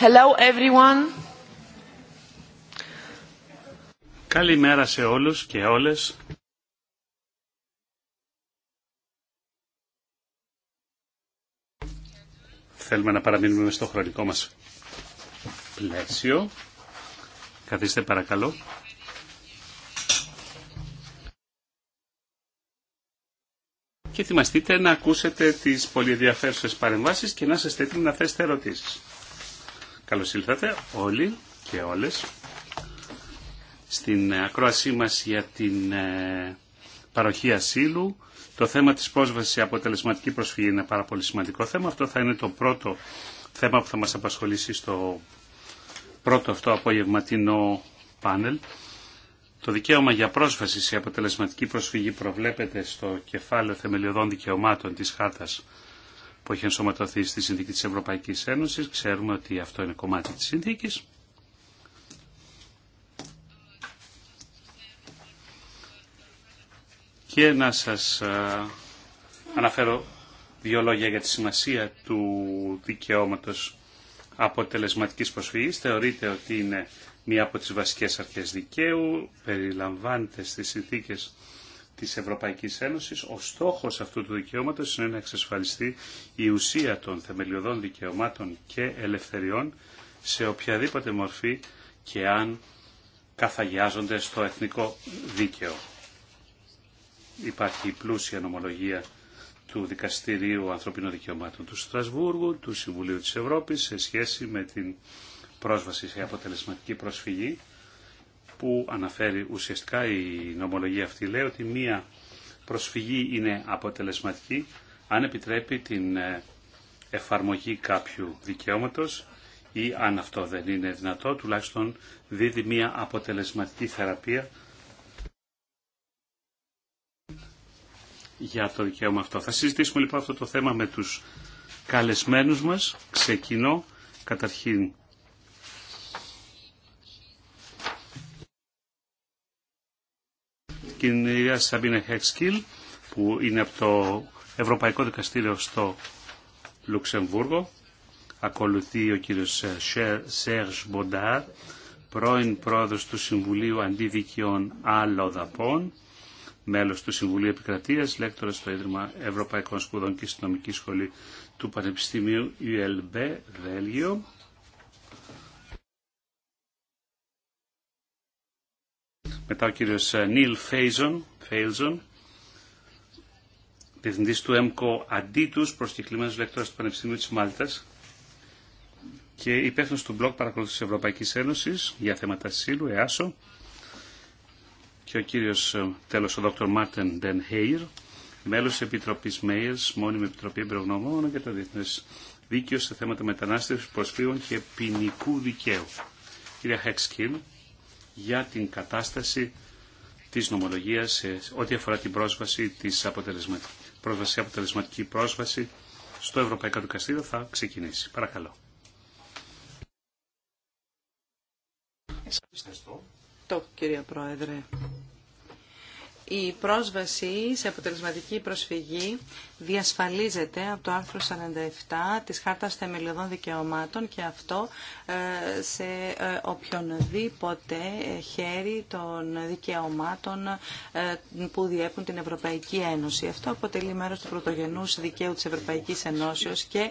Hello everyone. Καλημέρα σε όλους και όλες. Θέλουμε να παραμείνουμε στο χρονικό μας πλαίσιο. Καθίστε παρακαλώ. Και θυμαστείτε να ακούσετε τις πολυδιαφέρουσες παρεμβάσεις και να είστε έτοιμοι να θέσετε ερωτήσεις. Καλώς ήλθατε όλοι και όλες στην ακρόασή μας για την ε, παροχή ασύλου. Το θέμα της πρόσβασης σε αποτελεσματική προσφυγή είναι ένα πάρα πολύ σημαντικό θέμα. Αυτό θα είναι το πρώτο θέμα που θα μας απασχολήσει στο πρώτο αυτό απογευματινό πάνελ. Το δικαίωμα για πρόσβαση σε αποτελεσματική προσφυγή προβλέπεται στο κεφάλαιο θεμελιωδών δικαιωμάτων της Χάρτας που έχει ενσωματωθεί στη Συνθήκη της Ευρωπαϊκής Ένωσης. Ξέρουμε ότι αυτό είναι κομμάτι της Συνθήκης. Και να σας αναφέρω δύο λόγια για τη σημασία του δικαιώματος αποτελεσματικής προσφυγής. Θεωρείται ότι είναι μία από τις βασικές αρχές δικαίου, περιλαμβάνεται στις συνθήκες της Ευρωπαϊκής Ένωσης. Ο στόχος αυτού του δικαιώματος είναι να εξασφαλιστεί η ουσία των θεμελιωδών δικαιωμάτων και ελευθεριών σε οποιαδήποτε μορφή και αν καθαγιάζονται στο εθνικό δίκαιο. Υπάρχει η πλούσια νομολογία του Δικαστηρίου Ανθρωπίνων Δικαιωμάτων του Στρασβούργου, του Συμβουλίου της Ευρώπης, σε σχέση με την πρόσβαση σε αποτελεσματική προσφυγή που αναφέρει ουσιαστικά η νομολογία αυτή. Λέει ότι μία προσφυγή είναι αποτελεσματική αν επιτρέπει την ε, εφαρμογή κάποιου δικαιώματος ή αν αυτό δεν είναι δυνατό, τουλάχιστον δίδει μία αποτελεσματική θεραπεία για το δικαίωμα αυτό. Θα συζητήσουμε λοιπόν αυτό το θέμα με τους καλεσμένους μας. Ξεκινώ καταρχήν κυρία Σαμπίνα Χεξκίλ που είναι από το Ευρωπαϊκό Δικαστήριο στο Λουξεμβούργο. Ακολουθεί ο κύριος ε, Σέρζ Μποντάρ, πρώην πρόεδρος του Συμβουλίου Αντιδικιών Αλλοδαπών, μέλος του Συμβουλίου Επικρατείας, λέκτορας στο Ίδρυμα Ευρωπαϊκών Σπουδών και Συνομική Σχολή του Πανεπιστημίου ULB, Βέλγιο. Μετά ο κύριος Νίλ ε, Φέιλζον, διευθυντής του ΕΜΚΟ Αντίτους, προσκεκλημένος λεκτόρας του Πανεπιστημίου της Μάλτας και υπεύθυνος του μπλοκ παρακολουθήσης Ευρωπαϊκής Ένωσης για θέματα συλλου, ΕΑΣΟ, και ο κύριος ε, τέλος ο Δόκτωρ Μάρτεν Ντεν Χέιρ, μέλος της Επιτροπής Μέιερς, μόνιμη Επιτροπή Εμπειρογνωμών και το Διεθνές Δίκαιο σε θέματα μετανάστευσης, προσφύγων και ποινικού δικαίου. Κυρία Χέξκιν, για την κατάσταση της νομολογίας σε ό,τι αφορά την πρόσβαση της αποτελεσματικής πρόσβαση, αποτελεσματική πρόσβαση στο Ευρωπαϊκό Δικαστήριο θα ξεκινήσει. Παρακαλώ. Το, κυρία Πρόεδρε. Η πρόσβαση σε αποτελεσματική προσφυγή διασφαλίζεται από το άρθρο 47 της Χάρτας Θεμελιωδών Δικαιωμάτων και αυτό ε, σε ε, οποιονδήποτε χέρι των δικαιωμάτων ε, που διέπουν την Ευρωπαϊκή Ένωση. Αυτό αποτελεί μέρος του πρωτογενούς δικαίου της Ευρωπαϊκής Ενώσεως και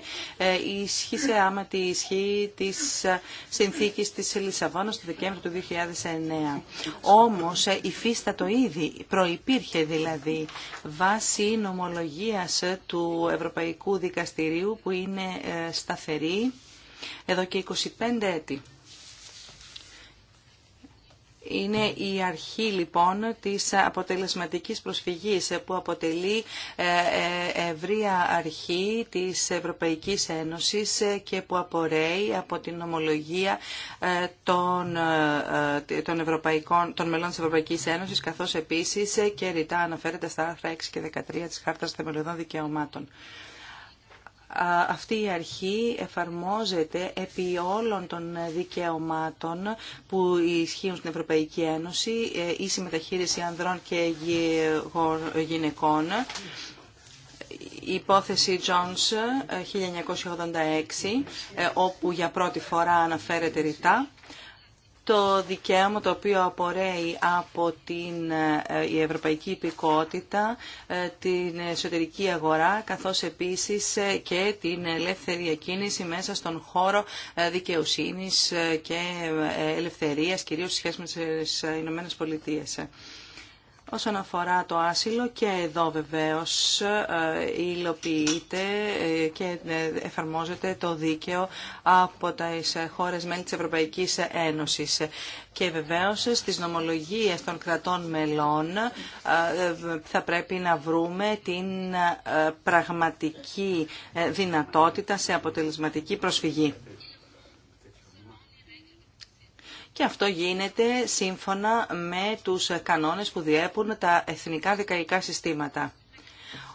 ισχύει σε τη ισχύ της συνθήκης της Λισαβόνας του Δεκέμβριο του 2009. Όμως υφίστατο ήδη, προϋπήρχε δηλαδή βάση νομολογίας ε, του Ευρωπαϊκού Δικαστηρίου που είναι ε, σταθερή εδώ και 25 έτη. Είναι η αρχή λοιπόν της αποτελεσματικής προσφυγής που αποτελεί ε, ε, ευρεία αρχή της Ευρωπαϊκής Ένωσης και που απορρέει από την ομολογία ε, των, ευρωπαϊκών, των μελών της Ευρωπαϊκής Ένωσης καθώς επίσης και ρητά αναφέρεται στα άρθρα 6 και 13 της Χάρτας Θεμελιωδών Δικαιωμάτων αυτή η αρχή εφαρμόζεται επί όλων των δικαιωμάτων που ισχύουν στην Ευρωπαϊκή Ένωση, ε, ίση μεταχείριση ανδρών και γυναικών. Η υπόθεση Jones 1986, ε, ε, όπου για πρώτη φορά αναφέρεται ρητά, το δικαίωμα το οποίο απορρέει από την ε, η ευρωπαϊκή υπηκότητα, ε, την εσωτερική αγορά, καθώς επίσης ε, και την ελεύθερη εκκίνηση μέσα στον χώρο δικαιοσύνης και ελευθερίας, κυρίως σχέση με τις Ηνωμένες Πολιτείες. Όσον αφορά το άσυλο και εδώ βεβαίως ε, υλοποιείται ε, και ε, εφαρμόζεται το δίκαιο από τα χώρες μέλη της Ευρωπαϊκής Ένωσης. Και βεβαίως στις νομολογίες των κρατών μελών θα πρέπει να βρούμε την πραγματική δυνατότητα σε αποτελεσματική προσφυγή και αυτό γίνεται σύμφωνα με τους κανόνες που διέπουν τα εθνικά δικαϊκά συστήματα.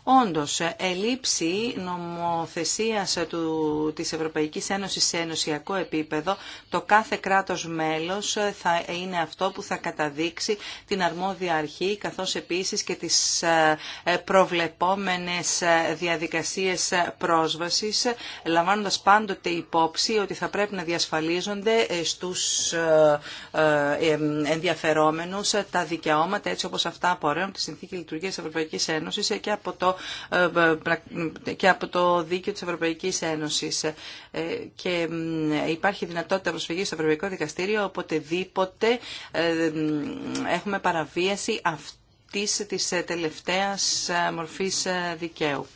Όντως, ελήψη νομοθεσίας του, της Ευρωπαϊκής Ένωσης σε ενωσιακό επίπεδο, το κάθε κράτος μέλος θα είναι αυτό που θα καταδείξει την αρμόδια αρχή, καθώς επίσης και τις ε, ε, προβλεπόμενες ε, διαδικασίες πρόσβασης, λαμβάνοντας πάντοτε υπόψη ότι θα πρέπει να διασφαλίζονται στους ενδιαφερόμενους τα δικαιώματα, έτσι όπως αυτά απορρέουν τη Συνθήκη Λειτουργίας της Ευρωπαϊκής Ένωσης και από το ε, και από το Δίκαιο της Ευρωπαϊκής Ένωσης. Ε, και υπάρχει δυνατότητα προσφυγής στο Ευρωπαϊκό Δικαστήριο οποτεδήποτε ε, έχουμε παραβίαση αυτής της τελευταίας μορφής δικαίου.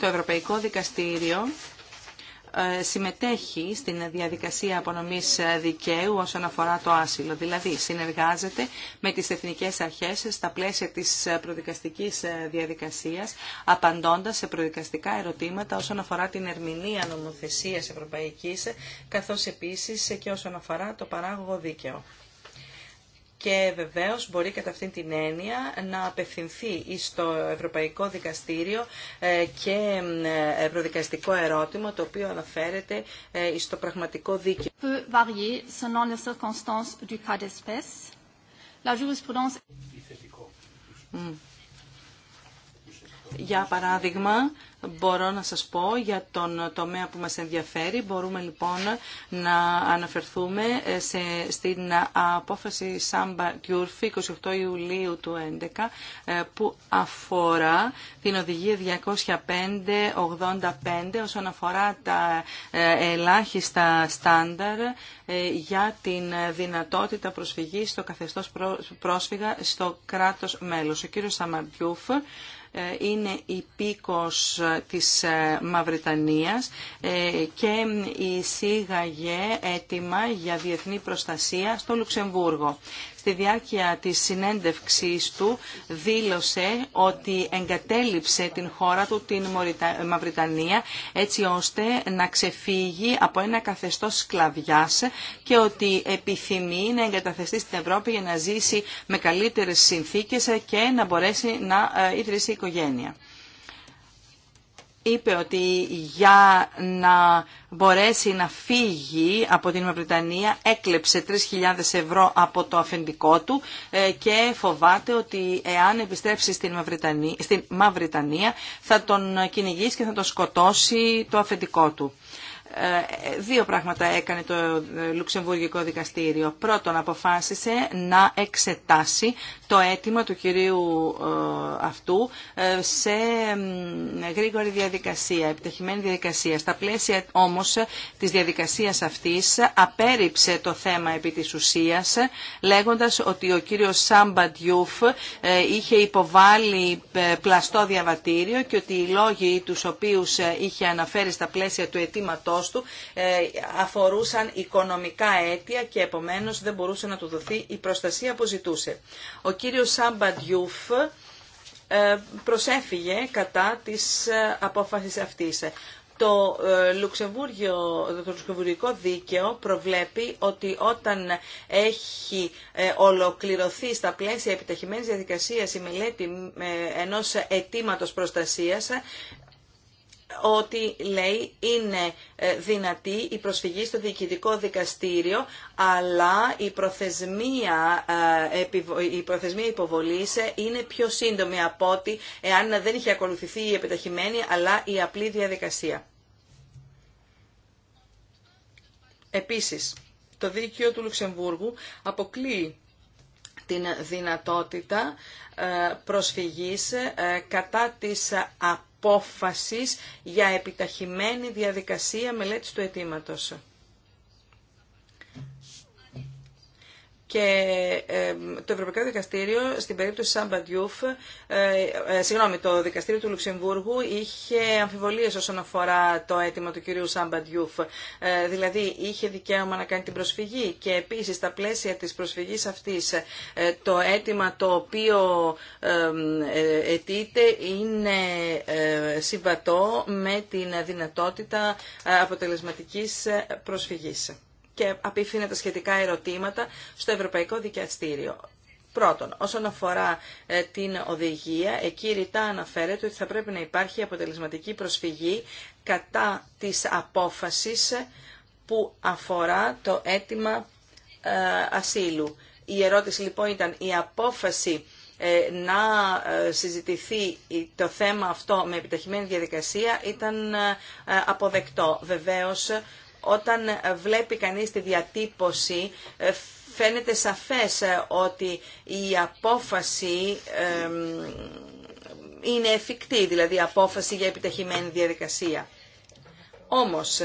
Το Ευρωπαϊκό Δικαστήριο ε, συμμετέχει στην διαδικασία απονομής ε, δικαίου όσον αφορά το άσυλο. Δηλαδή συνεργάζεται με τις εθνικές αρχές στα πλαίσια της ε, προδικαστικής διαδικασίας απαντώντας σε προδικαστικά ερωτήματα όσον αφορά την ερμηνεία νομοθεσίας ευρωπαϊκής καθώς επίσης και όσον αφορά το παράγωγο δίκαιο και βεβαίως μπορεί κατά αυτήν την έννοια να απευθυνθεί στο Ευρωπαϊκό Δικαστήριο ε, και ευρωδικαστικό ερώτημα το οποίο αναφέρεται ε, το πραγματικό δίκαιο. Για παράδειγμα, μπορώ να σας πω για τον τομέα που μας ενδιαφέρει. Μπορούμε λοιπόν να αναφερθούμε ε, σε, στην απόφαση Σάμπα Τιούρφη 28 Ιουλίου του 2011 ε, που αφορά την οδηγία 205-85 όσον αφορά τα ε, ελάχιστα στάνταρ για την δυνατότητα προσφυγής στο καθεστώς πρόσφυγα στο κράτος μέλος. Ο κύριος Σαμαντιούφ είναι πίκος της ε, Μαυριτανίας ε, και η εισήγαγε έτοιμα για διεθνή προστασία στο Λουξεμβούργο στη διάρκεια της συνέντευξής του δήλωσε ότι εγκατέλειψε την χώρα του, την Μαυριτανία, έτσι ώστε να ξεφύγει από ένα καθεστώς σκλαβιάς και ότι επιθυμεί να εγκαταθεστεί στην Ευρώπη για να ζήσει με καλύτερες συνθήκες και να μπορέσει να ε, ιδρύσει οικογένεια είπε ότι για να μπορέσει να φύγει από την Μαυριτανία έκλεψε 3.000 ευρώ από το αφεντικό του ε, και φοβάται ότι εάν επιστρέψει στην Μαυριτανία, στην θα τον κυνηγήσει και θα τον σκοτώσει το αφεντικό του. Ε, δύο πράγματα έκανε το ε, Λουξεμβούργικο Δικαστήριο. Πρώτον, αποφάσισε να εξετάσει το αίτημα του κυρίου ε, αυτού ε, σε γρήγορη διαδικασία, επιτυχημένη διαδικασία. Στα πλαίσια όμως της διαδικασίας αυτής απέρριψε το θέμα επί της ουσίας λέγοντας ότι ο κύριος Σαμπαντιούφ ε, είχε υποβάλει πλαστό διαβατήριο και ότι οι λόγοι τους οποίους είχε αναφέρει στα πλαίσια του αιτήματό του αφορούσαν οικονομικά αίτια και επομένως δεν μπορούσε να του δοθεί η προστασία που ζητούσε. Ο κύριος Σάμπαντιούφ ε, προσέφυγε κατά της ε, απόφασης αυτής. Το, ε, Λουξεμβούργιο, το Λουξεμβουργικό δίκαιο προβλέπει ότι όταν έχει ολοκληρωθεί στα πλαίσια επιταχυμένης διαδικασίας η μελέτη ενός αιτήματο προστασίας ότι λέει είναι ε, δυνατή η προσφυγή στο διοικητικό δικαστήριο αλλά η προθεσμία, ε, η προθεσμία υποβολής ε, είναι πιο σύντομη από ότι εάν δεν είχε ακολουθηθεί η επιταχυμένη αλλά η απλή διαδικασία. Επίσης, το δίκαιο του Λουξεμβούργου αποκλείει την δυνατότητα προσφυγής κατά της απόφασης για επιταχυμένη διαδικασία μελέτης του αιτήματος. Και το Ευρωπαϊκό Δικαστήριο στην περίπτωση Σαμπαντιούφ, ε, ε, συγγνώμη, το Δικαστήριο του Λουξεμβούργου είχε αμφιβολίες όσον αφορά το αίτημα του κυρίου Σαμπαντιούφ. Ε, δηλαδή είχε δικαίωμα να κάνει την προσφυγή και επίσης στα πλαίσια της προσφυγής αυτής το αίτημα το οποίο αιτείται είναι συμβατό με την δυνατότητα αποτελεσματικής προσφυγής και απευθύνεται σχετικά ερωτήματα στο Ευρωπαϊκό Δικαστήριο. Πρώτον, όσον αφορά ε, την οδηγία, εκεί ρητά αναφέρεται ότι θα πρέπει να υπάρχει αποτελεσματική προσφυγή κατά της απόφασης που αφορά το αίτημα ε, ασύλου. Η ερώτηση λοιπόν ήταν η απόφαση ε, να συζητηθεί το θέμα αυτό με επιταχυμένη διαδικασία ήταν αποδεκτό. Βεβαίως όταν βλέπει κανείς τη διατύπωση ε, φαίνεται σαφές ε, ότι η απόφαση είναι εφικτή, δηλαδή η απόφαση για επιταχυμένη διαδικασία. Όμως,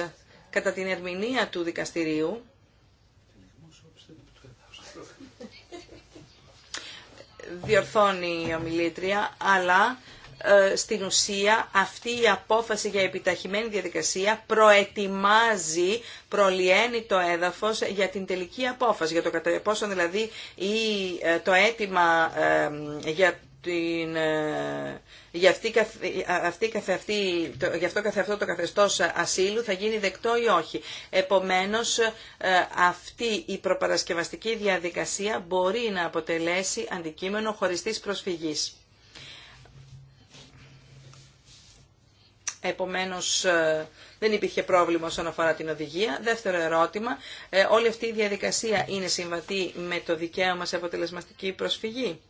κατά την ερμηνεία του δικαστηρίου, διορθώνει η ομιλήτρια, αλλά ε, στην ουσία αυτή η απόφαση για επιταχυμένη διαδικασία προετοιμάζει, προλιένει το έδαφος για την τελική απόφαση, για το κατά πόσο δηλαδή ή ε, το αίτημα ε, για την, για, αυτή, αυτή, αυτή, το, για αυτό καθε αυτό το καθεστώς ασύλου θα γίνει δεκτό ή όχι. Επομένως, αυτή η προπαρασκευαστική διαδικασία μπορεί να αποτελέσει αντικείμενο χωριστής προσφυγής. Επομένως ε, δεν υπήρχε πρόβλημα όσον αφορά την οδηγία. Δεύτερο ερώτημα, ε, όλη αυτή η διαδικασία είναι συμβατή με το δικαίωμα σε αποτελεσματική προσφυγή.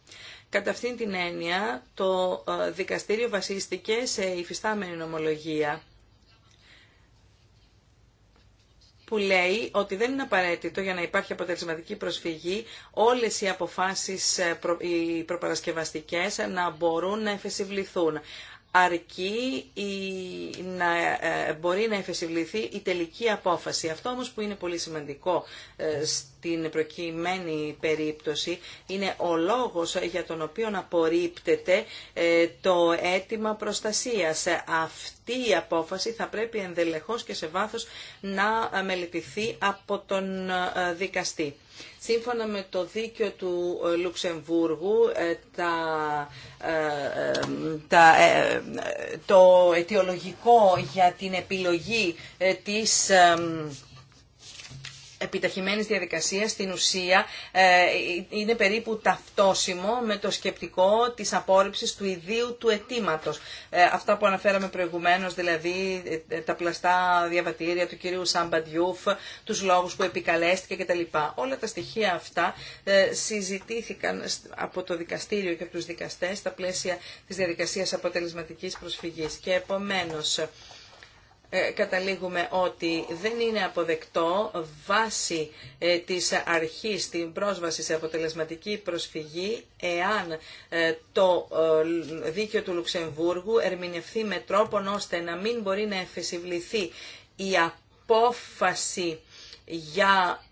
Κατά αυτήν την έννοια το ε, δικαστήριο βασίστηκε σε υφιστάμενη νομολογία που λέει ότι δεν είναι απαραίτητο για να υπάρχει αποτελεσματική προσφυγή όλες οι αποφάσεις οι προπαρασκευαστικές να μπορούν να εφεσιβληθούν αρκεί να ε, μπορεί να εφεσιβληθεί η τελική απόφαση. Αυτό όμως που είναι πολύ σημαντικό ε, την προκειμένη περίπτωση είναι ο λόγος για τον οποίο απορρίπτεται ε, το αίτημα προστασίας. Αυτή η απόφαση θα πρέπει ενδελεχώς και σε βάθος να μελετηθεί από τον ε, δικαστή. Σύμφωνα με το δίκαιο του Λουξεμβούργου, ε, το αιτιολογικό για την επιλογή της επιταχυμένη διαδικασία στην ουσία ε, είναι περίπου ταυτόσιμο με το σκεπτικό της απόρριψης του ιδίου του αιτήματο. Ε, αυτά που αναφέραμε προηγουμένως, δηλαδή ε, τα πλαστά διαβατήρια του κυρίου Σαμπαντιούφ, τους λόγους που επικαλέστηκε κτλ. Όλα τα στοιχεία αυτά συζητήθηκαν από το δικαστήριο και από τους δικαστές στα πλαίσια της διαδικασίας αποτελεσματικής προσφυγής. Και επομένως, ε, καταλήγουμε ότι δεν είναι αποδεκτό βάση ε, της αρχής την πρόσβαση σε αποτελεσματική προσφυγή εάν ε, το δίκαιο του Λουξεμβούργου ερμηνευθεί με τρόπον ώστε να μην μπορεί να εφεσιβληθεί η απόφαση για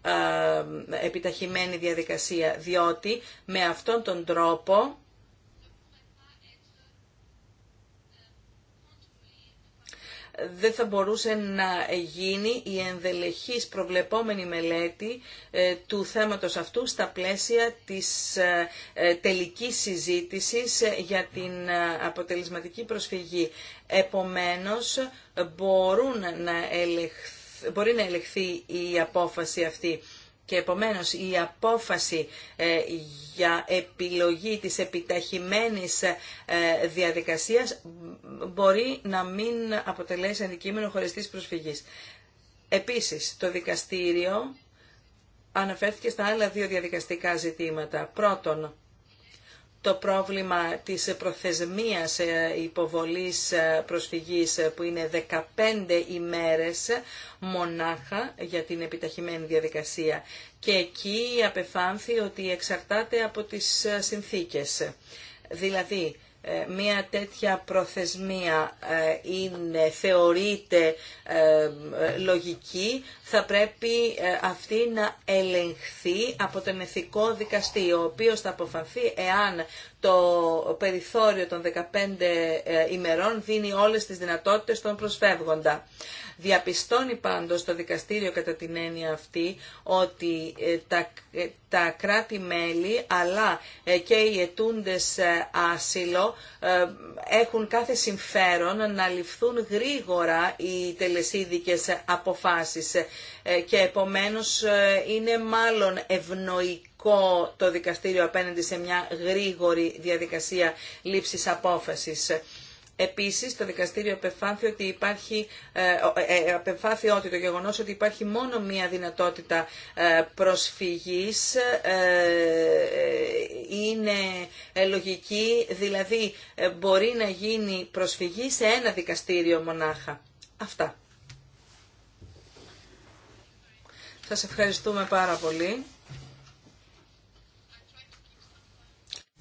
επιταχυμένη διαδικασία διότι με αυτόν τον τρόπο δεν θα μπορούσε να γίνει η ενδελεχής προβλεπόμενη μελέτη ε, του θέματος αυτού στα πλαίσια της ε, ε, τελικής συζήτησης για την αποτελεσματική προσφυγή. Επομένως, μπορούν να μπορεί να ελεχθεί η απόφαση αυτή. Και επομένως η απόφαση ε, για επιλογή της επιταχυμένης ε, διαδικασίας μπορεί να μην αποτελέσει αντικείμενο χωριστής προσφυγής. Επίσης, το δικαστήριο αναφέρθηκε στα άλλα δύο διαδικαστικά ζητήματα. Πρώτον, το πρόβλημα της προθεσμίας ε, υποβολής ε, προσφυγής ε, που είναι 15 ημέρες μονάχα για την επιταχυμένη διαδικασία και εκεί απεφάνθη ότι εξαρτάται από τις συνθήκες. Δηλαδή, ε, μία τέτοια προθεσμία ε, είναι, θεωρείται ε, λογική, θα πρέπει αυτή να ελεγχθεί από τον εθικό δικαστή, ο οποίος θα αποφανθεί εάν το περιθώριο των 15 ημερών δίνει όλες τις δυνατότητες των προσφεύγοντα. Διαπιστώνει πάντως το δικαστήριο κατά την έννοια αυτή ότι ε, τα, ε, τα κράτη-μέλη αλλά ε, και οι ετούντες άσυλο έχουν κάθε συμφέρον να ληφθούν γρήγορα οι τελεσίδικες αποφάσεις και επομένως είναι μάλλον ευνοϊκό το δικαστήριο απέναντι σε μια γρήγορη διαδικασία λήψης απόφασης. Επίσης, το δικαστήριο απεφάνθη ότι υπάρχει, ε, ε, ε, ότι το γεγονός ότι υπάρχει μόνο μία δυνατότητα προσφυγής είναι λογική, δηλαδή μπορεί να γίνει προσφυγή σε ένα δικαστήριο μονάχα. Αυτά. Σας ευχαριστούμε πάρα πολύ.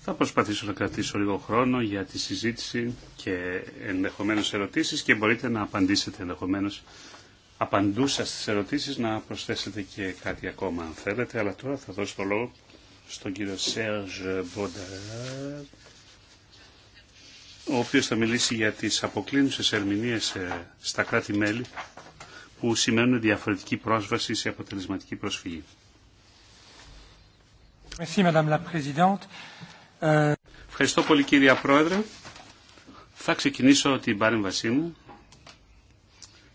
Θα προσπαθήσω να κρατήσω λίγο χρόνο για τη συζήτηση και ενδεχομένως ερωτήσεις και μπορείτε να απαντήσετε ενδεχομένως απαντούσα στις ερωτήσεις να προσθέσετε και κάτι ακόμα αν θέλετε, αλλά τώρα θα δώσω το λόγο στον κύριο Σέρζ Μπονταρ, ο οποίος θα μιλήσει για τις αποκλίνουσες ερμηνείες ε, στα κράτη-μέλη που σημαίνουν διαφορετική πρόσβαση σε αποτελεσματική προσφυγή. Merci, Madame la Présidente. Ευχαριστώ πολύ κύριε Πρόεδρε. Θα ξεκινήσω την παρέμβασή μου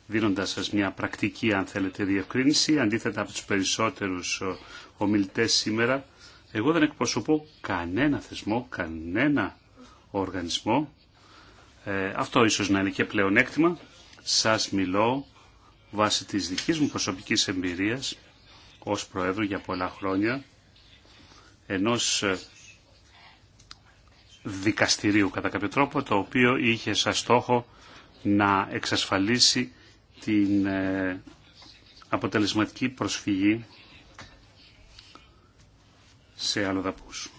δίνοντας σας μια πρακτική αν θέλετε διευκρίνηση αντίθετα από τους περισσότερους ε, ομιλητές σήμερα εγώ δεν εκπροσωπώ κανένα θεσμό, κανένα οργανισμό ε, αυτό ίσως να είναι και πλεονέκτημα σας μιλώ βάσει της δικής μου προσωπικής εμπειρίας ως Προέδρου για πολλά χρόνια ενός ε, δικαστηρίου κατά κάποιο τρόπο το οποίο είχε σαν στόχο να εξασφαλίσει την ε, αποτελεσματική προσφυγή σε αλλοδαπούς.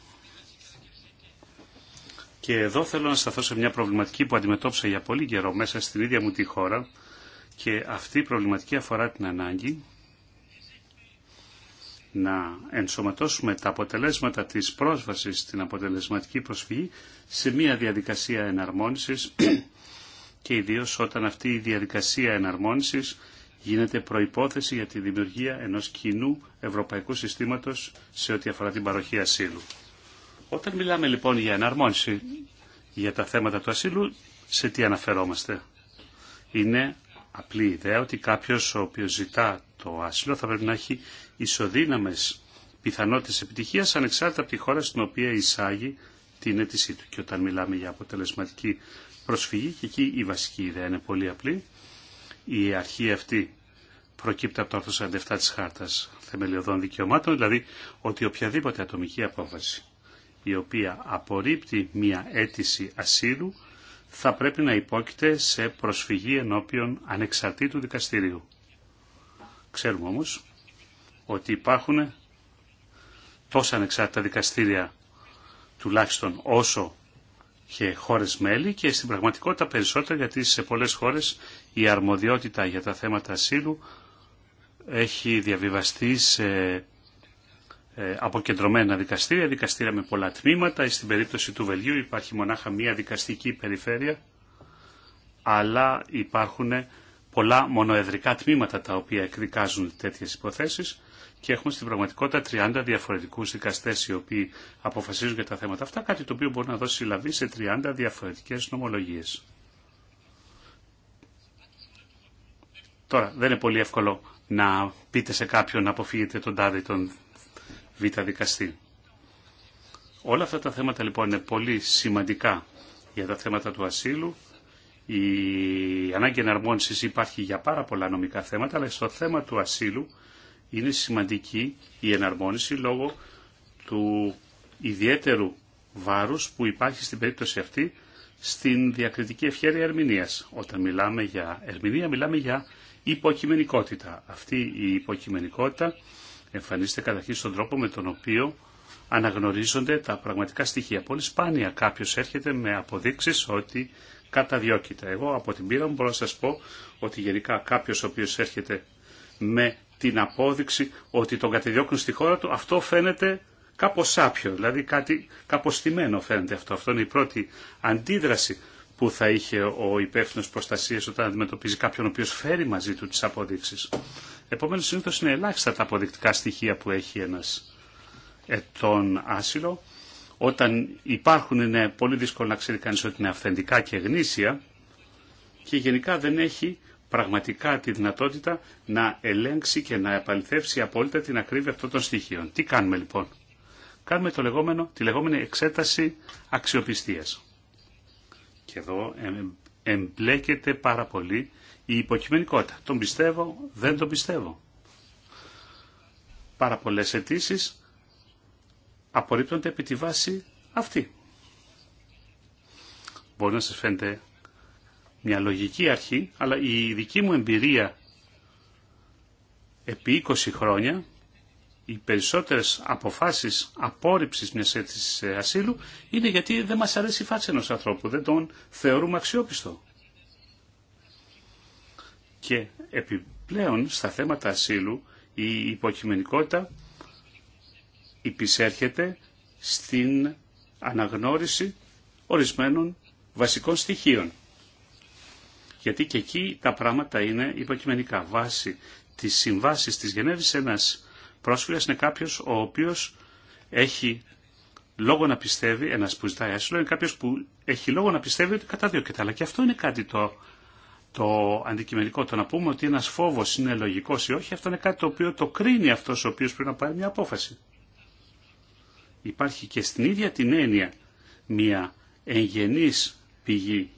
Και εδώ θέλω να σταθώ σε μια προβληματική που αντιμετώπισα για πολύ καιρό μέσα στην ίδια μου τη χώρα και αυτή η προβληματική αφορά την ανάγκη να ενσωματώσουμε τα αποτελέσματα της πρόσβασης στην αποτελεσματική προσφυγή σε μια διαδικασία εναρμόνισης και ιδίως όταν αυτή η διαδικασία εναρμόνισης γίνεται προϋπόθεση για τη δημιουργία ενός κοινού ευρωπαϊκού συστήματος σε ό,τι αφορά την παροχή ασύλου. Όταν μιλάμε λοιπόν για εναρμόνιση για τα θέματα του ασύλου, σε τι αναφερόμαστε. Είναι απλή ιδέα ότι κάποιος ο οποίος ζητά το άσυλο θα πρέπει να έχει ισοδύναμες πιθανότητες επιτυχίας ανεξάρτητα από τη χώρα στην οποία εισάγει την αίτησή του. Και όταν μιλάμε για αποτελεσματική προσφυγή, και εκεί η βασική ιδέα είναι πολύ απλή, η αρχή αυτή προκύπτει από το άρθρο 47 της Χάρτας Θεμελιωδών Δικαιωμάτων, δηλαδή ότι οποιαδήποτε ατομική απόφαση η οποία απορρίπτει μία αίτηση ασύλου θα πρέπει να υπόκειται σε προσφυγή ενώπιον ανεξαρτήτου δικαστηρίου. Ξέρουμε όμως ότι υπάρχουν τόσα ανεξάρτητα δικαστήρια τουλάχιστον όσο και χώρες μέλη και στην πραγματικότητα περισσότερα γιατί σε πολλές χώρες η αρμοδιότητα για τα θέματα ασύλου έχει διαβιβαστεί σε ε, αποκεντρωμένα δικαστήρια, δικαστήρια με πολλά τμήματα. Στην περίπτωση του Βελγίου υπάρχει μονάχα μία δικαστική περιφέρεια, αλλά υπάρχουν πολλά μονοεδρικά τμήματα τα οποία εκδικάζουν τέτοιες υποθέσεις και έχουμε στην πραγματικότητα 30 διαφορετικούς δικαστές οι οποίοι αποφασίζουν για τα θέματα αυτά, κάτι το οποίο μπορεί να δώσει λαβή σε 30 διαφορετικές νομολογίε. Τώρα, δεν είναι πολύ εύκολο να πείτε σε κάποιον να αποφύγετε τον τάδε τον β δικαστή. Όλα αυτά τα θέματα λοιπόν είναι πολύ σημαντικά για τα θέματα του ασύλου η ανάγκη εναρμόνισης υπάρχει για πάρα πολλά νομικά θέματα, αλλά στο θέμα του ασύλου είναι σημαντική η εναρμόνιση λόγω του ιδιαίτερου βάρους που υπάρχει στην περίπτωση αυτή στην διακριτική ευχαίρεια ερμηνείας. Όταν μιλάμε για ερμηνεία μιλάμε για υποκειμενικότητα. Αυτή η υποκειμενικότητα εμφανίζεται καταρχήν στον τρόπο με τον οποίο αναγνωρίζονται τα πραγματικά στοιχεία. Πολύ σπάνια κάποιο έρχεται με αποδείξεις ότι καταδιώκεται. Εγώ από την πείρα μου μπορώ να σας πω ότι γενικά κάποιος ο οποίος έρχεται με την απόδειξη ότι τον καταδιώκουν στη χώρα του, αυτό φαίνεται κάπως σάπιο, δηλαδή κάτι κάπως φαίνεται αυτό. Αυτό είναι η πρώτη αντίδραση που θα είχε ο υπεύθυνο προστασία όταν αντιμετωπίζει κάποιον ο οποίο φέρει μαζί του τις αποδείξεις. Επομένως συνήθω είναι ελάχιστα τα αποδεικτικά στοιχεία που έχει ένα ετών άσυλο όταν υπάρχουν είναι πολύ δύσκολο να ξέρει κανείς ότι είναι αυθεντικά και γνήσια και γενικά δεν έχει πραγματικά τη δυνατότητα να ελέγξει και να επαληθεύσει απόλυτα την ακρίβεια αυτών των στοιχείων. Τι κάνουμε λοιπόν. Κάνουμε το λεγόμενο, τη λεγόμενη εξέταση αξιοπιστίας. Και εδώ εμπλέκεται πάρα πολύ η υποκειμενικότητα. Τον πιστεύω, δεν τον πιστεύω. Πάρα πολλές αιτήσει απορρίπτονται επί τη βάση αυτή. Μπορεί να σας φαίνεται μια λογική αρχή, αλλά η δική μου εμπειρία επί 20 χρόνια, οι περισσότερες αποφάσεις απόρριψης μιας αίτησης ασύλου είναι γιατί δεν μας αρέσει η φάση ενός ανθρώπου, δεν τον θεωρούμε αξιόπιστο. Και επιπλέον στα θέματα ασύλου η υποκειμενικότητα υπησέρχεται στην αναγνώριση ορισμένων βασικών στοιχείων. Γιατί και εκεί τα πράγματα είναι υποκειμενικά. Βάση της συμβάσης της Γενέβης ένας πρόσφυγας είναι κάποιος ο οποίος έχει λόγο να πιστεύει, ένας που ζητάει άσυλο, είναι κάποιος που έχει λόγο να πιστεύει ότι καταδιώκεται. Αλλά και αυτό είναι κάτι το, το αντικειμενικό. Το να πούμε ότι ένας φόβος είναι λογικός ή όχι, αυτό είναι κάτι το οποίο το κρίνει αυτός ο οποίος πρέπει να πάρει μια απόφαση υπάρχει και στην ίδια την έννοια μια εγγενής πηγή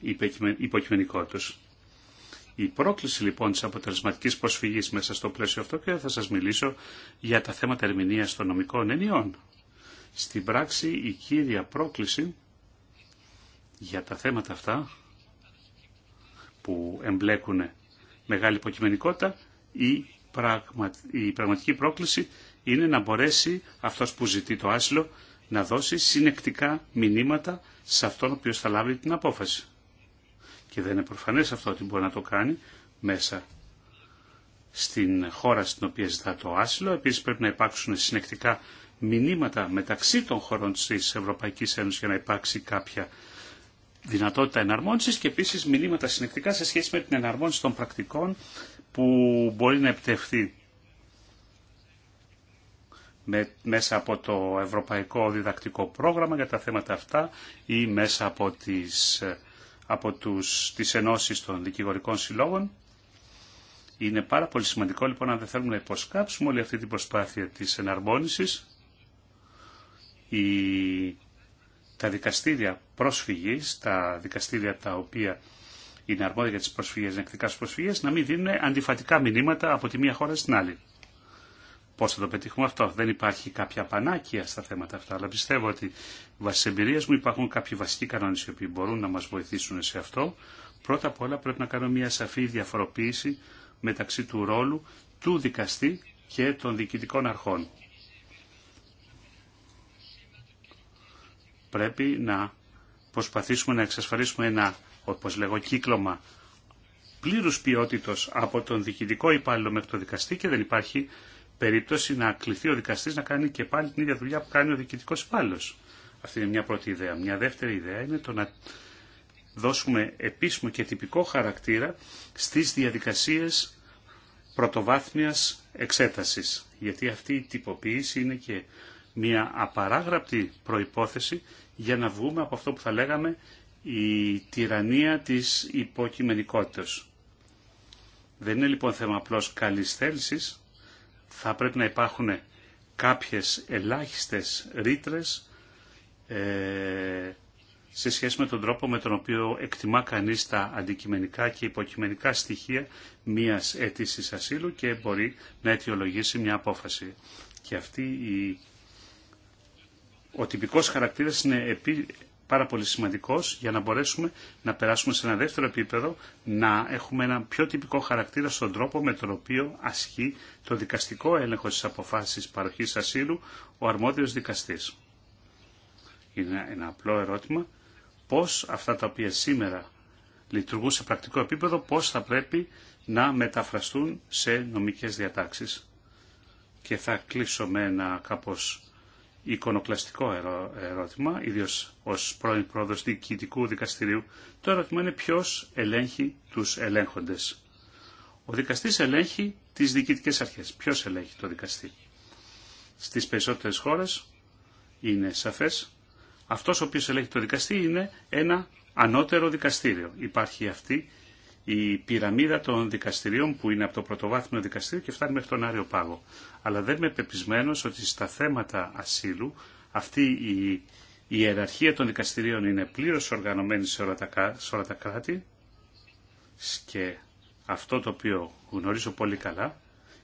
υποκειμενικότητας. Η πρόκληση λοιπόν της αποτελεσματικής προσφυγής μέσα στο πλαίσιο αυτό και θα σας μιλήσω για τα θέματα ερμηνείας των νομικών ενιών. Στην πράξη η κύρια πρόκληση για τα θέματα αυτά που εμπλέκουν μεγάλη υποκειμενικότητα η, η πραγματική πρόκληση είναι να μπορέσει αυτός που ζητεί το άσυλο να δώσει συνεκτικά μηνύματα σε αυτόν ο οποίος θα λάβει την απόφαση. Και δεν είναι προφανές αυτό ότι μπορεί να το κάνει μέσα στην χώρα στην οποία ζητά το άσυλο. Επίσης πρέπει να υπάρξουν συνεκτικά μηνύματα μεταξύ των χωρών της Ευρωπαϊκής Ένωσης για να υπάρξει κάποια δυνατότητα εναρμόνισης και επίσης μηνύματα συνεκτικά σε σχέση με την εναρμόνιση των πρακτικών που μπορεί να επιτευχθεί μέσα από το Ευρωπαϊκό Διδακτικό Πρόγραμμα για τα θέματα αυτά ή μέσα από τις, από τους, τις ενώσεις των δικηγορικών συλλόγων. Είναι πάρα πολύ σημαντικό λοιπόν αν δεν θέλουμε να υποσκάψουμε όλη αυτή την προσπάθεια της εναρμόνισης. Η, τα δικαστήρια προσφυγής, τα δικαστήρια τα οποία είναι αρμόδια για τις προσφυγές, προσφυγές, να μην δίνουν αντιφατικά μηνύματα από τη μία χώρα στην άλλη. Πώ θα το πετύχουμε αυτό. Δεν υπάρχει κάποια πανάκια στα θέματα αυτά, αλλά πιστεύω ότι βάσει εμπειρία μου υπάρχουν κάποιοι βασικοί κανόνε οι οποίοι μπορούν να μα βοηθήσουν σε αυτό. Πρώτα απ' όλα πρέπει να κάνω μια σαφή διαφοροποίηση μεταξύ του ρόλου του δικαστή και των διοικητικών αρχών. Πρέπει να προσπαθήσουμε να εξασφαλίσουμε ένα, όπως λέγω, κύκλωμα πλήρους ποιότητος από τον διοικητικό υπάλληλο μέχρι το δικαστή και δεν υπάρχει περίπτωση να κληθεί ο δικαστής να κάνει και πάλι την ίδια δουλειά που κάνει ο διοικητικό υπάλληλο. Αυτή είναι μια πρώτη ιδέα. Μια δεύτερη ιδέα είναι το να δώσουμε επίσημο και τυπικό χαρακτήρα στις διαδικασίες πρωτοβάθμιας εξέτασης. Γιατί αυτή η τυποποίηση είναι και μια απαράγραπτη προϋπόθεση για να βγούμε από αυτό που θα λέγαμε η τυραννία της υποκειμενικότητας. Δεν είναι λοιπόν θέμα απλώς καλής θέλησης, θα πρέπει να υπάρχουν κάποιες ελάχιστες ρήτρε ε, σε σχέση με τον τρόπο με τον οποίο εκτιμά κανείς τα αντικειμενικά και υποκειμενικά στοιχεία μιας αίτηση ασύλου και μπορεί να αιτιολογήσει μια απόφαση. Και αυτή η... ο τυπικός χαρακτήρας είναι επί πάρα πολύ σημαντικός για να μπορέσουμε να περάσουμε σε ένα δεύτερο επίπεδο, να έχουμε ένα πιο τυπικό χαρακτήρα στον τρόπο με τον οποίο ασχεί το δικαστικό έλεγχο της αποφάσης παροχής ασύλου ο αρμόδιος δικαστής. Είναι ένα απλό ερώτημα πώς αυτά τα οποία σήμερα λειτουργούν σε πρακτικό επίπεδο, πώς θα πρέπει να μεταφραστούν σε νομικές διατάξεις. Και θα κλείσω με ένα κάπως εικονοκλαστικό ερώτημα, ιδίω ω πρώην πρόεδρο διοικητικού δικαστηρίου. Το ερώτημα είναι ποιο ελέγχει τους ελέγχοντε. Ο δικαστή ελέγχει τι διοικητικέ αρχές. Ποιο ελέγχει το δικαστή. Στι περισσότερε χώρες είναι σαφέ. Αυτό ο οποίο ελέγχει το δικαστή είναι ένα ανώτερο δικαστήριο. Υπάρχει αυτή η πυραμίδα των δικαστηρίων που είναι από το πρωτοβάθμιο δικαστήριο και φτάνει μέχρι τον Άριο Πάγο. Αλλά δεν είμαι πεπισμένος ότι στα θέματα ασύλου αυτή η η ιεραρχία των δικαστηρίων είναι πλήρως οργανωμένη σε όλα, τα, σε όλα τα κράτη και αυτό το οποίο γνωρίζω πολύ καλά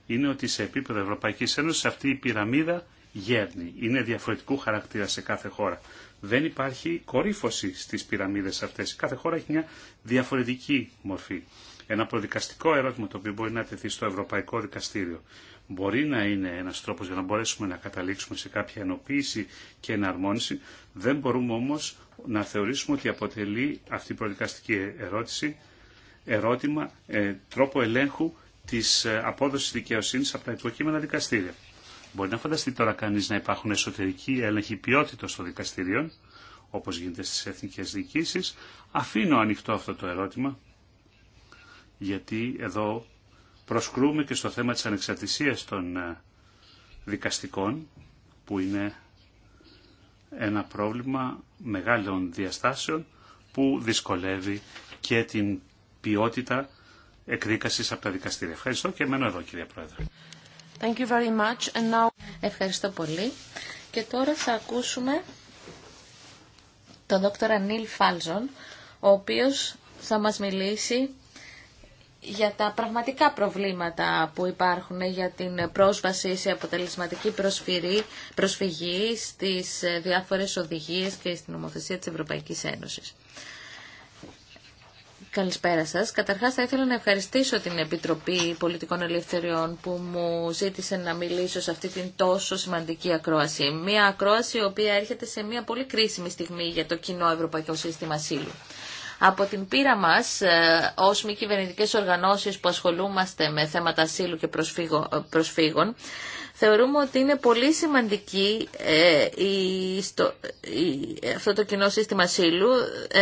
είναι ότι σε επίπεδο Ευρωπαϊκής Ένωσης αυτή η πυραμίδα γέρνει. Είναι διαφορετικού χαρακτήρα σε κάθε χώρα δεν υπάρχει κορύφωση στις πυραμίδες αυτές. Κάθε χώρα έχει μια διαφορετική μορφή. Ένα προδικαστικό ερώτημα το οποίο μπορεί να τεθεί στο Ευρωπαϊκό Δικαστήριο μπορεί να είναι ένας τρόπος για να μπορέσουμε να καταλήξουμε σε κάποια ενοποίηση και εναρμόνιση. Δεν μπορούμε όμως να θεωρήσουμε ότι αποτελεί αυτή η προδικαστική ερώτηση ερώτημα, ε, τρόπο ελέγχου της ε, απόδοσης δικαιοσύνης από τα υποκείμενα δικαστήρια. Μπορεί να φανταστεί τώρα κανεί να υπάρχουν εσωτερικοί έλεγχοι ποιότητα των δικαστηρίων, όπως γίνεται στις εθνικές διοικήσει. Αφήνω ανοιχτό αυτό το ερώτημα, γιατί εδώ προσκρούμε και στο θέμα της ανεξαρτησίας των ε, δικαστικών, που είναι ένα πρόβλημα μεγάλων διαστάσεων που δυσκολεύει και την ποιότητα εκδίκασης από τα δικαστήρια. Ευχαριστώ και μένω εδώ κύριε Πρόεδρε. Thank you very much. And now... Ευχαριστώ πολύ. Και τώρα θα ακούσουμε τον δόκτωρα Νίλ Φάλζον, ο οποίος θα μας μιλήσει για τα πραγματικά προβλήματα που υπάρχουν για την πρόσβαση σε αποτελεσματική προσφυγή στις ε, διάφορες οδηγίες και στην νομοθεσία της Ευρωπαϊκής Ένωσης. Καλησπέρα σας. Καταρχάς θα ήθελα να ευχαριστήσω την Επιτροπή Πολιτικών Ελευθεριών που μου ζήτησε να μιλήσω σε αυτή την τόσο σημαντική ακρόαση. Μια ακρόαση η οποία έρχεται σε μια πολύ κρίσιμη στιγμή για το κοινό Ευρωπαϊκό Σύστημα Ασύλου. Από την πείρα μα, ε, ω μη κυβερνητικέ οργανώσεις που ασχολούμαστε με θέματα ασύλου και ε, προσφύγων, θεωρούμε ότι είναι πολύ σημαντική ε, η, στο, η, αυτό το κοινό σύστημα σύλλου ε,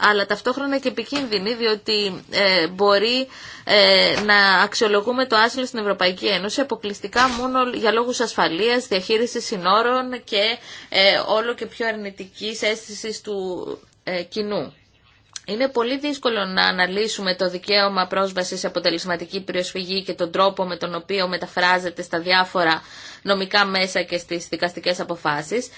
αλλά ταυτόχρονα και επικίνδυνη, διότι ε, μπορεί ε, να αξιολογούμε το άσυλο στην Ευρωπαϊκή Ένωση αποκλειστικά μόνο για λόγους ασφαλείας, διαχείρισης συνόρων και όλο και πιο αρνητικής αίσθησης του κοινού. Είναι πολύ δύσκολο να αναλύσουμε το δικαίωμα πρόσβαση σε αποτελεσματική προσφυγή και τον τρόπο με τον οποίο μεταφράζεται στα διάφορα νομικά μέσα και στις δικαστικές αποφάσεις,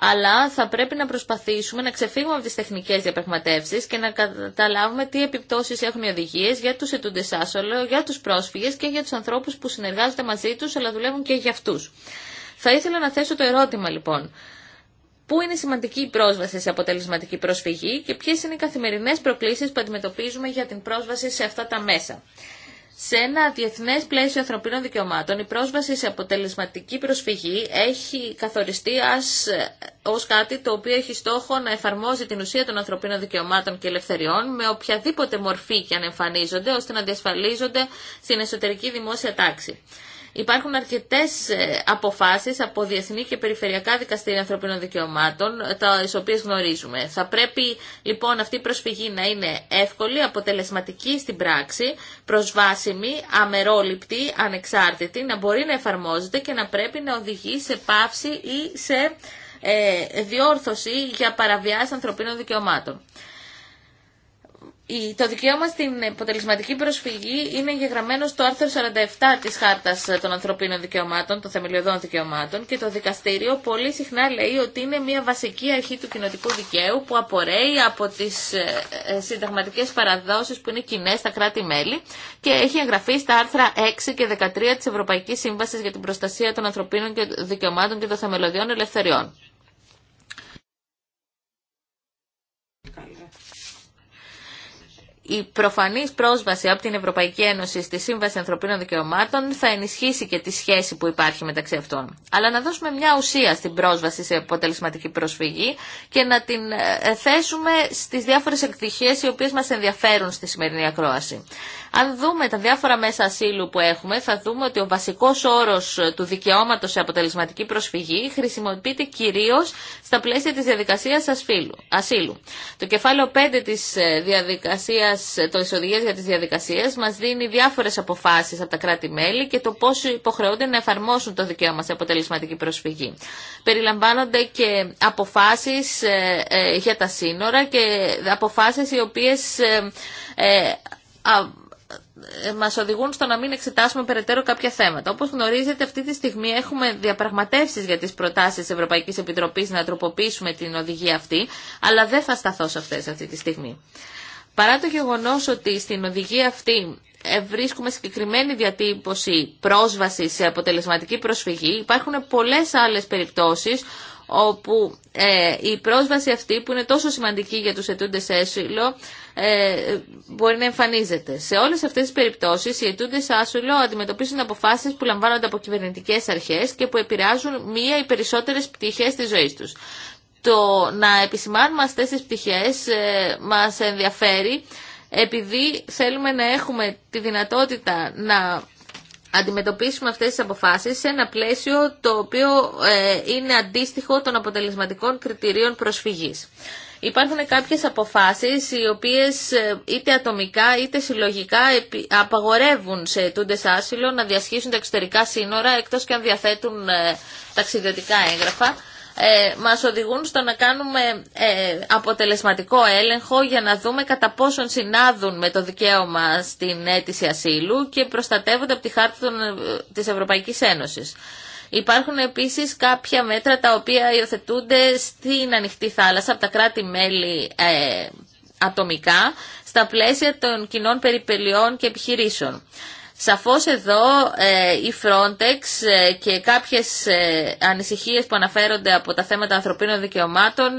αλλά θα πρέπει να προσπαθήσουμε να ξεφύγουμε από τις τεχνικές διαπραγματεύσεις και να καταλάβουμε τι επιπτώσεις έχουν οι οδηγίες για τους ετούντες άσολο, για τους πρόσφυγες και για τους ανθρώπους που συνεργάζονται μαζί τους αλλά δουλεύουν και για αυτούς. Θα ήθελα να θέσω το ερώτημα λοιπόν. Πού είναι σημαντική η πρόσβαση σε αποτελεσματική προσφυγή και ποιες είναι οι καθημερινές προκλήσεις που αντιμετωπίζουμε για την πρόσβαση σε αυτά τα μέσα. Σε ένα διεθνέ πλαίσιο ανθρωπίνων δικαιωμάτων, η πρόσβαση σε αποτελεσματική προσφυγή έχει καθοριστεί ω κάτι το οποίο έχει στόχο να εφαρμόζει την ουσία των ανθρωπίνων δικαιωμάτων και ελευθεριών με οποιαδήποτε μορφή και αν εμφανίζονται, ώστε να διασφαλίζονται στην εσωτερική δημόσια τάξη. Υπάρχουν αρκετέ ε, αποφάσεις από διεθνή και περιφερειακά δικαστήρια ανθρωπίνων δικαιωμάτων, ε, τις οποίε γνωρίζουμε. Θα πρέπει λοιπόν αυτή η προσφυγή να είναι εύκολη, αποτελεσματική στην πράξη, προσβάσιμη, αμερόληπτη, ανεξάρτητη, να μπορεί να εφαρμόζεται και να πρέπει να οδηγεί σε πάυση ή σε ε, διόρθωση για παραβιάσει ανθρωπίνων δικαιωμάτων. Το δικαίωμα στην αποτελεσματική προσφυγή είναι εγγεγραμμένο στο άρθρο 47 της Χάρτας των Ανθρωπίνων Δικαιωμάτων, των Θεμελιωδών Δικαιωμάτων και το δικαστήριο πολύ συχνά λέει ότι είναι μια βασική αρχή του κοινοτικού δικαίου που απορρέει από τις ε, ε, συνταγματικές παραδόσεις που είναι κοινέ στα κράτη-μέλη και έχει εγγραφεί στα άρθρα 6 και 13 της Ευρωπαϊκής Σύμβασης για την Προστασία των Ανθρωπίνων Δικαιωμάτων και των Θεμελιωδών Ελευθεριών. η προφανής πρόσβαση από την Ευρωπαϊκή Ένωση στη Σύμβαση Ανθρωπίνων Δικαιωμάτων θα ενισχύσει και τη σχέση που υπάρχει μεταξύ αυτών. Αλλά να δώσουμε μια ουσία στην πρόσβαση σε αποτελεσματική προσφυγή και να την ε, ε, θέσουμε στις διάφορες εκτυχίε, οι οποίες μας ενδιαφέρουν στη σημερινή ακρόαση. Αν δούμε τα διάφορα μέσα ασύλου που έχουμε, θα δούμε ότι ο βασικός όρος του δικαιώματος σε αποτελεσματική προσφυγή χρησιμοποιείται κυρίως στα πλαίσια της διαδικασίας ασύλου. Το κεφάλαιο 5 της ε, διαδικασίας, το εισοδηγία για τις διαδικασίες, μας δίνει διάφορες αποφάσεις από τα κράτη-μέλη και το πώς υποχρεούνται να εφαρμόσουν το δικαίωμα σε αποτελεσματική προσφυγή. Περιλαμβάνονται και αποφάσεις ε, ε, για τα σύνορα και αποφάσεις οι οποίες ε, μας οδηγούν στο να μην εξετάσουμε περαιτέρω κάποια θέματα. Όπως γνωρίζετε αυτή τη στιγμή έχουμε διαπραγματεύσεις για τις προτάσεις της Ευρωπαϊκής Επιτροπής να τροποποιήσουμε την οδηγία αυτή, αλλά δεν θα σταθώ σε αυτές αυτή τη στιγμή. Παρά το γεγονός ότι στην οδηγία αυτή ε, βρίσκουμε συγκεκριμένη διατύπωση πρόσβαση σε αποτελεσματική προσφυγή, υπάρχουν πολλές άλλες περιπτώσεις όπου ε, η πρόσβαση αυτή που είναι τόσο σημαντική για τους ετούντες έσυλο ε, μπορεί να εμφανίζεται. Σε όλες αυτές τις περιπτώσεις οι ετούντε άσυλο αντιμετωπίζουν αποφάσεις που λαμβάνονται από κυβερνητικές αρχές και που επηρεάζουν μία ή περισσότερες πτυχές τη ζωή του. Το να επισημάνουμε αυτές τις πτυχές ε, μας ενδιαφέρει επειδή θέλουμε να έχουμε τη δυνατότητα να αντιμετωπίσουμε αυτές τις αποφάσεις σε ένα πλαίσιο το οποίο ε, είναι αντίστοιχο των αποτελεσματικών κριτηρίων προσφυγής. Υπάρχουν κάποιες αποφάσεις οι οποίες ε, είτε ατομικά είτε συλλογικά απαγορεύουν σε τούντες άσυλο να διασχίσουν τα εξωτερικά σύνορα εκτός και αν διαθέτουν ε, ταξιδιωτικά έγγραφα. Ε, μας οδηγούν στο να κάνουμε ε, αποτελεσματικό έλεγχο για να δούμε κατά πόσον συνάδουν με το δικαίωμα στην αίτηση ασύλου και προστατεύονται από τη χάρτη των, της Ευρωπαϊκής Ένωσης. Υπάρχουν επίσης κάποια μέτρα τα οποία υιοθετούνται στην ανοιχτή θάλασσα από τα κράτη-μέλη ε, ατομικά στα πλαίσια των κοινών περιπελειών και επιχειρήσεων. Σαφώς εδώ ε, η Frontex ε, και κάποιες ε, ανησυχίες που αναφέρονται από τα θέματα ανθρωπίνων δικαιωμάτων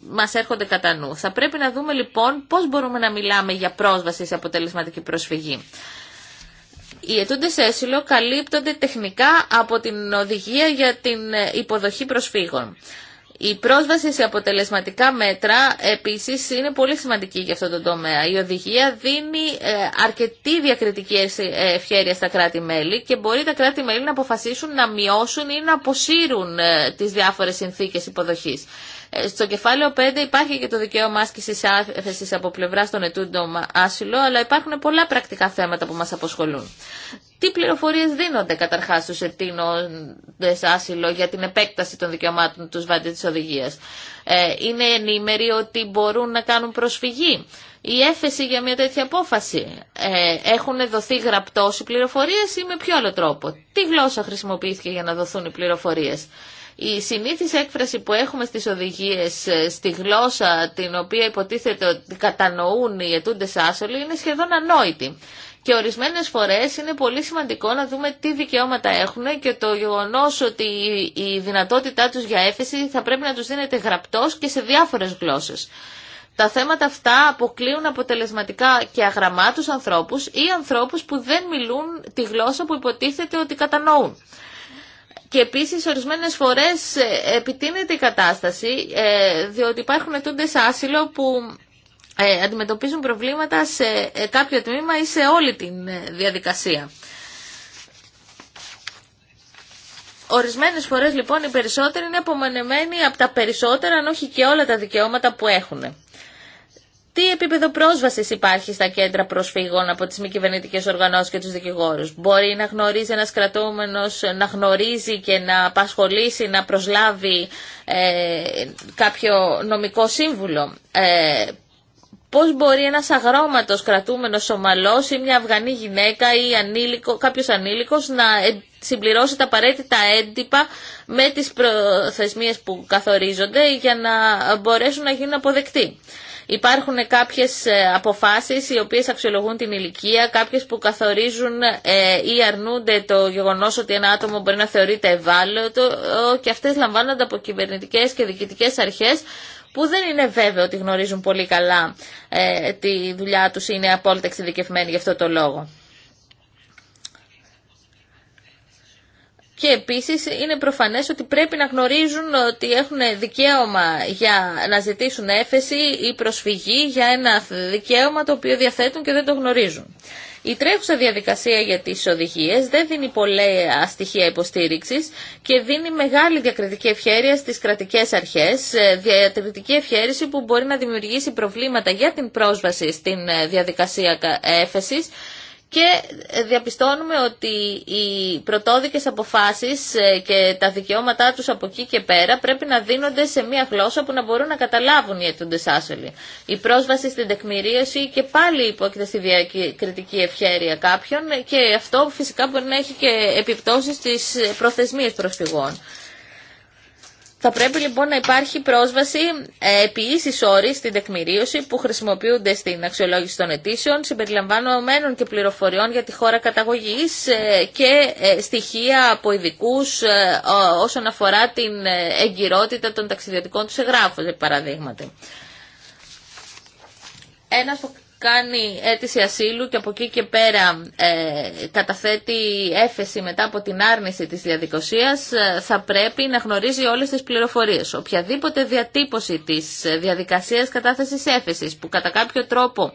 μας έρχονται κατά νου. Θα πρέπει να δούμε λοιπόν πώς μπορούμε να μιλάμε για πρόσβαση σε αποτελεσματική προσφυγή οι αιτούντες έσυλο καλύπτονται τεχνικά από την οδηγία για την υποδοχή προσφύγων. Η πρόσβαση σε αποτελεσματικά μέτρα επίσης είναι πολύ σημαντική για αυτό το τομέα. Η οδηγία δίνει ε, αρκετή διακριτική ε, ευχέρεια στα κράτη-μέλη και μπορεί τα κράτη-μέλη να αποφασίσουν να μειώσουν ή να αποσύρουν ε, τις διάφορες συνθήκες υποδοχής. Στο κεφάλαιο 5 υπάρχει και το δικαίωμα άσκηση άφεση από πλευρά των ετούντων άσυλο, αλλά υπάρχουν πολλά πρακτικά θέματα που μα αποσχολούν. Τι πληροφορίε δίνονται καταρχά στου ετήνοντε άσυλο για την επέκταση των δικαιωμάτων του βάτη τη οδηγία. Ε, είναι ενήμεροι ότι μπορούν να κάνουν προσφυγή. Η έφεση για μια τέτοια απόφαση ε, έχουν δοθεί γραπτό οι πληροφορίε ή με ποιο άλλο τρόπο. Τι γλώσσα χρησιμοποιήθηκε για να δοθούν οι πληροφορίε. Η συνήθις έκφραση που έχουμε στις οδηγίες ε, στη γλώσσα την οποία υποτίθεται ότι κατανοούν οι αιτούντες άσολοι είναι σχεδόν ανόητη. Και ορισμένε φορές είναι πολύ σημαντικό να δούμε τι δικαιώματα έχουν και το γεγονό ότι η δυνατότητά του για έφεση θα πρέπει να του δίνεται γραπτός και σε διάφορες γλώσσες. Τα θέματα αυτά αποκλείουν αποτελεσματικά και αγραμμάτους ανθρώπους ή ανθρώπους που δεν μιλούν τη γλώσσα που υποτίθεται ότι κατανοούν και επίσης ορισμένες φορές ε, επιτείνεται η κατάσταση ε, διότι υπάρχουν ετούντε άσυλο που ε, αντιμετωπίζουν προβλήματα σε κάποιο τμήμα ή σε όλη τη διαδικασία. Ορισμένες φορές λοιπόν οι περισσότεροι είναι απομονεμένοι από τα περισσότερα αν όχι και όλα τα δικαιώματα που έχουν τι επίπεδο πρόσβαση υπάρχει στα κέντρα προσφύγων από τι μη κυβερνητικέ οργανώσει και του δικηγόρου. Μπορεί να γνωρίζει ένα κρατούμενο, να γνωρίζει και να απασχολήσει, να προσλάβει ε, κάποιο νομικό σύμβουλο. Ε, πώς μπορεί ένας αγρόματο κρατούμενος ομαλό ή μια αυγανή γυναίκα ή ανήλικο, ανήλικος να ε, συμπληρώσει τα απαραίτητα έντυπα με τι προθεσμίε που καθορίζονται για να μπορέσουν να γίνουν αποδεκτοί. Υπάρχουν κάποιες ε, αποφάσεις οι οποίες αξιολογούν την ηλικία, κάποιες που καθορίζουν ε, ή αρνούνται το γεγονός ότι ένα άτομο μπορεί να θεωρείται ευάλωτο ε, και αυτές λαμβάνονται από κυβερνητικές και διοικητικές αρχές που δεν είναι βέβαιο ότι γνωρίζουν πολύ καλά τη δουλειά τους ή είναι απόλυτα εξειδικευμένοι γι' αυτό το λόγο. Και επίσης είναι προφανές ότι πρέπει να γνωρίζουν ότι έχουν δικαίωμα για να ζητήσουν έφεση ή προσφυγή για ένα δικαίωμα το οποίο διαθέτουν και δεν το γνωρίζουν. Η τρέχουσα διαδικασία για τις οδηγίες δεν δίνει πολλά στοιχεία υποστήριξης και δίνει μεγάλη διακριτική ευχαίρεια στις κρατικές αρχές, διακριτική ευχαίρεση που μπορεί να δημιουργήσει προβλήματα για την πρόσβαση στην διαδικασία έφεσης και διαπιστώνουμε ότι οι πρωτόδικες αποφάσεις ε, και τα δικαιώματά τους από εκεί και πέρα πρέπει να δίνονται σε μια γλώσσα που να μπορούν να καταλάβουν οι αιτούντες άσελοι. Η πρόσβαση στην τεκμηρίωση και πάλι υπόκειται στη διακριτική ευχέρεια κάποιων ε, και αυτό φυσικά μπορεί να έχει και επιπτώσεις στις ε, προθεσμίες προσφυγών. Θα πρέπει λοιπόν να υπάρχει πρόσβαση ε, επί ίσης όρης στην τεκμηρίωση που χρησιμοποιούνται στην αξιολόγηση των αιτήσεων, συμπεριλαμβανομένων και πληροφοριών για τη χώρα καταγωγής ε, και ε, στοιχεία από ειδικού όσον αφορά την εγκυρότητα των ταξιδιωτικών τους εγγράφων, παραδείγματα. Ένας κάνει αίτηση ασύλου και από εκεί και πέρα ε, καταθέτει έφεση μετά από την άρνηση της διαδικασίας, ε, θα πρέπει να γνωρίζει όλες τις πληροφορίες. Οποιαδήποτε διατύπωση της διαδικασίας κατάθεσης έφεσης που κατά κάποιο τρόπο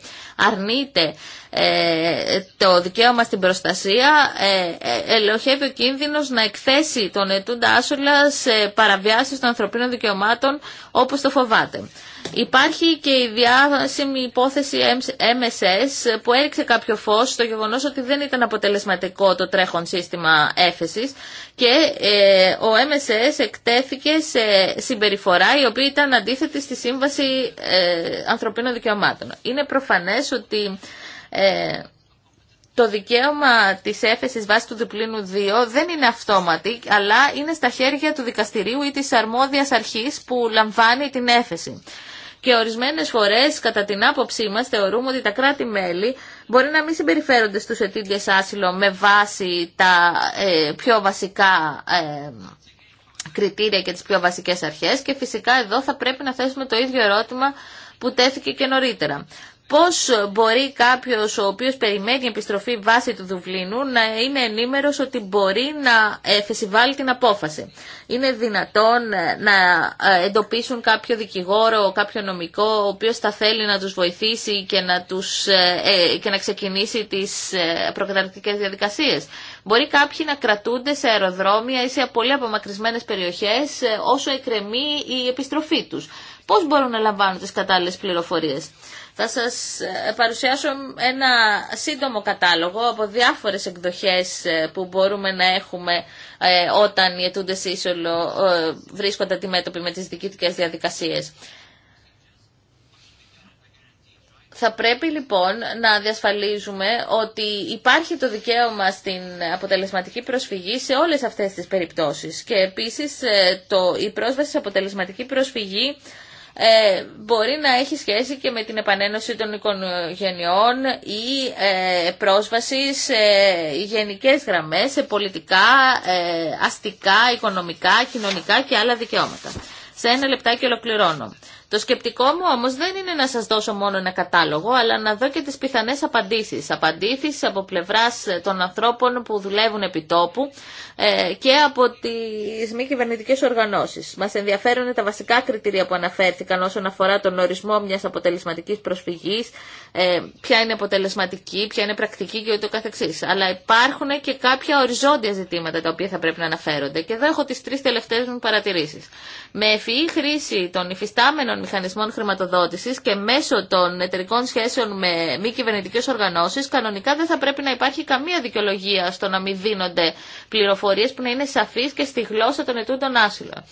αρνείται ε, το δικαίωμα στην προστασία ε, ε ελοχεύει ο κίνδυνος να εκθέσει τον ετούντα άσολα σε παραβιάσεις των ανθρωπίνων δικαιωμάτων όπως το φοβάται. Υπάρχει και η διάσημη υπόθεση MSS που έριξε κάποιο φως στο γεγονός ότι δεν ήταν αποτελεσματικό το τρέχον σύστημα έφεσης και ε, ο MSS εκτέθηκε σε συμπεριφορά η οποία ήταν αντίθετη στη Σύμβαση ε, Ανθρωπίνων Δικαιωμάτων. Είναι προφανές ότι ε, το δικαίωμα της έφεσης βάσει του διπλίνου 2 δεν είναι αυτόματη, αλλά είναι στα χέρια του δικαστηρίου ή της αρμόδιας αρχής που λαμβάνει την έφεση και ορισμένες φορές κατά την άποψή μας θεωρούμε ότι τα κράτη-μέλη μπορεί να μην συμπεριφέρονται στους αιτήτες άσυλο με βάση τα ε, πιο βασικά ε, κριτήρια και τις πιο βασικές αρχές και φυσικά εδώ θα πρέπει να θέσουμε το ίδιο ερώτημα που τέθηκε και νωρίτερα. Πώς μπορεί κάποιος ο οποίος περιμένει επιστροφή βάση του Δουβλίνου να είναι ενήμερος ότι μπορεί να εφεσιβάλει την απόφαση. Είναι δυνατόν ε, να ε, εντοπίσουν κάποιο δικηγόρο, κάποιο νομικό, ο οποίος θα θέλει να τους βοηθήσει και να, τους, ε, και να ξεκινήσει τις προκαταρκτικές διαδικασίες. Μπορεί κάποιοι να κρατούνται σε αεροδρόμια ή σε πολύ απομακρυσμένες περιοχές όσο εκρεμεί η επιστροφή τους. Πώς μπορούν να λαμβάνουν τις κατάλληλες πληροφορίες. Θα σας ε, παρουσιάσω ένα σύντομο κατάλογο από διάφορες εκδοχές ε, που μπορούμε να έχουμε ε, όταν οι ετούντες ίσολο βρίσκονται αντιμέτωποι με τις διοικητικές διαδικασίες. Θα πρέπει λοιπόν να διασφαλίζουμε ότι υπάρχει το δικαίωμα στην αποτελεσματική προσφυγή σε όλες αυτές τις περιπτώσεις και επίσης το, η πρόσβαση σε αποτελεσματική προσφυγή ε, μπορεί να έχει σχέση και με την επανένωση των οικογενειών ή ε, πρόσβαση σε γενικές γραμμές, σε πολιτικά, ε, αστικά, οικονομικά, κοινωνικά και άλλα δικαιώματα. Σε ένα λεπτάκι ολοκληρώνω. Το σκεπτικό μου όμω δεν είναι να σα δώσω μόνο ένα κατάλογο, αλλά να δω και τι πιθανέ απαντήσει, απαντήσει από πλευρά ε, των ανθρώπων που δουλεύουν επί τόπου ε, και από τι μη κυβερνητικέ οργανώσει. Μα ενδιαφέρουν τα βασικά κριτήρια που αναφέρθηκαν όσον αφορά τον ορισμό μιας αποτελεσματικής προσφυγής, ε, ποια είναι αποτελεσματική, ποια είναι πρακτική και ούτω καθεξής. Αλλά υπάρχουν και κάποια οριζόντια ζητήματα τα οποία θα πρέπει να αναφέρονται. Και εδώ έχω τι τρει τελευταίε μου παρατηρήσει. Με ευφυή χρήση των υφιστάμενων των μηχανισμών χρηματοδότησης και μέσω των εταιρικών σχέσεων με μη κυβερνητικέ οργανώσεις κανονικά δεν θα πρέπει να υπάρχει καμία δικαιολογία στο να μην δίνονται πληροφορίες που να είναι σαφείς και στη γλώσσα των ετούντων άσυλων.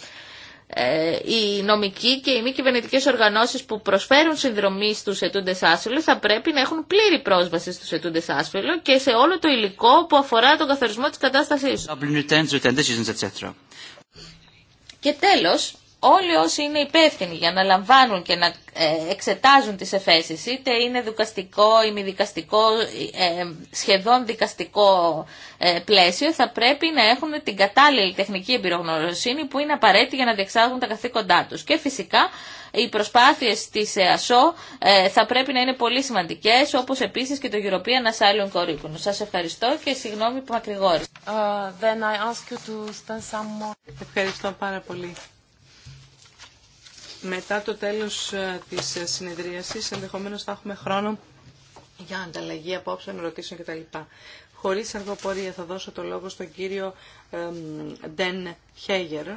Ε, οι νομικοί και οι μη κυβερνητικέ οργανώσει που προσφέρουν συνδρομή στου ετούντε άσυλο θα πρέπει να έχουν πλήρη πρόσβαση στου ετούντε άσυλο και σε όλο το υλικό που αφορά τον καθορισμό τη κατάστασή του. Και τέλο, όλοι όσοι είναι υπεύθυνοι για να λαμβάνουν και να ε, εξετάζουν τις εφέσεις, είτε είναι δικαστικό ή μη δικαστικό, ε, ε, σχεδόν δικαστικό πλαίσιο, θα πρέπει να έχουν την κατάλληλη τεχνική εμπειρογνωσύνη που είναι απαραίτητη για να διεξάγουν τα καθήκοντά τους. Και φυσικά οι προσπάθειες της ΕΑΣΟ θα πρέπει να είναι πολύ σημαντικές, όπως επίσης και το European Asylum Curriculum. Σας ευχαριστώ και συγγνώμη που μακρηγόρησα. Uh, Ευχαριστώ πάρα πολύ. Μετά το τέλος ε, της ε, συνεδρίασης ενδεχομένως θα έχουμε χρόνο για ανταλλαγή απόψεων, ερωτήσεων κτλ. Χωρίς αργοπορία θα δώσω το λόγο στον κύριο Ντεν Χέγερ,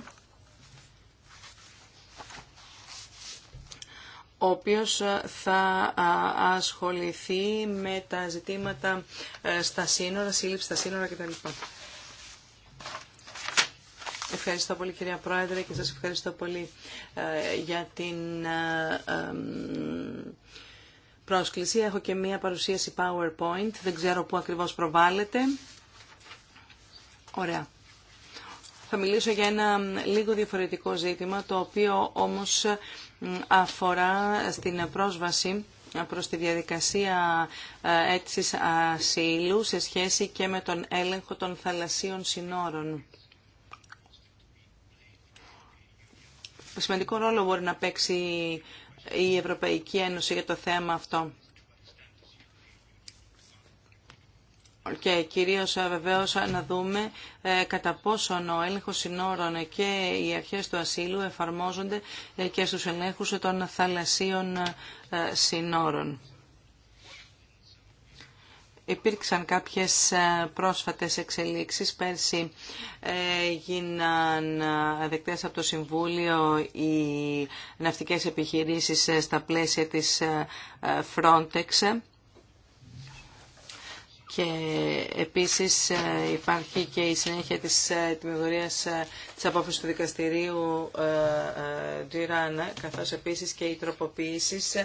ο οποίος ε, θα ασχοληθεί με τα ζητήματα στα σύνορα, σύλληψη στα σύνορα κτλ. Ευχαριστώ πολύ κυρία Πρόεδρε και σας ευχαριστώ πολύ ε, για την ε, ε, πρόσκληση. Έχω και μία παρουσίαση PowerPoint. Δεν ξέρω πού ακριβώς προβάλλεται. Ωραία. Θα μιλήσω για ένα λίγο διαφορετικό ζήτημα, το οποίο όμως αφορά στην πρόσβαση προς τη διαδικασία αίτησης ασύλου σε σχέση και με τον έλεγχο των θαλασσίων συνόρων. σημαντικό ρόλο μπορεί να παίξει η Ευρωπαϊκή Ένωση για το θέμα αυτό. και κυρίως ε, βεβαίως να δούμε ε, κατά πόσον ο έλεγχος συνόρων και οι αρχές του ασύλου εφαρμόζονται ε, και στους ελέγχους των θαλασσίων συνόρων. Υπήρξαν κάποιες ε, πρόσφατες εξελίξεις. Πέρσι ε, γιναν ε, δεκτές από το Συμβούλιο οι ναυτικές επιχειρήσεις στα πλαίσια της Frontex και επίσης ε, υπάρχει και η συνέχεια της ε, τιμωρίας ε, της απόφασης του δικαστηρίου Τζιράνα, καθώς επίσης και οι τροποποιήσεις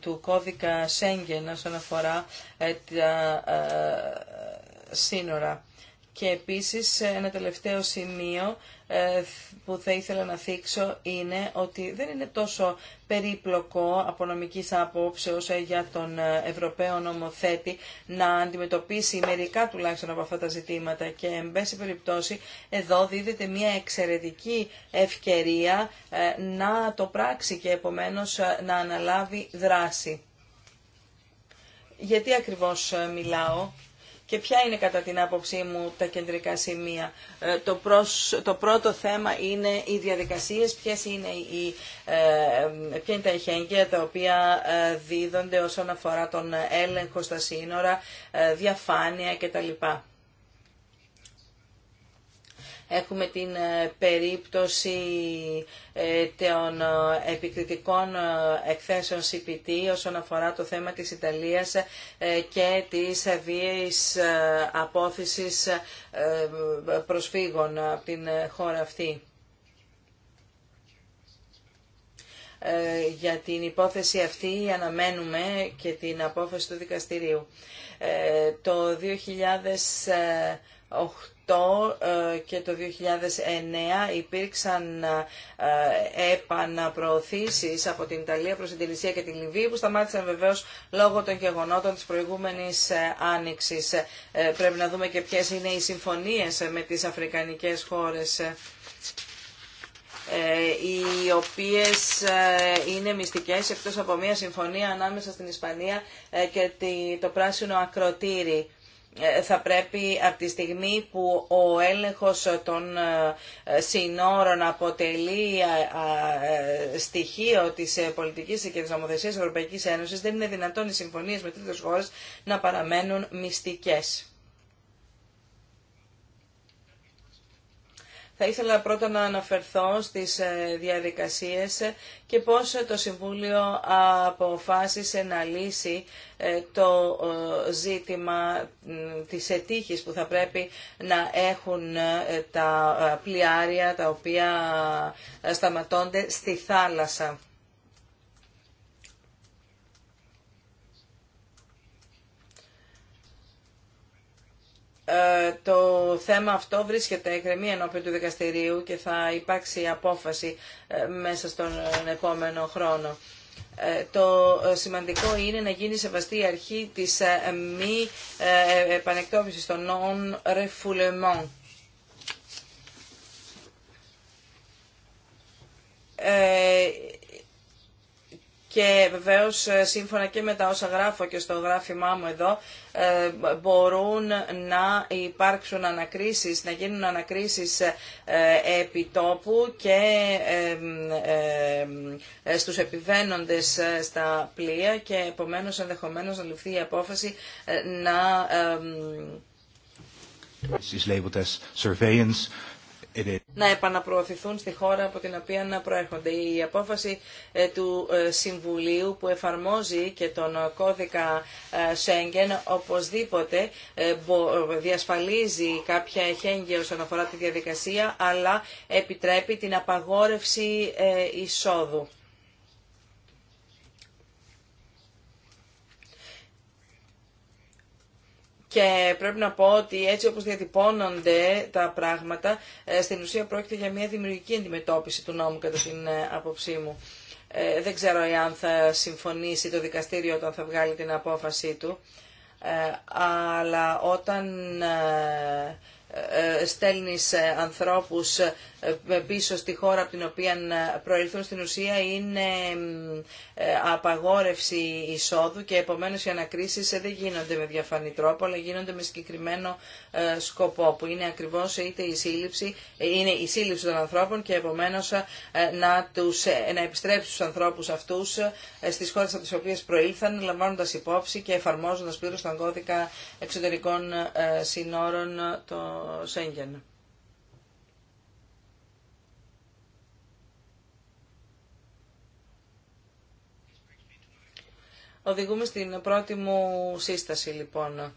του κώδικα Σέγγεν όσον αφορά τα σύνορα. Και επίσης ένα τελευταίο σημείο ε, που θα ήθελα να θίξω είναι ότι δεν είναι τόσο περίπλοκο από άποψη όσο ε, για τον ε, Ευρωπαίο νομοθέτη να αντιμετωπίσει μερικά τουλάχιστον από αυτά τα ζητήματα και εν πάση περιπτώσει εδώ δίδεται μια εξαιρετική ευκαιρία να το πράξει και επομένως να αναλάβει δράση. Γιατί ακριβώς μιλάω και ποια είναι κατά την άποψή μου τα κεντρικά σημεία. Ε, το, προς, το πρώτο θέμα είναι οι διαδικασίες, ποιες είναι οι, ε, ποια είναι τα εχέγγυα τα οποία ε, δίδονται όσον αφορά τον έλεγχο στα σύνορα, διαφάνεια κτλ. Έχουμε την ε, περίπτωση ε, των ε, επικριτικών εκθέσεων CPT όσον αφορά το θέμα της Ιταλίας και της βίαιης απόθεσης προσφύγων από την χώρα αυτή. Για την υπόθεση αυτή αναμένουμε και την απόφαση του δικαστηρίου. Το 2008 ε, και το 2009 υπήρξαν ε, επαναπροωθήσεις από την Ιταλία προς την Τινησία και την Λιβύη που σταμάτησαν βεβαίως λόγω των γεγονότων της προηγούμενης ε, άνοιξης. Πρέπει να δούμε και ποιες είναι οι συμφωνίες με τις αφρικανικές χώρες οι οποίες είναι μυστικές εκτός από μια συμφωνία ανάμεσα στην Ισπανία και το πράσινο ακροτήρι. Ε, θα πρέπει από τη στιγμή που ο έλεγχος των ε, συνόρων αποτελεί ε, στοιχείο της πολιτικής και της νομοθεσίας της Ευρωπαϊκής Ένωσης, δεν είναι δυνατόν οι συμφωνίες με τρίτες χώρες να παραμένουν μυστικές. Θα ήθελα πρώτα να αναφερθώ στις ε, διαδικασίες και πώς ε, το Συμβούλιο αποφάσισε να λύσει ε, το ζήτημα της ετύχης που θα πρέπει να έχουν τα πλοιάρια τα οποία σταματώνται στη θάλασσα. Ε, το θέμα αυτό βρίσκεται εγκρεμή ενώπιον του δικαστηρίου και θα υπάρξει απόφαση ε, μέσα στον επόμενο χρόνο. Ε, το σημαντικό είναι να γίνει σεβαστή η αρχή της μη επανεκτόπισης των non-refoulement. Ε, και βεβαίως ε, σύμφωνα και με τα όσα γράφω και στο γράφημά μου εδώ ε, μπορούν να υπάρξουν ανακρίσεις, να γίνουν ανακρίσεις ε, τόπου και στους επιβαίνοντες στα πλοία και επομένως ενδεχομένως να ληφθεί η απόφαση να να επαναπροωθηθούν στη χώρα από την οποία να προέρχονται. Η απόφαση ε, του ε, Συμβουλίου που εφαρμόζει και τον ε, κώδικα Σέγγεν οπωσδήποτε διασφαλίζει κάποια εχέγγυα όσον αφορά τη διαδικασία αλλά επιτρέπει την απαγόρευση εισόδου. Και πρέπει να πω ότι έτσι όπως διατυπώνονται τα πράγματα, ε, στην ουσία πρόκειται για μια δημιουργική αντιμετώπιση του νόμου κατά την ε, άποψή μου. Ε, δεν ξέρω αν θα συμφωνήσει το δικαστήριο όταν θα βγάλει την απόφασή του, αλλά όταν ε, στέλνεις ανθρώπους ε, πίσω στη χώρα από την οποία ε, προελθούν στην ουσία είναι ε, απαγόρευση εισόδου και επομένως οι ανακρίσεις δεν γίνονται με διαφανή τρόπο αλλά γίνονται με συγκεκριμένο σκοπό που είναι ακριβώς είτε η σύλληψη, είναι η σύλληψη των ανθρώπων και επομένως να, τους, να επιστρέψουν τους ανθρώπους αυτούς στις χώρες από τις οποίες προήλθαν λαμβάνοντας υπόψη και εφαρμόζοντας πλήρως τον κώδικα εξωτερικών συνόρων το Σέγγεν. Οδηγούμε στην πρώτη μου σύσταση λοιπόν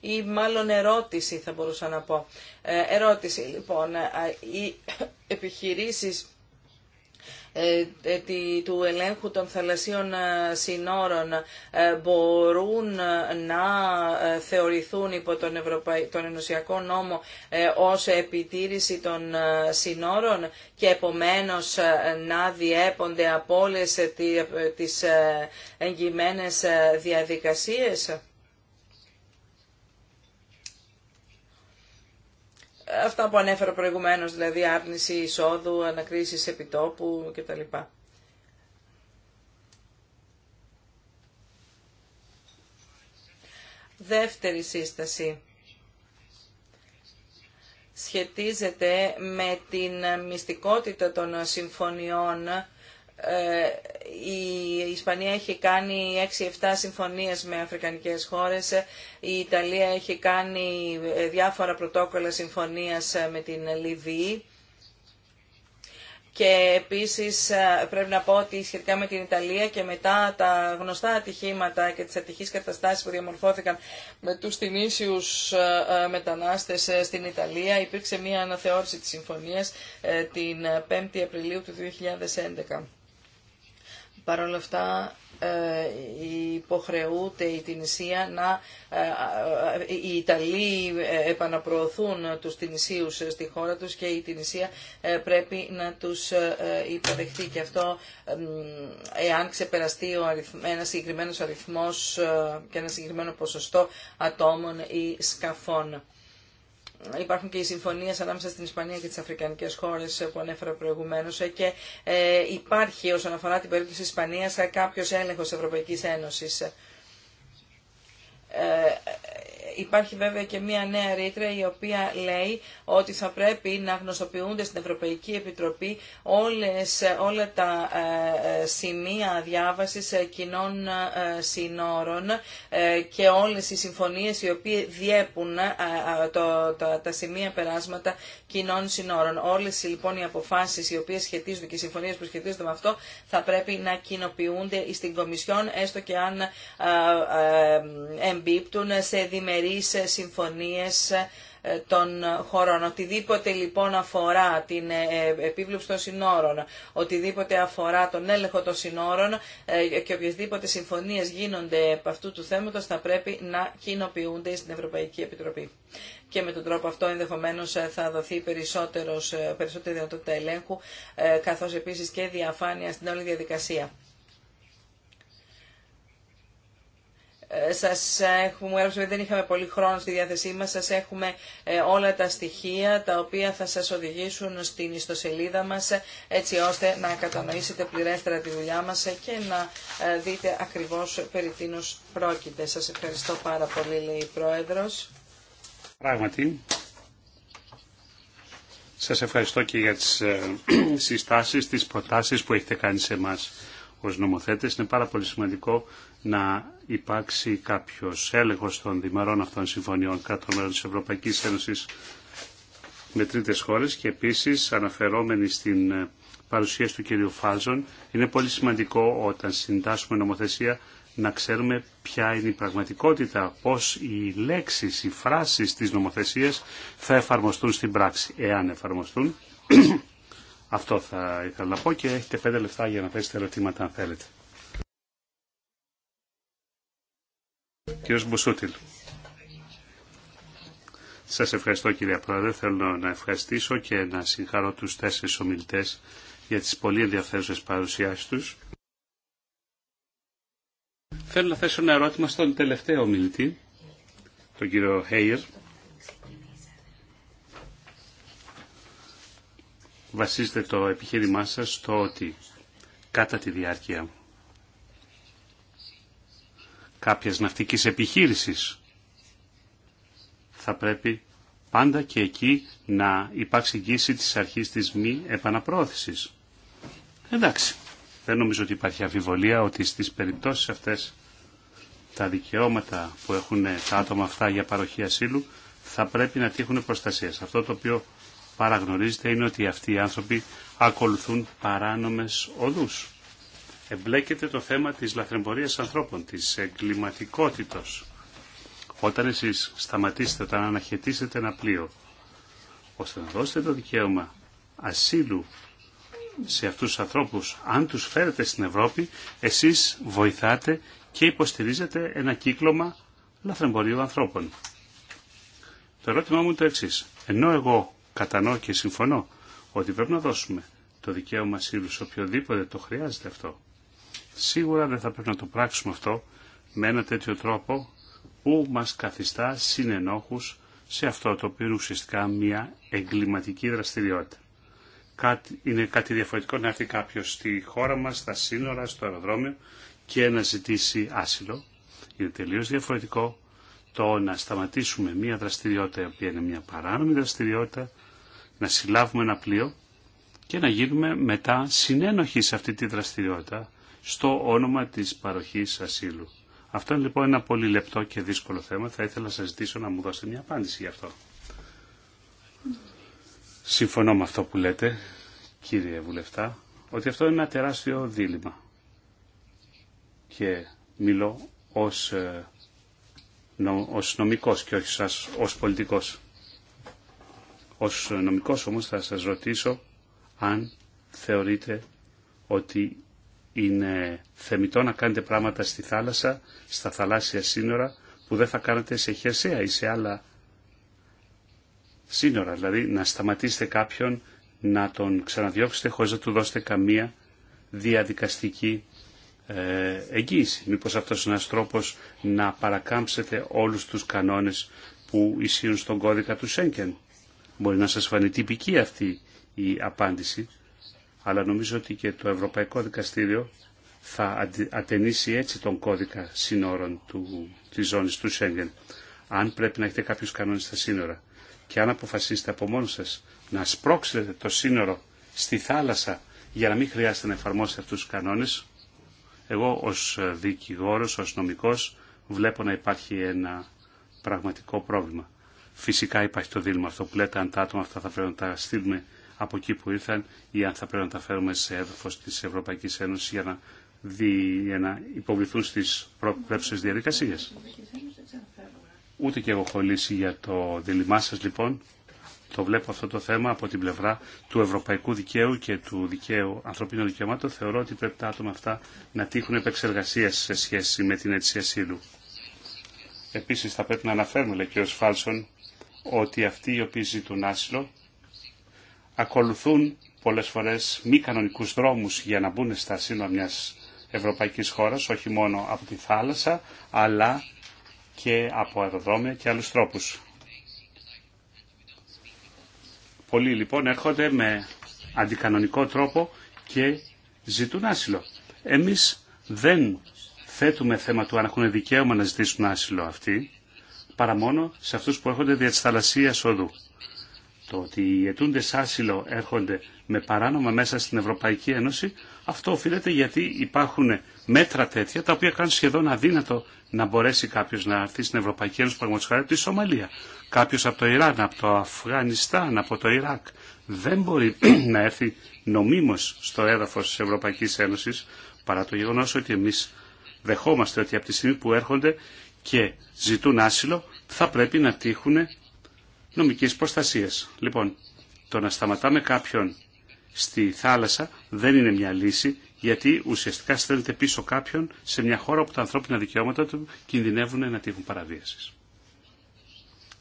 ή μάλλον ερώτηση θα μπορούσα να πω. Ε, ερώτηση λοιπόν, οι επιχειρήσεις ε, ε, του ελέγχου των θαλασσίων ε, συνόρων μπορούν να θεωρηθούν υπό τον, Ευρωπαϊ... Ενωσιακό Νόμο ως επιτήρηση των συνόρων και επομένως να διέπονται από όλες τις εγγυημένες διαδικασίες. αυτά που ανέφερα προηγουμένως, δηλαδή άρνηση εισόδου, ανακρίσεις επιτόπου κτλ. Δεύτερη σύσταση σχετίζεται με την μυστικότητα των συμφωνιών ε, η Ισπανία έχει κάνει 6-7 συμφωνίες με αφρικανικές χώρες, η Ιταλία έχει κάνει ε, διάφορα πρωτόκολλα συμφωνίας ε, με την Λιβύη. Και επίσης πρέπει να πω ότι σχετικά με την Ιταλία και μετά τα γνωστά ατυχήματα και τις ατυχείς καταστάσεις που διαμορφώθηκαν με τους τιμήσιους μετανάστες στην Ιταλία υπήρξε μια αναθεώρηση της συμφωνίας την 5η Απριλίου του 2011. Παρ' όλα αυτά ε, υποχρεούται η Τινησία να... Ε, ε, οι Ιταλοί επαναπροωθούν τους Τινησίους στη χώρα τους και η Τινησία πρέπει να τους υποδεχτεί. Και αυτό εάν ξεπεραστεί ο αριθμ, ένας αριθμός και ένα συγκεκριμένο ποσοστό ατόμων ή σκαφών υπάρχουν και οι συμφωνίες ανάμεσα στην Ισπανία και τις αφρικανικές χώρες που ανέφερα προηγουμένως και ε, υπάρχει όσον αφορά την περίπτωση της Ισπανίας κάποιος έλεγχος Ευρωπαϊκής Ένωσης ε, υπάρχει βέβαια και μια νέα ρήτρα η οποία λέει ότι θα πρέπει να γνωστοποιούνται στην Ευρωπαϊκή Επιτροπή όλες, όλα τα ε, ε, σημεία διάβασης ε, κοινών συνόρων και όλες οι συμφωνίες οι οποίες διέπουν το, τα, σημεία περάσματα κοινών συνόρων. Όλες λοιπόν οι αποφάσεις οι οποίες σχετίζονται και οι συμφωνίες που σχετίζονται με αυτό θα πρέπει να κοινοποιούνται στην Κομισιόν έστω και αν εμπίπτουν σε διμερή διμερείς ε, συμφωνίες ε, των χωρών. Οτιδήποτε λοιπόν αφορά την ε, επίβλεψη των συνόρων, οτιδήποτε αφορά τον έλεγχο των συνόρων και οποιασδήποτε συμφωνίες γίνονται από αυτού του θέματος θα πρέπει να κοινοποιούνται στην Ευρωπαϊκή Επιτροπή. Και με τον τρόπο αυτό ενδεχομένως θα δοθεί περισσότερη δυνατότητα ελέγχου καθώς επίσης και διαφάνεια στην όλη διαδικασία. Ε, σας έχουμε, έρωσουμε, δεν είχαμε πολύ χρόνο στη διάθεσή μας, σας έχουμε ε, όλα τα στοιχεία τα οποία θα σας οδηγήσουν στην ιστοσελίδα μας ε, έτσι ώστε να κατανοήσετε πληρέστερα τη δουλειά μας και να δείτε ακριβώς περί τίνος πρόκειται. Σας ευχαριστώ πάρα πολύ, λέει η Πρόεδρος. Πράγματι, σας ευχαριστώ και για τις συστάσεις, τις προτάσεις που έχετε κάνει σε εμά ως νομοθέτες. Είναι πάρα πολύ σημαντικό να υπάρξει κάποιος έλεγχος των διμερών αυτών συμφωνιών κάτω μέρο της Ευρωπαϊκής Ένωσης με τρίτες χώρες και επίσης αναφερόμενοι στην ε, παρουσίαση του κυρίου Φάζων είναι πολύ σημαντικό όταν συντάσσουμε νομοθεσία να ξέρουμε ποια είναι η πραγματικότητα, πώς οι λέξεις, οι φράσεις της νομοθεσίας θα εφαρμοστούν στην πράξη, εάν εφαρμοστούν. Αυτό θα ήθελα να πω και έχετε πέντε λεφτά για να θέσετε ερωτήματα αν θέλετε. Κύριος Σας ευχαριστώ κύριε Πρόεδρε. Θέλω να ευχαριστήσω και να συγχαρώ τους τέσσερις ομιλητές για τις πολύ ενδιαφέρουσες παρουσιάσεις τους. Θέλω να θέσω ένα ερώτημα στον τελευταίο ομιλητή, τον κύριο Χέιρ. Βασίζεται το επιχείρημά σας στο ότι κατά τη διάρκεια κάποιας ναυτικής επιχείρησης. Θα πρέπει πάντα και εκεί να υπάρξει εγγύηση της αρχής της μη επαναπρόθεσης. Εντάξει, δεν νομίζω ότι υπάρχει αμφιβολία ότι στις περιπτώσεις αυτές τα δικαιώματα που έχουν τα άτομα αυτά για παροχή ασύλου θα πρέπει να τύχουν προστασίες. Αυτό το οποίο παραγνωρίζεται είναι ότι αυτοί οι άνθρωποι ακολουθούν παράνομες οδούς εμπλέκεται το θέμα της λαθρεμπορίας ανθρώπων, της εγκληματικότητος. Όταν εσείς σταματήσετε, να αναχαιτήσετε ένα πλοίο, ώστε να δώσετε το δικαίωμα ασύλου σε αυτούς τους ανθρώπους, αν τους φέρετε στην Ευρώπη, εσείς βοηθάτε και υποστηρίζετε ένα κύκλωμα λαθρεμπορίου ανθρώπων. Το ερώτημά μου είναι το εξή Ενώ εγώ κατανοώ και συμφωνώ ότι πρέπει να δώσουμε το δικαίωμα ασύλου σε οποιοδήποτε το χρειάζεται αυτό. Σίγουρα δεν θα πρέπει να το πράξουμε αυτό με ένα τέτοιο τρόπο που μας καθιστά συνενόχους σε αυτό το οποίο είναι ουσιαστικά μια εγκληματική δραστηριότητα. Είναι κάτι διαφορετικό να έρθει κάποιος στη χώρα μας, στα σύνορα, στο αεροδρόμιο και να ζητήσει άσυλο. Είναι τελείως διαφορετικό το να σταματήσουμε μια δραστηριότητα η οποία είναι μια παράνομη δραστηριότητα, να συλλάβουμε ένα πλοίο και να γίνουμε μετά συνένοχοι σε αυτή τη δραστηριότητα στο όνομα της παροχής ασύλου. Αυτό είναι λοιπόν ένα πολύ λεπτό και δύσκολο θέμα. Θα ήθελα να σας ζητήσω να μου δώσετε μια απάντηση γι' αυτό. Συμφωνώ με αυτό που λέτε, κύριε Βουλευτά, ότι αυτό είναι ένα τεράστιο δίλημα. Και μιλώ ως, ε, νο, νομικός και όχι σας, ως πολιτικός. Ως νομικός όμως θα σας ρωτήσω αν θεωρείτε ότι είναι θεμητό να κάνετε πράγματα στη θάλασσα, στα θαλάσσια σύνορα, που δεν θα κάνετε σε χερσαία ή σε άλλα σύνορα. Δηλαδή να σταματήσετε κάποιον, να τον ξαναδιώξετε χωρίς να του δώσετε καμία διαδικαστική ε, εγγύηση. Μήπως αυτός είναι ένας τρόπος να παρακάμψετε όλους τους κανόνες που ισχύουν στον κώδικα του Σέγκεν. Μπορεί να σας φανεί τυπική αυτή η απάντηση, αλλά νομίζω ότι και το Ευρωπαϊκό Δικαστήριο θα ατενίσει έτσι τον κώδικα σύνορων του, της ζώνης του Σέγγεν. Αν πρέπει να έχετε κάποιους κανόνες στα σύνορα και αν αποφασίσετε από μόνο σας να σπρώξετε το σύνορο στη θάλασσα για να μην χρειάζεται να εφαρμόσετε αυτούς τους κανόνες, εγώ ως ε, δικηγόρος, ως νομικός βλέπω να υπάρχει ένα πραγματικό πρόβλημα. Φυσικά υπάρχει το δίλημα αυτό που λέτε αν τα άτομα αυτά θα πρέπει να τα στείλουμε από εκεί που ήρθαν ή αν θα πρέπει να τα φέρουμε σε έδαφο τη Ευρωπαϊκή Ένωση για να, δι, για να υποβληθούν στι προβλέψεις διαδικασίε. Ούτε και εγώ έχω λύση για το δίλημά σα, λοιπόν. Το βλέπω αυτό το θέμα από την πλευρά του ευρωπαϊκού δικαίου και του δικαίου ανθρωπίνων δικαιωμάτων. Θεωρώ ότι πρέπει τα άτομα αυτά να τύχουν επεξεργασία σε σχέση με την αίτηση ασύλου. Επίση, θα πρέπει να αναφέρουμε, λέει ο κ. Φάλσον, ότι αυτοί οι οποίοι ζητούν άσυλο ακολουθούν πολλές φορές μη κανονικούς δρόμους για να μπουν στα σύνορα μιας ευρωπαϊκής χώρας, όχι μόνο από τη θάλασσα, αλλά και από αεροδρόμια και άλλους τρόπους. Πολλοί λοιπόν έρχονται με αντικανονικό τρόπο και ζητούν άσυλο. Εμείς δεν θέτουμε θέμα του αν έχουν δικαίωμα να ζητήσουν άσυλο αυτοί, παρά μόνο σε αυτούς που έρχονται δια της θαλασσίας οδού το ότι οι αιτούντες άσυλο έρχονται με παράνομα μέσα στην Ευρωπαϊκή Ένωση, αυτό οφείλεται γιατί υπάρχουν μέτρα τέτοια τα οποία κάνουν σχεδόν αδύνατο να μπορέσει κάποιο να έρθει στην Ευρωπαϊκή Ένωση πραγματικά από τη Σομαλία. Κάποιο από το Ιράν, από το Αφγανιστάν, από το Ιράκ δεν μπορεί να έρθει νομίμω στο έδαφο τη Ευρωπαϊκή Ένωση παρά το γεγονό ότι εμεί δεχόμαστε ότι από τη στιγμή που έρχονται και ζητούν άσυλο θα πρέπει να τύχουν νομικής προστασία. Λοιπόν, το να σταματάμε κάποιον στη θάλασσα δεν είναι μια λύση, γιατί ουσιαστικά στέλνετε πίσω κάποιον σε μια χώρα όπου τα ανθρώπινα δικαιώματα του κινδυνεύουν να τύχουν παραβίασης.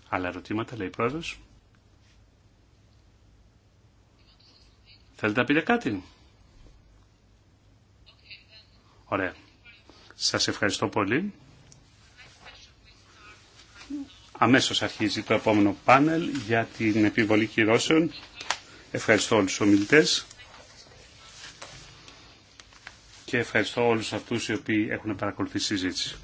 Άλλα ερωτήματα, λέει η πρόεδρος. Θέλετε να πείτε κάτι. Ωραία. Σας ευχαριστώ πολύ. Αμέσως αρχίζει το επόμενο πάνελ για την επιβολή κυρώσεων. Ευχαριστώ όλους τους ομιλητές και ευχαριστώ όλους αυτούς οι οποίοι έχουν παρακολουθήσει τη συζήτηση.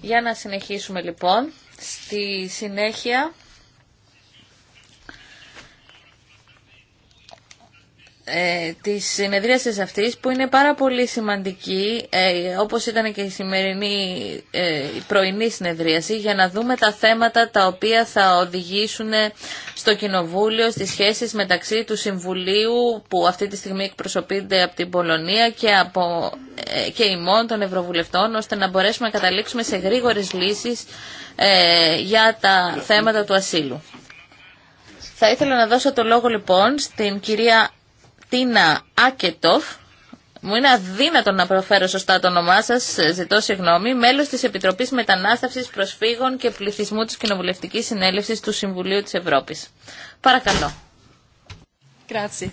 Για να συνεχίσουμε λοιπόν. Στη συνέχεια ε, της συνεδρίασης αυτής που είναι πάρα πολύ σημαντική ε, όπως ήταν και η σημερινή ε, πρωινή συνεδρίαση για να δούμε τα θέματα τα οποία θα οδηγήσουν στο Κοινοβούλιο στις σχέσεις μεταξύ του Συμβουλίου που αυτή τη στιγμή εκπροσωπείται από την Πολωνία και από και ημών των Ευρωβουλευτών ώστε να μπορέσουμε να καταλήξουμε σε γρήγορες λύσεις ε, για τα θέματα του ασύλου. Θα ήθελα να δώσω το λόγο λοιπόν στην κυρία Τίνα Άκετοφ, μου είναι αδύνατο να προφέρω σωστά το όνομά σα, ζητώ συγγνώμη, μέλο τη Επιτροπή Μετανάστευση Προσφύγων και Πληθυσμού τη Κοινοβουλευτική Συνέλευση του Συμβουλίου τη Ευρώπη. Παρακαλώ. Grazie.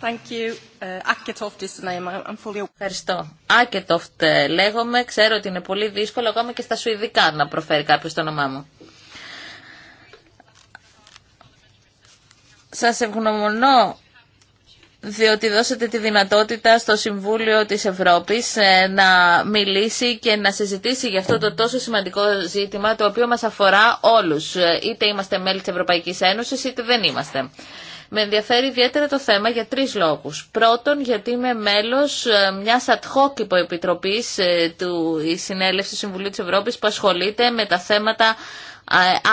Thank you. Uh, Ευχαριστώ. Άκετοφτ λέγομαι. Ξέρω ότι είναι πολύ δύσκολο ακόμα και στα σουηδικά να προφέρει κάποιο το όνομά μου. Σας ευγνωμονώ διότι δώσετε τη δυνατότητα στο Συμβούλιο της Ευρώπης ε, να μιλήσει και να συζητήσει για αυτό το τόσο σημαντικό ζήτημα το οποίο μας αφορά όλους. Ε, είτε είμαστε μέλη της Ευρωπαϊκής Ένωσης είτε δεν είμαστε. Με ενδιαφέρει ιδιαίτερα το θέμα για τρεις λόγους. Πρώτον, γιατί είμαι μέλος ε, μιας ad hoc υποεπιτροπής ε, του Συνέλευσης Συμβουλίου της Ευρώπης που ασχολείται με τα θέματα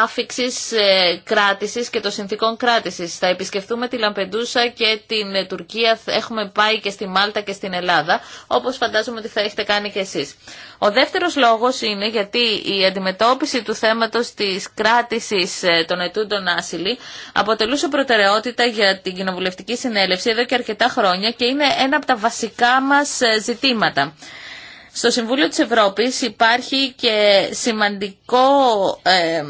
άφηξης ε, κράτησης και των συνθήκων κράτησης. Θα επισκεφτούμε τη Λαμπεντούσα και την ε, Τουρκία, έχουμε πάει και στη Μάλτα και στην Ελλάδα, όπως φαντάζομαι ότι θα έχετε κάνει και εσείς. Ο δεύτερος λόγος είναι γιατί η αντιμετώπιση του θέματος της κράτησης ε, των ετούντων άσυλη αποτελούσε προτεραιότητα για την Κοινοβουλευτική Συνέλευση εδώ και αρκετά χρόνια και είναι ένα από τα βασικά μας ζητήματα. Στο Συμβούλιο της Ευρώπης υπάρχει και σημαντικό ε,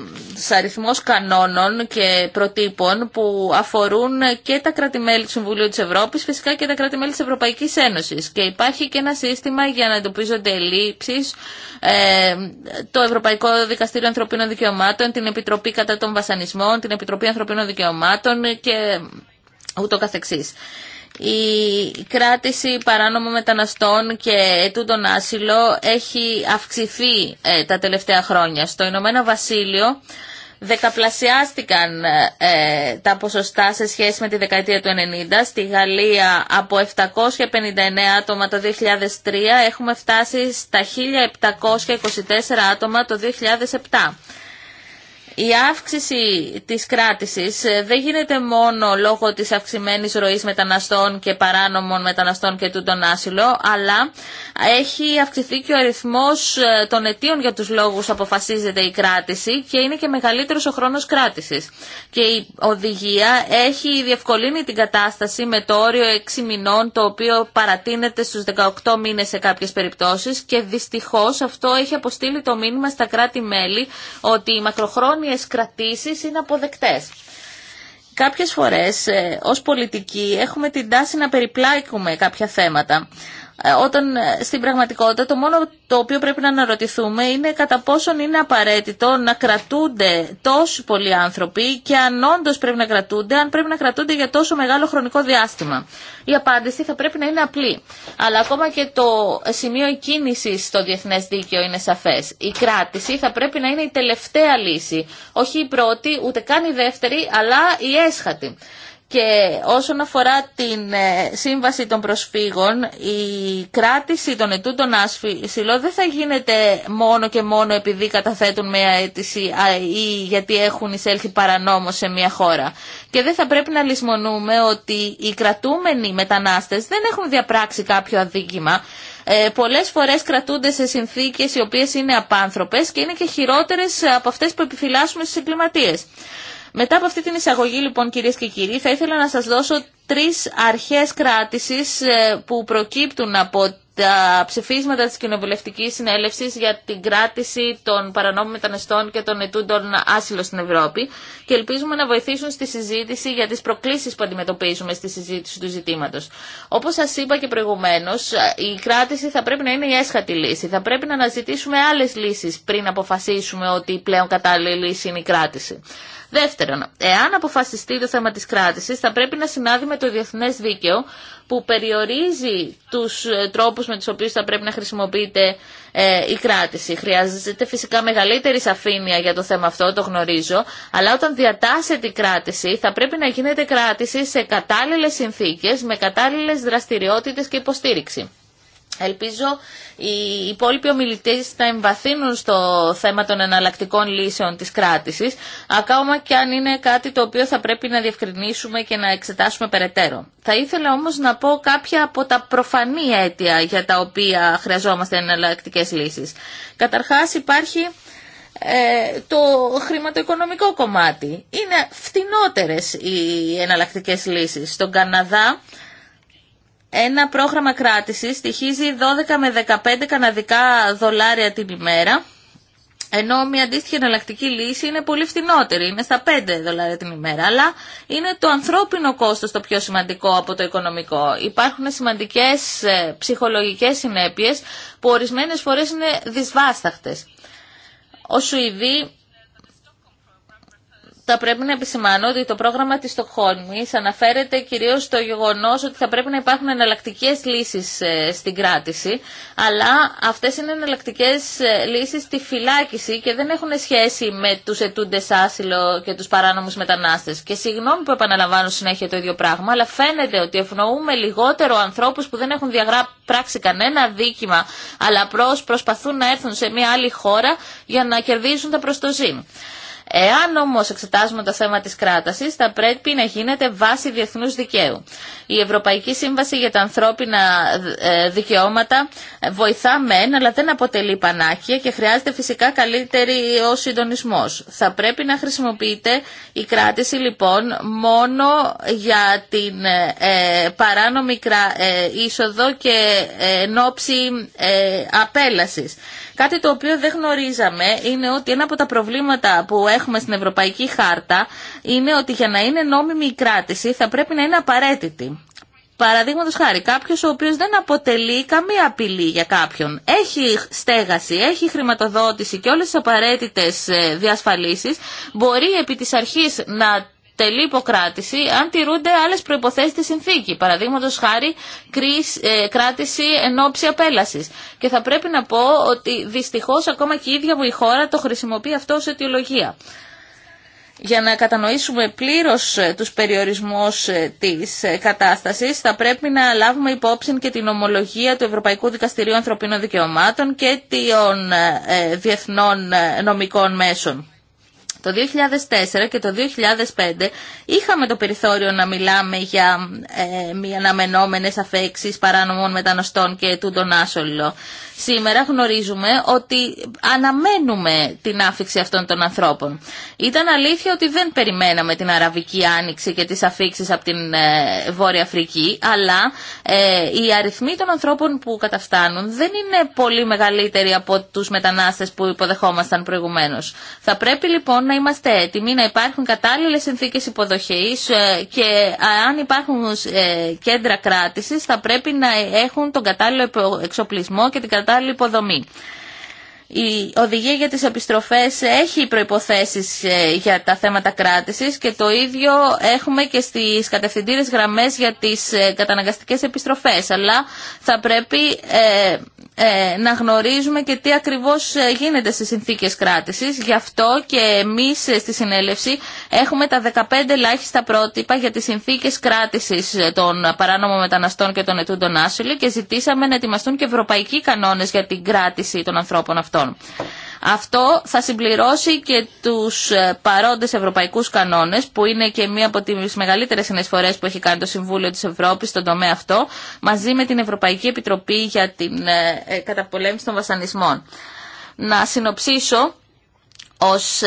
αριθμός κανόνων και προτύπων που αφορούν και τα κράτη-μέλη του Συμβουλίου της Ευρώπης, φυσικά και τα κράτη-μέλη της Ευρωπαϊκής Ένωσης. Και υπάρχει και ένα σύστημα για να εντοπίζονται ελλείψεις, το Ευρωπαϊκό Δικαστήριο Ανθρωπίνων Δικαιωμάτων, την Επιτροπή Κατά των Βασανισμών, την Επιτροπή Ανθρωπίνων Δικαιωμάτων και ούτω καθεξής η κράτηση παράνομων μεταναστών και τούτον άσυλο έχει αυξηθεί ε, τα τελευταία χρόνια. Στο Ηνωμένο Βασίλειο δεκαπλασιάστηκαν ε, τα ποσοστά σε σχέση με τη δεκαετία του 90. Στη Γαλλία από 759 άτομα το 2003 έχουμε φτάσει στα 1724 άτομα το 2007 η αύξηση της κράτησης ε, δεν γίνεται μόνο λόγω της αυξημένης ροής μεταναστών και παράνομων μεταναστών και του τον άσυλο, αλλά έχει αυξηθεί και ο αριθμός ε, των αιτίων για τους λόγους αποφασίζεται η κράτηση και είναι και μεγαλύτερος ο χρόνος κράτησης. Και η οδηγία έχει διευκολύνει την κατάσταση με το όριο 6 μηνών, το οποίο παρατείνεται στους 18 μήνες σε κάποιες περιπτώσεις και δυστυχώς αυτό έχει αποστείλει το μήνυμα στα κράτη-μέλη ότι η μακροχρόνια παρόμοιες κρατήσεις είναι αποδεκτές. Κάποιες φορές ε, ως πολιτικοί έχουμε την τάση να περιπλάκουμε κάποια θέματα. Ε, όταν ε, στην πραγματικότητα το μόνο το οποίο πρέπει να αναρωτηθούμε είναι κατά πόσον είναι απαραίτητο να κρατούνται τόσοι πολλοί άνθρωποι και αν όντω πρέπει να κρατούνται, αν πρέπει να κρατούνται για τόσο μεγάλο χρονικό διάστημα. Η απάντηση θα πρέπει να είναι απλή. Αλλά ακόμα και το σημείο κίνησης στο διεθνέ δίκαιο είναι σαφέ. Η κράτηση θα πρέπει να είναι η τελευταία λύση. Όχι η πρώτη, ούτε καν η δεύτερη, αλλά η έσχατη. Και όσον αφορά την ε, σύμβαση των προσφύγων, η κράτηση των ετούντων άσφυλων δεν θα γίνεται μόνο και μόνο επειδή καταθέτουν μια αίτηση ή γιατί έχουν εισέλθει παρανόμω σε μια χώρα. Και δεν θα πρέπει να λησμονούμε ότι οι κρατούμενοι μετανάστες δεν έχουν διαπράξει κάποιο αδίκημα. Ε, πολλές φορές κρατούνται σε συνθήκες οι οποίες είναι απάνθρωπες και είναι και χειρότερες από αυτές που επιφυλάσσουμε στις εγκληματίες. Μετά από αυτή την εισαγωγή λοιπόν κυρίες και κύριοι θα ήθελα να σας δώσω τρεις αρχές κράτησης ε, που προκύπτουν από τα ψηφίσματα της κοινοβουλευτική Συνέλευσης για την κράτηση των παρανόμων μεταναστών και των ετούντων άσυλο στην Ευρώπη και ελπίζουμε να βοηθήσουν στη συζήτηση για τις προκλήσεις που αντιμετωπίζουμε στη συζήτηση του ζητήματος. Όπως σας είπα και προηγουμένως, η κράτηση θα πρέπει να είναι η έσχατη λύση. Θα πρέπει να αναζητήσουμε άλλες λύσεις πριν αποφασίσουμε ότι η πλέον κατάλληλη λύση είναι η κράτηση. Δεύτερον, εάν αποφασιστεί το θέμα της κράτησης, θα πρέπει να συνάδει με το διεθνές δίκαιο, που περιορίζει τους ε, τρόπους με τους οποίους θα πρέπει να χρησιμοποιείται ε, η κράτηση. Χρειάζεται φυσικά μεγαλύτερη σαφήνεια για το θέμα αυτό, το γνωρίζω, αλλά όταν διατάσσεται η κράτηση θα πρέπει να γίνεται κράτηση σε κατάλληλες συνθήκες, με κατάλληλες δραστηριότητες και υποστήριξη. Ελπίζω οι υπόλοιποι ομιλητέ να εμβαθύνουν στο θέμα των εναλλακτικών λύσεων τη κράτηση, ακόμα και αν είναι κάτι το οποίο θα πρέπει να διευκρινίσουμε και να εξετάσουμε περαιτέρω. Θα ήθελα όμω να πω κάποια από τα προφανή αίτια για τα οποία χρειαζόμαστε εναλλακτικέ λύσει. Καταρχά υπάρχει ε, το χρηματοοικονομικό κομμάτι. Είναι φτηνότερες οι εναλλακτικέ λύσεις. Στον Καναδά ένα πρόγραμμα κράτησης στοιχίζει 12 με 15 καναδικά δολάρια την ημέρα, ενώ μια αντίστοιχη εναλλακτική λύση είναι πολύ φθηνότερη, είναι στα 5 δολάρια την ημέρα, αλλά είναι το ανθρώπινο κόστος το πιο σημαντικό από το οικονομικό. Υπάρχουν σημαντικές ε, ψυχολογικές συνέπειες που ορισμένες φορές είναι δυσβάσταχτες. Ο Σουηδί θα πρέπει να επισημάνω ότι το πρόγραμμα της Στοκχόλμης αναφέρεται κυρίως στο γεγονός ότι θα πρέπει να υπάρχουν εναλλακτικέ λύσεις ε, στην κράτηση, αλλά αυτές είναι εναλλακτικέ ε, λύσεις στη φυλάκιση και δεν έχουν σχέση με τους ετούντες άσυλο και τους παράνομους μετανάστες. Και συγγνώμη που επαναλαμβάνω συνέχεια το ίδιο πράγμα, αλλά φαίνεται ότι ευνοούμε λιγότερο ανθρώπους που δεν έχουν διαγράψει κανένα δίκημα, αλλά προς προσπαθούν να έρθουν σε μια άλλη χώρα για να κερδίσουν τα προστοζήν. Εάν όμως εξετάζουμε το θέμα της κράταση, θα πρέπει να γίνεται βάση διεθνού δικαίου. Η Ευρωπαϊκή Σύμβαση για τα Ανθρώπινα ε, Δικαιώματα ε, βοηθά μεν, αλλά δεν αποτελεί πανάκια και χρειάζεται φυσικά καλύτερη ο συντονισμό. Θα πρέπει να χρησιμοποιείται η κράτηση λοιπόν μόνο για την ε, παράνομη κρά, είσοδο και ε, απέλασης. Κάτι το οποίο δεν γνωρίζαμε είναι ότι ένα από τα προβλήματα που έχουμε στην Ευρωπαϊκή Χάρτα είναι ότι για να είναι νόμιμη η κράτηση θα πρέπει να είναι απαραίτητη. Παραδείγματο χάρη, κάποιο ο οποίο δεν αποτελεί καμία απειλή για κάποιον. Έχει στέγαση, έχει χρηματοδότηση και όλε τι απαραίτητε διασφαλίσει. Μπορεί επί τη αρχή να τελή υποκράτηση αν τηρούνται άλλε προποθέσει τη συνθήκη. Παραδείγματο χάρη ε, κράτηση εν ώψη απέλαση. Και θα πρέπει να πω ότι δυστυχώ ακόμα και η ίδια μου η χώρα το χρησιμοποιεί αυτό ω αιτιολογία. Για να κατανοήσουμε πλήρως ε, τους περιορισμούς ε, της κατάστασης θα πρέπει να λάβουμε υπόψη και την ομολογία του Ευρωπαϊκού Δικαστηρίου Ανθρωπίνων Δικαιωμάτων και των διεθνών νομικών μέσων. Το 2004 και το 2005 είχαμε το περιθώριο να μιλάμε για ε, μη αναμενόμενες αφέξεις παράνομων μετανοστών και του Ντονάσολο σήμερα γνωρίζουμε ότι αναμένουμε την άφηξη αυτών των ανθρώπων. Ήταν αλήθεια ότι δεν περιμέναμε την Αραβική Άνοιξη και τις αφήξεις από την ε, Βόρεια Αφρική, αλλά ε, οι αριθμοί των ανθρώπων που καταφτάνουν δεν είναι πολύ μεγαλύτεροι από τους μετανάστες που υποδεχόμασταν προηγουμένως. Θα πρέπει λοιπόν να είμαστε έτοιμοι να υπάρχουν κατάλληλες συνθήκες υποδοχής ε, και αν υπάρχουν ε, κέντρα κράτησης θα πρέπει να έχουν τον κατάλληλο εξοπλισμό και την κατάλληλη υποδομή. Η οδηγία για τις επιστροφές έχει προϋποθέσεις ε, για τα θέματα κράτησης και το ίδιο έχουμε και στις κατευθυντήρες γραμμές για τις ε, καταναγκαστικές επιστροφές. Αλλά θα πρέπει ε, ε, να γνωρίζουμε και τι ακριβώς ε, γίνεται στις συνθήκες κράτησης. Γι' αυτό και εμείς ε, στη συνέλευση έχουμε τα 15 ελάχιστα πρότυπα για τις συνθήκες κράτησης των παράνομων μεταναστών και των ετούντων άσυλων και ζητήσαμε να ετοιμαστούν και ευρωπαϊκοί κανόνες για την κράτηση των ανθρώπων αυτών. Αυτό θα συμπληρώσει και τους ε, παρόντες ευρωπαϊκούς κανόνες που είναι και μία από τις μεγαλύτερες συνεισφορές που έχει κάνει το Συμβούλιο της Ευρώπης στον τομέα αυτό μαζί με την Ευρωπαϊκή Επιτροπή για την ε, ε, καταπολέμηση των βασανισμών. Να συνοψίσω ως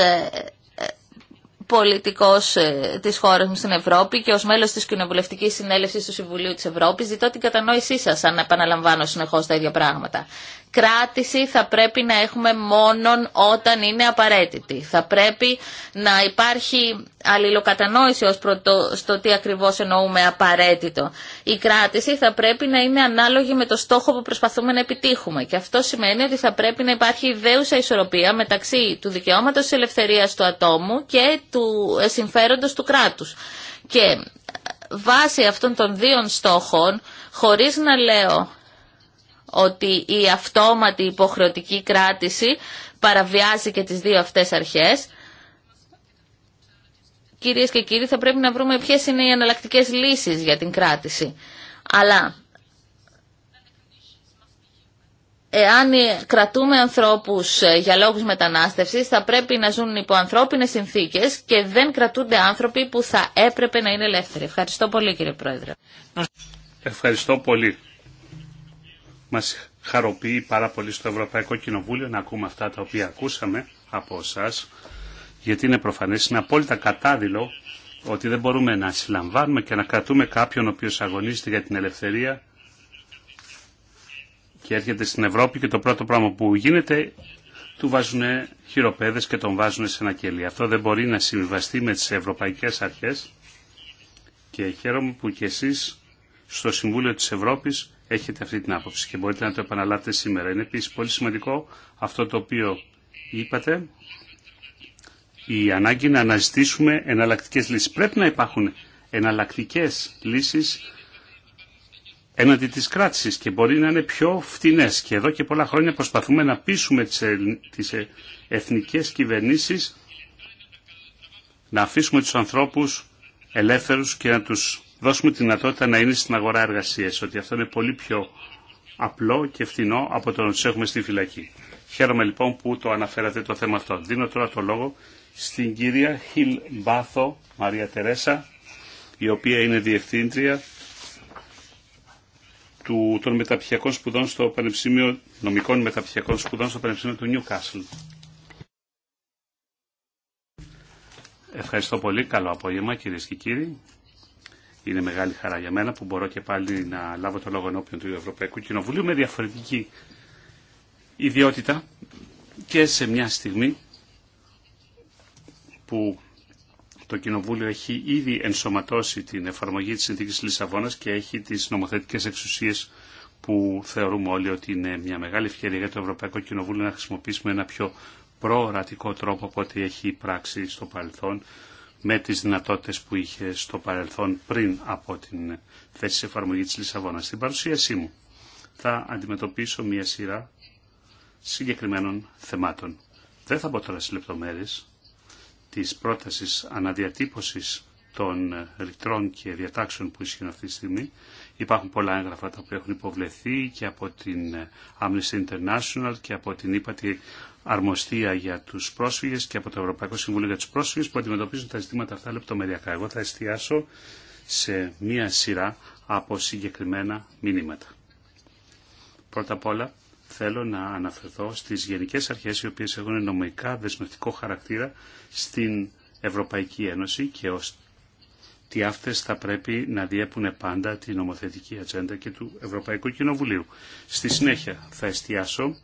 πολιτικός της χώρας μου στην Ευρώπη και ως μέλος της Κοινοβουλευτικής Συνέλευσης του Συμβουλίου της Ευρώπης ζητώ την κατανόησή σας αν επαναλαμβάνω συνεχώς τα ίδια πράγματα κράτηση θα πρέπει να έχουμε μόνον όταν είναι απαραίτητη. Θα πρέπει να υπάρχει αλληλοκατανόηση ως πρωτο, στο τι ακριβώς εννοούμε απαραίτητο. Η κράτηση θα πρέπει να είναι ανάλογη με το στόχο που προσπαθούμε να επιτύχουμε και αυτό σημαίνει ότι θα πρέπει να υπάρχει ιδέουσα ισορροπία μεταξύ του δικαιώματος της ελευθερίας του ατόμου και του ε, συμφέροντος του κράτους. Και ε, βάσει αυτών των δύο στόχων, χωρίς να λέω ότι η αυτόματη υποχρεωτική κράτηση παραβιάζει και τις δύο αυτές αρχές. Κυρίες και κύριοι, θα πρέπει να βρούμε ποιες είναι οι εναλλακτικέ λύσεις για την κράτηση. Αλλά εάν κρατούμε ανθρώπους ε, για λόγους μετανάστευσης, θα πρέπει να ζουν υπό ανθρώπινες συνθήκες και δεν κρατούνται άνθρωποι που θα έπρεπε να είναι ελεύθεροι. Ευχαριστώ πολύ κύριε Πρόεδρε. Ευχαριστώ πολύ. Μας χαροποιεί πάρα πολύ στο Ευρωπαϊκό Κοινοβούλιο να ακούμε αυτά τα οποία ακούσαμε από εσά, γιατί είναι προφανές, είναι απόλυτα κατάδειλο ότι δεν μπορούμε να συλλαμβάνουμε και να κρατούμε κάποιον ο οποίος αγωνίζεται για την ελευθερία και έρχεται στην Ευρώπη και το πρώτο πράγμα που γίνεται του βάζουν χειροπέδες και τον βάζουν σε ένα κελί. Αυτό δεν μπορεί να συμβιβαστεί με τις ευρωπαϊκές αρχές και χαίρομαι που κι εσείς στο Συμβούλιο της Ευρώπης έχετε αυτή την άποψη και μπορείτε να το επαναλάβετε σήμερα. Είναι επίσης πολύ σημαντικό αυτό το οποίο είπατε, η ανάγκη να αναζητήσουμε εναλλακτικές λύσεις. Πρέπει να υπάρχουν εναλλακτικές λύσεις έναντι της κράτησης και μπορεί να είναι πιο φτηνές. Και εδώ και πολλά χρόνια προσπαθούμε να πείσουμε τις ε, ε, εθνικές κυβερνήσεις να αφήσουμε τους ανθρώπους ελεύθερους και να τους δώσουμε τη δυνατότητα να είναι στην αγορά εργασία. Ότι αυτό είναι πολύ πιο απλό και φθηνό από το να του έχουμε στη φυλακή. Χαίρομαι λοιπόν που το αναφέρατε το θέμα αυτό. Δίνω τώρα το λόγο στην κυρία Χιλ Μπάθο Μαρία Τερέσα, η οποία είναι διευθύντρια του, των μεταπτυχιακών σπουδών στο Πανεπιστήμιο, νομικών μεταπτυχιακών σπουδών στο Πανεπιστήμιο του Νιουκάσλ. Ευχαριστώ πολύ. Καλό απόγευμα κυρίε και κύριοι. Είναι μεγάλη χαρά για μένα που μπορώ και πάλι να λάβω το λόγο ενώπιον του Ευρωπαϊκού Κοινοβουλίου με διαφορετική ιδιότητα και σε μια στιγμή που το Κοινοβούλιο έχει ήδη ενσωματώσει την εφαρμογή της Συνθήκης Λισαβόνας και έχει τις νομοθετικές εξουσίες που θεωρούμε όλοι ότι είναι μια μεγάλη ευκαιρία για το Ευρωπαϊκό Κοινοβούλιο να χρησιμοποιήσουμε ένα πιο προορατικό τρόπο από ό,τι έχει πράξει στο παρελθόν με τις δυνατότητες που είχε στο παρελθόν πριν από την θέση εφαρμογή της Λισαβόνας. Στην παρουσίασή μου θα αντιμετωπίσω μία σειρά συγκεκριμένων θεμάτων. Δεν θα πω τώρα στις λεπτομέρειες της πρότασης αναδιατύπωσης των ρητρών και διατάξεων που ισχύουν αυτή τη στιγμή. Υπάρχουν πολλά έγγραφα τα οποία έχουν υποβλεθεί και από την Amnesty International και από την ύπατη αρμοστία για του πρόσφυγε και από το Ευρωπαϊκό Συμβούλιο για του Προσφύγε που αντιμετωπίζουν τα ζητήματα αυτά λεπτομεριακά. Εγώ θα εστιάσω σε μία σειρά από συγκεκριμένα μηνύματα. Πρώτα απ' όλα θέλω να αναφερθώ στις γενικές αρχές οι οποίες έχουν νομικά δεσμευτικό χαρακτήρα στην Ευρωπαϊκή Ένωση και ως τι αυτές θα πρέπει να διέπουν πάντα την νομοθετική ατζέντα και του Ευρωπαϊκού Κοινοβουλίου. Στη συνέχεια θα εστιάσω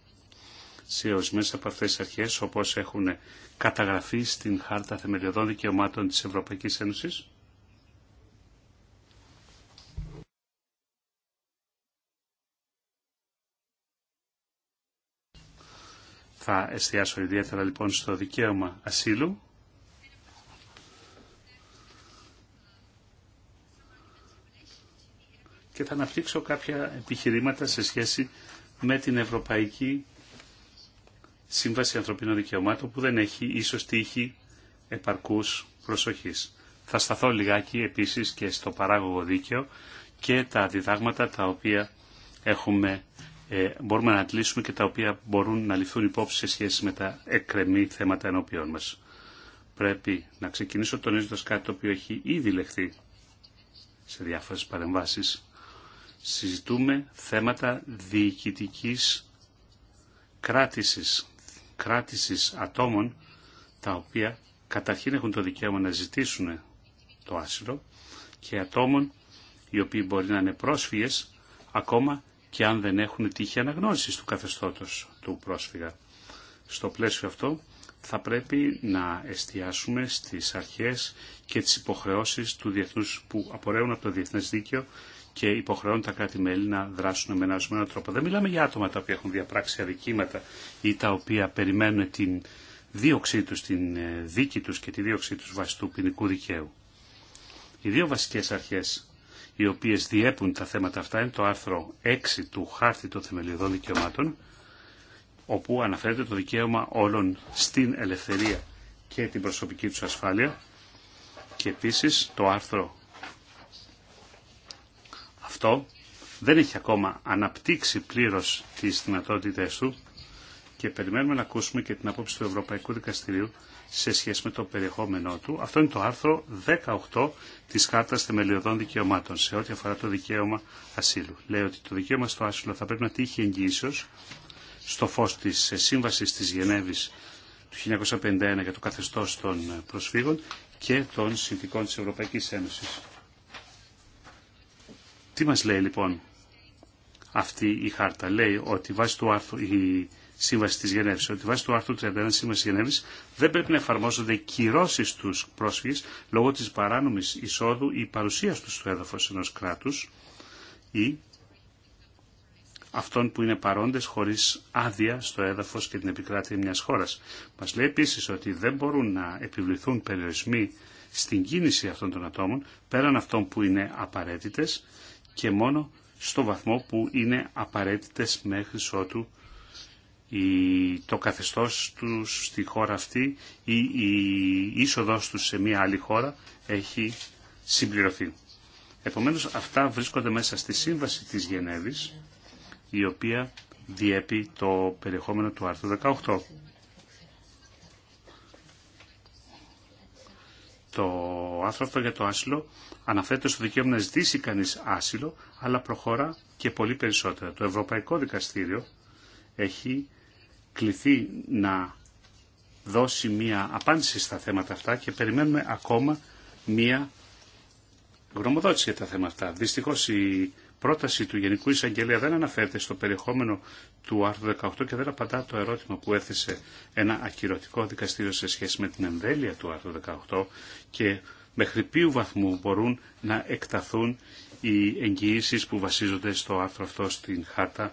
σε ορισμένε από αυτέ τι αρχέ, όπω έχουν καταγραφεί στην Χάρτα Θεμελιωδών Δικαιωμάτων τη Ευρωπαϊκή Ένωση. Θα εστιάσω ιδιαίτερα λοιπόν στο δικαίωμα ασύλου. και θα αναπτύξω κάποια επιχειρήματα σε σχέση με την ευρωπαϊκή Σύμβαση Ανθρωπίνων Δικαιωμάτων που δεν έχει ίσως τύχει επαρκούς προσοχής. Θα σταθώ λιγάκι επίσης και στο παράγωγο δίκαιο και τα διδάγματα τα οποία έχουμε, ε, μπορούμε να αντλήσουμε και τα οποία μπορούν να ληφθούν υπόψη σε σχέση με τα εκκρεμή θέματα ενώπιών μας. Πρέπει να ξεκινήσω τονίζοντας κάτι το οποίο έχει ήδη λεχθεί σε διάφορες παρεμβάσεις. Συζητούμε θέματα διοικητικής κράτησης κράτησης ατόμων τα οποία καταρχήν έχουν το δικαίωμα να ζητήσουν το άσυλο και ατόμων οι οποίοι μπορεί να είναι πρόσφυγες ακόμα και αν δεν έχουν τύχη αναγνώρισης του καθεστώτος του πρόσφυγα. Στο πλαίσιο αυτό θα πρέπει να εστιάσουμε στις αρχές και τις υποχρεώσεις του διεθνούς που απορρέουν από το διεθνές δίκαιο και υποχρεώνουν τα κράτη-μέλη να δράσουν με έναν τρόπο. Δεν μιλάμε για άτομα τα οποία έχουν διαπράξει αδικήματα ή τα οποία περιμένουν την δίωξή του, την ε, δίκη του και τη δίωξή του βάσει του ποινικού δικαίου. Οι δύο βασικέ αρχέ οι οποίε διέπουν τα θέματα αυτά είναι το άρθρο 6 του Χάρτη των Θεμελιωδών Δικαιωμάτων όπου αναφέρεται το δικαίωμα όλων στην ελευθερία και την προσωπική του ασφάλεια και επίσης το άρθρο αυτό δεν έχει ακόμα αναπτύξει πλήρως τις δυνατότητες του και περιμένουμε να ακούσουμε και την απόψη του Ευρωπαϊκού Δικαστηρίου σε σχέση με το περιεχόμενό του. Αυτό είναι το άρθρο 18 της Χάρτας Θεμελιωδών Δικαιωμάτων σε ό,τι αφορά το δικαίωμα ασύλου. Λέει ότι το δικαίωμα στο άσυλο θα πρέπει να τύχει εγγύησεως στο φως της Σύμβασης της Γενέβης του 1951 για το καθεστώς των προσφύγων και των συνθηκών της Ευρωπαϊκής Ένωσης. Τι μας λέει λοιπόν αυτή η χάρτα. Λέει ότι βάσει του άρθρου, η σύμβαση της Γενέβης, ότι βάσει του άρθρου 31 σύμβαση της Γενέβης δεν πρέπει να εφαρμόζονται κυρώσει τους πρόσφυγες λόγω της παράνομης εισόδου ή παρουσίας τους στο έδαφος ενός κράτους ή αυτών που είναι παρόντες χωρίς άδεια στο έδαφος και την επικράτεια μιας χώρας. Μας λέει επίσης ότι δεν μπορούν να επιβληθούν περιορισμοί στην κίνηση αυτών των ατόμων πέραν αυτών που είναι απαραίτητες και μόνο στο βαθμό που είναι απαραίτητες μέχρι ότου το καθεστώς τους στη χώρα αυτή ή η είσοδός τους σε μια άλλη χώρα έχει συμπληρωθεί. Επομένως αυτά βρίσκονται μέσα στη σύμβαση της Γενέβης η οποία διέπει το περιεχόμενο του άρθρου 18. Το άνθρωπο αυτό για το άσυλο αναφέρεται στο δικαίωμα να ζητήσει κανεί άσυλο, αλλά προχωρά και πολύ περισσότερα. Το Ευρωπαϊκό Δικαστήριο έχει κληθεί να δώσει μία απάντηση στα θέματα αυτά και περιμένουμε ακόμα μία γνωμοδότηση για τα θέματα αυτά. Δυστυχώς η πρόταση του Γενικού Εισαγγελία δεν αναφέρεται στο περιεχόμενο του άρθρου 18 και δεν απαντά το ερώτημα που έθεσε ένα ακυρωτικό δικαστήριο σε σχέση με την εμβέλεια του άρθρου 18 και μέχρι ποιου βαθμού μπορούν να εκταθούν οι εγγυήσει που βασίζονται στο άρθρο αυτό στην Χάρτα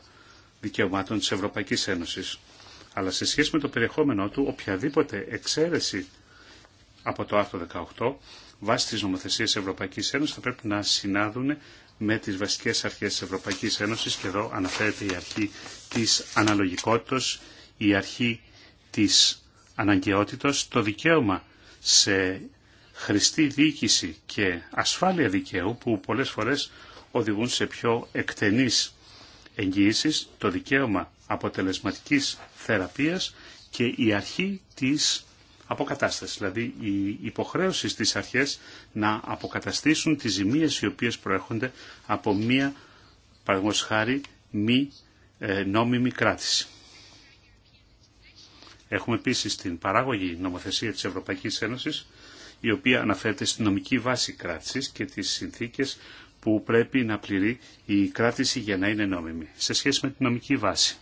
Δικαιωμάτων της Ευρωπαϊκής Ένωσης. Αλλά σε σχέση με το περιεχόμενό του, οποιαδήποτε εξαίρεση από το άρθρο 18 βάσει τη νομοθεσία Ευρωπαϊκή Ένωση θα πρέπει να συνάδουν με τι βασικέ αρχέ τη Ευρωπαϊκή Ένωση και εδώ αναφέρεται η αρχή τη αναλογικότητα, η αρχή τη αναγκαιότητα, το δικαίωμα σε χρηστή διοίκηση και ασφάλεια δικαίου που πολλές φορές οδηγούν σε πιο εκτενείς εγγυήσεις, το δικαίωμα αποτελεσματικής θεραπείας και η αρχή της αποκατάσταση. Δηλαδή η υποχρέωση στις αρχές να αποκαταστήσουν τις ζημίες οι οποίες προέρχονται από μία, παραδείγματος χάρη, μη ε, νόμιμη κράτηση. Έχουμε επίσης την παράγωγη νομοθεσία της Ευρωπαϊκής Ένωσης, η οποία αναφέρεται στη νομική βάση κράτησης και τις συνθήκες που πρέπει να πληρεί η κράτηση για να είναι νόμιμη. Σε σχέση με την νομική βάση,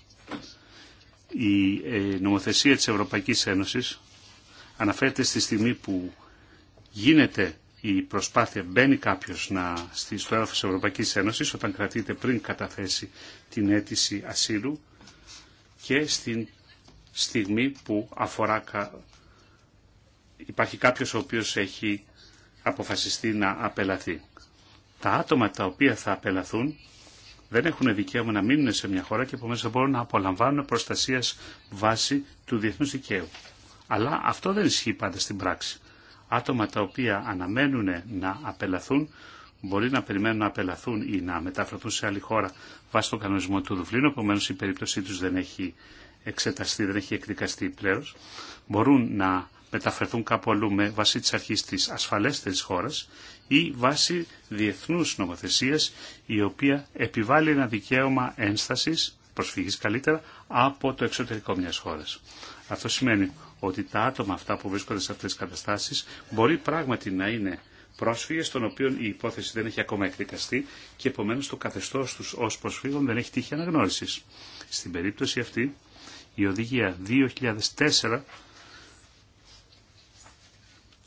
η ε, νομοθεσία της Ευρωπαϊκής Ένωσης αναφέρεται στη στιγμή που γίνεται η προσπάθεια, μπαίνει κάποιος να, στο έδαφος της Ευρωπαϊκής Ένωσης όταν κρατείται πριν καταθέσει την αίτηση ασύλου και στην στιγμή που αφορά υπάρχει κάποιος ο οποίος έχει αποφασιστεί να απελαθεί. Τα άτομα τα οποία θα απελαθούν δεν έχουν δικαίωμα να μείνουν σε μια χώρα και επομένως δεν μπορούν να απολαμβάνουν προστασίας βάση του διεθνούς δικαίου. Αλλά αυτό δεν ισχύει πάντα στην πράξη. Άτομα τα οποία αναμένουν να απελαθούν μπορεί να περιμένουν να απελαθούν ή να μεταφερθούν σε άλλη χώρα βάσει τον κανονισμό του Δουβλίνου, επομένω η περίπτωσή του δεν έχει εξεταστεί, δεν έχει εκδικαστεί πλέον. Μπορούν να μεταφερθούν κάπου αλλού με βάση τη αρχή τη ασφαλέστερη χώρα ή βάσει διεθνού νομοθεσία η οποία επιβάλλει ένα δικαίωμα ένσταση, προσφυγή καλύτερα, από το εξωτερικό μια χώρα. Αυτό σημαίνει ότι τα άτομα αυτά που βρίσκονται σε αυτές τις καταστάσεις μπορεί πράγματι να είναι πρόσφυγες των οποίων η υπόθεση δεν έχει ακόμα εκδικαστεί και επομένως το καθεστώς τους ως προσφύγων δεν έχει τύχει αναγνώρισης. Στην περίπτωση αυτή η οδηγία 2004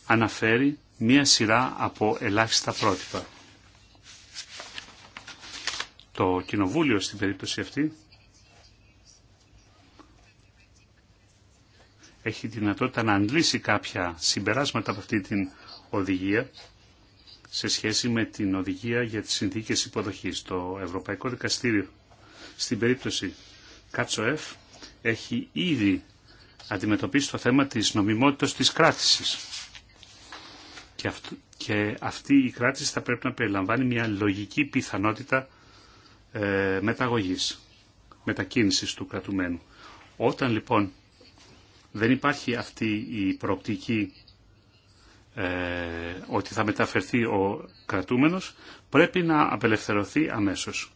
αναφέρει μία σειρά από ελάχιστα πρότυπα. Το Κοινοβούλιο στην περίπτωση αυτή έχει δυνατότητα να αντλήσει κάποια συμπεράσματα από αυτή την οδηγία σε σχέση με την οδηγία για τις συνθήκες υποδοχής. Το Ευρωπαϊκό Δικαστήριο στην περίπτωση ΚΑΤΣΟΕΦ έχει ήδη αντιμετωπίσει το θέμα της νομιμότητας της κράτησης. Και, αυτή η κράτηση θα πρέπει να περιλαμβάνει μια λογική πιθανότητα ε, μεταγωγής, μετακίνησης του κρατουμένου. Όταν λοιπόν δεν υπάρχει αυτή η προοπτική ε, ότι θα μεταφερθεί ο κρατούμενος, πρέπει να απελευθερωθεί αμέσως.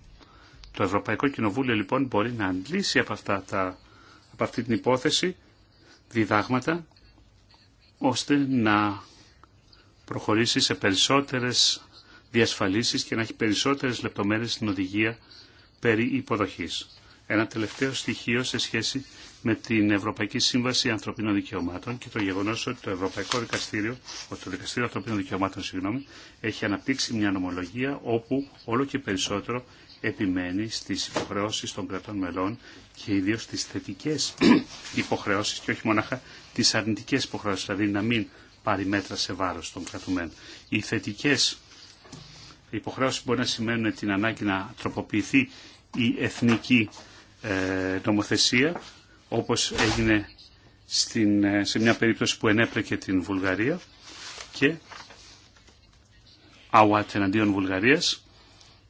Το Ευρωπαϊκό Κοινοβούλιο λοιπόν μπορεί να αντλήσει από, αυτή την υπόθεση διδάγματα ώστε να προχωρήσει σε περισσότερες διασφαλίσεις και να έχει περισσότερες λεπτομέρειες στην οδηγία περί υποδοχής. Ένα τελευταίο στοιχείο σε σχέση με την Ευρωπαϊκή Σύμβαση Ανθρωπίνων Δικαιωμάτων και το γεγονός ότι το Ευρωπαϊκό Δικαστήριο, ότι το Δικαστήριο Ανθρωπίνων Δικαιωμάτων συγγνώμη, έχει αναπτύξει μια νομολογία όπου όλο και περισσότερο επιμένει στις υποχρεώσεις των κρατών μελών και ιδίως στις θετικές υποχρεώσεις και όχι μονάχα τις αρνητικές υποχρεώσεις, δηλαδή να μην πάρει μέτρα σε βάρος των κρατουμένων. Οι θετικές υποχρεώσεις μπορεί να σημαίνουν την ανάγκη να τροποποιηθεί η εθνική ε, νομοθεσία όπως έγινε στην, ε, σε μια περίπτωση που ενέπλεκε την Βουλγαρία και ΑΟΑΤ εναντίον Βουλγαρίας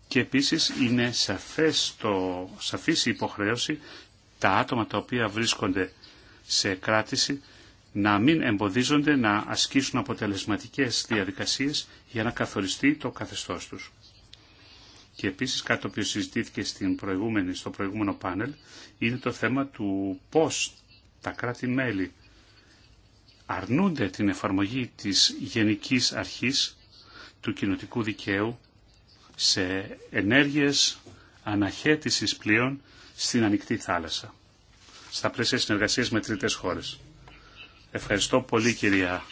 και επίσης είναι σαφές το, σαφής η υποχρέωση τα άτομα τα οποία βρίσκονται σε κράτηση να μην εμποδίζονται να ασκήσουν αποτελεσματικές διαδικασίες για να καθοριστεί το καθεστώς τους. Και επίσης κάτι το οποίο συζητήθηκε στην προηγούμενη, στο προηγούμενο πάνελ είναι το θέμα του πώς τα κράτη-μέλη αρνούνται την εφαρμογή της γενικής αρχής του κοινοτικού δικαίου σε ενέργειες αναχέτησης πλοίων στην ανοιχτή θάλασσα, στα πλαίσια συνεργασία με τρίτες χώρες. Ευχαριστώ πολύ κυρία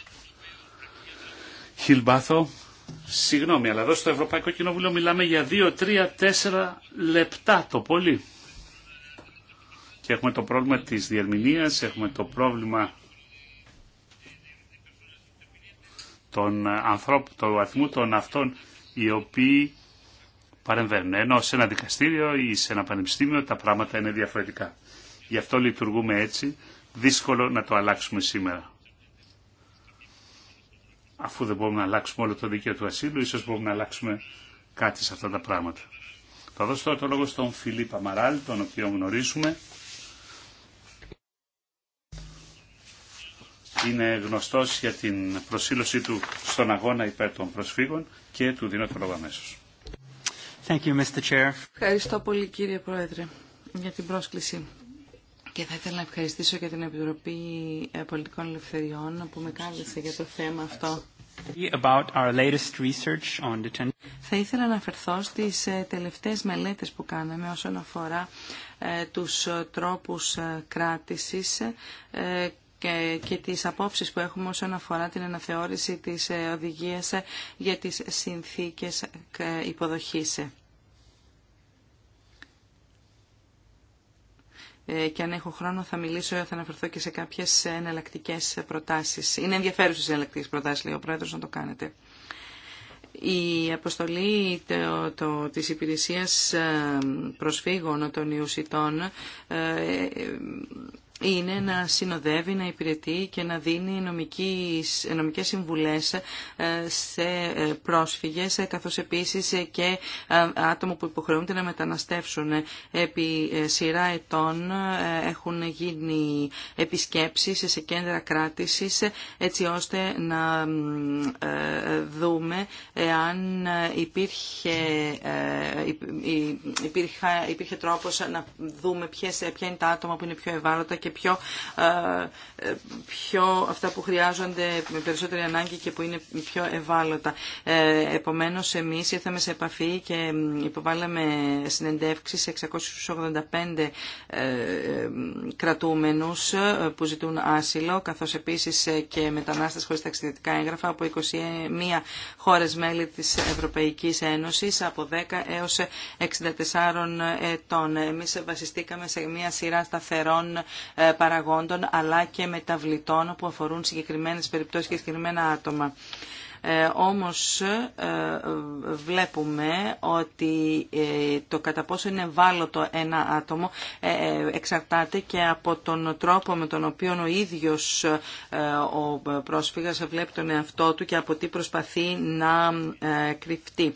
Χιλμπάθο. Συγγνώμη, αλλά εδώ στο Ευρωπαϊκό Κοινοβούλιο μιλάμε για 2, 3, 4 λεπτά το πολύ. Και έχουμε το πρόβλημα της διερμηνίας, έχουμε το πρόβλημα των ανθρώπων, του αθμού, των αυτών οι οποίοι παρεμβαίνουν. Ενώ σε ένα δικαστήριο ή σε ένα πανεπιστήμιο τα πράγματα είναι διαφορετικά. Γι' αυτό λειτουργούμε έτσι, δύσκολο να το αλλάξουμε σήμερα αφού δεν μπορούμε να αλλάξουμε όλο το δίκαιο του ασύλου, ίσως μπορούμε να αλλάξουμε κάτι σε αυτά τα πράγματα. Θα δώσω τώρα το λόγο στον Φιλίπ Αμαράλ, τον οποίο γνωρίζουμε. Είναι γνωστός για την προσήλωσή του στον αγώνα υπέρ των προσφύγων και του δίνω το λόγο αμέσως. Thank you, Mr. Chair. Ευχαριστώ πολύ κύριε Πρόεδρε για την πρόσκληση. Και θα ήθελα να ευχαριστήσω και την Επιτροπή Πολιτικών Ελευθεριών που με κάλεσε για το θέμα αυτό. Θα ήθελα να αναφερθώ στις ε, τελευταίες μελέτες που κάναμε όσον αφορά ε, τους ε, τρόπους κράτησης και τις απόψεις που έχουμε όσον αφορά την αναθεώρηση της οδηγίας για τις συνθήκες υποδοχής. Ε, και αν έχω χρόνο θα μιλήσω, θα αναφερθώ και σε κάποιες εναλλακτικέ προτάσεις. Είναι ενδιαφέρουσε οι εναλλακτικέ προτάσεις, λέει ο Πρόεδρο, να το κάνετε. Η αποστολή το, υπηρεσία της υπηρεσίας ε, προσφύγων των Ιουσιτών ε, είναι να συνοδεύει, να υπηρετεί και να δίνει νομικής, νομικές συμβουλές ε, σε ε, πρόσφυγες, ε, καθώς επίσης και άτομα που υποχρεούνται να μεταναστεύσουν. Επί σειρά ετών έχουν γίνει επισκέψεις σε κέντρα κράτησης, έτσι ώστε να δούμε αν υπήρχε, υπήρχε, τρόπος να δούμε ποια είναι τα άτομα που είναι πιο ευάλωτα και πιο, ε, ε, πιο αυτά που χρειάζονται με περισσότερη ανάγκη και που είναι πιο ευάλωτα. Ε, επομένως εμείς ήρθαμε σε επαφή και υποβάλαμε συνεντεύξεις σε 685 κρατούμενους που ζητούν άσυλο, καθώς επίσης και μετανάστες χωρί ταξιδιωτικά έγγραφα από 21 χώρε μέλη της Ευρωπαϊκής Ένωσης από 10 έως 64 ετών. Εμεί βασιστήκαμε σε μια σειρά σταθερών ε, παραγόντων αλλά και μεταβλητών που αφορούν συγκεκριμένες περιπτώσεις και συγκεκριμένα άτομα. Ε, όμως ε, βλέπουμε ότι ε, το κατά πόσο είναι ευάλωτο ένα άτομο ε, εξαρτάται και από τον τρόπο με τον οποίο ο ίδιος ο πρόσφυγας βλέπει τον εαυτό του και από τι προσπαθεί να κρυφτεί.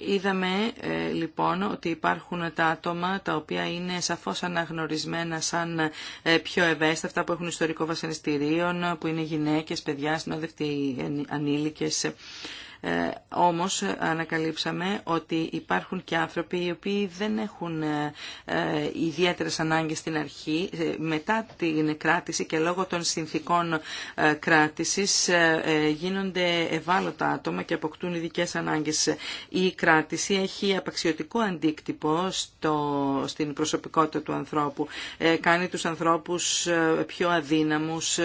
Είδαμε ε, λοιπόν ότι υπάρχουν τα άτομα τα οποία είναι σαφώς αναγνωρισμένα σαν ε, πιο ευαίσθητα, που έχουν ιστορικό βασανιστήριων, που είναι γυναίκες, παιδιά, συνόδευτοι ε, ανήλικες. Ε, όμως ε, ανακαλύψαμε ότι υπάρχουν και άνθρωποι οι οποίοι δεν έχουν ε, ιδιαίτερες ανάγκες στην αρχή. Μετά την κράτηση και λόγω των συνθήκων κράτησης γίνονται ευάλωτα άτομα και αποκτούν ειδικέ ανάγκες. Η κράτηση έχει απαξιωτικό αντίκτυπο στο, στην προσωπικότητα του ανθρώπου. Κάνει τους ανθρώπους πιο αδύναμους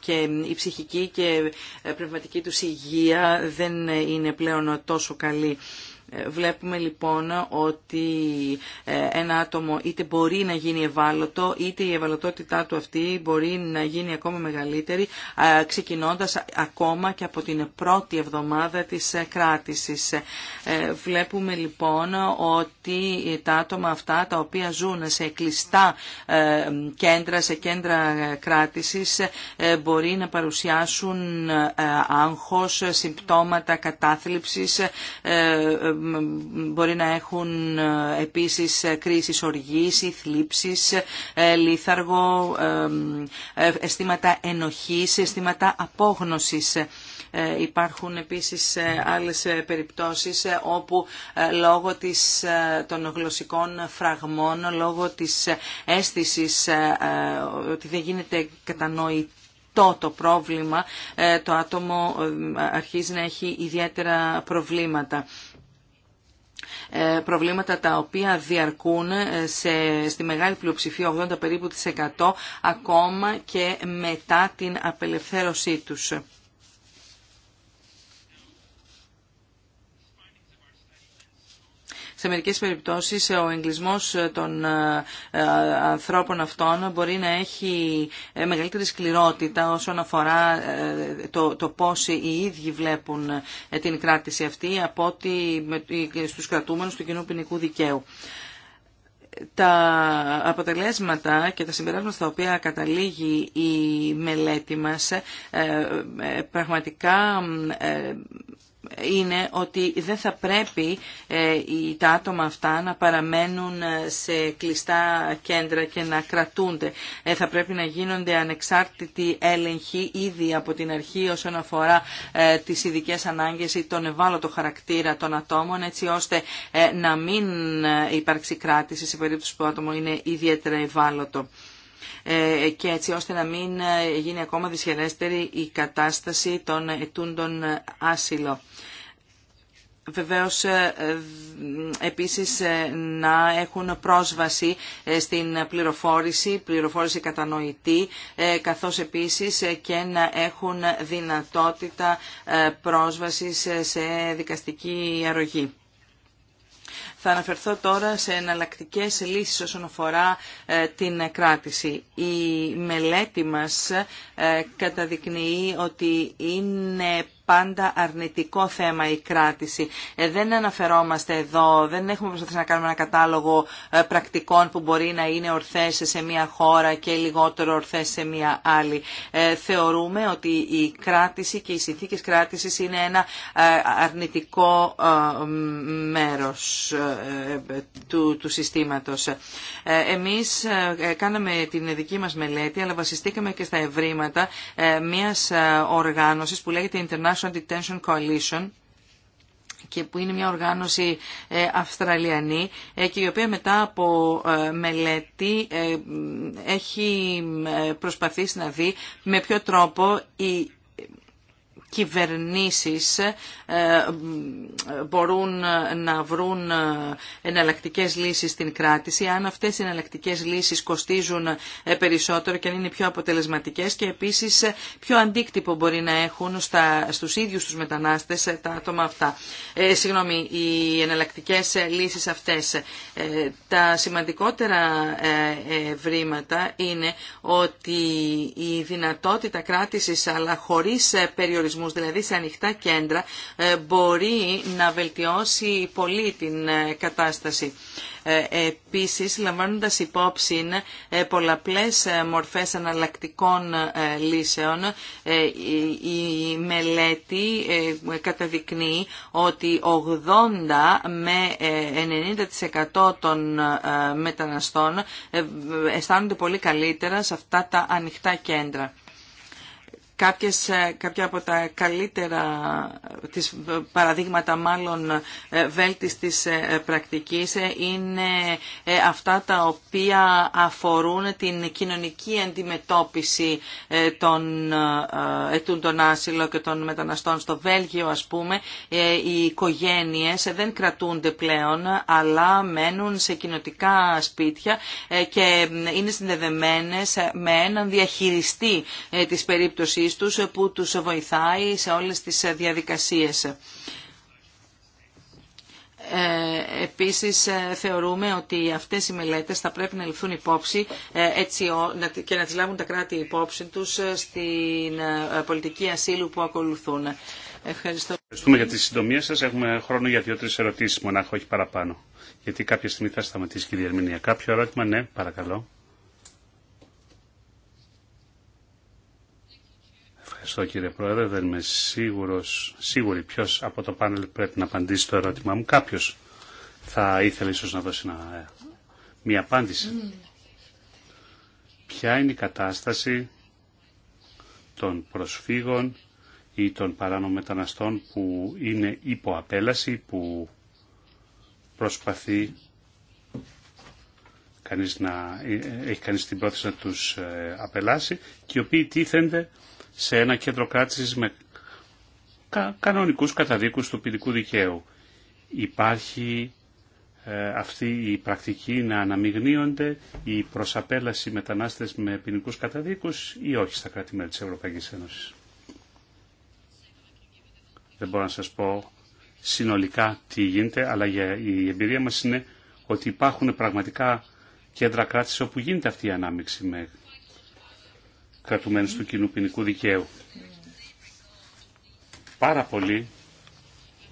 και η ψυχική και πνευματική τους υγεία δεν δεν είναι πλέον τόσο καλή Βλέπουμε λοιπόν ότι ε, ένα άτομο είτε μπορεί να γίνει ευάλωτο, είτε η ευαλωτότητά του αυτή μπορεί να γίνει ακόμα μεγαλύτερη, ξεκινώντας ακόμα και από την πρώτη εβδομάδα της ε, κράτησης. Ε, βλέπουμε λοιπόν ότι τα άτομα αυτά τα οποία ζουν σε κλειστά κέντρα, σε κέντρα κράτησης, μπορεί να παρουσιάσουν άγχος, συμπτώματα κατάθλιψης, μπορεί να έχουν ε, επίσης ε, κρίσεις οργής ή θλίψης, ε, λίθαργο, αισθήματα ενοχής, αισθήματα απόγνωσης. Υπάρχουν επίσης άλλες περιπτώσεις όπου λόγω της, των γλωσσικών φραγμών, λόγω της αίσθησης ότι δεν γίνεται κατανοητό το το πρόβλημα το άτομο αρχίζει να έχει ιδιαίτερα προβλήματα. Ε, προβλήματα τα οποία διαρκούν ε, σε, στη μεγάλη πλειοψηφία 80 περίπου της 100 ακόμα και μετά την απελευθέρωσή τους. σε μερικές περιπτώσεις ο εγκλισμός ε, των ε, ε, ανθρώπων αυτών μπορεί να έχει μεγαλύτερη σκληρότητα όσον αφορά το, το πώς οι ίδιοι βλέπουν την κράτηση αυτή από ότι στους κρατούμενους του κοινού ποινικού δικαίου τα αποτελέσματα και τα συμπεράσματα στα οποία καταλήγει η μελέτη μας πραγματικά είναι ότι δεν θα πρέπει ε, τα άτομα αυτά να παραμένουν ε, σε κλειστά κέντρα και να κρατούνται. Ε, θα πρέπει να γίνονται ανεξάρτητοι έλεγχοι ήδη από την αρχή όσον αφορά τις ειδικέ ανάγκες ή τον ευάλωτο χαρακτήρα των ατόμων έτσι ώστε να μην υπάρξει κράτηση σε περίπτωση που το άτομο είναι ιδιαίτερα ευάλωτο. Ε, και έτσι ώστε να μην ε, γίνει ακόμα δυσχερέστερη η κατάσταση των ετούντων άσυλο. Βεβαίως, ε, επίσης να έχουν πρόσβαση στην πληροφόρηση, πληροφόρηση κατανοητή, καθώς επίσης και να έχουν δυνατότητα πρόσβασης σε δικαστική αρρωγή. Θα αναφερθώ τώρα σε εναλλακτικέ λύσει όσον αφορά ε, την κράτηση. Η μελέτη μας ε, καταδεικνύει ότι είναι πάντα αρνητικό θέμα η κράτηση. Ε, δεν αναφερόμαστε εδώ, δεν έχουμε προσπαθήσει να κάνουμε ένα κατάλογο ε, πρακτικών που μπορεί να είναι ορθές σε μία χώρα και λιγότερο ορθές σε μία άλλη. Ε, θεωρούμε ότι η κράτηση και οι συνθήκες κράτησης είναι ένα αρνητικό μέρος του, του συστήματος. Εμείς κάναμε την δική μας μελέτη, αλλά βασιστήκαμε και στα ευρήματα μιας οργάνωσης που λέγεται International Detention Coalition και που είναι μια οργάνωση ε, αυστραλιανή ε, και η οποία μετά από ε, μελέτη έχει προσπαθήσει να δει με ποιο τρόπο η κυβερνήσεις ε, μπορούν να βρουν εναλλακτικές λύσεις στην κράτηση, αν αυτές οι εναλλακτικές λύσεις κοστίζουν ε, περισσότερο και αν είναι πιο αποτελεσματικές και επίσης ε, πιο αντίκτυπο μπορεί να έχουν στα, στους ίδιους τους μετανάστες τα άτομα αυτά. συγγνώμη, οι εναλλακτικές λύσεις αυτές. τα σημαντικότερα βρήματα είναι ότι η δυνατότητα κράτησης αλλά χωρίς περιορισμό δηλαδή σε ανοιχτά κέντρα, ε, μπορεί να βελτιώσει πολύ την ε, κατάσταση. Ε, επίσης, λαμβάνοντας υπόψη πολλαπλές μορφές αναλλακτικών λύσεων, η μελέτη καταδεικνύει ότι 80 με 90% των μεταναστών αισθάνονται πολύ καλύτερα σε αυτά τα ανοιχτά κέντρα. Κάποιες, ε, κάποια από τα καλύτερα τις ε, παραδείγματα μάλλον ε, βέλτιστης της πρακτικής είναι αυτά τα οποία αφορούν την κοινωνική αντιμετώπιση των των άσυλο και των μεταναστών. Στο Βέλγιο ας πούμε οι οικογένειες δεν κρατούνται πλέον αλλά μένουν σε κοινοτικά σπίτια και είναι συνδεδεμένες με έναν διαχειριστή της περίπτωσης τους που τους βοηθάει σε όλες τις διαδικασίες. Ε, επίσης ε, θεωρούμε ότι αυτές οι μελέτες θα πρέπει να ληφθούν υπόψη ε, έτσι, και να τις λάβουν τα κράτη υπόψη τους στην πολιτική ασύλου που ακολουθούν. Ευχαριστώ. Ευχαριστούμε για τη συντομία σας. Έχουμε χρόνο για δύο-τρεις ερωτήσεις μονάχα, όχι παραπάνω. Γιατί κάποια στιγμή θα σταματήσει και η διερμηνία. Κάποιο ερώτημα, ναι, παρακαλώ. Ευχαριστώ κύριε Πρόεδρε. Δεν είμαι σίγουρος, σίγουρη ποιος από το πάνελ πρέπει να απαντήσει το ερώτημά μου. Κάποιος θα ήθελε ίσως να δώσει μια ε, απάντηση. Ναι. Ποια είναι η κατάσταση των προσφύγων ή των παράνομων μεταναστών που είναι υπό απέλαση, που προσπαθεί κανείς να, ε, ε, έχει κανείς την πρόθεση να τους απελάσει και οι οποίοι τίθενται σε ένα κέντρο κράτησης με κα, κανονικούς καταδίκους του ποινικού δικαίου. Υπάρχει ε, αυτή η πρακτική να αναμειγνύονται η προσαπέλαση μετανάστες με ποινικού καταδίκους ή όχι στα κράτη-μέλη της Ευρωπαϊκής Ένωσης. Δεν μπορώ να σας πω συνολικά τι γίνεται, αλλά η εμπειρία μας είναι ότι υπάρχουν πραγματικά κέντρα κράτηση όπου γίνεται αυτή η ανάμειξη με κρατουμένους του κοινού ποινικού δικαίου. Πάρα, πολλοί,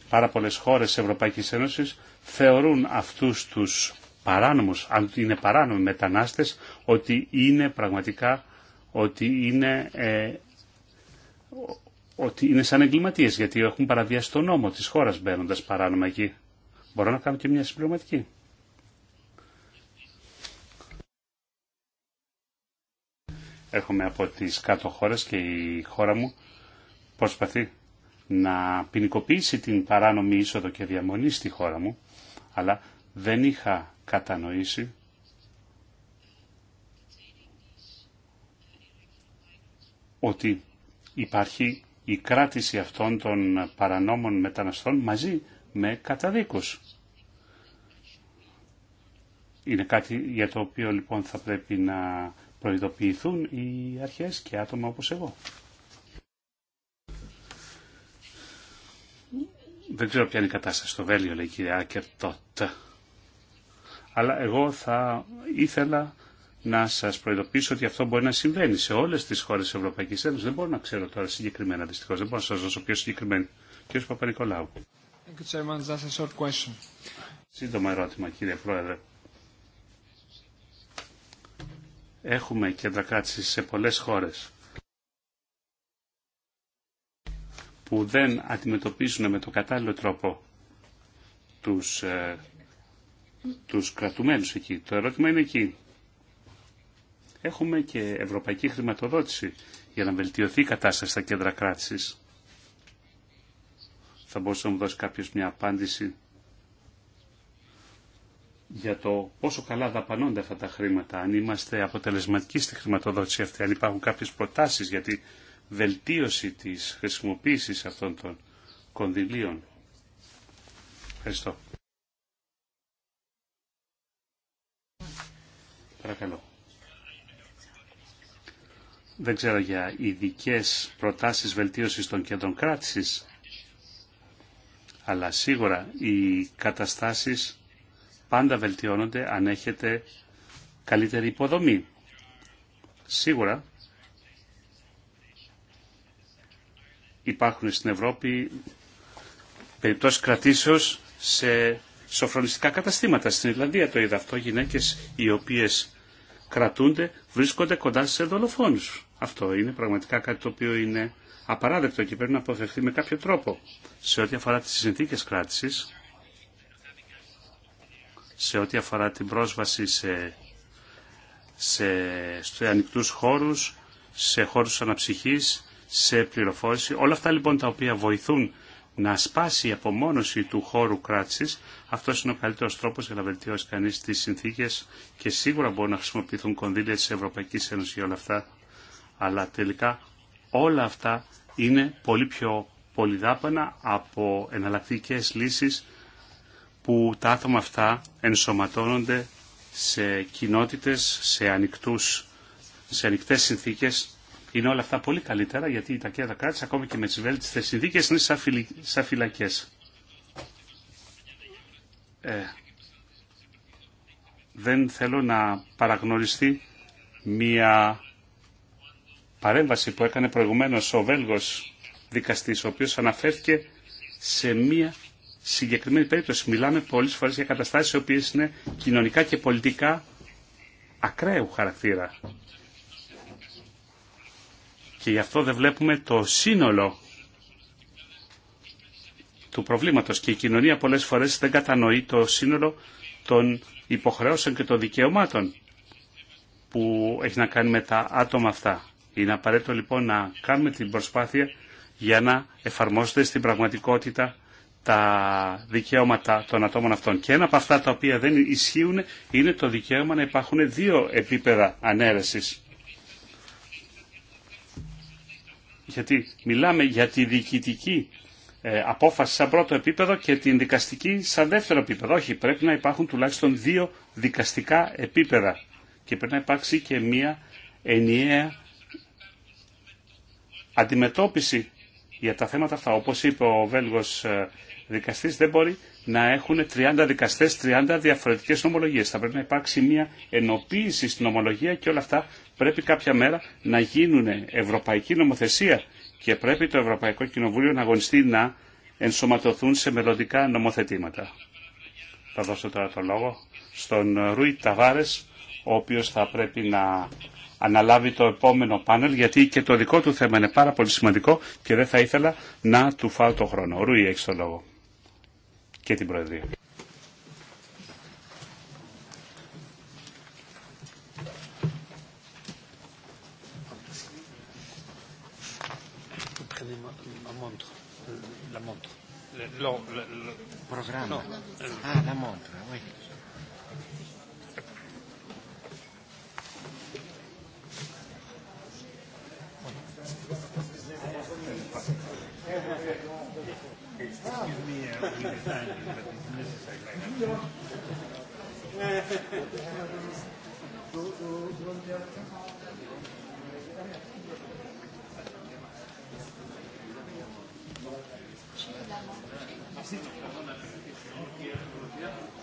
πάρα πολλές χώρες της Ευρωπαϊκής Ένωσης θεωρούν αυτούς τους παράνομους, αν είναι παράνομοι μετανάστες, ότι είναι πραγματικά, ότι είναι, ε, ότι είναι σαν εγκληματίες γιατί έχουν παραβιάσει τον νόμο της χώρας μπαίνοντας παράνομα εκεί. Μπορώ να κάνω και μια συμπληρωματική. Έρχομαι από τις κάτω χώρες και η χώρα μου προσπαθεί να ποινικοποιήσει την παράνομη είσοδο και διαμονή στη χώρα μου, αλλά δεν είχα κατανοήσει ότι υπάρχει η κράτηση αυτών των παρανόμων μεταναστών μαζί με καταδίκους. Είναι κάτι για το οποίο λοιπόν θα πρέπει να προειδοποιηθούν οι αρχές και άτομα όπως εγώ. Δεν ξέρω ποια είναι η κατάσταση στο Βέλγιο, λέει η κυρία Άκερ Αλλά εγώ θα ήθελα να σας προειδοποιήσω ότι αυτό μπορεί να συμβαίνει σε όλες τις χώρες της Ευρωπαϊκής Ένωσης. Δεν μπορώ να ξέρω τώρα συγκεκριμένα, δυστυχώς. Δεν μπορώ να σας δώσω πιο συγκεκριμένο. Κύριος Παπα-Νικολάου. Σύντομα ερώτημα, κύριε Πρόεδρε. Έχουμε κέντρα κράτηση σε πολλές χώρες που δεν αντιμετωπίζουν με το κατάλληλο τρόπο τους, ε, τους κρατουμένους εκεί. Το ερώτημα είναι εκεί. Έχουμε και ευρωπαϊκή χρηματοδότηση για να βελτιωθεί η κατάσταση στα κέντρα κράτησης. Θα μπορούσε να μου δώσει κάποιος μια απάντηση για το πόσο καλά δαπανώνται αυτά τα χρήματα, αν είμαστε αποτελεσματικοί στη χρηματοδότηση αυτή, αν υπάρχουν κάποιες προτάσεις για τη βελτίωση της χρησιμοποίησης αυτών των κονδυλίων. Ευχαριστώ. Παρακαλώ. Δεν ξέρω για ειδικέ προτάσεις βελτίωσης των κέντρων κράτησης, αλλά σίγουρα οι καταστάσεις πάντα βελτιώνονται αν έχετε καλύτερη υποδομή. Σίγουρα υπάρχουν στην Ευρώπη περιπτώσεις κρατήσεως σε σοφρονιστικά καταστήματα. Στην Ιρλανδία το είδα αυτό, γυναίκες οι οποίες κρατούνται βρίσκονται κοντά σε δολοφόνους. Αυτό είναι πραγματικά κάτι το οποίο είναι απαράδεκτο και πρέπει να αποφευθεί με κάποιο τρόπο. Σε ό,τι αφορά τις συνθήκες κράτησης, σε ό,τι αφορά την πρόσβαση σε, σε, σε ανοιχτούς χώρους, σε χώρους αναψυχής, σε πληροφόρηση. Όλα αυτά λοιπόν τα οποία βοηθούν να σπάσει η απομόνωση του χώρου κράτηση, αυτό είναι ο καλύτερο τρόπο για να βελτιώσει κανεί τι συνθήκε και σίγουρα μπορούν να χρησιμοποιηθούν κονδύλια τη Ευρωπαϊκή Ένωση για όλα αυτά, αλλά τελικά όλα αυτά είναι πολύ πιο πολυδάπανα από εναλλακτικέ λύσει που τα άτομα αυτά ενσωματώνονται σε κοινότητες, σε, ανοιχτούς, σε ανοιχτές συνθήκες. Είναι όλα αυτά πολύ καλύτερα γιατί τα κέντρα κράτης ακόμη και με τις βέλτιστες συνθήκες είναι σαν φυλακές. Ε, δεν θέλω να παραγνωριστεί μια παρέμβαση που έκανε προηγουμένως ο Βέλγος δικαστής, ο οποίος αναφέρθηκε σε μια συγκεκριμένη περίπτωση. Μιλάμε πολλές φορές για καταστάσεις οι οποίες είναι κοινωνικά και πολιτικά ακραίου χαρακτήρα. Και γι' αυτό δεν βλέπουμε το σύνολο του προβλήματος και η κοινωνία πολλές φορές δεν κατανοεί το σύνολο των υποχρεώσεων και των δικαιωμάτων που έχει να κάνει με τα άτομα αυτά. Είναι απαραίτητο λοιπόν να κάνουμε την προσπάθεια για να εφαρμόσετε στην πραγματικότητα τα δικαιώματα των ατόμων αυτών. Και ένα από αυτά τα οποία δεν ισχύουν είναι το δικαίωμα να υπάρχουν δύο επίπεδα ανέρεσης. Γιατί μιλάμε για τη διοικητική ε, απόφαση σαν πρώτο επίπεδο και την δικαστική σαν δεύτερο επίπεδο. Όχι, πρέπει να υπάρχουν τουλάχιστον δύο δικαστικά επίπεδα και πρέπει να υπάρξει και μία ενιαία αντιμετώπιση για τα θέματα αυτά. Όπως είπε ο Βέλγος ε, δικαστή δεν μπορεί να έχουν 30 δικαστέ 30 διαφορετικέ νομολογίε. Θα πρέπει να υπάρξει μια ενοποίηση στην ομολογία και όλα αυτά πρέπει κάποια μέρα να γίνουν ευρωπαϊκή νομοθεσία και πρέπει το Ευρωπαϊκό Κοινοβούλιο να αγωνιστεί να ενσωματωθούν σε μελλοντικά νομοθετήματα. Θα δώσω τώρα το λόγο στον Ρουι Ταβάρες, ο οποίος θα πρέπει να αναλάβει το επόμενο πάνελ, γιατί και το δικό του θέμα είναι πάρα πολύ σημαντικό και δεν θα ήθελα να του φάω το χρόνο. Ρουί, έχει το λόγο και την Προεδρία. la montre. Le, le, le, le programme. Non. Ah, la montre, oui. Excuse me, uh, we design it, but it's necessary like that.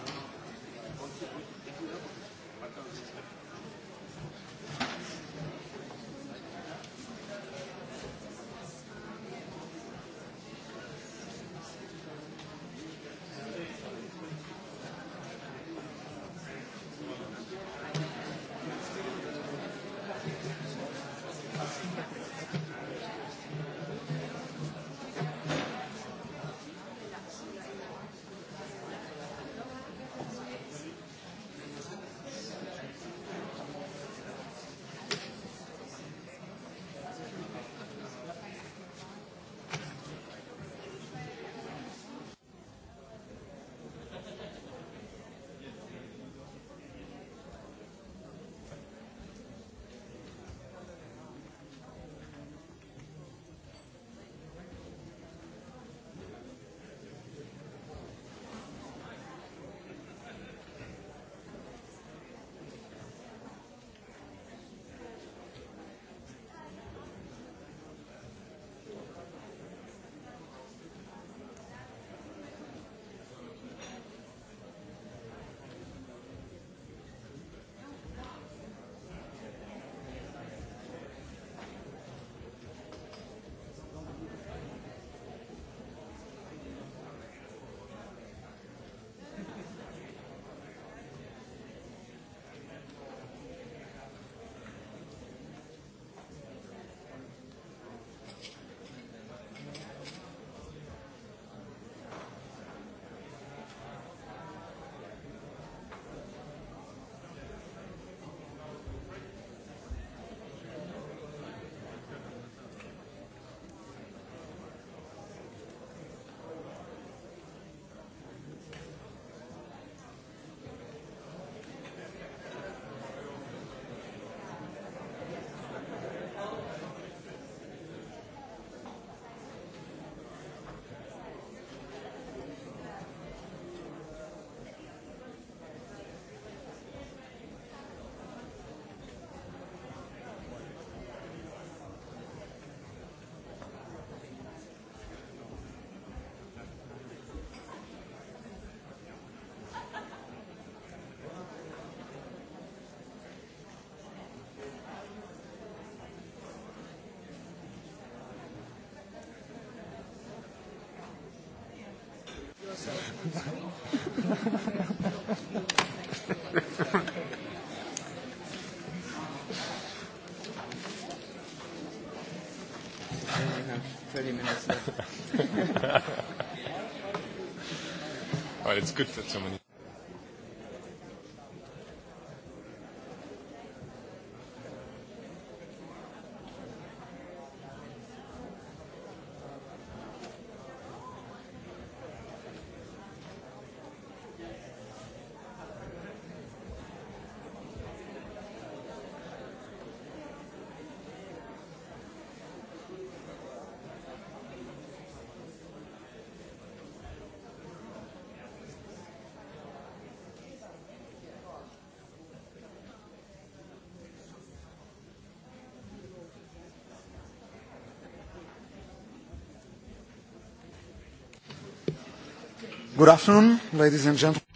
It's good that so many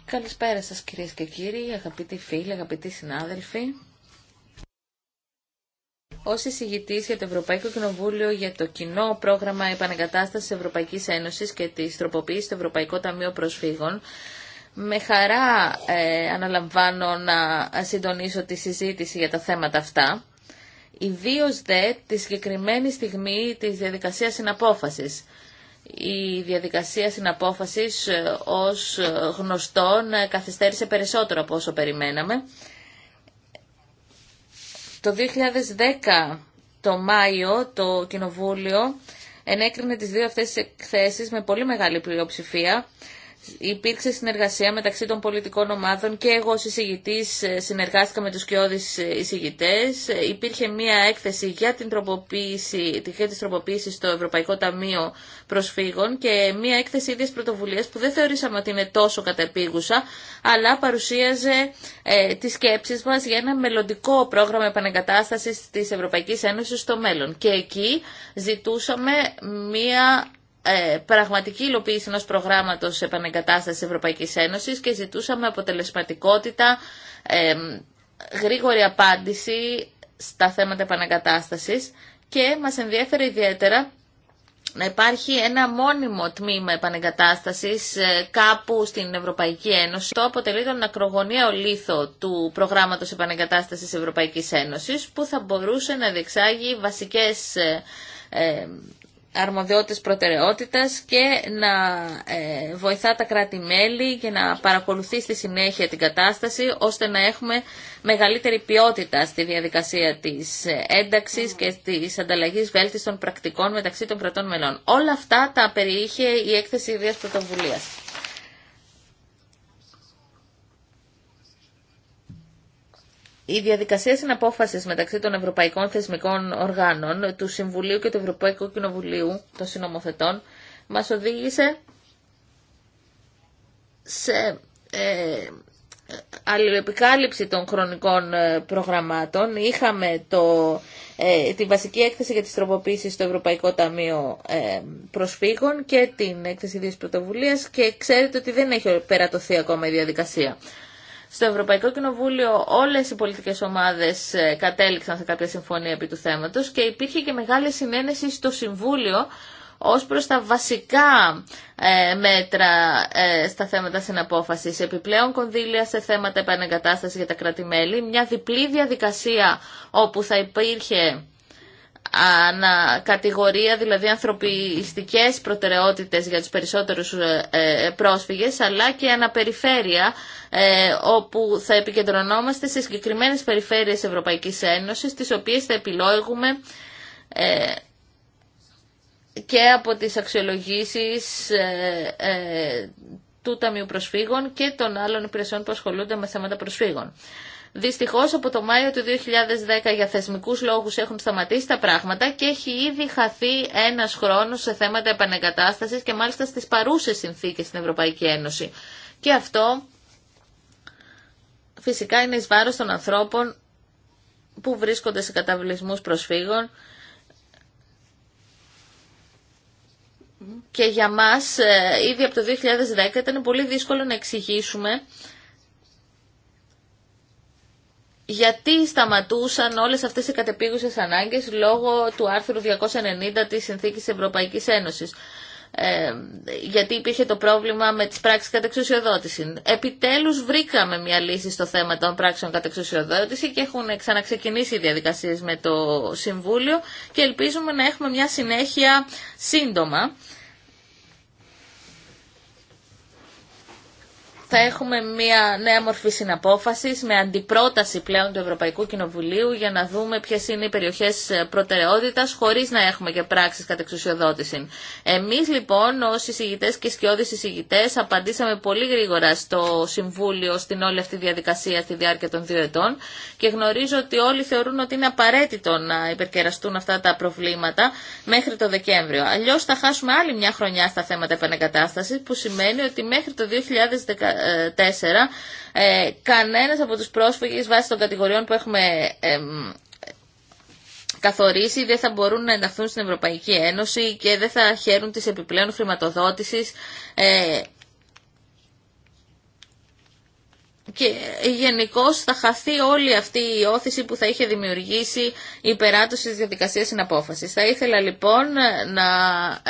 Καλησπέρα σας κυρίες και κύριοι, αγαπητοί φίλοι, αγαπητοί συνάδελφοι. Ω εισηγητή για το Ευρωπαϊκό Κοινοβούλιο για το κοινό πρόγραμμα επανεγκατάσταση Ευρωπαϊκή Ένωση και τη τροποποίηση του Ευρωπαϊκό Ταμείου Προσφύγων, με χαρά ε, αναλαμβάνω να συντονίσω τη συζήτηση για τα θέματα αυτά. Ιδίω δε τη συγκεκριμένη στιγμή τη διαδικασία συναπόφαση η διαδικασία συναπόφασης ε, ως ε, γνωστόν ε, καθυστέρησε περισσότερο από όσο περιμέναμε. Το 2010, το Μάιο, το Κοινοβούλιο ενέκρινε τις δύο αυτές τις εκθέσεις με πολύ μεγάλη πλειοψηφία Υπήρξε συνεργασία μεταξύ των πολιτικών ομάδων και εγώ ως εισηγητής ε, συνεργάστηκα με τους κοιόδης ε, εισηγητές. Ε, υπήρχε μία έκθεση για την τροποποίηση, της τροποποίησεις στο Ευρωπαϊκό Ταμείο Προσφύγων και μία έκθεση ίδιας πρωτοβουλίας που δεν θεωρήσαμε ότι είναι τόσο κατεπίγουσα, αλλά παρουσίαζε ε, τις σκέψεις μας για ένα μελλοντικό πρόγραμμα επανεγκατάστασης της Ευρωπαϊκής Ένωσης στο μέλλον. Και εκεί ζητούσαμε μία ε, πραγματική υλοποίηση ενός προγράμματος επανεγκατάστασης Ευρωπαϊκής Ένωσης και ζητούσαμε αποτελεσματικότητα, ε, γρήγορη απάντηση στα θέματα επανεγκατάστασης και μας ενδιέφερε ιδιαίτερα να υπάρχει ένα μόνιμο τμήμα επανεγκατάστασης ε, κάπου στην Ευρωπαϊκή Ένωση. Το αποτελεί τον ακρογωνιαίο λίθο του προγράμματος επανεγκατάστασης Ευρωπαϊκής Ένωσης που θα μπορούσε να διεξάγει βασικές αρμοδιότητες προτεραιότητας και να ε, βοηθά τα κράτη-μέλη και να παρακολουθεί στη συνέχεια την κατάσταση ώστε να έχουμε μεγαλύτερη ποιότητα στη διαδικασία της ε, ένταξης και της ανταλλαγής βέλτιστων πρακτικών μεταξύ των κρατών μελών. Όλα αυτά τα περιείχε η έκθεση ιδίας πρωτοβουλίας. Η διαδικασία συναπόφασης μεταξύ των ευρωπαϊκών θεσμικών οργάνων, του Συμβουλίου και του Ευρωπαϊκού Κοινοβουλίου των Συνομοθετών, μας οδήγησε σε ε, αλληλεπικάλυψη των χρονικών ε, προγραμμάτων. Είχαμε το, ε, την βασική έκθεση για τις τροποποίησεις στο Ευρωπαϊκό Ταμείο ε, Προσφύγων και την έκθεση της πρωτοβουλίας και ξέρετε ότι δεν έχει περατωθεί ακόμα η διαδικασία. Στο Ευρωπαϊκό Κοινοβούλιο όλες οι πολιτικές ομάδες ε, κατέληξαν σε κάποια συμφωνία επί του θέματος και υπήρχε και μεγάλη συνένεση στο Συμβούλιο ως προς τα βασικά ε, μέτρα ε, στα θέματα συναπόφασης. Επιπλέον κονδύλια σε θέματα επανεγκατάστασης για τα κράτη-μέλη, μια διπλή διαδικασία όπου θα υπήρχε ανακατηγορία, δηλαδή ανθρωπιστικές προτεραιότητες για τους περισσότερους ε, ε, πρόσφυγες, αλλά και αναπεριφέρεια, ε, όπου θα επικεντρωνόμαστε σε συγκεκριμένες περιφέρειες Ευρωπαϊκής Ένωσης, τις οποίες θα επιλόγουμε και από τις αξιολογήσεις του Ταμείου Προσφύγων και των άλλων υπηρεσιών που ασχολούνται με θέματα προσφύγων. Δυστυχώς από το Μάιο του 2010 για θεσμικούς λόγους έχουν σταματήσει τα πράγματα και έχει ήδη χαθεί ένας χρόνος σε θέματα επανεγκατάστασης και μάλιστα στις παρούσες συνθήκες στην Ευρωπαϊκή Ένωση. Και αυτό φυσικά είναι εις βάρος των ανθρώπων που βρίσκονται σε καταβλισμούς προσφύγων και για μας ε, ήδη από το 2010 ήταν πολύ δύσκολο να εξηγήσουμε γιατί σταματούσαν όλες αυτές οι κατεπίγουσες ανάγκες λόγω του άρθρου 290 της Συνθήκης Ευρωπαϊκής Ένωσης. Ε, γιατί υπήρχε το πρόβλημα με τις πράξεις κατεξουσιοδότηση. Επιτέλους βρήκαμε μια λύση στο θέμα των πράξεων κατεξουσιοδότηση και έχουν ξαναξεκινήσει οι διαδικασίες με το Συμβούλιο και ελπίζουμε να έχουμε μια συνέχεια σύντομα θα έχουμε μια νέα μορφή συναπόφαση με αντιπρόταση πλέον του Ευρωπαϊκού Κοινοβουλίου για να δούμε ποιε είναι οι περιοχέ προτεραιότητα χωρί να έχουμε και πράξει κατά εξουσιοδότηση. Εμείς λοιπόν ω εισηγητέ και σκιώδη εισηγητέ, απαντήσαμε πολύ γρήγορα στο Συμβούλιο στην όλη αυτή διαδικασία στη διάρκεια των δύο ετών και γνωρίζω ότι όλοι θεωρούν ότι είναι απαραίτητο να υπερκεραστούν αυτά τα προβλήματα μέχρι το Δεκέμβριο. Αλλιώ θα χάσουμε άλλη μια χρονιά στα θέματα επανεγκατάσταση που σημαίνει ότι μέχρι το 2010 ε, κανένας από τους πρόσφυγες βάσει των κατηγοριών που έχουμε καθορίσει δεν θα μπορούν να ενταχθούν στην Ευρωπαϊκή Ένωση και δεν θα χαίρουν τις επιπλέον χρηματοδότησης ε, και γενικώ θα χαθεί όλη αυτή η όθηση που θα είχε δημιουργήσει η υπεράτωση της διαδικασίας συναπόφασης. Θα ήθελα λοιπόν να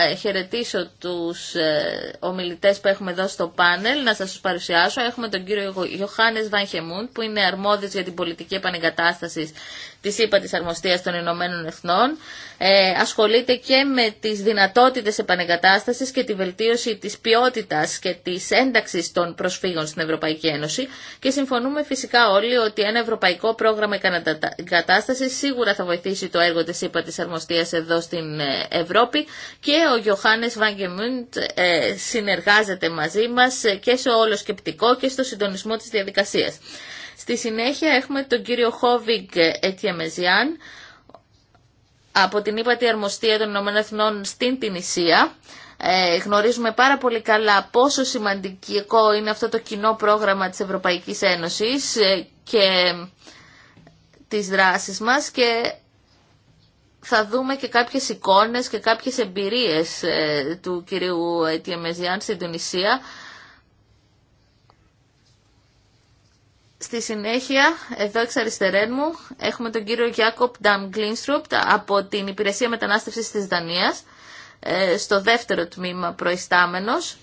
ε, χαιρετήσω τους ε, ομιλητές που έχουμε εδώ στο πάνελ, να σας παρουσιάσω. Έχουμε τον κύριο Ιωάννης Βανχεμούντ που είναι αρμόδιος για την πολιτική επανεγκατάσταση της ΥΠΑ της Αρμοστίας των Ηνωμένων Εθνών ε, ασχολείται και με τις δυνατότητες επανεγκατάστασης και τη βελτίωση της ποιότητας και της ένταξης των προσφύγων στην Ευρωπαϊκή Ένωση και συμφωνούμε φυσικά όλοι ότι ένα ευρωπαϊκό πρόγραμμα εγκατάστασης σίγουρα θα βοηθήσει το έργο της ΥΠΑ της εδώ στην ε, Ευρώπη και ο Γιωχάνες Βαγκεμούντ ε, συνεργάζεται μαζί μας και σε όλο σκεπτικό και στο συντονισμό της διαδικασίας. Στη συνέχεια έχουμε τον κύριο Χόβιγκ Ετιαμεζιάν από την ύπατη αρμοστία των Ηνωμένων Εθνών στην Τινησία. Ε, γνωρίζουμε πάρα πολύ καλά πόσο σημαντικό είναι αυτό το κοινό πρόγραμμα της Ευρωπαϊκής Ένωσης ε, και τις δράσεις μας και θα δούμε και κάποιες εικόνες και κάποιες εμπειρίες ε, του κυρίου Ετιεμεζιάν στην Τουνησία Στη συνέχεια, εδώ εξ αριστερέν μου, έχουμε τον κύριο Γιάκοπ Νταμ από την Υπηρεσία Μετανάστευσης της Δανίας, ε, στο δεύτερο τμήμα προϊστάμενος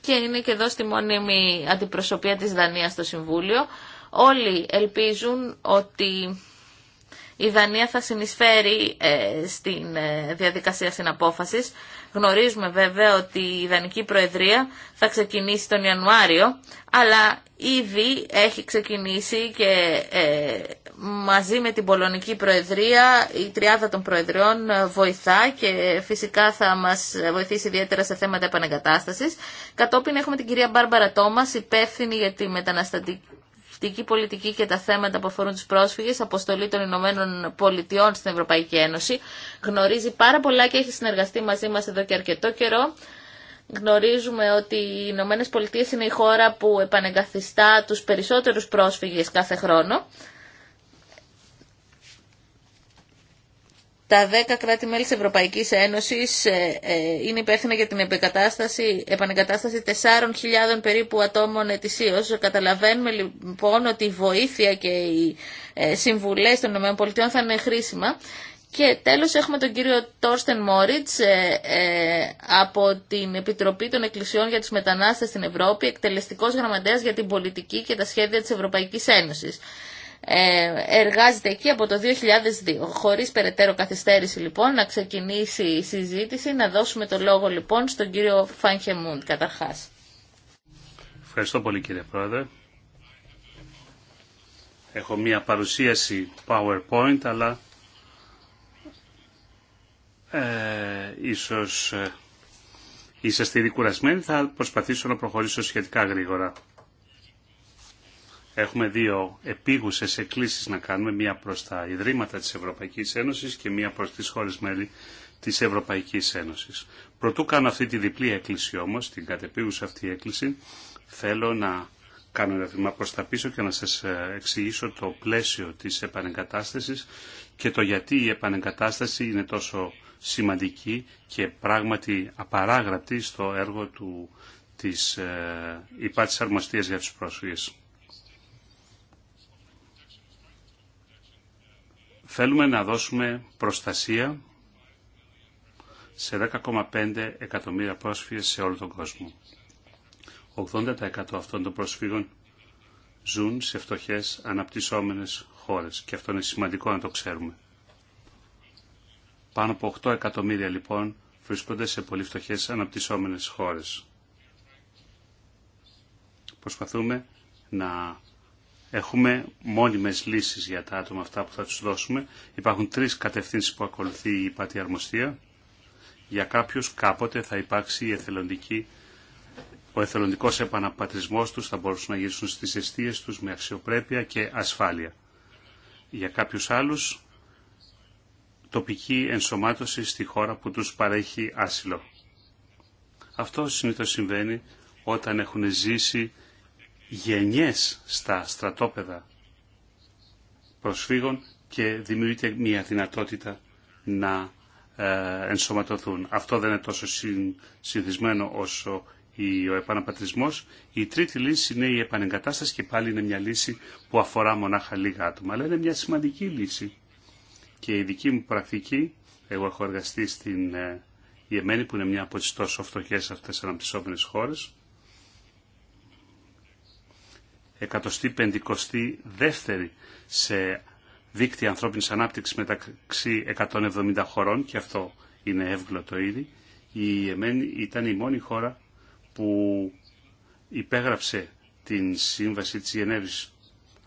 και είναι και εδώ στη μονίμη αντιπροσωπεία της Δανίας στο Συμβούλιο. Όλοι ελπίζουν ότι η Δανία θα συνεισφέρει ε, στην ε, διαδικασία συναπόφασης. Γνωρίζουμε βέβαια ότι η Ιδανική Προεδρία θα ξεκινήσει τον Ιανουάριο, αλλά ήδη έχει ξεκινήσει και ε, μαζί με την Πολωνική Προεδρία η Τριάδα των Προεδριών βοηθά και φυσικά θα μας βοηθήσει ιδιαίτερα σε θέματα επανεγκατάστασης. Κατόπιν έχουμε την κυρία Μπάρμπαρα Τόμας, υπεύθυνη για τη μεταναστατική η πολιτική και τα θέματα που αφορούν τους πρόσφυγες, αποστολή των Ηνωμένων Πολιτειών στην Ευρωπαϊκή Ένωση. Γνωρίζει πάρα πολλά και έχει συνεργαστεί μαζί μας εδώ και αρκετό καιρό. Γνωρίζουμε ότι οι Ηνωμένε Πολιτείε είναι η χώρα που επανεγκαθιστά τους περισσότερους πρόσφυγες κάθε χρόνο. τα 10 κράτη-μέλη της Ευρωπαϊκής Ένωσης ε, ε, είναι υπεύθυνα για την επεκατάσταση, επανεκατάσταση 4.000 περίπου ατόμων ετησίως. Καταλαβαίνουμε λοιπόν ότι η βοήθεια και οι ε, συμβουλές των ΗΠΑ θα είναι χρήσιμα. Και τέλος έχουμε τον κύριο Τόρστεν Μόριτς από την Επιτροπή των Εκκλησιών για τους Μετανάστες στην Ευρώπη, εκτελεστικός γραμματέας για την πολιτική και τα σχέδια της Ευρωπαϊκής Ένωσης. Ε, εργάζεται εκεί από το 2002. Χωρίς περαιτέρω καθυστέρηση λοιπόν να ξεκινήσει η συζήτηση, να δώσουμε το λόγο λοιπόν στον κύριο Φάνχεμουντ καταρχάς. Ευχαριστώ πολύ κύριε Πρόεδρε. Έχω μία παρουσίαση PowerPoint, αλλά ε, ίσως ε, είσαστε ήδη κουρασμένοι. Θα προσπαθήσω να προχωρήσω σχετικά γρήγορα. Έχουμε δύο επίγουσες εκκλήσεις να κάνουμε, μία προς τα Ιδρύματα της Ευρωπαϊκής Ένωσης και μία προς τις χώρες μέλη της Ευρωπαϊκής Ένωσης. Προτού κάνω αυτή τη διπλή έκκληση όμως, την κατεπίγουσα αυτή έκκληση, θέλω να κάνω ένα βήμα προς τα πίσω και να σας ε, εξηγήσω το πλαίσιο της επανεγκατάστασης και το γιατί η επανεγκατάσταση είναι τόσο σημαντική και πράγματι απαράγραπτη στο έργο του, της ε, αρμοστίας για τους πρόσφυγες. Θέλουμε να δώσουμε προστασία σε 10,5 εκατομμύρια πρόσφυγες σε όλο τον κόσμο. 80% αυτών των πρόσφυγων ζουν σε φτωχές αναπτυσσόμενες χώρες και αυτό είναι σημαντικό να το ξέρουμε. Πάνω από 8 εκατομμύρια λοιπόν βρίσκονται σε πολύ φτωχές αναπτυσσόμενες χώρες. Προσπαθούμε να έχουμε μόνιμες λύσεις για τα άτομα αυτά που θα τους δώσουμε. Υπάρχουν τρεις κατευθύνσεις που ακολουθεί η πατιαρμοστία. Για κάποιους κάποτε θα υπάρξει η εθελοντική, ο εθελοντικός επαναπατρισμός τους θα μπορούσαν να γυρίσουν στις αιστείες τους με αξιοπρέπεια και ασφάλεια. Για κάποιους άλλους τοπική ενσωμάτωση στη χώρα που τους παρέχει άσυλο. Αυτό συνήθως συμβαίνει όταν έχουν ζήσει γενιές στα στρατόπεδα προσφύγων και δημιουργείται μια δυνατότητα να ε, ενσωματωθούν. Αυτό δεν είναι τόσο συνηθισμένο όσο ο επαναπατρισμός. Η τρίτη λύση είναι η επανεγκατάσταση και πάλι είναι μια λύση που αφορά μονάχα λίγα άτομα, αλλά είναι μια σημαντική λύση. Και η δική μου πρακτική, εγώ έχω εργαστεί στην Ιεμένη ε, που είναι μια από τις τόσο φτωχές αυτές αναπτυσσόμενες χώρες, 152η σε δίκτυα ανθρώπινης ανάπτυξης μεταξύ 170 χωρών και αυτό είναι εύγλωτο ήδη. Η ΕΜΕΝ ήταν η μόνη χώρα που υπέγραψε την σύμβαση της Γενέβης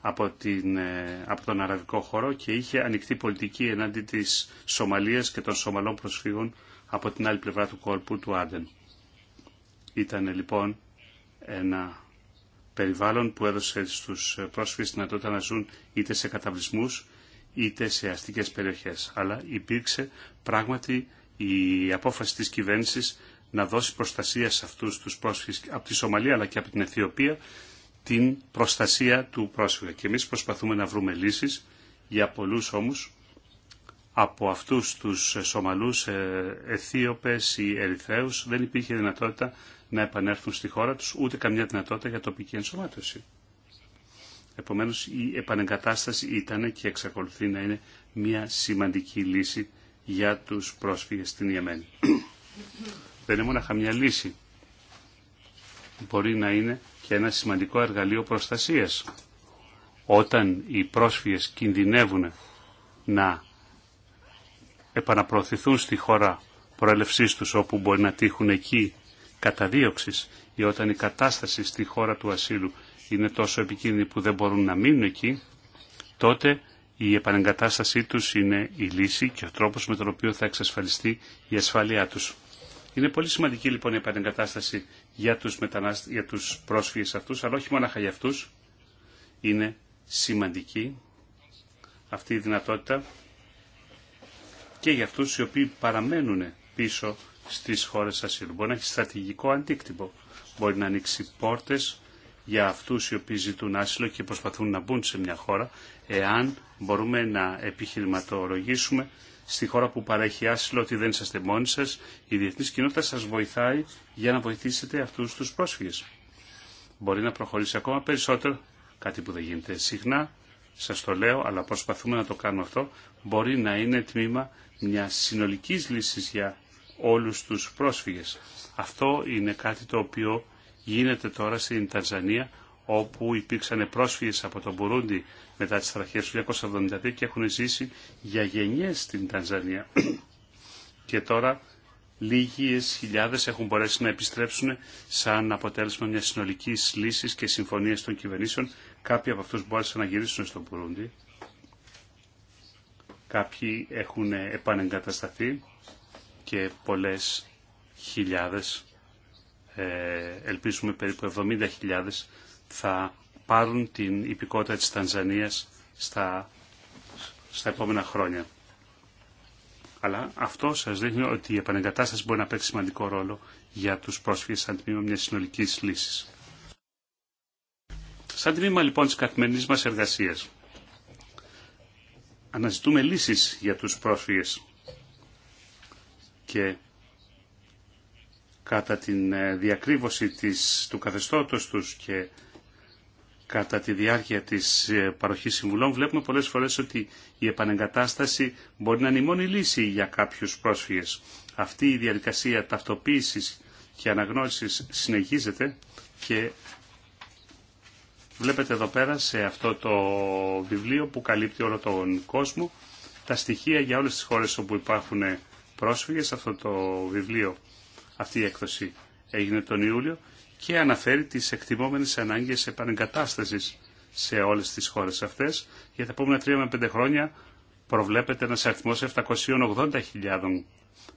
από, την, ε, από τον αραβικό χώρο και είχε ανοιχτή πολιτική εναντί της Σομαλίας και των Σομαλών προσφύγων από την άλλη πλευρά του κόλπου του Άντεν. Ήταν λοιπόν ένα περιβάλλον που έδωσε στους πρόσφυγες δυνατότητα να ζουν είτε σε καταβλισμούς είτε σε αστικές περιοχές. Αλλά υπήρξε πράγματι η απόφαση της κυβέρνησης να δώσει προστασία σε αυτούς τους πρόσφυγες από τη Σομαλία αλλά και από την Αιθιοπία την προστασία του πρόσφυγα. Και εμείς προσπαθούμε να βρούμε λύσεις για πολλούς όμως από αυτούς τους Σομαλούς, ε, Αιθίωπες ή Ερυθραίους, δεν υπήρχε δυνατότητα να επανέλθουν στη χώρα τους, ούτε καμιά δυνατότητα για τοπική ενσωμάτωση. Επομένως η επανεγκατάσταση ήταν και εξακολουθεί να είναι μια σημαντική λύση για τους πρόσφυγες στην Ιεμένη. Δεν είναι μόνο μια λύση. Μπορεί να είναι και ένα σημαντικό εργαλείο προστασίας. Όταν οι πρόσφυγες κινδυνεύουν να επαναπροωθηθούν στη χώρα προέλευσής τους όπου μπορεί να τύχουν εκεί καταδίωξης ή όταν η κατάσταση στη χώρα του ασύλου είναι τόσο επικίνδυνη που δεν μπορούν να μείνουν εκεί, τότε η επανεγκατάστασή τους είναι η λύση και ο τρόπος με τον οποίο θα εξασφαλιστεί η ασφαλειά τους. Είναι πολύ σημαντική λοιπόν η επανεγκατάσταση για τους, πρόσφυγε για τους πρόσφυγες αυτούς, αλλά όχι μόνο για αυτούς. Είναι σημαντική αυτή η δυνατότητα και για αυτούς οι οποίοι παραμένουν πίσω στις χώρες ασύλου. Μπορεί να έχει στρατηγικό αντίκτυπο. Μπορεί να ανοίξει πόρτες για αυτούς οι οποίοι ζητούν άσυλο και προσπαθούν να μπουν σε μια χώρα, εάν μπορούμε να επιχειρηματολογήσουμε στη χώρα που παρέχει άσυλο ότι δεν είσαστε μόνοι σας, η διεθνής κοινότητα σας βοηθάει για να βοηθήσετε αυτούς τους πρόσφυγες. Μπορεί να προχωρήσει ακόμα περισσότερο, κάτι που δεν γίνεται συχνά, σας το λέω, αλλά προσπαθούμε να το κάνουμε αυτό, μπορεί να είναι τμήμα μια συνολικής λύσης για όλους τους πρόσφυγες. Αυτό είναι κάτι το οποίο γίνεται τώρα στην Τανζανία όπου υπήρξαν πρόσφυγες από τον Μπουρούντι μετά τις τραχές του 1972 και έχουν ζήσει για γενιές στην Τανζανία. και τώρα λίγες χιλιάδες έχουν μπορέσει να επιστρέψουν σαν αποτέλεσμα μιας συνολικής λύσης και συμφωνίας των κυβερνήσεων. Κάποιοι από αυτούς μπόρεσαν να γυρίσουν στον Μπουρούντι. Κάποιοι έχουν επανεγκατασταθεί και πολλές χιλιάδες, ε, ελπίζουμε περίπου 70.000, θα πάρουν την υπηκότητα της Τανζανίας στα, στα επόμενα χρόνια. Αλλά αυτό σας δείχνει ότι η επανεγκατάσταση μπορεί να παίξει σημαντικό ρόλο για τους πρόσφυγες σαν τμήμα μιας συνολικής λύσης. Σαν τμήμα λοιπόν της καθημερινής μας εργασίας, αναζητούμε λύσεις για τους πρόσφυγες και κατά την ε, διακρύβωση της, του καθεστώτος τους και κατά τη διάρκεια της ε, παροχής συμβουλών βλέπουμε πολλές φορές ότι η επανεγκατάσταση μπορεί να είναι η μόνη λύση για κάποιους πρόσφυγες. Αυτή η διαδικασία ταυτοποίησης και αναγνώρισης συνεχίζεται και βλέπετε εδώ πέρα σε αυτό το βιβλίο που καλύπτει όλο τον κόσμο τα στοιχεία για όλες τις χώρες όπου υπάρχουν πρόσφυγες. Αυτό το βιβλίο, αυτή η έκδοση έγινε τον Ιούλιο και αναφέρει τις εκτιμόμενες ανάγκες επανεγκατάστασης σε όλες τις χώρες αυτές. Για τα επόμενα 3 με 5 χρόνια προβλέπεται ένας αριθμός 780.000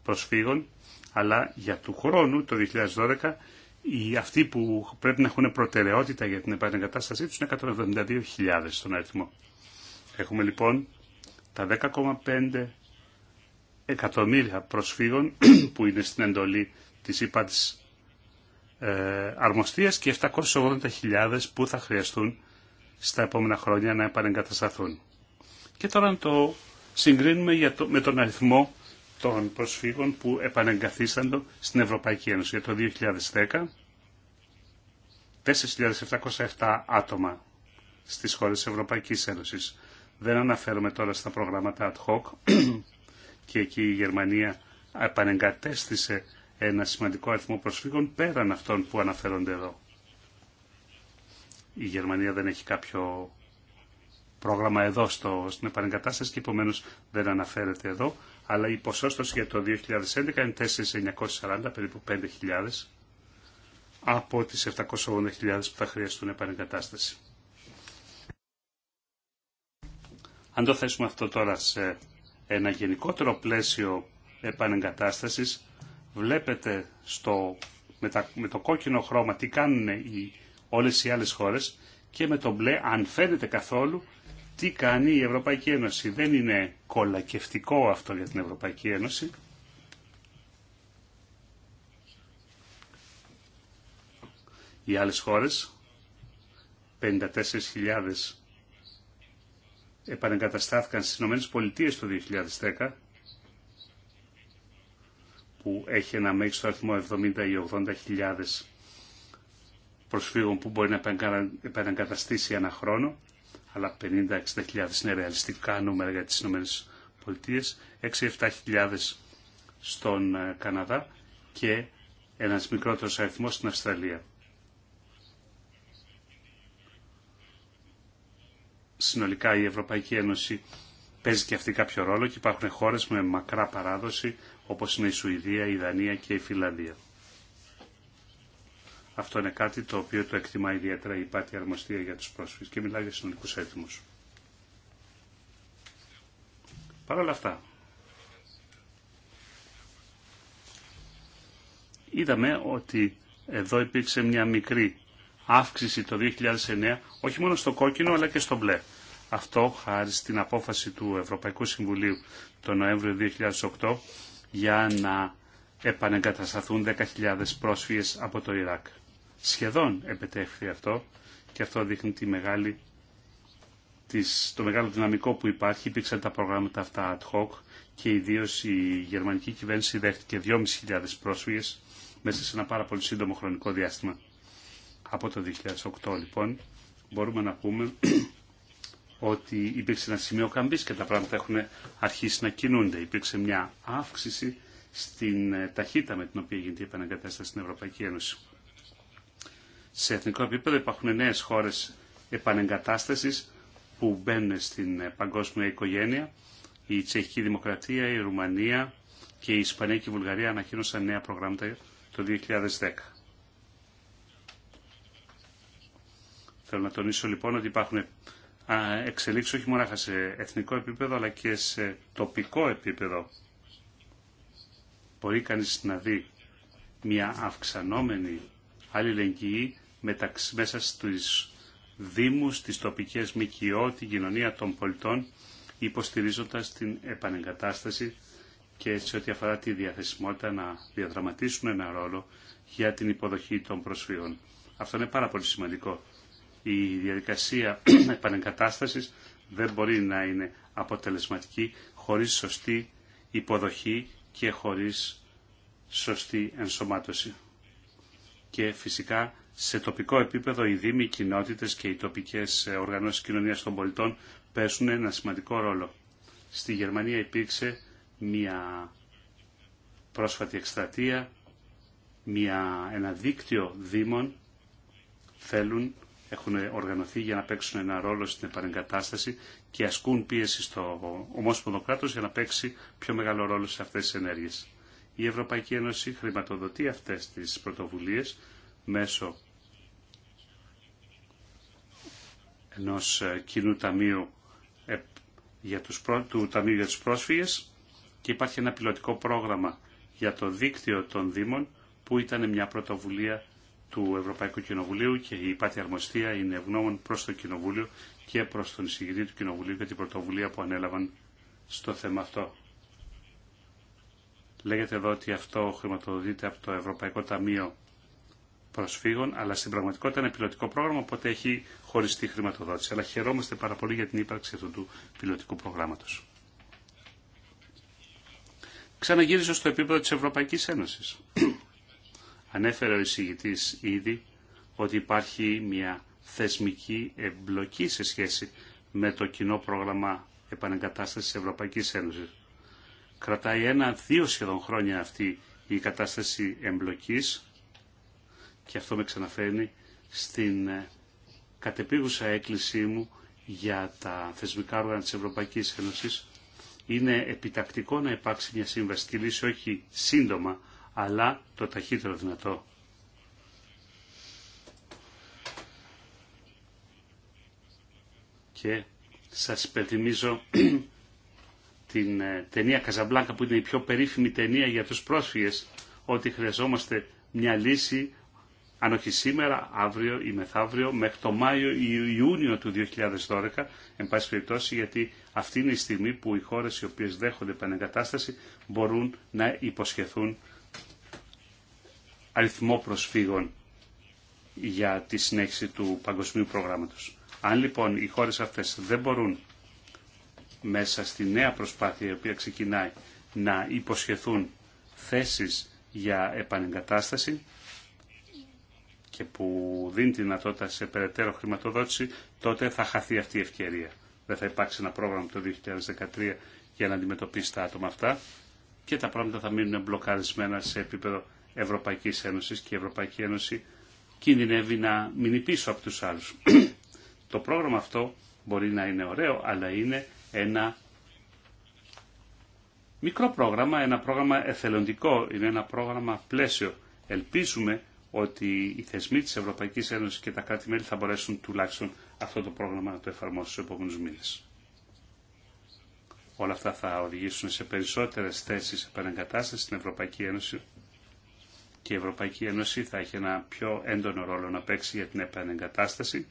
προσφύγων, αλλά για του χρόνου, το 2012, οι αυτοί που πρέπει να έχουν προτεραιότητα για την επανεγκατάστασή τους είναι 172.000 στον αριθμό. Έχουμε λοιπόν τα 10,5 εκατομμύρια προσφύγων που είναι στην εντολή της ΥΠΑ της ε, αρμοστίας και 780.000 που θα χρειαστούν στα επόμενα χρόνια να επανεγκατασταθούν. Και τώρα να το συγκρίνουμε για με τον αριθμό των προσφύγων που επανεγκαθίστανται στην Ευρωπαϊκή Ένωση. Για το 2010, 4.707 άτομα στις χώρες της Ευρωπαϊκής Ένωσης. Δεν αναφέρομαι τώρα στα προγράμματα ad hoc, και εκεί η Γερμανία επανεγκατέστησε ένα σημαντικό αριθμό προσφύγων πέραν αυτών που αναφέρονται εδώ. Η Γερμανία δεν έχει κάποιο πρόγραμμα εδώ στο, στην επανεγκατάσταση και επομένω δεν αναφέρεται εδώ, αλλά η ποσόστοση για το 2011 είναι 4.940, περίπου 5.000 από τις 780.000 που θα χρειαστούν επανεγκατάσταση. Αν το θέσουμε αυτό τώρα σε ένα γενικότερο πλαίσιο επανεγκατάστασης. Βλέπετε στο, με, το κόκκινο χρώμα τι κάνουν οι, όλες οι άλλες χώρες και με το μπλε, αν φαίνεται καθόλου, τι κάνει η Ευρωπαϊκή Ένωση. Δεν είναι κολακευτικό αυτό για την Ευρωπαϊκή Ένωση. Οι άλλες χώρες, 54.000 επανεγκαταστάθηκαν στις ΗΠΑ το 2010 που έχει ένα μέγιστο αριθμό 70 ή 80 χιλιάδες προσφύγων που μπορεί να επανεγκαταστήσει ένα χρόνο, αλλά 50-60 χιλιάδες είναι ρεαλιστικά νούμερα για τις ΗΠΑ, πολιτειες Πολιτείες, 6-7 χιλιάδες στον ε, Καναδά και ένας μικρότερος αριθμός στην Αυστραλία. συνολικά η Ευρωπαϊκή Ένωση παίζει και αυτή κάποιο ρόλο και υπάρχουν χώρες με μακρά παράδοση όπως είναι η Σουηδία, η Δανία και η Φιλανδία. Αυτό είναι κάτι το οποίο το εκτιμά ιδιαίτερα η πάτη αρμοστία για τους πρόσφυγες και μιλάει για συνολικούς έτοιμους. Παρ' όλα αυτά, είδαμε ότι εδώ υπήρξε μια μικρή αύξηση το 2009 όχι μόνο στο κόκκινο αλλά και στο μπλε. Αυτό χάρη στην απόφαση του Ευρωπαϊκού Συμβουλίου το Νοέμβριο 2008 για να επανεγκατασταθούν 10.000 πρόσφυγες από το Ιράκ. Σχεδόν επετέχθη αυτό και αυτό δείχνει τη μεγάλη, της, το μεγάλο δυναμικό που υπάρχει. Υπήρξαν τα προγράμματα αυτά ad hoc και ιδίω η γερμανική κυβέρνηση δέχτηκε 2.500 πρόσφυγες μέσα σε ένα πάρα πολύ σύντομο χρονικό διάστημα. Από το 2008 λοιπόν μπορούμε να πούμε ότι υπήρξε ένα σημείο καμπής και τα πράγματα έχουν αρχίσει να κινούνται. Υπήρξε μια αύξηση στην ε, ταχύτητα με την οποία γίνεται η επαναγκατάσταση στην Ευρωπαϊκή Ένωση. Σε εθνικό επίπεδο υπάρχουν νέες χώρες επανεγκατάστασης που μπαίνουν στην ε, παγκόσμια οικογένεια. Η Τσεχική Δημοκρατία, η Ρουμανία και η Ισπανία και η Βουλγαρία ανακοίνωσαν νέα προγράμματα το 2010. Θέλω να τονίσω λοιπόν ότι υπάρχουν εξελίξεις όχι μόνο σε εθνικό επίπεδο αλλά και σε τοπικό επίπεδο. Μπορεί κανείς να δει μια αυξανόμενη αλληλεγγύη μεταξύ, μέσα στους δήμους, στις τοπικές ΜΚΟ, την κοινωνία των πολιτών, υποστηρίζοντας την επανεγκατάσταση και σε ό,τι αφορά τη διαθεσιμότητα να διαδραματίσουν ένα ρόλο για την υποδοχή των προσφύγων. Αυτό είναι πάρα πολύ σημαντικό η διαδικασία επανεγκατάστασης δεν μπορεί να είναι αποτελεσματική χωρίς σωστή υποδοχή και χωρίς σωστή ενσωμάτωση. Και φυσικά σε τοπικό επίπεδο οι δήμοι, οι και οι τοπικές οργανώσεις κοινωνίας των πολιτών παίζουν ένα σημαντικό ρόλο. Στη Γερμανία υπήρξε μια πρόσφατη εκστρατεία, μια, ένα δίκτυο δήμων θέλουν έχουν οργανωθεί για να παίξουν ένα ρόλο στην επανεγκατάσταση και ασκούν πίεση στο ομόσπονδο κράτο για να παίξει πιο μεγάλο ρόλο σε αυτές τις ενέργειες. Η Ευρωπαϊκή Ένωση χρηματοδοτεί αυτές τις πρωτοβουλίες μέσω ενός ε, κοινού ε, ταμείου για τους, του Ταμείου για Πρόσφυγες και υπάρχει ένα πιλωτικό πρόγραμμα για το δίκτυο των Δήμων που ήταν μια πρωτοβουλία του Ευρωπαϊκού Κοινοβουλίου και η Πάτη Αρμοστία είναι ευγνώμων προς το Κοινοβούλιο και προς τον εισηγητή του Κοινοβουλίου για την πρωτοβουλία που ανέλαβαν στο θέμα αυτό. Λέγεται εδώ ότι αυτό χρηματοδοτείται από το Ευρωπαϊκό Ταμείο Προσφύγων, αλλά στην πραγματικότητα είναι πιλωτικό πρόγραμμα, οπότε έχει χωριστή χρηματοδότηση. Αλλά χαιρόμαστε πάρα πολύ για την ύπαρξη αυτού του πιλωτικού προγράμματο Ξαναγύριζω στο επίπεδο της Ευρωπαϊκής Ένωσης. Ανέφερε ο εισηγητής ήδη ότι υπάρχει μια θεσμική εμπλοκή σε σχέση με το κοινό πρόγραμμα επανεγκατάστασης της Ευρωπαϊκής Ένωσης. Κρατάει ένα-δύο σχεδόν χρόνια αυτή η κατάσταση εμπλοκής και αυτό με ξαναφέρνει στην ε, κατεπίγουσα έκκλησή μου για τα θεσμικά όργανα της Ευρωπαϊκής Ένωσης είναι επιτακτικό να υπάρξει μια λύση όχι σύντομα αλλά το ταχύτερο δυνατό. Και σας υπενθυμίζω την ε, ταινία Καζαμπλάνκα που είναι η πιο περίφημη ταινία για τους πρόσφυγες ότι χρειαζόμαστε μια λύση αν όχι σήμερα, αύριο ή μεθαύριο, μέχρι το Μάιο ή Ιούνιο του 2012, εν πάση περιπτώσει, γιατί αυτή είναι η στιγμή που οι χώρες οι οποίες δέχονται επανεγκατάσταση μπορούν να υποσχεθούν αριθμό προσφύγων για τη συνέχιση του παγκοσμίου προγράμματος. Αν λοιπόν οι χώρες αυτές δεν μπορούν μέσα στη νέα προσπάθεια η οποία ξεκινάει να υποσχεθούν θέσεις για επανεγκατάσταση και που δίνει τη δυνατότητα σε περαιτέρω χρηματοδότηση, τότε θα χαθεί αυτή η ευκαιρία. Δεν θα υπάρξει ένα πρόγραμμα το 2013 για να αντιμετωπίσει τα άτομα αυτά και τα πράγματα θα μείνουν μπλοκαρισμένα σε επίπεδο Ευρωπαϊκή Ένωση και η Ευρωπαϊκή Ένωση κινδυνεύει να μείνει πίσω από του άλλου. το πρόγραμμα αυτό μπορεί να είναι ωραίο, αλλά είναι ένα μικρό πρόγραμμα, ένα πρόγραμμα εθελοντικό, είναι ένα πρόγραμμα πλαίσιο. Ελπίζουμε ότι οι θεσμοί της Ευρωπαϊκής Ένωσης και τα κράτη-μέλη θα μπορέσουν τουλάχιστον αυτό το πρόγραμμα να το εφαρμόσουν στου επόμενους μήνες. Όλα αυτά θα οδηγήσουν σε περισσότερες θέσεις επαναγκατάστασης στην Ευρωπαϊκή Ένωση και η Ευρωπαϊκή Ένωση θα έχει ένα πιο έντονο ρόλο να παίξει για την επανεγκατάσταση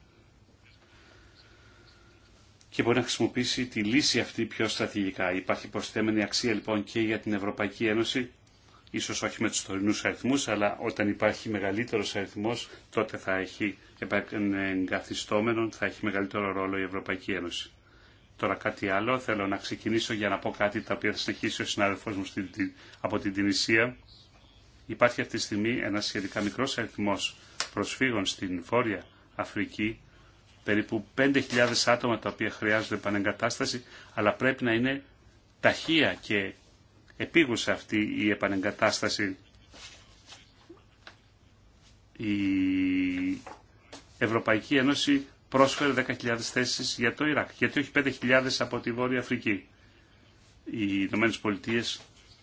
και μπορεί να χρησιμοποιήσει τη λύση αυτή πιο στρατηγικά. Υπάρχει προσθέμενη αξία λοιπόν και για την Ευρωπαϊκή Ένωση, ίσως όχι με τους τωρινούς αριθμούς, αλλά όταν υπάρχει μεγαλύτερος αριθμός, τότε θα έχει επανεγκαθιστόμενο, θα έχει μεγαλύτερο ρόλο η Ευρωπαϊκή Ένωση. Τώρα κάτι άλλο, θέλω να ξεκινήσω για να πω κάτι τα οποία θα συνεχίσει ο συνάδελφός μου από την Τινησία Υπάρχει αυτή τη στιγμή ένα σχετικά μικρό αριθμός προσφύγων στην Βόρεια Αφρική, περίπου 5.000 άτομα τα οποία χρειάζονται επανεγκατάσταση, αλλά πρέπει να είναι ταχεία και επίγουσα αυτή η επανεγκατάσταση. Η Ευρωπαϊκή Ένωση πρόσφερε 10.000 θέσεις για το Ιράκ, γιατί όχι 5.000 από τη Βόρεια Αφρική. Οι Ηνωμένε Πολιτείε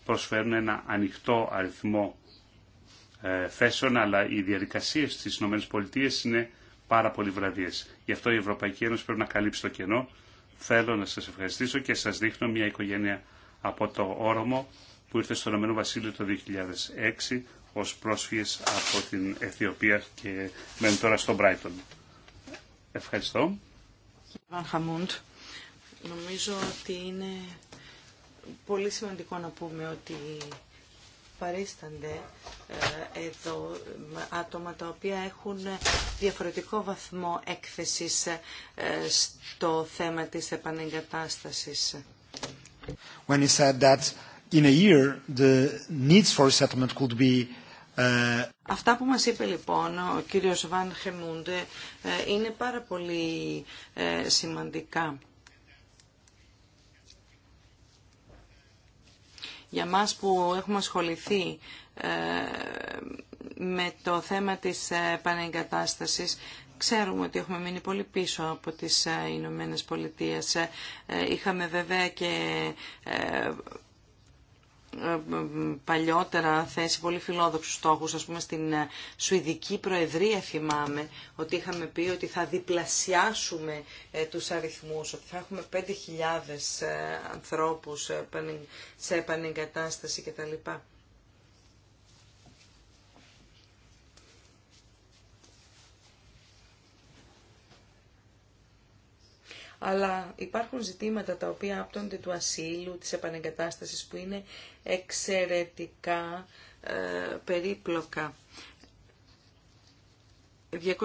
προσφέρουν ένα ανοιχτό αριθμό ε, θέσεων, αλλά οι διαδικασίε στι ΗΠΑ είναι πάρα πολύ βραδίε. Γι' αυτό η Ευρωπαϊκή Ένωση πρέπει να καλύψει το κενό. Θέλω να σα ευχαριστήσω και σα δείχνω μια οικογένεια από το όρομο που ήρθε στο Ηνωμένο Βασίλειο το 2006 ως πρόσφυγες από την Αιθιοπία και μένουν τώρα στο Μπράιτον. Ευχαριστώ. Νομίζω ότι είναι πολύ σημαντικό να πούμε ότι παρίστανται ε, άτομα τα οποία έχουν διαφορετικό βαθμό έκθεσης ε, στο θέμα της επανεγκατάστασης. When he said that in a year the needs for settlement could be uh, Αυτά που μας είπε λοιπόν ο κύριος Βαν Χεμούντε ε, είναι πάρα πολύ σημαντικά. Για μας που έχουμε ασχοληθεί ε, με το θέμα της ε, πανεγκατάστασης, Ξέρουμε ότι έχουμε μείνει πολύ πίσω από τις ε, Ηνωμένε Πολιτείες. Είχαμε βέβαια και παλιότερα θέσει πολύ φιλόδοξους στόχους, ας πούμε στην ε, Σουηδική Προεδρία θυμάμαι ότι είχαμε πει ότι θα διπλασιάσουμε ε, τους αριθμούς, ότι θα έχουμε 5.000 ε, ανθρώπους σε επανεγκατάσταση κτλ. αλλά υπάρχουν ζητήματα τα οποία άπτονται του ασύλου, της επανεγκατάστασης που είναι εξαιρετικά ε, περίπλοκα. 200.000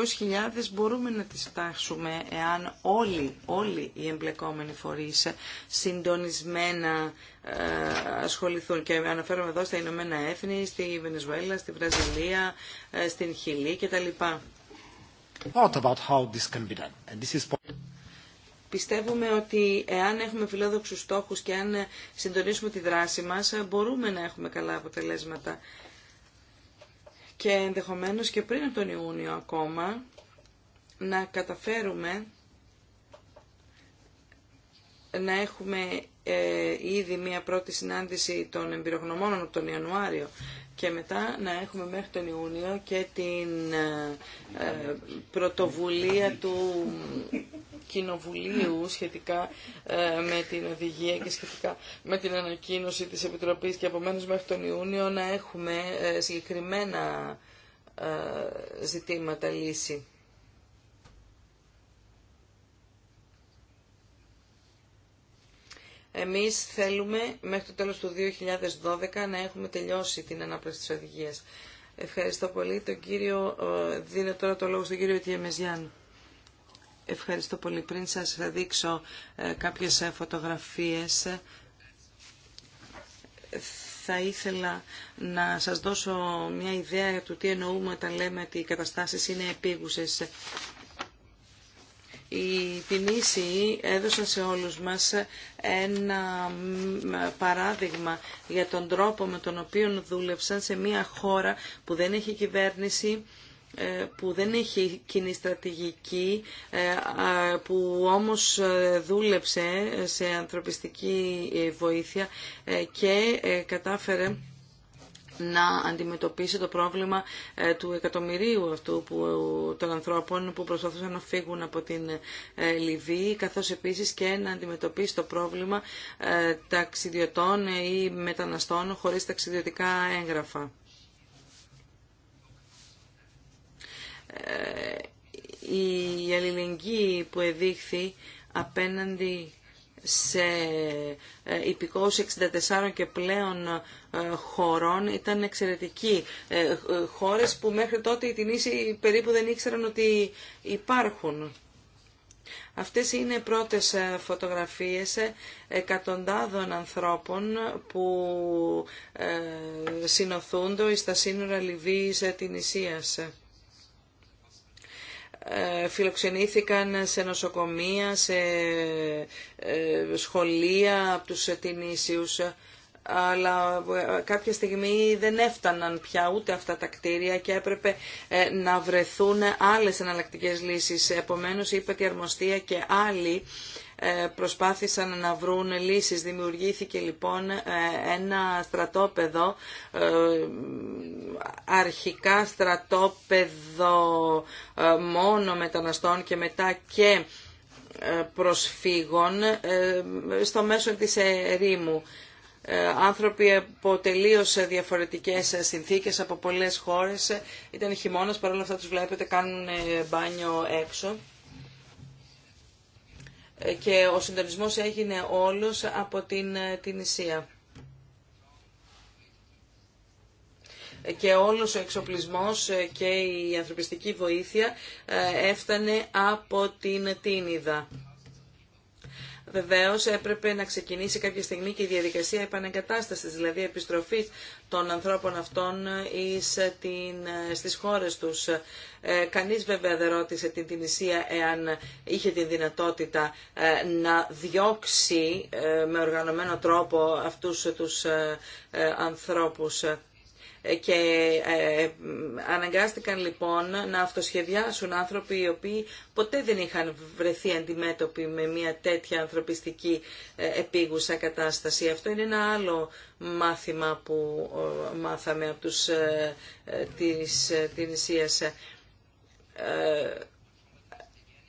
μπορούμε να τις φτάσουμε εάν όλοι, όλοι οι εμπλεκόμενοι φορείς συντονισμένα ε, ασχοληθούν. Και αναφέρομαι εδώ στα Ηνωμένα Έθνη, στη Βενεζουέλα, στη Βραζιλία, ε, στην Χιλή κτλ. Πιστεύουμε ότι εάν έχουμε φιλόδοξους στόχους και αν συντονίσουμε τη δράση μας, μπορούμε να έχουμε καλά αποτελέσματα. Και ενδεχομένως και πριν τον Ιούνιο ακόμα, να καταφέρουμε να έχουμε ε, ήδη μία πρώτη συνάντηση των εμπειρογνωμόνων τον Ιανουάριο και μετά να έχουμε μέχρι τον Ιούνιο και την ε, ε, πρωτοβουλία του Κοινοβουλίου σχετικά ε, με την οδηγία και σχετικά με την ανακοίνωση της Επιτροπής και επομένως μέχρι τον Ιούνιο να έχουμε ε, συγκεκριμένα ε, ζητήματα λύση. Εμείς θέλουμε μέχρι το τέλος του 2012 να έχουμε τελειώσει την ανάπτυξη της οδηγίας. Ευχαριστώ πολύ. Τον κύριο, δίνω τώρα το λόγο στον κύριο Τιεμεζιάνου. Ευχαριστώ πολύ. Πριν σας δείξω ε, κάποιες ε, φωτογραφίες, θα ήθελα να σας δώσω μια ιδέα για το τι εννοούμε όταν λέμε ότι οι καταστάσεις είναι επίγουσες. Οι ποινήσιοι έδωσαν σε όλους μας ένα παράδειγμα για τον τρόπο με τον οποίο δούλευσαν σε μια χώρα που δεν έχει κυβέρνηση, ε, που δεν έχει κοινή στρατηγική, ε, που όμως ε, δούλεψε σε ανθρωπιστική βοήθεια και κατάφερε να αντιμετωπίσει το πρόβλημα του εκατομμυρίου αυτού που, των ανθρώπων που προσπαθούσαν να φύγουν από την Λιβύη, καθώς επίσης και να αντιμετωπίσει το πρόβλημα ταξιδιωτών ή μεταναστών χωρίς ταξιδιωτικά έγγραφα. Ε, η αλληλεγγύη που εδείχθη απέναντι σε ε, υπηκόους 64 και πλέον ε, χωρών ήταν εξαιρετική. Χώρες που μέχρι τότε οι Τινήσοι περίπου δεν ήξεραν ότι υπάρχουν. Αυτές είναι πρώτες φωτογραφίες εκατοντάδων ανθρώπων που συνοθούνται στα σύνορα Λιβύης Τινησίας. Ε, φιλοξενήθηκαν σε νοσοκομεία, σε ε, σχολεία από τους τινήσιους αλλά ε, κάποια στιγμή δεν έφταναν πια ούτε αυτά τα κτίρια και έπρεπε να βρεθούν άλλες εναλλακτικές λύσεις. Επομένως, η αρμοστία και άλλοι ε, προσπάθησαν να βρουν λύσεις. Δημιουργήθηκε λοιπόν ε, ένα στρατόπεδο, ε, αρχικά στρατόπεδο μόνο μεταναστών και μετά και προσφύγων στο μέσο της ερήμου άνθρωποι από τελείω διαφορετικέ συνθήκε από πολλέ χώρε. Ήταν χειμώνα, παρόλα αυτά του βλέπετε, κάνουν μπάνιο έξω και ο συντονισμός έγινε όλος από την, την Ισία. και όλος ο εξοπλισμός και η ανθρωπιστική βοήθεια ε, έφτανε από την Τίνιδα. Βεβαίω έπρεπε να ξεκινήσει κάποια στιγμή και η διαδικασία επανεγκατάστασης, δηλαδή επιστροφής των ανθρώπων αυτών εις ε, την, ε, στις χώρες τους. Ε, κανείς βέβαια δεν ρώτησε την Τινησία εάν είχε την δυνατότητα να διώξει με οργανωμένο τρόπο αυτούς τους ανθρώπους και ε, αναγκάστηκαν λοιπόν να αυτοσχεδιάσουν άνθρωποι οι οποίοι ποτέ δεν είχαν βρεθεί αντιμέτωποι με μια τέτοια ανθρωπιστική ε, επίγουσα κατάσταση. Αυτό είναι ένα άλλο μάθημα που ε, μάθαμε από τους της ε,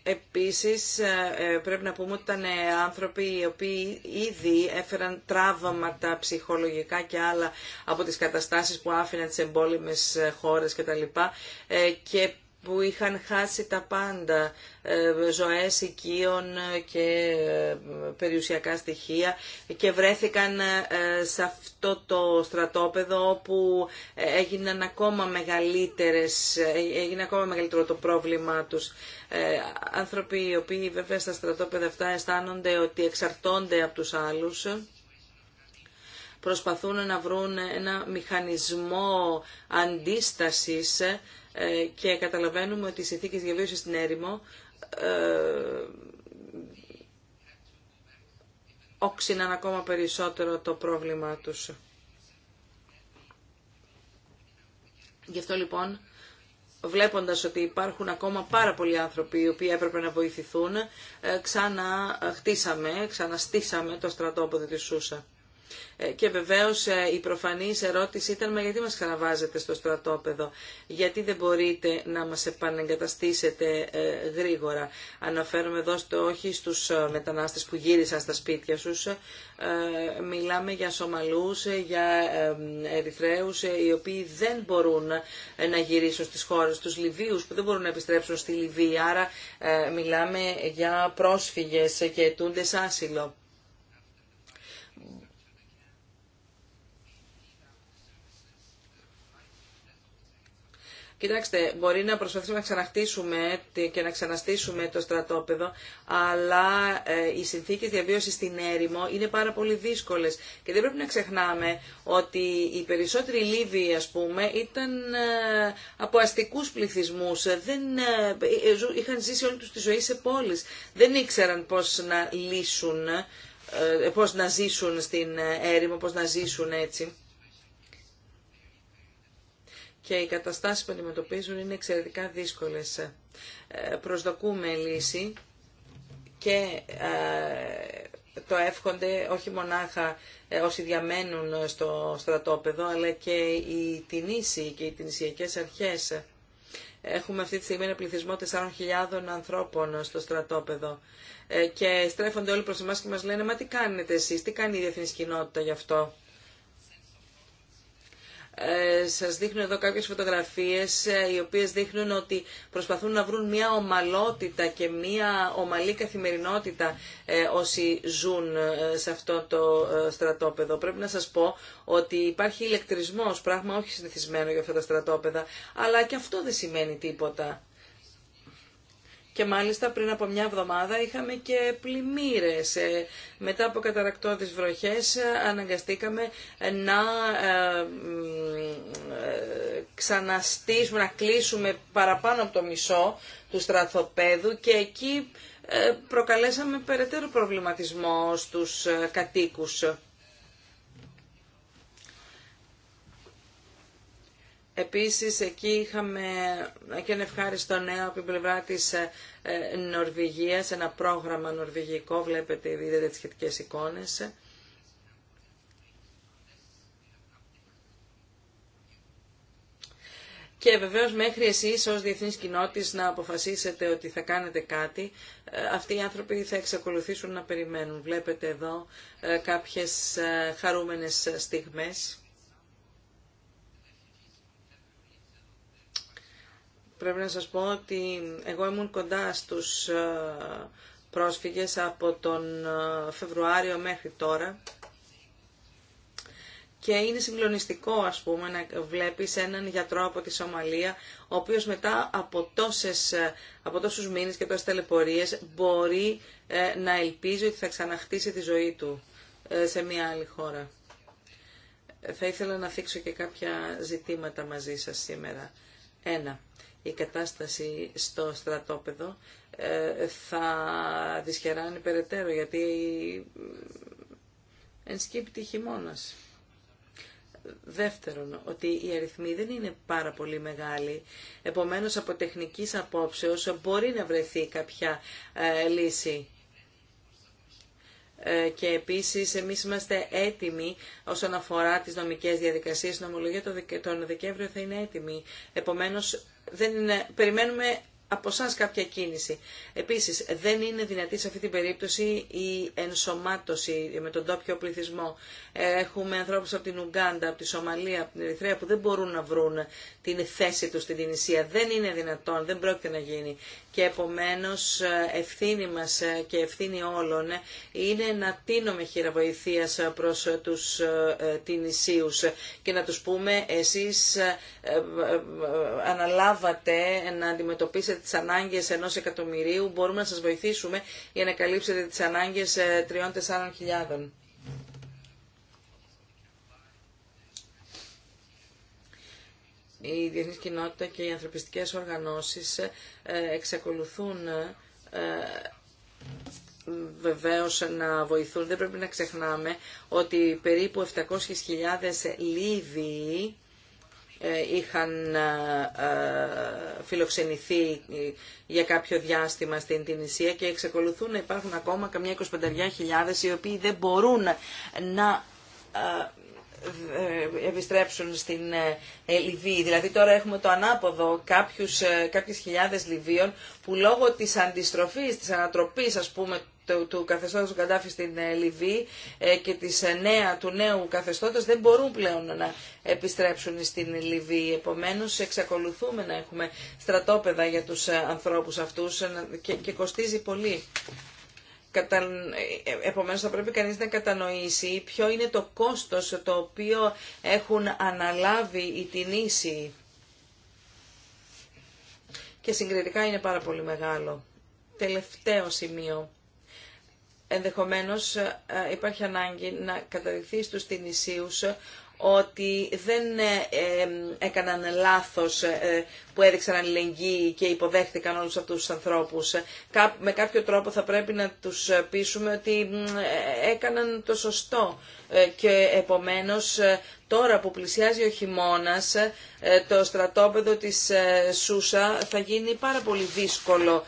Επίσης ε, ε, πρέπει να πούμε ότι ήταν ε, άνθρωποι οι οποίοι ήδη έφεραν τραύματα ψυχολογικά και άλλα από τις καταστάσεις που άφηναν τις εμπόλεμες χώρες κτλ. και που είχαν χάσει τα πάντα, ε, ζωές οικείων και ε, περιουσιακά στοιχεία και βρέθηκαν ε, σε αυτό το στρατόπεδο όπου έγιναν ακόμα μεγαλύτερες, έγινε ακόμα μεγαλύτερο το πρόβλημά τους. Άνθρωποι οι οποίοι βέβαια στα στρατόπεδα αυτά αισθάνονται ότι εξαρτώνται από τους άλλους προσπαθούν να βρουν ένα μηχανισμό αντίστασης ε, και καταλαβαίνουμε ότι οι συνθήκε διαβίωση στην έρημο ε, όξυναν ακόμα περισσότερο το πρόβλημά τους. Γι' αυτό λοιπόν, βλέποντας ότι υπάρχουν ακόμα πάρα πολλοί άνθρωποι οι οποίοι έπρεπε να βοηθηθούν, ε, ξαναχτίσαμε, ξαναστήσαμε το στρατόποδο της Σούσα. Ε, και βεβαίω ε, η προφανής ερώτηση ήταν «Μα γιατί μας χαραβάζετε στο στρατόπεδο, γιατί δεν μπορείτε να μας επανεγκαταστήσετε ε, γρήγορα». Αναφέρομαι εδώ στο όχι στους μετανάστες που γύρισαν στα σπίτια τους. Μιλάμε για Σομαλούς, για Ερυθρέου, οι οποίοι δεν μπορούν να γυρίσουν στις χώρες τους, Λιβύους που δεν μπορούν να επιστρέψουν στη Λιβύη. Άρα μιλάμε για πρόσφυγε και αιτούντες άσυλο. Κοιτάξτε, μπορεί να προσπαθήσουμε να ξαναχτίσουμε και να ξαναστήσουμε το στρατόπεδο, αλλά ε, οι συνθήκε διαβίωση στην έρημο είναι πάρα πολύ δύσκολε. Και δεν πρέπει να ξεχνάμε ότι οι περισσότεροι Λίβοι, α πούμε, ήταν ε, από αστικού πληθυσμού. Δεν ε, είχαν ζήσει όλη του τη ζωή σε πόλει. Δεν ήξεραν πώ να λύσουν, πώ να ζήσουν στην έρημο, πώ να ζήσουν έτσι και οι καταστάσεις που αντιμετωπίζουν είναι εξαιρετικά δύσκολες. Ε, προσδοκούμε λύση και ε, το εύχονται όχι μονάχα ε, όσοι διαμένουν στο στρατόπεδο, αλλά και οι τινήσιοι και οι τινησιακές αρχές. Έχουμε αυτή τη στιγμή ένα πληθυσμό 4.000 ανθρώπων στο στρατόπεδο και στρέφονται όλοι προς εμάς και μας λένε «Μα τι κάνετε εσείς, τι κάνει η διεθνής κοινότητα γι' αυτό» Ε, σας δείχνω εδώ κάποιες φωτογραφίες ε, οι οποίες δείχνουν ότι προσπαθούν να βρουν μια ομαλότητα και μια ομαλή καθημερινότητα ε, όσοι ζουν σε αυτό το στρατόπεδο. Πρέπει να σας πω ότι υπάρχει ηλεκτρισμός, πράγμα όχι συνηθισμένο για αυτά τα στρατόπεδα, αλλά και αυτό δεν σημαίνει τίποτα. Και μάλιστα πριν από μια εβδομάδα είχαμε και πλημμύρες. Ε, μετά από καταρακτώδεις βροχές ε, αναγκαστήκαμε να ε, ξαναστήσουμε, να κλείσουμε παραπάνω από το μισό του στραθοπέδου και εκεί προκαλέσαμε περαιτέρω προβληματισμό στους κατοίκους. Επίσης εκεί είχαμε και ένα ευχάριστο νέο από την πλευρά της ε, Νορβηγίας, ένα πρόγραμμα νορβηγικό, βλέπετε, δείτε τις σχετικές εικόνες. Και βεβαίως μέχρι εσείς ως διεθνής κοινότης να αποφασίσετε ότι θα κάνετε κάτι, ε, αυτοί οι άνθρωποι θα εξακολουθήσουν να περιμένουν. Βλέπετε εδώ ε, κάποιες χαρούμενες στιγμές. Πρέπει να σας πω ότι εγώ ήμουν κοντά στους ε, πρόσφυγες από τον ε, Φεβρουάριο μέχρι τώρα και είναι συγκλονιστικό ας πούμε να βλέπεις έναν γιατρό από τη Σομαλία ο οποίος μετά από, τόσες, ε, από τόσους μήνες και τόσες τελεπορίες μπορεί να ελπίζει ότι θα ξαναχτίσει τη ζωή του σε μια άλλη χώρα. Θα ήθελα να θίξω και κάποια ζητήματα μαζί σας σήμερα. Ένα η κατάσταση στο στρατόπεδο ε, θα δυσχεράνει περαιτέρω γιατί ενσκύπτει χειμώνας. Δεύτερον, ότι οι αριθμοί δεν είναι πάρα πολύ μεγάλοι, επομένως από τεχνικής απόψεως μπορεί να βρεθεί κάποια ε, λύση ε, και επίσης εμείς είμαστε έτοιμοι όσον αφορά τις νομικές διαδικασίες. Η νομολογία τον Δεκέμβριο θα είναι έτοιμη. Επομένως δεν περιμένουμε από εσά κάποια κίνηση. Επίση, δεν είναι δυνατή σε αυτή την περίπτωση η ενσωμάτωση με τον τόπιο πληθυσμό. Ε, έχουμε ανθρώπου από την Ουγγάντα, από τη Σομαλία, από την Ερυθρέα που δεν μπορούν να βρουν την θέση του στην Τινησία. Δεν είναι δυνατόν, δεν πρόκειται να γίνει και επομένως ε, ευθύνη μας ε, και ευθύνη όλων ε, είναι να τίνουμε χειραβοηθείας προς τους την και να τους πούμε εσείς αναλάβατε να αντιμετωπίσετε τις ανάγκες ενός εκατομμυρίου, μπορούμε να σας βοηθήσουμε για να καλύψετε τις ανάγκες τριών-τεσσάρων χιλιάδων. η διεθνή κοινότητα και οι ανθρωπιστικέ οργανώσει ε, εξακολουθούν ε, βεβαίω να βοηθούν. Δεν πρέπει να ξεχνάμε ότι περίπου 700.000 Λίβοι ε, είχαν φιλοξενηθεί για κάποιο διάστημα στην Τινησία και εξακολουθούν να υπάρχουν ακόμα καμιά 25.000 οι οποίοι δεν μπορούν να ε, επιστρέψουν στην ε, ε, Λιβύη. Δηλαδή τώρα έχουμε το ανάποδο κάποιους, κάποιες χιλιάδες Λιβύων που λόγω της αντιστροφής, της ανατροπής ας πούμε του, του καθεστώτος του Καντάφη στην Λιβύη και της νέα, του νέου καθεστώτος δεν μπορούν πλέον να επιστρέψουν στην Λιβύη. Επομένως εξακολουθούμε να έχουμε στρατόπεδα για τους ανθρώπους αυτούς και, και κοστίζει πολύ. Ε, ε, επομένως θα πρέπει κανείς να κατανοήσει ποιο είναι το κόστος το οποίο έχουν αναλάβει οι τινήσιοι. Και συγκριτικά είναι πάρα πολύ μεγάλο. Τελευταίο σημείο. Ενδεχομένως ε, υπάρχει ανάγκη να καταδειχθεί στους τινησίους ότι δεν ε, έκαναν λάθος ε, που έδειξαν αλληλεγγύη και υποδέχτηκαν όλους αυτούς τους ανθρώπους. Με κάποιο τρόπο θα πρέπει να τους πείσουμε ότι ε, έκαναν το σωστό. Ε, και επομένως ε, τώρα που πλησιάζει ο χειμώνας ε, το στρατόπεδο της Σούσα θα γίνει πάρα πολύ δύσκολο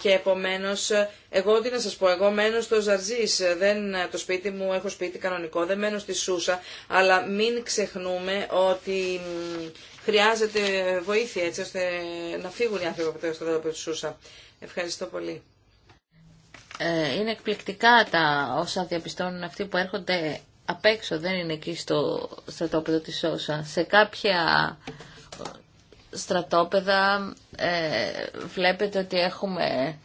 και επομένως εγώ τι να σας πω, εγώ μένω στο Ζαρζής, δεν το σπίτι μου, έχω σπίτι κανονικό, δεν μένω στη Σούσα, αλλά μην ξεχνούμε ότι χρειάζεται βοήθεια έτσι ώστε να φύγουν οι άνθρωποι από το στρατόπεδο της Σούσα. Ευχαριστώ πολύ. Ε, είναι εκπληκτικά τα όσα διαπιστώνουν αυτοί που έρχονται απ' έξω, δεν είναι εκεί στο στρατόπεδο της Όσα. Σε κάποια ε, στρατόπεδα ε, βλέπετε ότι έχουμε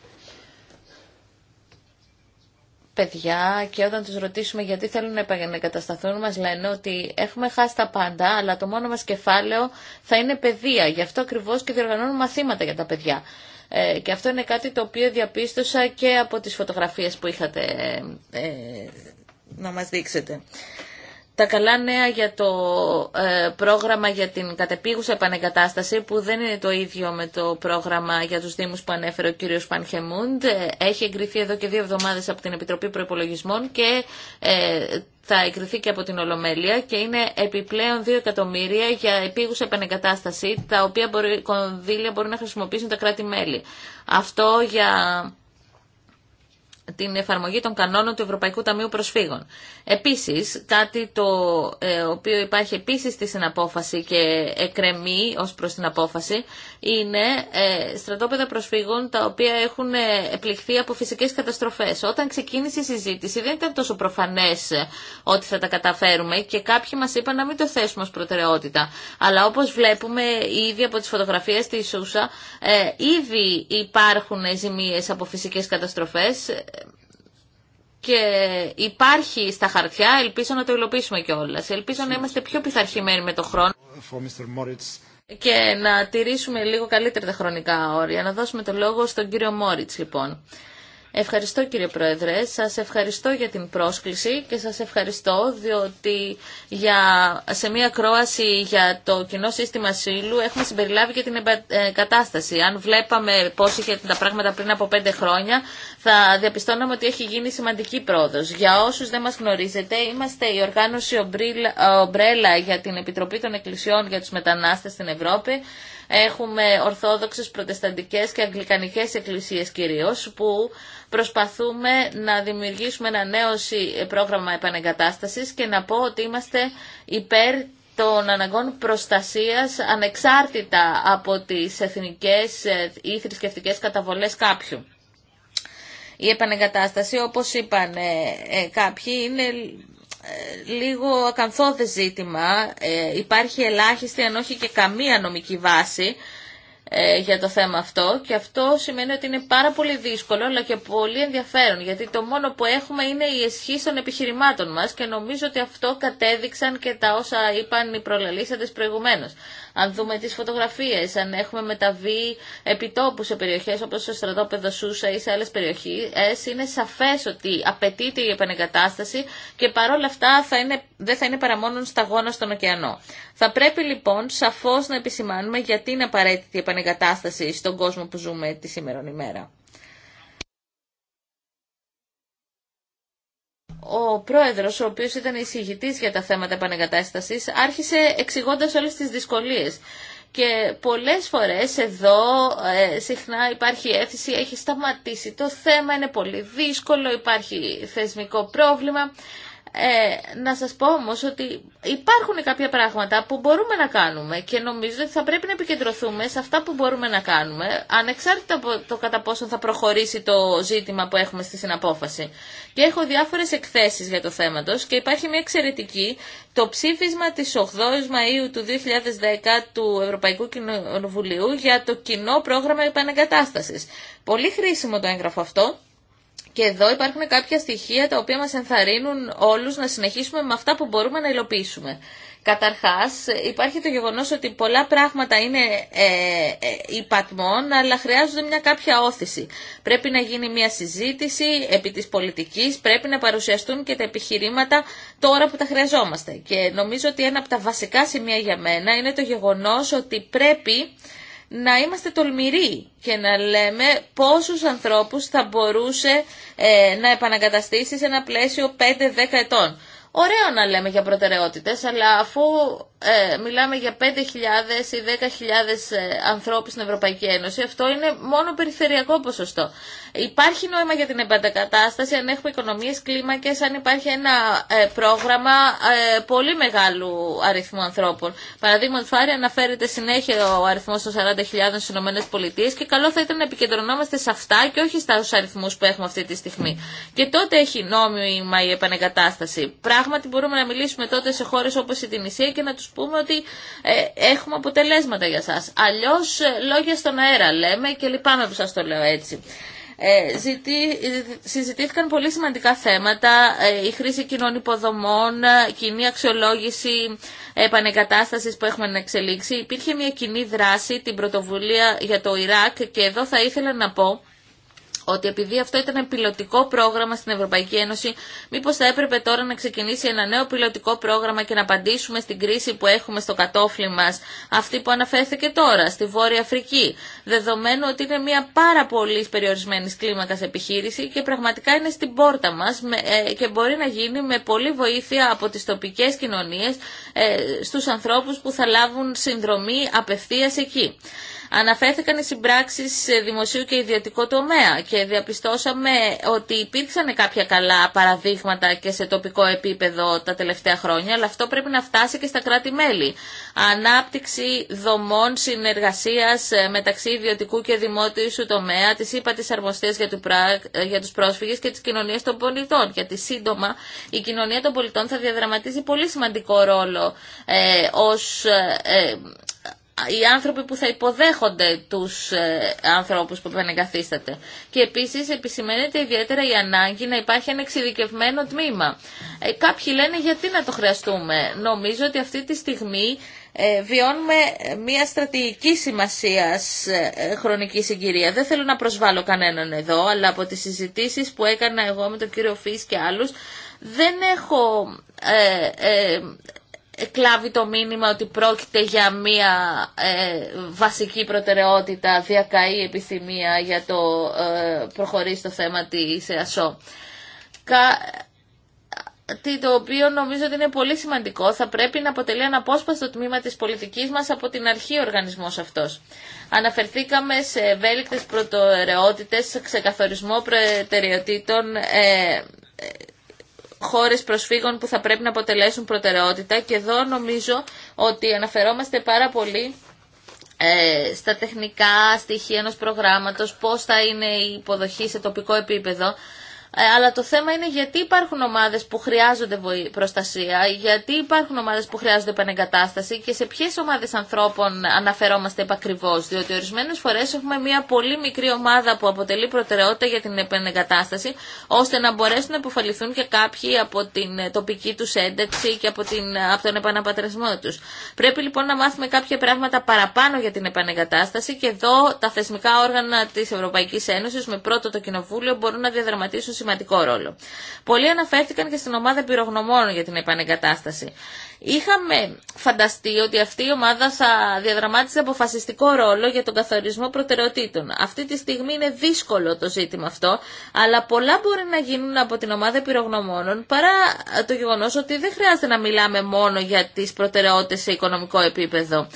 παιδιά και όταν τους ρωτήσουμε γιατί θέλουν να επανεκατασταθούν μας λένε ότι έχουμε χάσει τα πάντα αλλά το μόνο μας κεφάλαιο θα είναι παιδεία. Γι' αυτό ακριβώς και διοργανώνουμε μαθήματα για τα παιδιά. Ε, και αυτό είναι κάτι το οποίο διαπίστωσα και από τις φωτογραφίες που είχατε ε, ε, να μας δείξετε τα καλά νέα για το ε, πρόγραμμα για την κατεπίγουσα επανεγκατάσταση που δεν είναι το ίδιο με το πρόγραμμα για τους Δήμους που ανέφερε ο κύριος Πανχεμούντ ε, έχει εγκριθεί εδώ και δύο εβδομάδες από την Επιτροπή Προϋπολογισμών και ε, θα εγκριθεί και από την Ολομέλεια και είναι επιπλέον 2 εκατομμύρια για επίγουσα επανεγκατάσταση τα οποία κονδύλια μπορεί να χρησιμοποιήσουν τα κράτη-μέλη. Αυτό για την εφαρμογή των κανόνων του Ευρωπαϊκού Ταμείου Προσφύγων. Επίσης, κάτι το ε, οποίο υπάρχει επίσης στη συναπόφαση και εκρεμεί ως προς την απόφαση, είναι ε, στρατόπεδα προσφύγων τα οποία έχουν ε, επληχθεί από φυσικές καταστροφές. Όταν ξεκίνησε η συζήτηση δεν ήταν τόσο προφανές ε, ότι θα τα καταφέρουμε και κάποιοι μας είπαν να μην το θέσουμε ως προτεραιότητα. Αλλά όπως βλέπουμε ήδη από τις φωτογραφίες της Σούσα ήδη υπάρχουν ζημίες από φυσικές καταστροφές και υπάρχει στα χαρτιά, ελπίζω να το υλοποιήσουμε κιόλα. Ελπίζω να είμαστε πιο πειθαρχημένοι με το χρόνο και να τηρήσουμε λίγο καλύτερα τα χρονικά όρια. Να δώσουμε το λόγο στον κύριο Μόριτς, λοιπόν. Ευχαριστώ κύριε Πρόεδρε, σας ευχαριστώ για την πρόσκληση και σας ευχαριστώ διότι για, σε μια κρόαση για το κοινό σύστημα ασύλου έχουμε συμπεριλάβει και την ε, κατάσταση. Αν βλέπαμε πώς είχε τα πράγματα πριν από πέντε χρόνια θα διαπιστώναμε ότι έχει γίνει σημαντική πρόοδος. Για όσους δεν μας γνωρίζετε είμαστε η οργάνωση Ομπρέλα για την Επιτροπή των Εκκλησιών για τους Μετανάστες στην Ευρώπη Έχουμε ορθόδοξες, προτεσταντικές και αγγλικανικές εκκλησίες κυρίως που προσπαθούμε να δημιουργήσουμε ένα νέο πρόγραμμα επανεγκατάστασης και να πω ότι είμαστε υπέρ των αναγκών προστασίας ανεξάρτητα από τις εθνικές ε, ή θρησκευτικές καταβολές κάποιου. Η επανεγκατάσταση, όπως είπαν ε, ε, κάποιοι, είναι ε, λίγο ακαθόδε ζήτημα. Ε, υπάρχει ελάχιστη αν όχι και καμία νομική βάση ε, για το θέμα αυτό και αυτό σημαίνει ότι είναι πάρα πολύ δύσκολο αλλά και πολύ ενδιαφέρον γιατί το μόνο που έχουμε είναι η ισχύ των επιχειρημάτων μα και νομίζω ότι αυτό κατέδειξαν και τα όσα είπαν οι προλαλήσαντε προηγουμένω αν δούμε τις φωτογραφίες, αν έχουμε μεταβεί επιτόπου σε περιοχές όπως στο στρατόπεδο Σούσα ή σε άλλες περιοχές, είναι σαφές ότι απαιτείται η επανεγκατάσταση και παρόλα αυτά θα είναι, δεν θα είναι παρά μόνο σταγόνα στον ωκεανό. Θα πρέπει λοιπόν σαφώς να επισημάνουμε γιατί είναι απαραίτητη η επανεγκατάσταση στον κόσμο που ζούμε τη σήμερα ημέρα. ο πρόεδρο, ο οποίο ήταν εισηγητή για τα θέματα επανεγκατάσταση, άρχισε εξηγώντα όλες τις δυσκολίες. Και πολλές φορές εδώ ε, συχνά υπάρχει αίθηση έχει σταματήσει το θέμα, είναι πολύ δύσκολο, υπάρχει θεσμικό πρόβλημα. Ε, να σας πω όμως ότι υπάρχουν κάποια πράγματα που μπορούμε να κάνουμε και νομίζω ότι θα πρέπει να επικεντρωθούμε σε αυτά που μπορούμε να κάνουμε ανεξάρτητα από το κατά πόσο θα προχωρήσει το ζήτημα που έχουμε στη συναπόφαση. Και έχω διάφορες εκθέσεις για το θέμα και υπάρχει μια εξαιρετική το ψήφισμα της 8 η Μαΐου του 2010 του Ευρωπαϊκού Κοινοβουλίου για το κοινό πρόγραμμα επαναγκατάστασης. Πολύ χρήσιμο το έγγραφο αυτό και εδώ υπάρχουν κάποια στοιχεία τα οποία μας ενθαρρύνουν όλους να συνεχίσουμε με αυτά που μπορούμε να υλοποιήσουμε. Καταρχάς υπάρχει το γεγονός ότι πολλά πράγματα είναι ε, ε, υπατμών αλλά χρειάζονται μια κάποια όθηση. Πρέπει να γίνει μια συζήτηση επί της πολιτικής, πρέπει να παρουσιαστούν και τα επιχειρήματα τώρα που τα χρειαζόμαστε. Και νομίζω ότι ένα από τα βασικά σημεία για μένα είναι το γεγονός ότι πρέπει να είμαστε τολμηροί και να λέμε πόσους ανθρώπους θα μπορούσε ε, να επανακαταστήσει σε ένα πλαίσιο 5-10 ετών. Ωραίο να λέμε για προτεραιότητες, αλλά αφού ε, μιλάμε για 5.000 ή 10.000 ε, ανθρώπους στην Ευρωπαϊκή Ένωση, αυτό είναι μόνο περιφερειακό ποσοστό. Υπάρχει νόημα για την επανεκατάσταση αν έχουμε οικονομίες κλίμακες, αν υπάρχει ένα ε, πρόγραμμα ε, πολύ μεγάλου αριθμού ανθρώπων. Παραδείγματο Φάρη αναφέρεται συνέχεια ο αριθμός των 40.000 στις ΗΠΑ και καλό θα ήταν να επικεντρωνόμαστε σε αυτά και όχι στους αριθμούς που έχουμε αυτή τη στιγμή. Και τότε έχει νόμιμα η επανεγκατάσταση. Πράγματι μπορούμε να μιλήσουμε τότε σε χώρες όπως η Τινησία και να τους πούμε ότι ε, έχουμε αποτελέσματα για σας. Αλλιώς λόγια στον αέρα λέμε και λυπάμαι που σας το λέω έτσι. Ε, συζητήθηκαν πολύ σημαντικά θέματα, ε, η χρήση κοινών υποδομών, ε, κοινή αξιολόγηση επανεκατάστασης που έχουμε να εξελίξει. Υπήρχε μια κοινή δράση, την πρωτοβουλία για το Ιράκ και εδώ θα ήθελα να πω ότι επειδή αυτό ήταν πιλωτικό πρόγραμμα στην Ευρωπαϊκή Ένωση, μήπως θα έπρεπε τώρα να ξεκινήσει ένα νέο πιλωτικό πρόγραμμα και να απαντήσουμε στην κρίση που έχουμε στο κατόφλι μας, αυτή που αναφέρθηκε τώρα, στη Βόρεια Αφρική, δεδομένου ότι είναι μια πάρα πολύ περιορισμένη κλίμακα επιχείρηση και πραγματικά είναι στην πόρτα μας ε, και μπορεί να γίνει με πολλή βοήθεια από τις τοπικές κοινωνίες ε, στους ανθρώπους που θα λάβουν συνδρομή απευθείας εκεί αναφέρθηκαν οι συμπράξει σε δημοσίου και ιδιωτικό τομέα και διαπιστώσαμε ότι υπήρξαν κάποια καλά παραδείγματα και σε τοπικό επίπεδο τα τελευταία χρόνια, αλλά αυτό πρέπει να φτάσει και στα κράτη-μέλη. Ανάπτυξη δομών συνεργασία ε, μεταξύ ιδιωτικού και δημότιου τομέα, τη ΥΠΑ τη Αρμοστία για, του ε, πρόσφυγε και τη κοινωνία των πολιτών. Γιατί σύντομα η κοινωνία των πολιτών θα διαδραματίζει πολύ σημαντικό ρόλο ε, ως ε, ε οι άνθρωποι που θα υποδέχονται τους ε, ανθρώπους που εγκαθίσταται. Και επίσης επισημαίνεται ιδιαίτερα η ανάγκη να υπάρχει ένα εξειδικευμένο τμήμα. Ε, κάποιοι λένε γιατί να το χρειαστούμε. Νομίζω ότι αυτή τη στιγμή ε, βιώνουμε μια στρατηγική σημασία ε, χρονική συγκυρία. Δεν θέλω να προσβάλλω κανέναν εδώ, αλλά από τις συζητήσεις που έκανα εγώ με τον κύριο Φύς και άλλους, δεν έχω κλάβει το μήνυμα ότι πρόκειται για μία ε, βασική προτεραιότητα, διακαή επιθυμία για το ε, προχωρήσει στο θέμα της ΕΑΣΟ. Κα... Τι, το οποίο νομίζω ότι είναι πολύ σημαντικό, θα πρέπει να αποτελεί ένα απόσπαστο τμήμα της πολιτικής μας από την αρχή ο οργανισμός αυτός. Αναφερθήκαμε σε ευέλικτες προτεραιότητες, σε ξεκαθορισμό προτεραιοτήτων, ε, χώρες προσφύγων που θα πρέπει να αποτελέσουν προτεραιότητα και εδώ νομίζω ότι αναφερόμαστε πάρα πολύ ε, στα τεχνικά στοιχεία ενός προγράμματος, πώς θα είναι η υποδοχή σε τοπικό επίπεδο, ε, αλλά το θέμα είναι γιατί υπάρχουν ομάδε που χρειάζονται προστασία, γιατί υπάρχουν ομάδε που χρειάζονται επανεγκατάσταση και σε ποιε ομάδε ανθρώπων αναφερόμαστε επακριβώ, διότι ορισμένε φορέ έχουμε μια πολύ μικρή ομάδα που αποτελεί προτεραιότητα για την επανεγκατάσταση, ώστε να μπορέσουν να υποφαληθούν και κάποιοι από την τοπική του ένταξη και από, την, από τον επαναπατρισμό του. Πρέπει λοιπόν να μάθουμε κάποια πράγματα παραπάνω για την επανεγκατάσταση και εδώ τα θεσμικά όργανα τη Ευρωπαϊκή Ένωση με πρώτο το Κοινοβούλιο μπορούν να διαδραματίσουν σημαντικό ρόλο. Πολλοί αναφέρθηκαν και στην ομάδα πυρογνωμόνων για την επανεγκατάσταση. Είχαμε φανταστεί ότι αυτή η ομάδα θα διαδραμάτισε αποφασιστικό ρόλο για τον καθορισμό προτεραιοτήτων. Αυτή τη στιγμή είναι δύσκολο το ζήτημα αυτό, αλλά πολλά μπορεί να γίνουν από την ομάδα πυρογνωμόνων παρά το γεγονός ότι δεν χρειάζεται να μιλάμε μόνο για τις προτεραιότητες σε οικονομικό επίπεδο.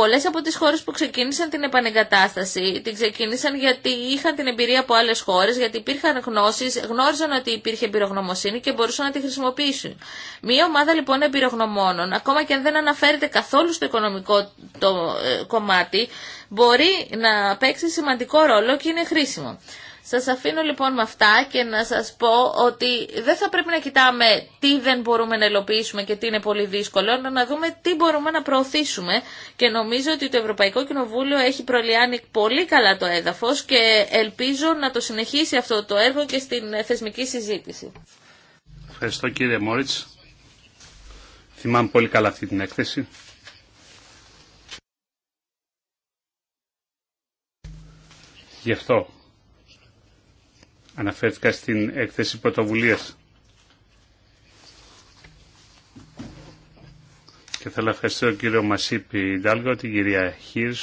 Πολλέ από τις χώρες που ξεκίνησαν την επανεγκατάσταση την ξεκίνησαν γιατί είχαν την εμπειρία από άλλες χώρες, γιατί υπήρχαν γνώσεις, γνώριζαν ότι υπήρχε εμπειρογνωμοσύνη και μπορούσαν να τη χρησιμοποιήσουν. Μία ομάδα λοιπόν εμπειρογνωμόνων, ακόμα και αν δεν αναφέρεται καθόλου στο οικονομικό το, ε, κομμάτι, μπορεί να παίξει σημαντικό ρόλο και είναι χρήσιμο. Σας αφήνω λοιπόν με αυτά και να σας πω ότι δεν θα πρέπει να κοιτάμε τι δεν μπορούμε να ελοπίσουμε και τι είναι πολύ δύσκολο, αλλά να δούμε τι μπορούμε να προωθήσουμε και νομίζω ότι το Ευρωπαϊκό Κοινοβούλιο έχει προλιάνει πολύ καλά το έδαφος και ελπίζω να το συνεχίσει αυτό το έργο και στην θεσμική συζήτηση. Ευχαριστώ κύριε Μόριτς. Θυμάμαι πολύ καλά αυτή την έκθεση. Γι' αυτό Αναφέρθηκα στην έκθεση πρωτοβουλία. Και θέλω να ευχαριστώ τον κύριο Μασίπη Ντάλγο, την κυρία Χίρ,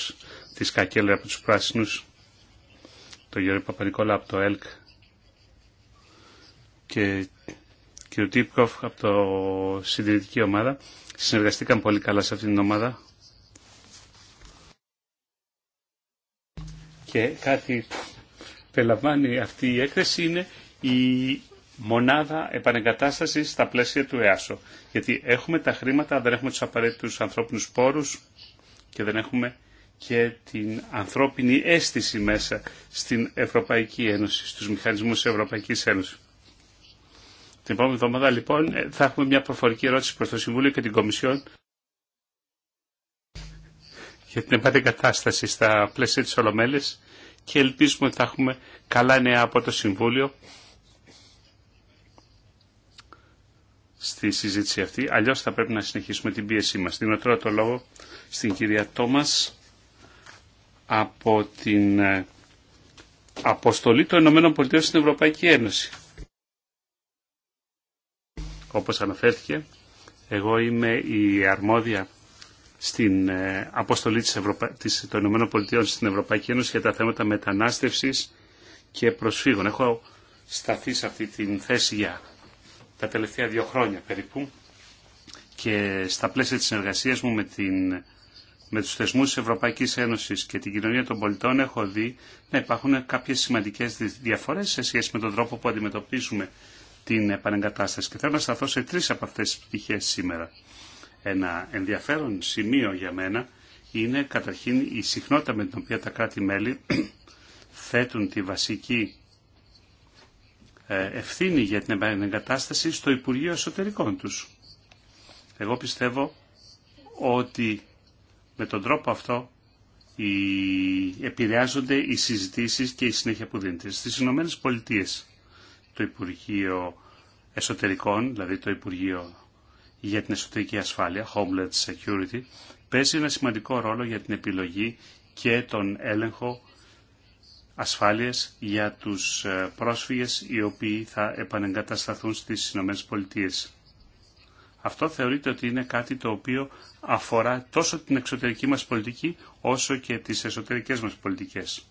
τη Σκακέλα από του Πράσινους, τον Γιώργο Παπανικόλα από το ΕΛΚ και κύριο Τίπκοφ από το συντηρητική ομάδα. Συνεργαστήκαν πολύ καλά σε αυτήν την ομάδα. Και κάτι περιλαμβάνει αυτή η έκθεση είναι η μονάδα επανεγκατάστασης στα πλαίσια του ΕΑΣΟ. Γιατί έχουμε τα χρήματα, δεν έχουμε τους απαραίτητους ανθρώπινους πόρους και δεν έχουμε και την ανθρώπινη αίσθηση μέσα στην Ευρωπαϊκή Ένωση, στους μηχανισμούς της Ευρωπαϊκής Ένωσης. Την επόμενη εβδομάδα λοιπόν ε, θα έχουμε μια προφορική ερώτηση προς το Συμβούλιο και την Κομισιόν για την επανεγκατάσταση στα πλαίσια της Ολομέλης και ελπίζουμε ότι θα έχουμε καλά νέα από το Συμβούλιο στη συζήτηση αυτή. Αλλιώς θα πρέπει να συνεχίσουμε την πίεσή μας. Δίνω τώρα το λόγο στην κυρία Τόμας από την ε, αποστολή των ΗΠΑ στην Ευρωπαϊκή Ένωση. Όπως αναφέρθηκε, εγώ είμαι η αρμόδια στην ε, αποστολή της Ευρωπα... της... των Ηνωμένων Πολιτειών στην Ευρωπαϊκή Ένωση για τα θέματα μετανάστευσης και προσφύγων. Έχω σταθεί σε αυτή την θέση για τα τελευταία δύο χρόνια περίπου και στα πλαίσια της συνεργασίας μου με, την... με τους θεσμούς της Ευρωπαϊκής Ένωσης και την κοινωνία των πολιτών έχω δει να υπάρχουν κάποιες σημαντικές διαφορές σε σχέση με τον τρόπο που αντιμετωπίζουμε την επανεγκατάσταση. Και θέλω να σταθώ σε τρεις από αυτές τις πτυχές σήμερα. Ένα ενδιαφέρον σημείο για μένα είναι καταρχήν η συχνότητα με την οποία τα κράτη-μέλη θέτουν τη βασική ε, ευθύνη για την εγκατάσταση στο Υπουργείο Εσωτερικών τους. Εγώ πιστεύω ότι με τον τρόπο αυτό οι... επηρεάζονται οι συζητήσεις και η συνέχεια που δίνεται. Στις Ηνωμένες Πολιτείες το Υπουργείο Εσωτερικών, δηλαδή το Υπουργείο για την εσωτερική ασφάλεια, Homeland Security, παίζει ένα σημαντικό ρόλο για την επιλογή και τον έλεγχο ασφάλειας για τους ε, πρόσφυγες οι οποίοι θα επανεγκατασταθούν στις Ηνωμένες Πολιτείες. Αυτό θεωρείται ότι είναι κάτι το οποίο αφορά τόσο την εξωτερική μας πολιτική όσο και τις εσωτερικές μας πολιτικές.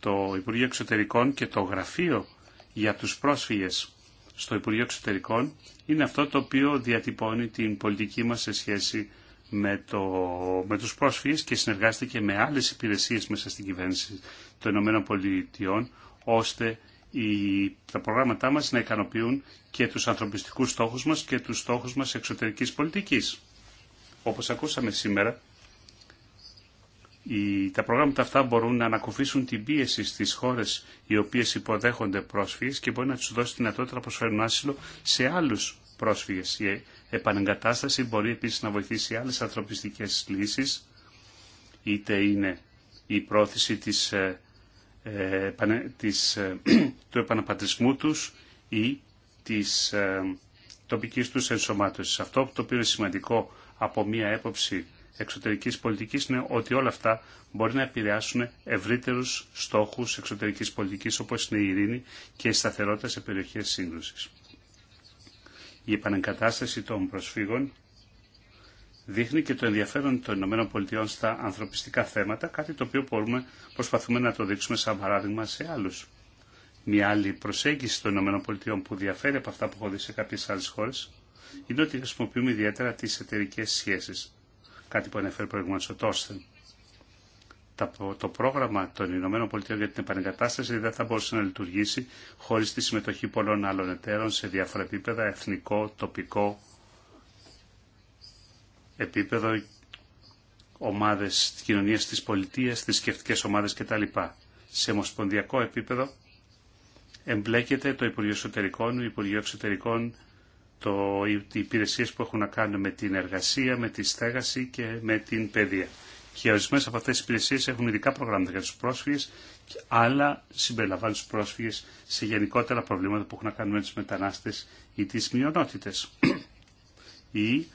Το Υπουργείο Εξωτερικών και το Γραφείο για τους πρόσφυγες στο Υπουργείο Εξωτερικών είναι αυτό το οποίο διατυπώνει την πολιτική μας σε σχέση με, το, με τους πρόσφυγες και συνεργάζεται και με άλλες υπηρεσίες μέσα στην κυβέρνηση των ΗΠΑ ώστε οι, τα προγράμματά μας να ικανοποιούν και τους ανθρωπιστικούς στόχους μας και τους στόχους μας εξωτερικής πολιτικής. Όπως ακούσαμε σήμερα, οι, τα προγράμματα αυτά μπορούν να ανακουφίσουν την πίεση στις χώρες οι οποίες υποδέχονται πρόσφυγες και μπορεί να τους δώσει τη δυνατότητα να προσφέρουν άσυλο σε άλλους πρόσφυγες. Η επανεγκατάσταση μπορεί επίσης να βοηθήσει άλλες ανθρωπιστικές λύσεις, είτε είναι η πρόθεση της, ε, ε της, ε, του επαναπατρισμού τους ή της ε, τοπικής τους ενσωμάτωσης. Αυτό το οποίο είναι σημαντικό από μία έποψη εξωτερικής πολιτικής είναι ότι όλα αυτά μπορεί να επηρεάσουν ευρύτερους στόχους εξωτερικής πολιτικής όπως είναι η ειρήνη και η σταθερότητα σε περιοχές σύγκρουσης. Η επανεγκατάσταση των προσφύγων δείχνει και το ενδιαφέρον των ΗΠΑ στα ανθρωπιστικά θέματα, κάτι το οποίο μπορούμε, προσπαθούμε να το δείξουμε σαν παράδειγμα σε άλλους. Μια άλλη προσέγγιση των ΗΠΑ που διαφέρει από αυτά που έχω δει σε κάποιες άλλες χώρες είναι ότι χρησιμοποιούμε ιδιαίτερα τις εταιρικέ σχέσεις κάτι που ανέφερε προηγουμένω ο Το πρόγραμμα των Ηνωμένων Πολιτειών για την επανεγκατάσταση δεν θα μπορούσε να λειτουργήσει χωρίς τη συμμετοχή πολλών άλλων εταίρων σε διάφορα επίπεδα, εθνικό, τοπικό επίπεδο, ομάδες της κοινωνίας της πολιτείας, θρησκευτικέ ομάδες κτλ. Σε ομοσπονδιακό επίπεδο εμπλέκεται το Υπουργείο Εσωτερικών, το Υπουργείο Εξωτερικών, το, οι υπηρεσίες που έχουν να κάνουν με την εργασία, με τη στέγαση και με την παιδεία. Και ορισμένε από αυτέ τι υπηρεσίε έχουν ειδικά προγράμματα για του πρόσφυγε, αλλά συμπεριλαμβάνουν του πρόσφυγε σε γενικότερα προβλήματα που έχουν να κάνουν με του μετανάστε ή τι μειονότητε. ή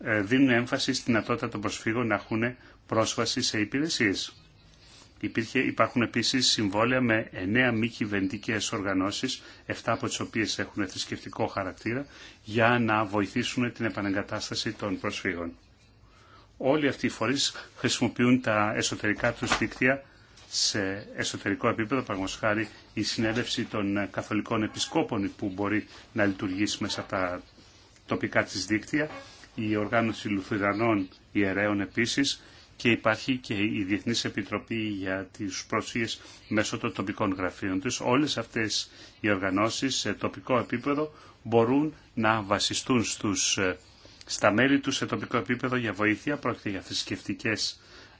ε, δίνουν έμφαση στην δυνατότητα των προσφύγων να έχουν πρόσβαση σε υπηρεσίε. Υπήρχε, υπάρχουν επίσης συμβόλαια με εννέα μη κυβερνητικέ οργανώσεις, 7 από τις οποίες έχουν θρησκευτικό χαρακτήρα, για να βοηθήσουν την επανεγκατάσταση των προσφύγων. Όλοι αυτοί οι φορείς χρησιμοποιούν τα εσωτερικά τους δίκτυα σε εσωτερικό επίπεδο, παραγωγός χάρη η συνέλευση των καθολικών επισκόπων που μπορεί να λειτουργήσει μέσα από τα τοπικά της δίκτυα, η οργάνωση λουθυρανών ιερέων επίσης, και υπάρχει και η Διεθνής Επιτροπή για τις πρόσφυγες μέσω των τοπικών γραφείων τους. Όλες αυτές οι οργανώσεις σε τοπικό επίπεδο μπορούν να βασιστούν στους, ε, στα μέλη τους σε τοπικό επίπεδο για βοήθεια. Πρόκειται για θρησκευτικέ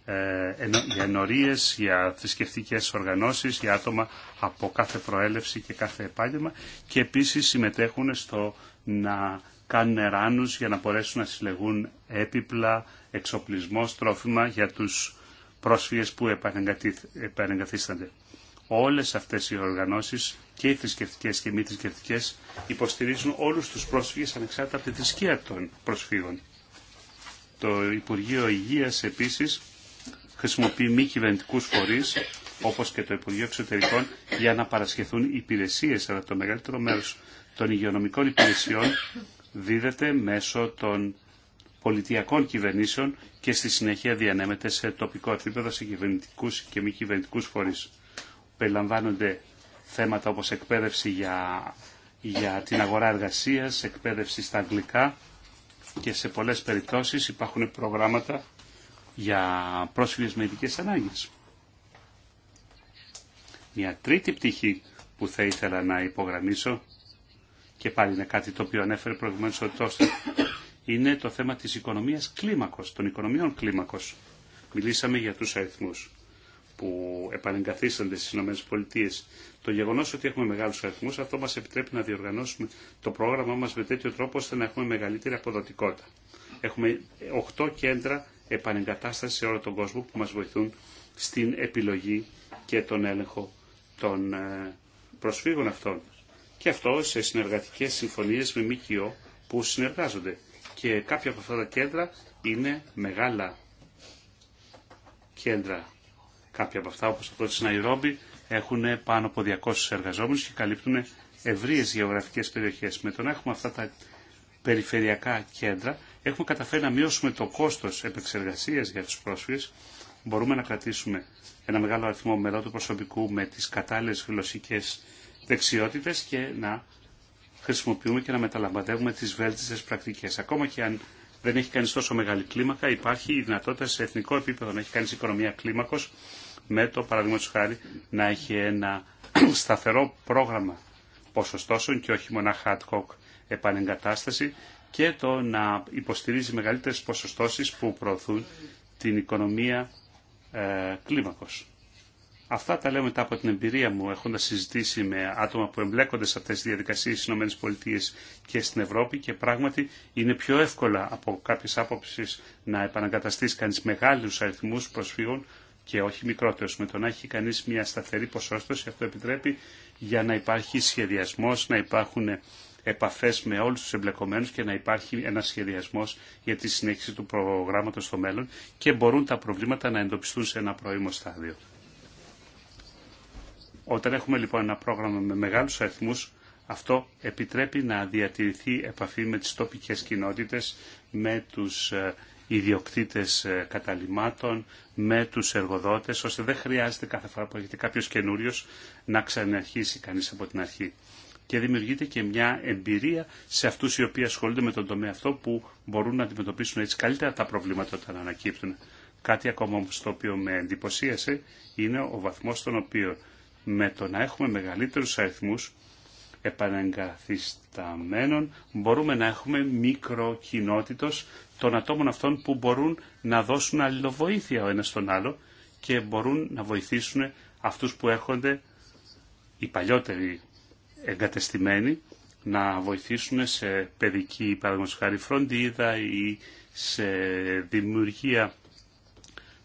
ε, για ενορίες, για θρησκευτικέ οργανώσεις, για άτομα από κάθε προέλευση και κάθε επάγγελμα και επίσης συμμετέχουν στο να κάνουν ράνους για να μπορέσουν να συλλεγούν έπιπλα, εξοπλισμό, τρόφιμα για τους πρόσφυγες που επανεγκαθίστανται. Όλες αυτές οι οργανώσεις και οι θρησκευτικέ και οι μη θρησκευτικέ υποστηρίζουν όλους τους πρόσφυγες ανεξάρτητα από τη θρησκεία των προσφύγων. Το Υπουργείο Υγείας επίσης χρησιμοποιεί μη κυβερνητικού φορείς όπως και το Υπουργείο Εξωτερικών για να παρασχεθούν υπηρεσίες αλλά το μεγαλύτερο μέρος των υγειονομικών υπηρεσιών δίδεται μέσω των πολιτιακών κυβερνήσεων και στη συνέχεια διανέμεται σε τοπικό επίπεδο, σε κυβερνητικού και μη κυβερνητικούς φορείς. Περιλαμβάνονται θέματα όπως εκπαίδευση για, για την αγορά εργασίας, εκπαίδευση στα αγγλικά και σε πολλές περιπτώσεις υπάρχουν προγράμματα για πρόσφυγες με ειδικές ανάγκες. Μια τρίτη πτυχή που θα ήθελα να υπογραμμίσω και πάλι είναι κάτι το οποίο ανέφερε προηγουμένως ο είναι το θέμα της οικονομίας κλίμακος, των οικονομιών κλίμακος. Μιλήσαμε για τους αριθμούς που επανεγκαθίστανται στις ΗΠΑ. Το γεγονός ότι έχουμε μεγάλους αριθμούς, αυτό μας επιτρέπει να διοργανώσουμε το πρόγραμμά μας με τέτοιο τρόπο ώστε να έχουμε μεγαλύτερη αποδοτικότητα. Έχουμε 8 κέντρα επανεγκατάσταση σε όλο τον κόσμο που μας βοηθούν στην επιλογή και τον έλεγχο των ε, προσφύγων αυτών. Και αυτό σε συνεργατικές συμφωνίες με ΜΚΟ που συνεργάζονται και κάποια από αυτά τα κέντρα είναι μεγάλα κέντρα. Κάποια από αυτά, όπως πρώτο, στην Ναϊρόμπι, έχουν πάνω από 200 εργαζόμενους και καλύπτουν ευρείες γεωγραφικές περιοχές. Με το να έχουμε αυτά τα περιφερειακά κέντρα, έχουμε καταφέρει να μειώσουμε το κόστος επεξεργασίας για τους πρόσφυγες. Μπορούμε να κρατήσουμε ένα μεγάλο αριθμό μελών του προσωπικού με τις κατάλληλες γλωσσικές δεξιότητες και να χρησιμοποιούμε και να μεταλαμπαδεύουμε τις βέλτιστες πρακτικές. Ακόμα και αν δεν έχει κάνει τόσο μεγάλη κλίμακα, υπάρχει η δυνατότητα σε εθνικό επίπεδο να έχει κάνει οικονομία κλίμακος, με το παράδειγμα του χάρη να έχει ένα σταθερό πρόγραμμα ποσοστώσεων και όχι μονάχα ad hoc επανεγκατάσταση και το να υποστηρίζει μεγαλύτερες ποσοστώσεις που προωθούν την οικονομία ε, κλίμακος. Αυτά τα λέω μετά από την εμπειρία μου, έχοντα συζητήσει με άτομα που εμπλέκονται σε αυτέ τι διαδικασίε στι ΗΠΑ και στην Ευρώπη και πράγματι είναι πιο εύκολα από κάποιε άποψει να επαναγκαταστήσει κανεί μεγάλου αριθμού προσφύγων και όχι μικρότερου. Με το να έχει κανεί μια σταθερή ποσόστοση, αυτό επιτρέπει για να υπάρχει σχεδιασμό, να υπάρχουν επαφέ με όλου του εμπλεκομένου και να υπάρχει ένα σχεδιασμό για τη συνέχιση του προγράμματο στο μέλλον και μπορούν τα προβλήματα να εντοπιστούν σε ένα πρώιμο στάδιο. Όταν έχουμε λοιπόν ένα πρόγραμμα με μεγάλους αριθμούς, αυτό επιτρέπει να διατηρηθεί επαφή με τις τοπικές κοινότητες, με τους ε, ιδιοκτήτες ε, καταλημάτων, με τους εργοδότες, ώστε δεν χρειάζεται κάθε φορά που έχετε κάποιος καινούριος να ξαναρχίσει κανείς από την αρχή. Και δημιουργείται και μια εμπειρία σε αυτούς οι οποίοι ασχολούνται με τον τομέα αυτό που μπορούν να αντιμετωπίσουν έτσι καλύτερα τα προβλήματα όταν ανακύπτουν. Κάτι ακόμα όμως το οποίο με εντυπωσίασε είναι ο βαθμός στον οποίο με το να έχουμε μεγαλύτερους αριθμούς επαναγκαθισταμένων μπορούμε να έχουμε μικροκοινότητος των ατόμων αυτών που μπορούν να δώσουν αλληλοβοήθεια ο ένας στον άλλο και μπορούν να βοηθήσουν αυτούς που έρχονται οι παλιότεροι εγκατεστημένοι να βοηθήσουν σε παιδική παραδείγματος χάρη φροντίδα ή σε δημιουργία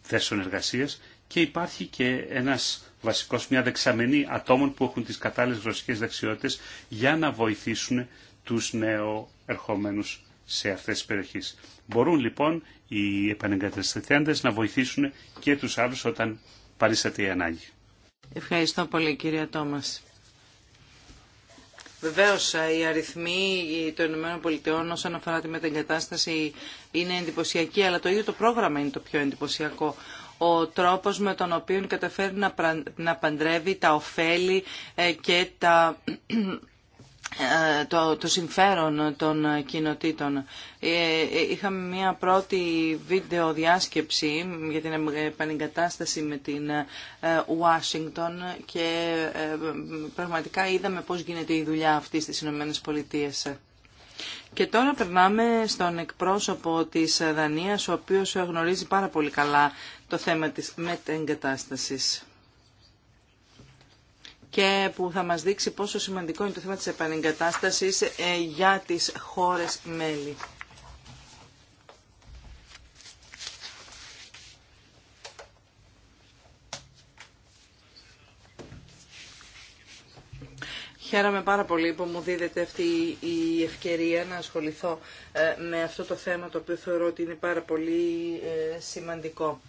θέσεων εργασίας και υπάρχει και ένας βασικώς μια δεξαμενή ατόμων που έχουν τις κατάλληλες γλωσσικές δεξιότητες για να βοηθήσουν τους νέο ερχόμενους σε αυτές τις περιοχές. Μπορούν λοιπόν οι επανεγκαταστηθέντες να βοηθήσουν και τους άλλους όταν παρίσταται η ανάγκη. Ευχαριστώ πολύ κύριε Τόμας. Βεβαίως οι αριθμοί των ΗΠΑ όσον αφορά τη μεταγκατάσταση είναι εντυπωσιακοί, αλλά το ίδιο το πρόγραμμα είναι το πιο εντυπωσιακό ο τρόπος με τον οποίο καταφέρει να παντρεύει τα ωφέλη ε, και τα ε, το, το συμφέρον των κοινοτήτων. Ε, είχαμε μία πρώτη βίντεο διάσκεψη για την επανεγκατάσταση με την Ουάσιγκτον και πραγματικά είδαμε πώς γίνεται η δουλειά αυτή στις Ηνωμένες Πολιτείες. Και τώρα περνάμε στον εκπρόσωπο της Δανίας, ο οποίος γνωρίζει πάρα πολύ καλά το θέμα της μετεγκατάστασης και που θα μας δείξει πόσο σημαντικό είναι το θέμα της επανεγκατάστασης ε, για τις χώρες μέλη. Χαίρομαι πάρα πολύ που μου δίδεται αυτή η ευκαιρία να ασχοληθώ ε, με αυτό το θέμα το οποίο θεωρώ ότι είναι πάρα πολύ ε, σημαντικό.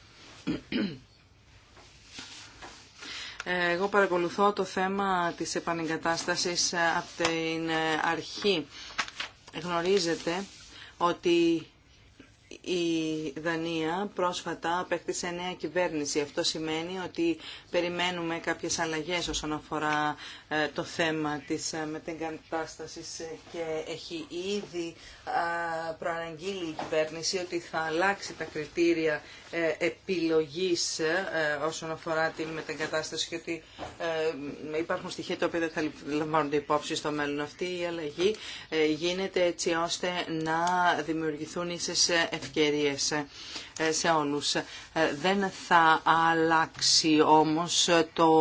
Εγώ παρακολουθώ το θέμα της επανεγκατάστασης ε, από την ε, αρχή. Γνωρίζετε ότι η Δανία πρόσφατα απέκτησε νέα κυβέρνηση. Αυτό σημαίνει ότι περιμένουμε κάποιες αλλαγές όσον αφορά ε, το θέμα της ε, μετεγκατάστασης ε, και έχει ήδη προαναγγείλει η κυβέρνηση ότι θα αλλάξει τα κριτήρια επιλογής όσον αφορά την μετεγκατάσταση και ότι υπάρχουν στοιχεία τα οποία δεν θα λαμβάνονται υπόψη στο μέλλον. Αυτή η αλλαγή γίνεται έτσι ώστε να δημιουργηθούν ίσες ευκαιρίες ε, σε όλους. Ε, δεν θα αλλάξει όμως το,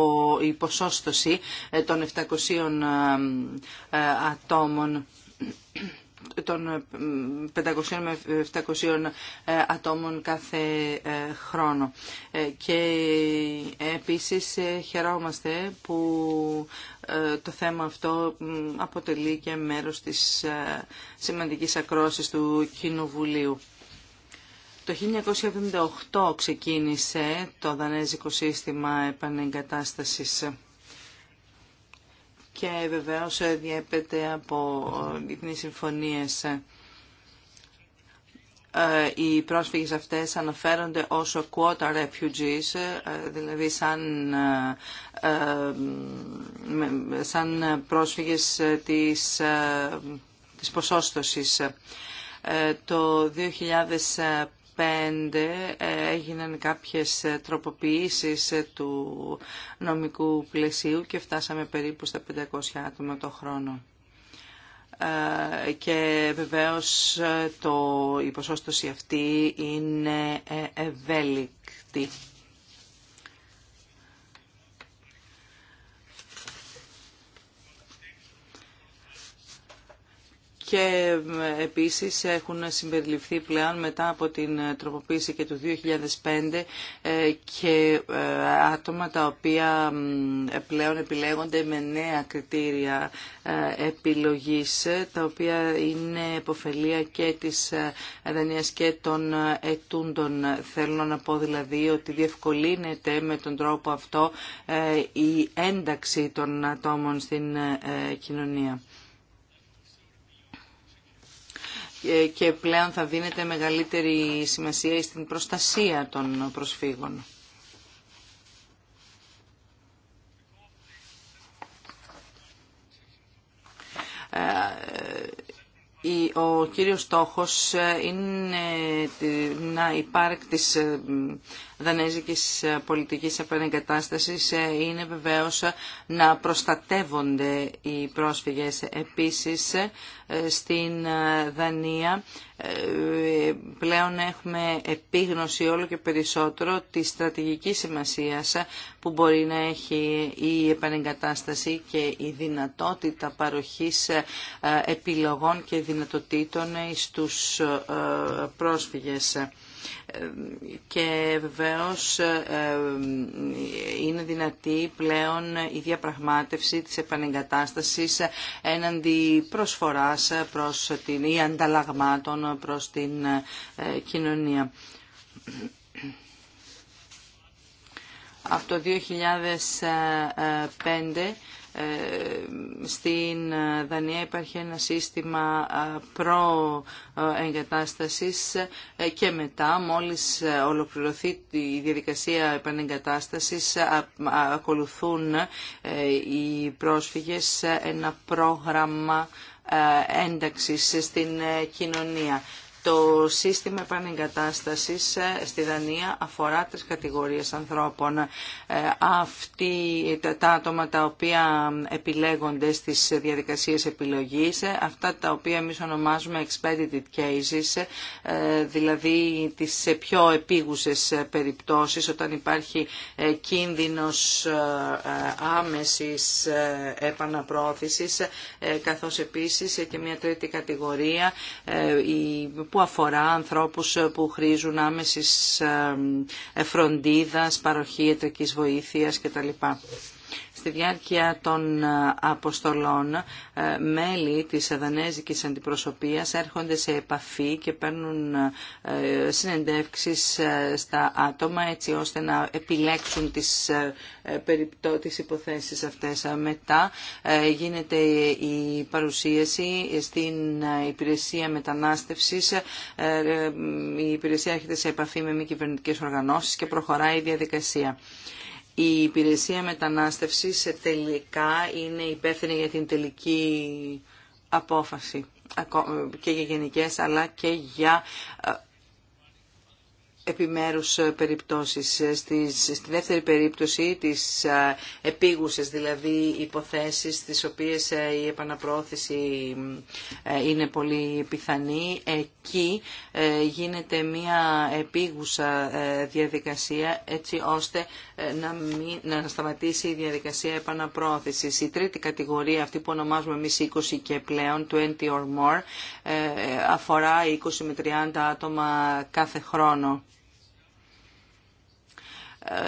η ποσόστοση ε, των 700 ατόμων των 500 με 700 ατόμων κάθε χρόνο. Και επίσης χαιρόμαστε που το θέμα αυτό αποτελεί και μέρος της σημαντικής ακρόασης του Κοινοβουλίου. Το 1978 ξεκίνησε το δανέζικο σύστημα επανεγκατάστασης και βεβαίως διέπεται από διεθνεί συμφωνίες. Ε, οι πρόσφυγες αυτές αναφέρονται ως quota refugees, ε, δηλαδή σαν, ε, σαν πρόσφυγες της, της ποσόστοσης. Το ε, έγιναν κάποιες ε, τροποποιήσεις ε, του νομικού πλαισίου και φτάσαμε περίπου στα 500 άτομα το χρόνο και βεβαίως το, η ποσόστοση αυτή είναι ευέλικτη. και ε, επίσης έχουν συμπεριληφθεί πλέον μετά από την τροποποίηση και του 2005 ε, και ε, άτομα τα οποία πλέον επιλέγονται με νέα κριτήρια επιλογής τα οποία είναι εποφελία και της Δανίας και των ετούντων. Θέλω να πω δηλαδή ότι διευκολύνεται με τον τρόπο αυτό η ένταξη των ατόμων στην κοινωνία. Ε, και πλέον θα δίνεται μεγαλύτερη σημασία στην προστασία των προσφύγων. Ε, ο κύριος στόχος ε, είναι να υπάρξει δανέζικης πολιτικής επανεγκατάστασης ε, είναι βεβαίως να προστατεύονται οι πρόσφυγες. Επίσης, ε, στην ε, Δανία πλέον έχουμε επίγνωση όλο και περισσότερο τη στρατηγική σημασία που μπορεί να έχει η επανεγκατάσταση και η δυνατότητα παροχής επιλογών και δυνατοτήτων στους πρόσφυγες και βεβαίως ε, είναι δυνατή πλέον η διαπραγμάτευση της επανεγκατάστασης έναντι προσφοράς προς την, ή ανταλλαγμάτων προς την ε, κοινωνία. Από το 2005 ε, στην Δανία υπάρχει ένα σύστημα ε, προ-εγκατάστασης ε, και μετά μόλις ολοκληρωθεί η διαδικασία επανεγκατάστασης ακολουθούν οι πρόσφυγες ένα πρόγραμμα ένταξης στην κοινωνία. Το σύστημα επανεγκατάστασης ε, στη Δανία αφορά τρεις κατηγορίες ανθρώπων. Ε, αυτοί τα άτομα τα οποία επιλέγονται στις διαδικασίες επιλογής, ε, αυτά τα οποία εμείς ονομάζουμε expedited cases, δηλαδή τις πιο επίγουσες περιπτώσεις όταν υπάρχει κίνδυνος άμεσης επαναπρόθεσης, καθώς επίσης και μια τρίτη κατηγορία που αφορά ανθρώπους που χρήζουν άμεσης εφροντίδας, παροχή ιατρικής βοήθειας κτλ. Στη διάρκεια των ε, αποστολών, ε, μέλη της Δανέζικης Αντιπροσωπείας έρχονται σε επαφή και παίρνουν ε, συνεντεύξεις στα άτομα έτσι ώστε να επιλέξουν τις, περιπτώσεις υποθέσεις αυτές. Μετά γίνεται η παρουσίαση στην Υπηρεσία Μετανάστευσης. Η Υπηρεσία έρχεται σε επαφή με μη κυβερνητικές οργανώσεις και προχωράει η διαδικασία. Η υπηρεσία μετανάστευσης τελικά είναι υπεύθυνη για την τελική απόφαση και για γενικές αλλά και για ε, επιμέρους ε, περιπτώσεις. Ε, στις, στη δεύτερη περίπτωση, τις ε, επίγουσες δηλαδή υποθέσεις, στις οποίες η επαναπρόθεση είναι πολύ πιθανή, εκεί γίνεται μια επίγουσα διαδικασία έτσι ώστε να, να σταματήσει η διαδικασία επαναπρόθεσης. Η τρίτη κατηγορία, αυτή που ονομάζουμε εμείς 20 και πλέον, 20 or more, αφορά 20 με 30 άτομα κάθε χρόνο.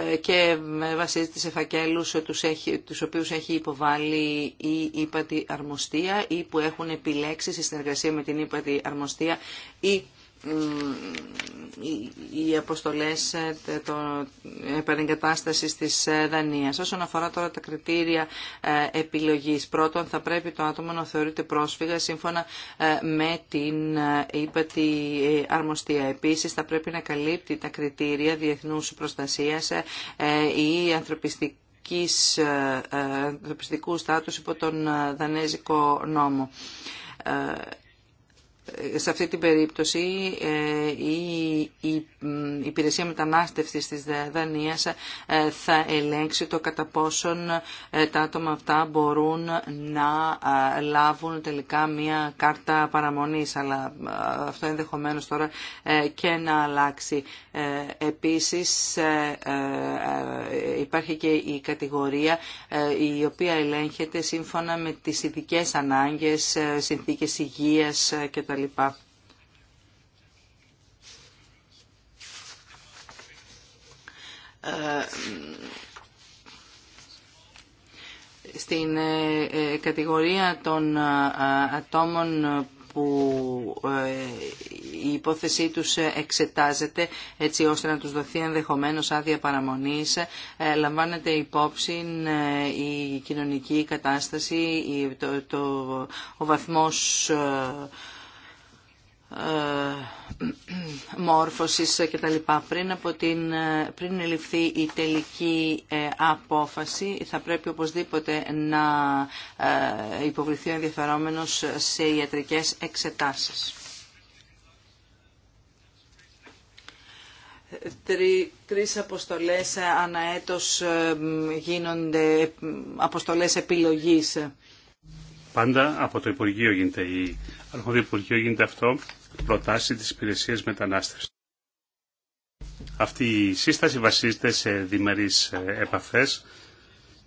Ε, και βασίζεται σε φακέλους τους, έχει, οποίους έχει υποβάλει η ύπατη αρμοστία ή που έχουν επιλέξει σε συνεργασία με την ύπατη αρμοστία ή οι αποστολές ε, το, τη της ε, Δανίας. Όσον αφορά τώρα τα κριτήρια ε, επιλογής, πρώτον θα πρέπει το άτομο να θεωρείται πρόσφυγα σύμφωνα με την ύπατη αρμοστία. Επίσης θα πρέπει να καλύπτει τα κριτήρια διεθνούς προστασίας ή ανθρωπιστική ανθρωπιστικού στάτους υπό τον δανέζικο νόμο σε αυτή την περίπτωση ε, η υπηρεσία μετανάστευσης της Δανίας ε, θα ελέγξει το κατά πόσον ε, τα άτομα αυτά μπορούν να λάβουν τελικά μια κάρτα παραμονής, αλλά αυτό ενδεχομένως τώρα και να αλλάξει. Επίσης υπάρχει και η κατηγορία η οποία ελέγχεται σύμφωνα με τις ειδικές ανάγκες, συνθήκες υγείας κτλ. Ε, στην ε, ε, κατηγορία των ατόμων που η υπόθεσή τους εξετάζεται έτσι ώστε να τους δοθεί ενδεχομένως άδεια παραμονής. Λαμβάνεται υπόψη η κοινωνική κατάσταση, το, ο βαθμός ε, μόρφωσης και τα λοιπά. Πριν, από την, πριν ληφθεί η τελική ε, απόφαση θα πρέπει οπωσδήποτε να ε, υποβληθεί ο ενδιαφερόμενος σε ιατρικές εξετάσεις. Τρει, τρεις αποστολές αναέτος γίνονται αποστολές επιλογής. Πάντα από το Υπουργείο γίνεται η... Από Υπουργείο γίνεται αυτό προτάσει της υπηρεσία μετανάστευση. Αυτή η σύσταση βασίζεται σε διμερείς ε, επαφές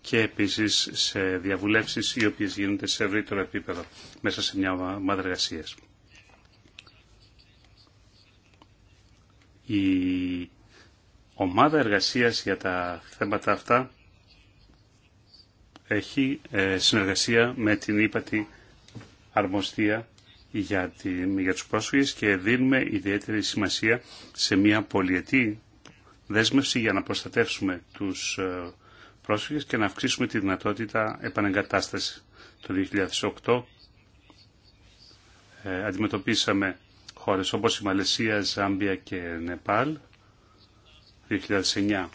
και επίσης σε διαβουλεύσεις οι οποίες γίνονται σε ευρύτερο επίπεδο μέσα σε μια ομάδα εργασία. Η ομάδα εργασίας για τα θέματα αυτά έχει ε, συνεργασία με την ύπατη αρμοστία για, την, για τους πρόσφυγες και δίνουμε ιδιαίτερη σημασία σε μια πολιετή δέσμευση για να προστατεύσουμε τους ε, πρόσφυγες και να αυξήσουμε τη δυνατότητα επανεγκατάστασης. Το 2008 ε, αντιμετωπίσαμε χώρες όπως η Μαλαισία, Ζάμπια και Νεπάλ. 2009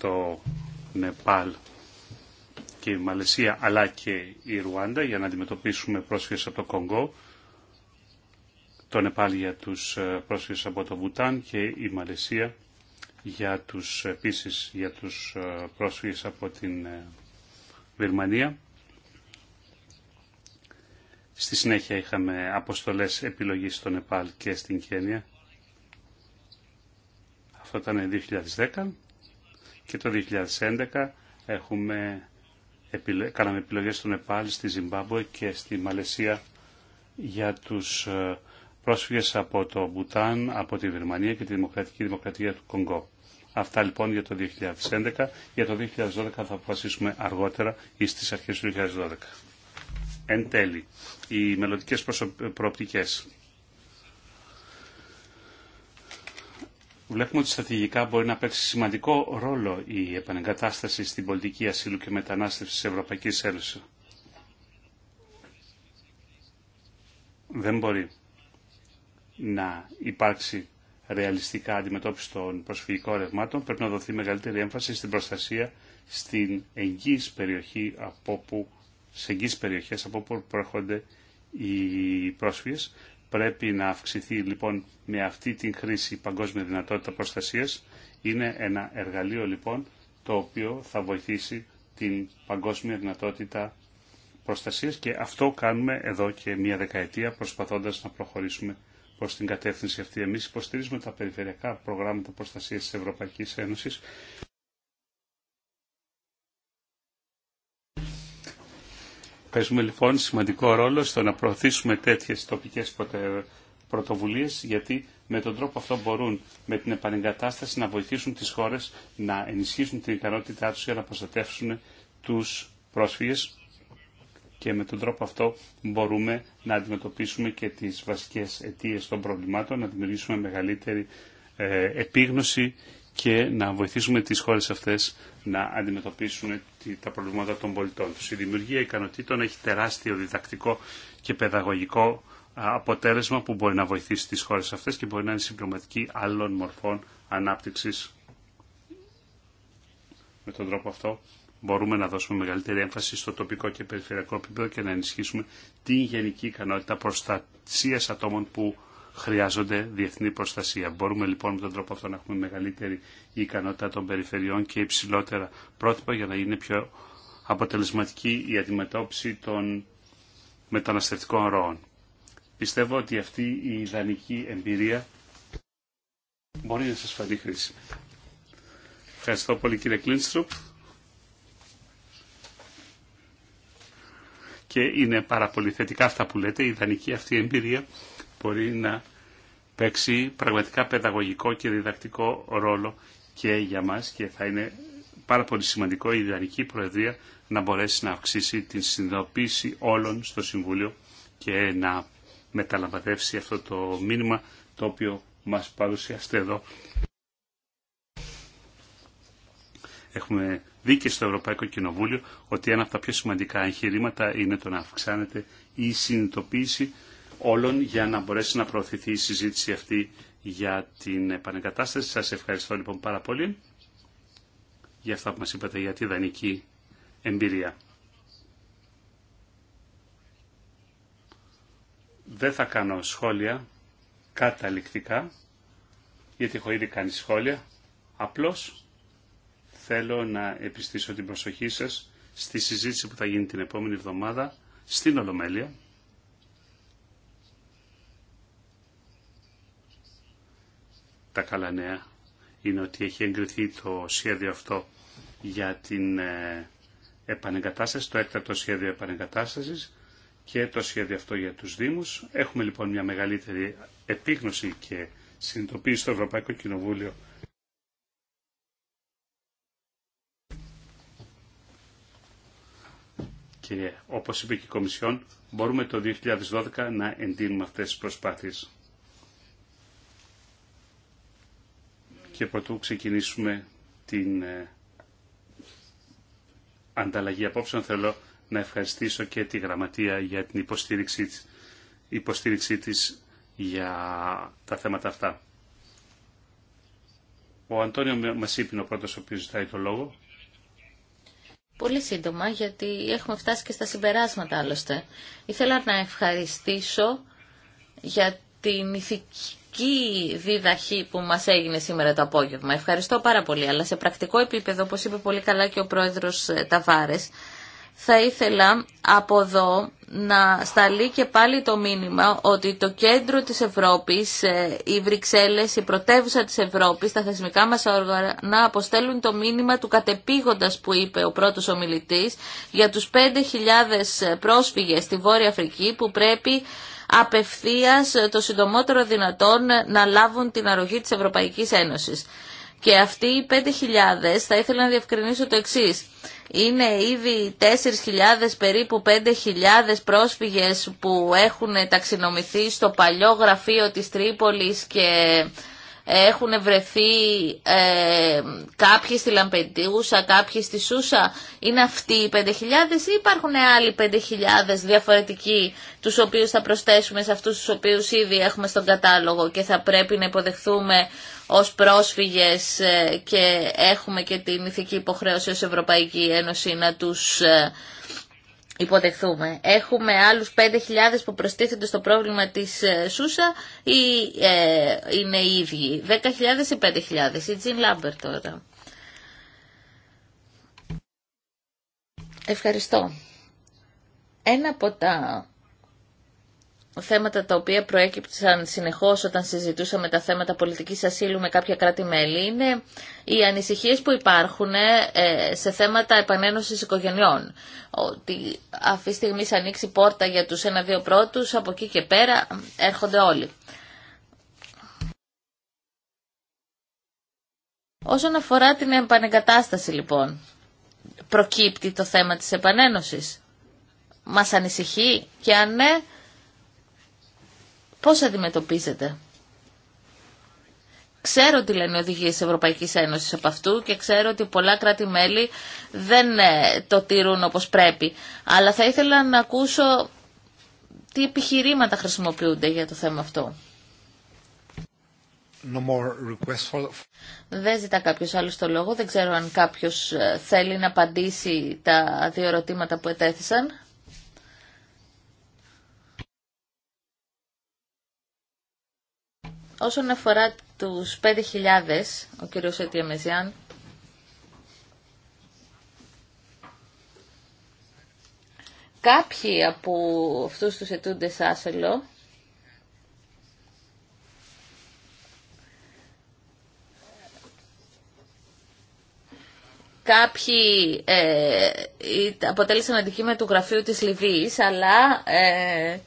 το Νεπάλ και η Μαλαισία αλλά και η Ρουάντα για να αντιμετωπίσουμε πρόσφυγες από το Κονγκό το Νεπάλ για τους ε, πρόσφυγες από το Βουτάν και η Μαλαισία για τους, ε, επίσης για τους ε, πρόσφυγες από την Βερμανία. Στη συνέχεια είχαμε αποστολές επιλογής στο Νεπάλ και στην Κένια. Αυτό ήταν 2010 και το 2011 έχουμε, κάναμε επιλογές στο Νεπάλ, στη Ζιμπάμπουε και στη Μαλαισία για τους πρόσφυγες από το Μπουτάν, από τη Βερμανία και τη Δημοκρατική Δημοκρατία του Κονγκό. Αυτά λοιπόν για το 2011. Για το 2012 θα αποφασίσουμε αργότερα ή στις αρχές του 2012. Εν τέλει, οι μελλοντικέ προοπτικές. Βλέπουμε ότι στρατηγικά μπορεί να παίξει σημαντικό ρόλο η επανεγκατάσταση στην πολιτική ασύλου και μετανάστευση της Ευρωπαϊκής Ένωσης. Δεν μπορεί να υπάρξει ρεαλιστικά αντιμετώπιση των προσφυγικών ρευμάτων, πρέπει να δοθεί μεγαλύτερη έμφαση στην προστασία στην εγγύης περιοχή από που, σε εγγύης περιοχές από όπου προέρχονται οι πρόσφυγες. Πρέπει να αυξηθεί λοιπόν με αυτή την χρήση η παγκόσμια δυνατότητα προστασίας. Είναι ένα εργαλείο λοιπόν το οποίο θα βοηθήσει την παγκόσμια δυνατότητα προστασίας και αυτό κάνουμε εδώ και μία δεκαετία προσπαθώντας να προχωρήσουμε προ την κατεύθυνση αυτή. Εμεί υποστηρίζουμε τα περιφερειακά προγράμματα προστασία τη Ευρωπαϊκή Ένωση. Παίζουμε λοιπόν σημαντικό ρόλο στο να προωθήσουμε τέτοιε τοπικέ πρωτοβουλίε, γιατί με τον τρόπο αυτό μπορούν με την επανεγκατάσταση να βοηθήσουν τι χώρε να ενισχύσουν την ικανότητά του για να προστατεύσουν του πρόσφυγες και με τον τρόπο αυτό μπορούμε να αντιμετωπίσουμε και τις βασικές αιτίες των προβλημάτων, να δημιουργήσουμε μεγαλύτερη ε, επίγνωση και να βοηθήσουμε τις χώρες αυτές να αντιμετωπίσουν τα προβλήματα των πολιτών τους. Η δημιουργία ικανοτήτων έχει τεράστιο διδακτικό και παιδαγωγικό αποτέλεσμα που μπορεί να βοηθήσει τις χώρες αυτές και μπορεί να είναι συμπληρωματική άλλων μορφών ανάπτυξης. Με τον τρόπο αυτό μπορούμε να δώσουμε μεγαλύτερη έμφαση στο τοπικό και περιφερειακό επίπεδο και να ενισχύσουμε την γενική ικανότητα προστασία ατόμων που χρειάζονται διεθνή προστασία. Μπορούμε λοιπόν με τον τρόπο αυτό να έχουμε μεγαλύτερη ικανότητα των περιφερειών και υψηλότερα πρότυπα για να είναι πιο αποτελεσματική η αντιμετώπιση των μεταναστευτικών ροών. Πιστεύω ότι αυτή η ιδανική εμπειρία μπορεί να σας φανεί χρήσιμη. Ευχαριστώ πολύ κύριε Κλίνστρουπ. και είναι πάρα πολύ θετικά αυτά που λέτε. Η ιδανική αυτή εμπειρία μπορεί να παίξει πραγματικά παιδαγωγικό και διδακτικό ρόλο και για μας και θα είναι πάρα πολύ σημαντικό η ιδανική προεδρία να μπορέσει να αυξήσει την συνειδητοποίηση όλων στο Συμβούλιο και να μεταλαμβατεύσει αυτό το μήνυμα το οποίο μας παρουσιαστεί εδώ Έχουμε δει και στο Ευρωπαϊκό Κοινοβούλιο ότι ένα από τα πιο σημαντικά εγχειρήματα είναι το να αυξάνεται η συνειδητοποίηση όλων για να μπορέσει να προωθηθεί η συζήτηση αυτή για την επανεγκατάσταση. Σας ευχαριστώ λοιπόν πάρα πολύ για αυτά που μας είπατε για τη δανεική εμπειρία. Δεν θα κάνω σχόλια καταληκτικά, γιατί έχω ήδη κάνει σχόλια. Απλώς θέλω να επιστήσω την προσοχή σας στη συζήτηση που θα γίνει την επόμενη εβδομάδα στην Ολομέλεια. Τα καλά νέα είναι ότι έχει εγκριθεί το σχέδιο αυτό για την ε, επανεγκατάσταση, το έκτακτο σχέδιο επανεγκατάστασης και το σχέδιο αυτό για τους Δήμους. Έχουμε λοιπόν μια μεγαλύτερη επίγνωση και συνειδητοποίηση στο Ευρωπαϊκό Κοινοβούλιο Και όπως είπε και η Κομισιόν, μπορούμε το 2012 να εντείνουμε αυτές τις προσπάθειες. Και πρωτού ξεκινήσουμε την ε, ανταλλαγή απόψεων, θέλω να ευχαριστήσω και τη Γραμματεία για την υποστήριξή της, υποστήριξή της για τα θέματα αυτά. Ο Αντώνιο μας ο πρώτος ο οποίος ζητάει το λόγο πολύ σύντομα γιατί έχουμε φτάσει και στα συμπεράσματα άλλωστε. Ήθελα να ευχαριστήσω για την ηθική δίδαχη που μας έγινε σήμερα το απόγευμα. Ευχαριστώ πάρα πολύ, αλλά σε πρακτικό επίπεδο, όπως είπε πολύ καλά και ο πρόεδρος ε, Ταβάρες, θα ήθελα από εδώ να σταλεί και πάλι το μήνυμα ότι το κέντρο της Ευρώπης, ε, οι Βρυξέλλες, η πρωτεύουσα της Ευρώπης, τα θεσμικά μας όργανα αποστέλουν το μήνυμα του κατεπήγοντας που είπε ο πρώτος ομιλητής για τους 5.000 πρόσφυγες στη Βόρεια Αφρική που πρέπει απευθείας το συντομότερο δυνατόν να λάβουν την αρρωγή της Ευρωπαϊκής Ένωσης. Και αυτοί οι 5.000 θα ήθελα να διευκρινίσω το εξή. Είναι ήδη 4.000 περίπου 5.000 πρόσφυγες που έχουν ταξινομηθεί στο παλιό γραφείο της Τρίπολης και έχουν βρεθεί ε, κάποιοι στη Λαμπεντίουσα, κάποιοι στη Σούσα. Είναι αυτοί οι 5.000 ή υπάρχουν άλλοι 5.000 διαφορετικοί τους οποίους θα προσθέσουμε σε αυτούς τους οποίους ήδη έχουμε στον κατάλογο και θα πρέπει να υποδεχθούμε ως πρόσφυγες ε, και έχουμε και την ηθική υποχρέωση ως Ευρωπαϊκή Ένωση να τους ε, υποτεχθούμε. Έχουμε άλλους 5.000 που προστίθενται στο πρόβλημα της ε, Σούσα ή ε, είναι οι ίδιοι. 10.000 ή 5.000. Η Τζιν Λάμπερ τώρα. Ευχαριστώ. Ένα από τα θέματα τα οποία προέκυψαν συνεχώς όταν συζητούσαμε τα θέματα πολιτικής ασύλου με κάποια κράτη-μέλη είναι οι ανησυχίες που υπάρχουν ε, σε θέματα επανένωσης οικογενειών. Ότι αυτή τη στιγμή ανοίξει πόρτα για τους ένα-δύο πρώτους, από εκεί και πέρα έρχονται όλοι. Όσον αφορά την επανεγκατάσταση λοιπόν, προκύπτει το θέμα της επανένωσης. Μας ανησυχεί και αν ναι, Πώς αντιμετωπίζετε. Ξέρω τι λένε οι οδηγίες της Ευρωπαϊκής Ένωσης από αυτού και ξέρω ότι πολλά κράτη-μέλη δεν ε, το τηρούν όπως πρέπει. Αλλά θα ήθελα να ακούσω τι επιχειρήματα χρησιμοποιούνται για το θέμα αυτό. Δεν ζητά κάποιο άλλο το λόγο. Δεν ξέρω αν κάποιο ε, θέλει να απαντήσει τα δύο ερωτήματα που ετέθησαν. Όσον αφορά τους 5.000, ο κύριος Έτια Μεζιάν, κάποιοι από αυτούς τους ετούντες άσελο Κάποιοι ε, αποτέλεσαν αντικείμενο του γραφείου της Λιβύης, αλλά ε,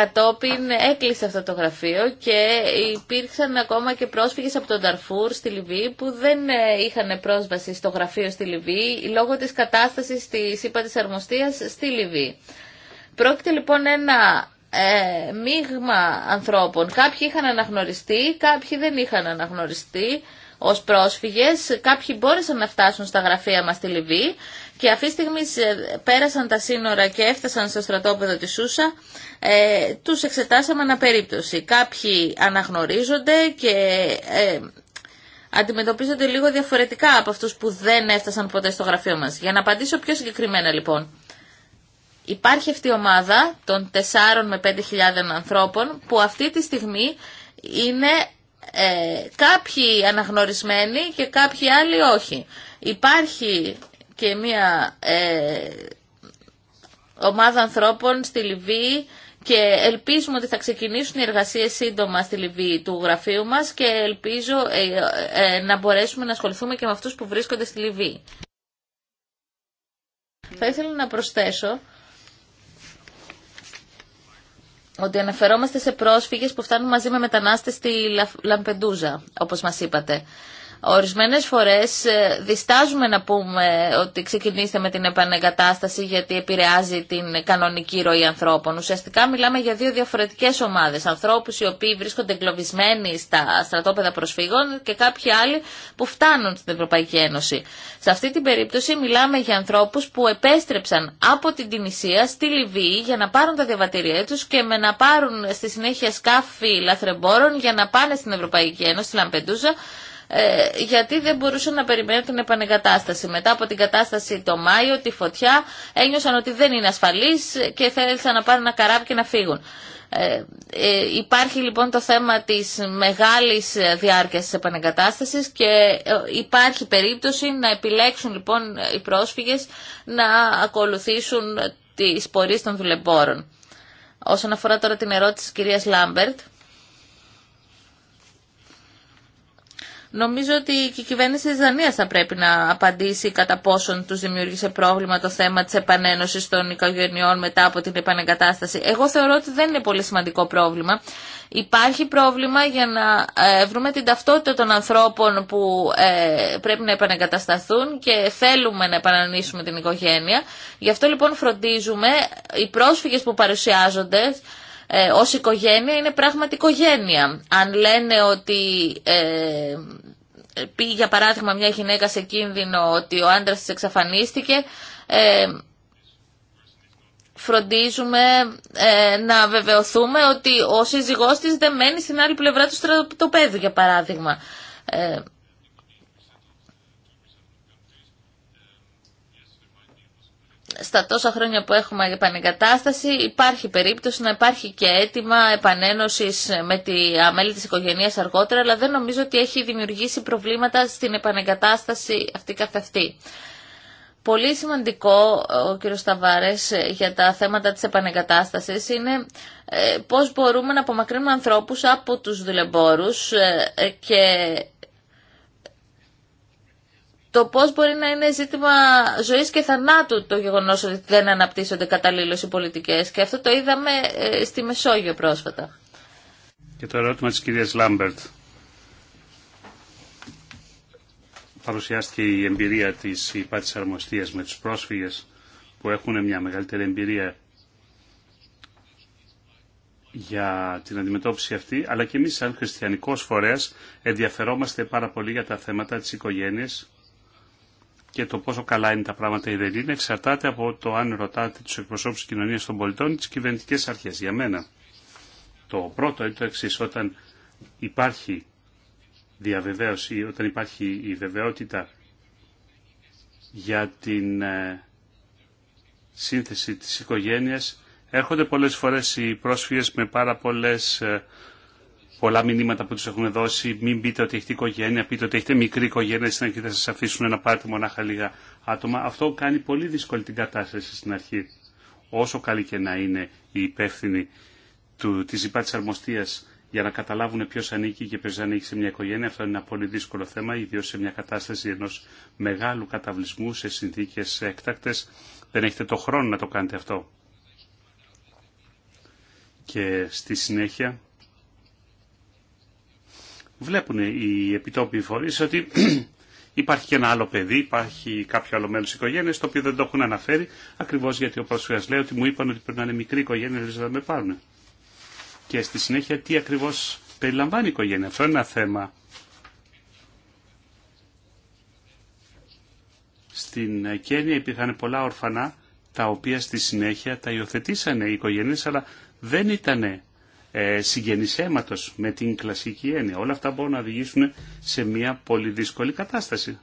Κατόπιν έκλεισε αυτό το γραφείο και υπήρξαν ακόμα και πρόσφυγες από τον Ταρφούρ στη Λιβύη που δεν ε, είχαν πρόσβαση στο γραφείο στη Λιβύη λόγω της κατάστασης της ΥΠΑ της Αρμοστίας στη Λιβύη. Πρόκειται λοιπόν ένα ε, μείγμα ανθρώπων. Κάποιοι είχαν αναγνωριστεί, κάποιοι δεν είχαν αναγνωριστεί ως πρόσφυγες, κάποιοι μπόρεσαν να φτάσουν στα γραφεία μας στη Λιβύη και αυτή τη στιγμή πέρασαν τα σύνορα και έφτασαν στο στρατόπεδο της Σούσα, ε, τους εξετάσαμε αναπερίπτωση. Κάποιοι αναγνωρίζονται και ε, αντιμετωπίζονται λίγο διαφορετικά από αυτούς που δεν έφτασαν ποτέ στο γραφείο μας. Για να απαντήσω πιο συγκεκριμένα λοιπόν. Υπάρχει αυτή η ομάδα των 4 με 5.000 ανθρώπων που αυτή τη στιγμή είναι ε, κάποιοι αναγνωρισμένοι και κάποιοι άλλοι όχι. Υπάρχει και μια ε, ομάδα ανθρώπων στη Λιβύη και ελπίζουμε ότι θα ξεκινήσουν οι εργασίες σύντομα στη Λιβύη του γραφείου μας και ελπίζω ε, ε, να μπορέσουμε να ασχοληθούμε και με αυτούς που βρίσκονται στη Λιβύη. Θα ήθελα να προσθέσω ότι αναφερόμαστε σε πρόσφυγες που φτάνουν μαζί με μετανάστες στη Λαμπεντούζα, όπως μας είπατε. Ορισμένες φορές ε, διστάζουμε να πούμε ότι ξεκινήστε με την επανεγκατάσταση γιατί επηρεάζει την κανονική ροή ανθρώπων. Ουσιαστικά μιλάμε για δύο διαφορετικές ομάδες. Ανθρώπους οι οποίοι βρίσκονται εγκλωβισμένοι στα στρατόπεδα προσφύγων και κάποιοι άλλοι που φτάνουν στην Ευρωπαϊκή Ένωση. Σε αυτή την περίπτωση μιλάμε για ανθρώπους που επέστρεψαν από την Τινησία στη Λιβύη για να πάρουν τα διαβατήριά τους και με να πάρουν στη συνέχεια σκάφη λαθρεμπόρων για να πάνε στην Ευρωπαϊκή Ένωση, στη Λαμπεντούζα, ε, γιατί δεν μπορούσαν να περιμένουν την επανεγκατάσταση. Μετά από την κατάσταση το Μάιο, τη φωτιά, ένιωσαν ότι δεν είναι ασφαλής και θέλησαν να πάρουν ένα καράβι και να φύγουν. Ε, ε υπάρχει λοιπόν το θέμα της μεγάλης διάρκειας της επανεγκατάστασης και ε, υπάρχει περίπτωση να επιλέξουν λοιπόν οι πρόσφυγες να ακολουθήσουν τις πορείες των δουλεμπόρων. Όσον αφορά τώρα την ερώτηση της κυρίας Λάμπερτ, Νομίζω ότι και η κυβέρνηση της Δανίας θα πρέπει να απαντήσει κατά πόσον τους δημιούργησε πρόβλημα το θέμα της επανένωσης των οικογενειών μετά από την επανεγκατάσταση. Εγώ θεωρώ ότι δεν είναι πολύ σημαντικό πρόβλημα. Υπάρχει πρόβλημα για να ε, βρούμε την ταυτότητα των ανθρώπων που ε, πρέπει να επανεγκατασταθούν και θέλουμε να επανανήσουμε την οικογένεια. Γι' αυτό λοιπόν φροντίζουμε οι πρόσφυγες που παρουσιάζονται ε, ως οικογένεια είναι πράγματι οικογένεια. Αν λένε ότι ε, πει για παράδειγμα μια γυναίκα σε κίνδυνο ότι ο άντρας της εξαφανίστηκε, ε, φροντίζουμε ε, να βεβαιωθούμε ότι ο σύζυγός της δεν μένει στην άλλη πλευρά του στρατοπέδου για παράδειγμα. Ε, στα τόσα χρόνια που έχουμε επανεγκατάσταση υπάρχει περίπτωση να υπάρχει και αίτημα επανένωσης με τη αμέλη της οικογένειας αργότερα, αλλά δεν νομίζω ότι έχει δημιουργήσει προβλήματα στην επανεγκατάσταση αυτή καθ' αυτή. Πολύ σημαντικό, ο κύριος Σταβάρες, για τα θέματα της επανεγκατάστασης είναι ε, πώς μπορούμε να απομακρύνουμε ανθρώπους από τους δουλεμπόρους ε, και το πώ μπορεί να είναι ζήτημα ζωής και θανάτου το γεγονός ότι δεν αναπτύσσονται καταλήλω οι πολιτικές. Και αυτό το είδαμε ε, στη Μεσόγειο πρόσφατα. Και το ερώτημα τη κυρία Λάμπερτ. Παρουσιάστηκε η εμπειρία της υπάρχει αρμοστίας με τους πρόσφυγες που έχουν μια μεγαλύτερη εμπειρία για την αντιμετώπιση αυτή, αλλά και εμείς σαν χριστιανικός φορέας ενδιαφερόμαστε πάρα πολύ για τα θέματα της οικογένειας και το πόσο καλά είναι τα πράγματα ή δεν είναι εξαρτάται από το αν ρωτάτε τους εκπροσώπους της κοινωνίας των πολιτών ή τις κυβερνητικές αρχές. Για μένα το πρώτο είναι το εξή όταν υπάρχει διαβεβαίωση, όταν υπάρχει η βεβαιότητα για την ε, σύνθεση της οικογένειας, έρχονται πολλές φορές οι πρόσφυγες με πάρα πολλές ε, πολλά μηνύματα που του έχουν δώσει. Μην πείτε ότι έχετε οικογένεια, πείτε ότι έχετε μικρή οικογένεια στην αρχή θα σα αφήσουν να πάρτι μονάχα λίγα άτομα. Αυτό κάνει πολύ δύσκολη την κατάσταση στην αρχή. Όσο καλή και να είναι η υπεύθυνη τη της τη αρμοστία για να καταλάβουν ποιο ανήκει και ποιο ανήκει σε μια οικογένεια. Αυτό είναι ένα πολύ δύσκολο θέμα, ιδίω σε μια κατάσταση ενό μεγάλου καταβλισμού σε συνθήκε έκτακτε. Δεν έχετε το χρόνο να το κάνετε αυτό. Και στη συνέχεια βλέπουν οι επιτόπιοι φορείς ότι υπάρχει και ένα άλλο παιδί, υπάρχει κάποιο άλλο μέλος οικογένειας το οποίο δεν το έχουν αναφέρει ακριβώς γιατί ο πρόσφυγα λέει ότι μου είπαν ότι πρέπει να είναι μικρή οικογένεια δεν θα με πάρουν. Και στη συνέχεια τι ακριβώς περιλαμβάνει η οικογένεια. Αυτό είναι ένα θέμα στην Κένια υπήρχαν πολλά ορφανά τα οποία στη συνέχεια τα υιοθετήσανε οι οικογένειε, αλλά δεν ήταν ε, με την κλασική έννοια. Όλα αυτά μπορούν να οδηγήσουν σε μια πολύ δύσκολη κατάσταση.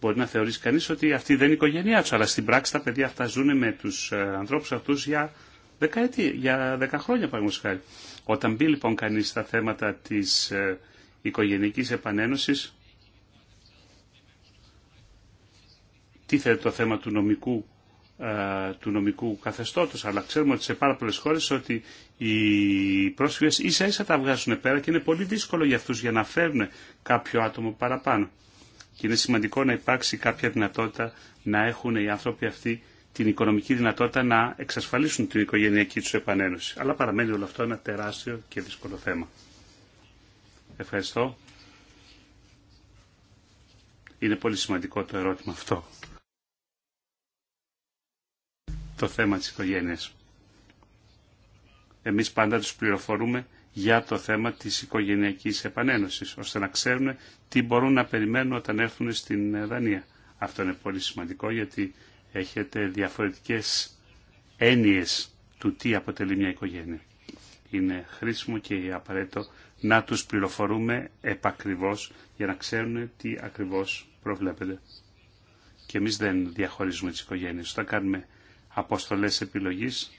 Μπορεί να θεωρήσει κανείς ότι αυτή δεν είναι η οικογένειά του, αλλά στην πράξη τα παιδιά αυτά ζουν με τους ε, ανθρώπους αυτούς για δεκαετία, για δέκα χρόνια χάρη. Όταν μπει λοιπόν κανείς στα θέματα της ε, οικογενικής επανένωσης, θέλετε το θέμα του νομικού ε, του νομικού καθεστώτος, αλλά ξέρουμε ότι σε πάρα πολλές χώρες ότι οι πρόσφυγες ίσα ίσα τα βγάζουν πέρα και είναι πολύ δύσκολο για αυτούς για να φέρουν κάποιο άτομο παραπάνω. Και είναι σημαντικό να υπάρξει κάποια δυνατότητα να έχουν οι άνθρωποι αυτοί την οικονομική δυνατότητα να εξασφαλίσουν την οικογενειακή τους επανένωση. Αλλά παραμένει όλο αυτό ένα τεράστιο και δύσκολο θέμα. Ευχαριστώ. Είναι πολύ σημαντικό το ερώτημα αυτό το θέμα της οικογένειας. Εμείς πάντα τους πληροφορούμε για το θέμα της οικογενειακής επανένωσης, ώστε να ξέρουν τι μπορούν να περιμένουν όταν έρθουν στην Δανία. Αυτό είναι πολύ σημαντικό γιατί έχετε διαφορετικές έννοιες του τι αποτελεί μια οικογένεια. Είναι χρήσιμο και απαραίτητο να τους πληροφορούμε επακριβώς για να ξέρουν τι ακριβώς προβλέπεται. Και εμείς δεν διαχωρίζουμε τις οικογένειες. Όταν κάνουμε αποστολές επιλογής.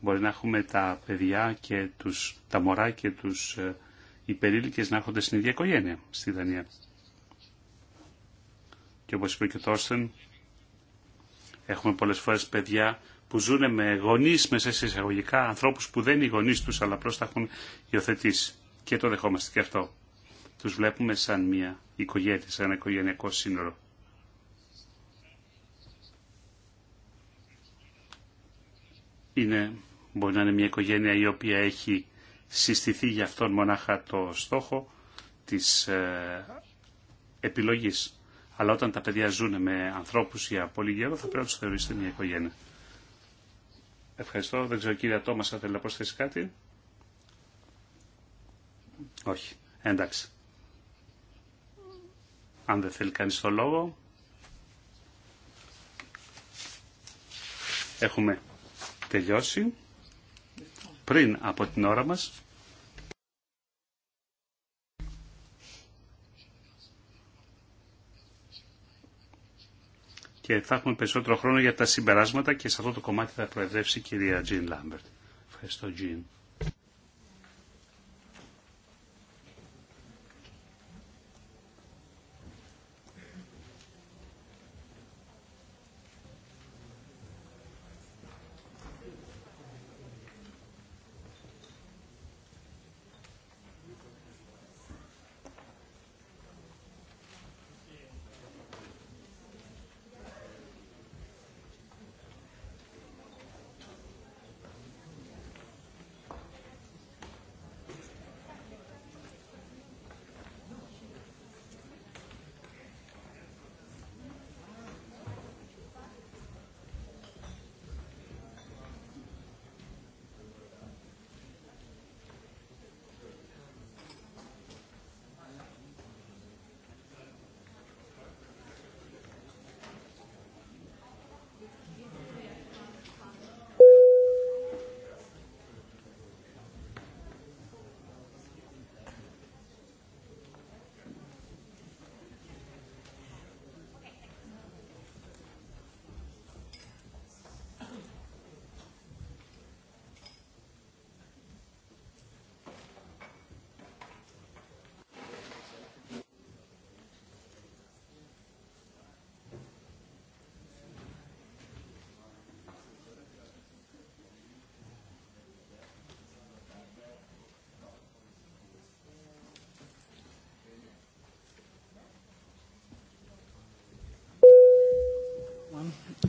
Μπορεί να έχουμε τα παιδιά και τους, τα μωρά και τους ε, υπερήλικες να έχονται στην ίδια οικογένεια στη Δανία. Και όπως είπε και ο Τόρστεν, έχουμε πολλές φορές παιδιά που ζουν με γονείς μέσα σε εισαγωγικά, ανθρώπους που δεν είναι οι γονείς τους, αλλά απλώς τα έχουν υιοθετήσει. Και το δεχόμαστε και αυτό. Τους βλέπουμε σαν μια οικογένεια, σαν ένα οικογενειακό σύνορο. είναι, μπορεί να είναι μια οικογένεια η οποία έχει συστηθεί για αυτόν μονάχα το στόχο της ε, επιλογής. Αλλά όταν τα παιδιά ζουν με ανθρώπους για πολύ καιρό θα πρέπει να τους θεωρήσετε μια οικογένεια. Ευχαριστώ. Δεν ξέρω κύριε Τόμας αν θέλει να προσθέσει κάτι. Όχι. Εντάξει. Αν δεν θέλει κανείς το λόγο. Έχουμε τελειώσει πριν από την ώρα μας. Και θα έχουμε περισσότερο χρόνο για τα συμπεράσματα και σε αυτό το κομμάτι θα προεδρεύσει η κυρία Τζιν Λάμπερτ. Ευχαριστώ Τζιν.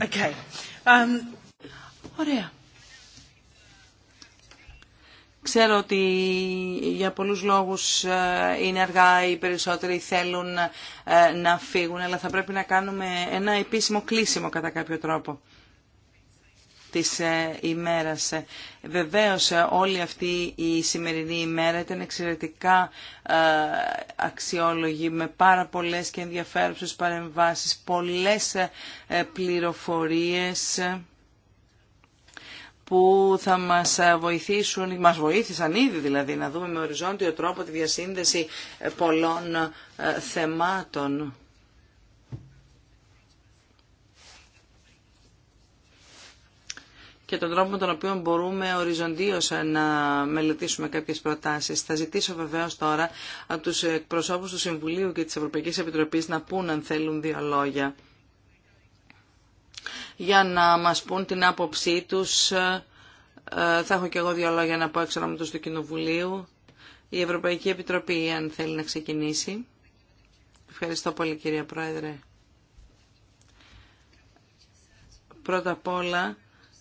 Okay. Um, Ωραία. Ξέρω ότι για πολλούς λόγους ε, είναι αργά, οι περισσότεροι θέλουν ε, να φύγουν, αλλά θα πρέπει να κάνουμε ένα επίσημο κλείσιμο κατά κάποιο τρόπο της ε, ημέρας. Βεβαίως ε, όλη αυτή η σημερινή ημέρα ήταν εξαιρετικά ε, αξιόλογη με πάρα πολλές και ενδιαφέρουσες παρεμβάσεις, πολλές πληροφορίες που θα μας βοηθήσουν, μας βοήθησαν ήδη δηλαδή να δούμε με οριζόντιο τρόπο τη διασύνδεση πολλών θεμάτων. και τον τρόπο με τον οποίο μπορούμε οριζοντίως να μελετήσουμε κάποιες προτάσεις. Θα ζητήσω βεβαίως τώρα από τους εκπροσώπους του Συμβουλίου και της Ευρωπαϊκής Επιτροπής να πούν αν θέλουν δύο λόγια για να μας πούν την άποψή τους. Ε, θα έχω και εγώ δύο λόγια να πω εξ ονόματος του Κοινοβουλίου. Η Ευρωπαϊκή Επιτροπή, αν θέλει να ξεκινήσει. Ευχαριστώ πολύ κυρία Πρόεδρε. Πρώτα απ' όλα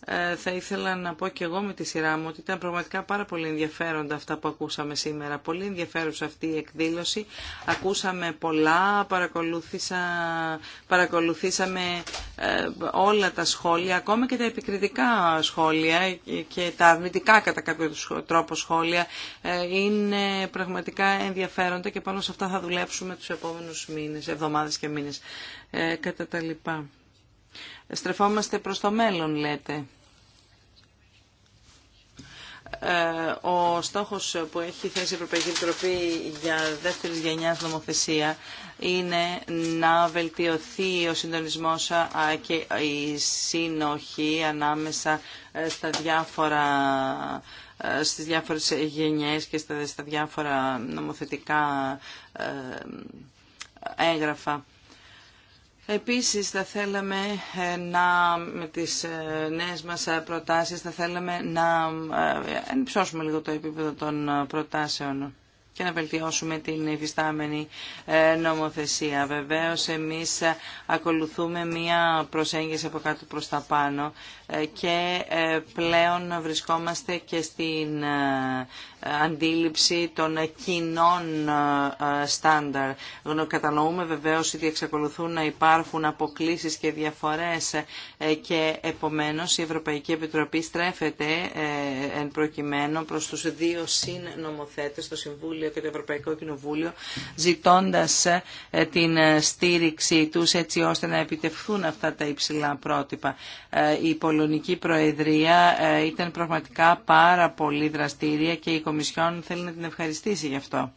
ε, θα ήθελα να πω και εγώ με τη σειρά μου ότι ήταν πραγματικά πάρα πολύ ενδιαφέροντα αυτά που ακούσαμε σήμερα. Πολύ ενδιαφέρουσα αυτή η εκδήλωση. Ακούσαμε πολλά, παρακολούθησα, παρακολουθήσαμε ε, όλα τα σχόλια, ακόμα και τα επικριτικά σχόλια και τα αρνητικά κατά κάποιο τρόπο σχόλια. Ε, είναι πραγματικά ενδιαφέροντα και πάνω σε αυτά θα δουλέψουμε τους επόμενους μήνες, εβδομάδες και μήνες. κατά τα λοιπά. Στρεφόμαστε προς το μέλλον, λέτε. Ε, ο στόχος που έχει θέσει η Ευρωπαϊκή Επιτροπή για δεύτερη γενιά νομοθεσία είναι να βελτιωθεί ο συντονισμός και η συνοχή ανάμεσα ε, στα διάφορα ε, στις διάφορες γενιές και στα διάφορα νομοθετικά έγγραφα. Επίσης θα θέλαμε ε, να, με τις ε, νέες μας ε, προτάσεις θα θέλαμε να ενυψώσουμε λίγο το επίπεδο των προτάσεων και να βελτιώσουμε την υφιστάμενη νομοθεσία. Βεβαίως εμείς ακολουθούμε μία προσέγγιση από κάτω προς τα πάνω και πλέον βρισκόμαστε και στην αντίληψη των κοινών ε, στάνταρ. Κατανοούμε βεβαίως ότι εξακολουθούν να υπάρχουν αποκλήσεις και διαφορές ε, και επομένως η Ευρωπαϊκή Επιτροπή στρέφεται ε, εν προκειμένου προς τους δύο συνομοθέτες, το Συμβούλιο και το Ευρωπαϊκό Κοινοβούλιο, ζητώντας την στήριξή τους έτσι ώστε να επιτευχθούν αυτά τα υψηλά πρότυπα. Η Πολωνική Προεδρία ήταν πραγματικά πάρα πολύ δραστήρια και η Κομισιόν θέλει να την ευχαριστήσει γι' αυτό.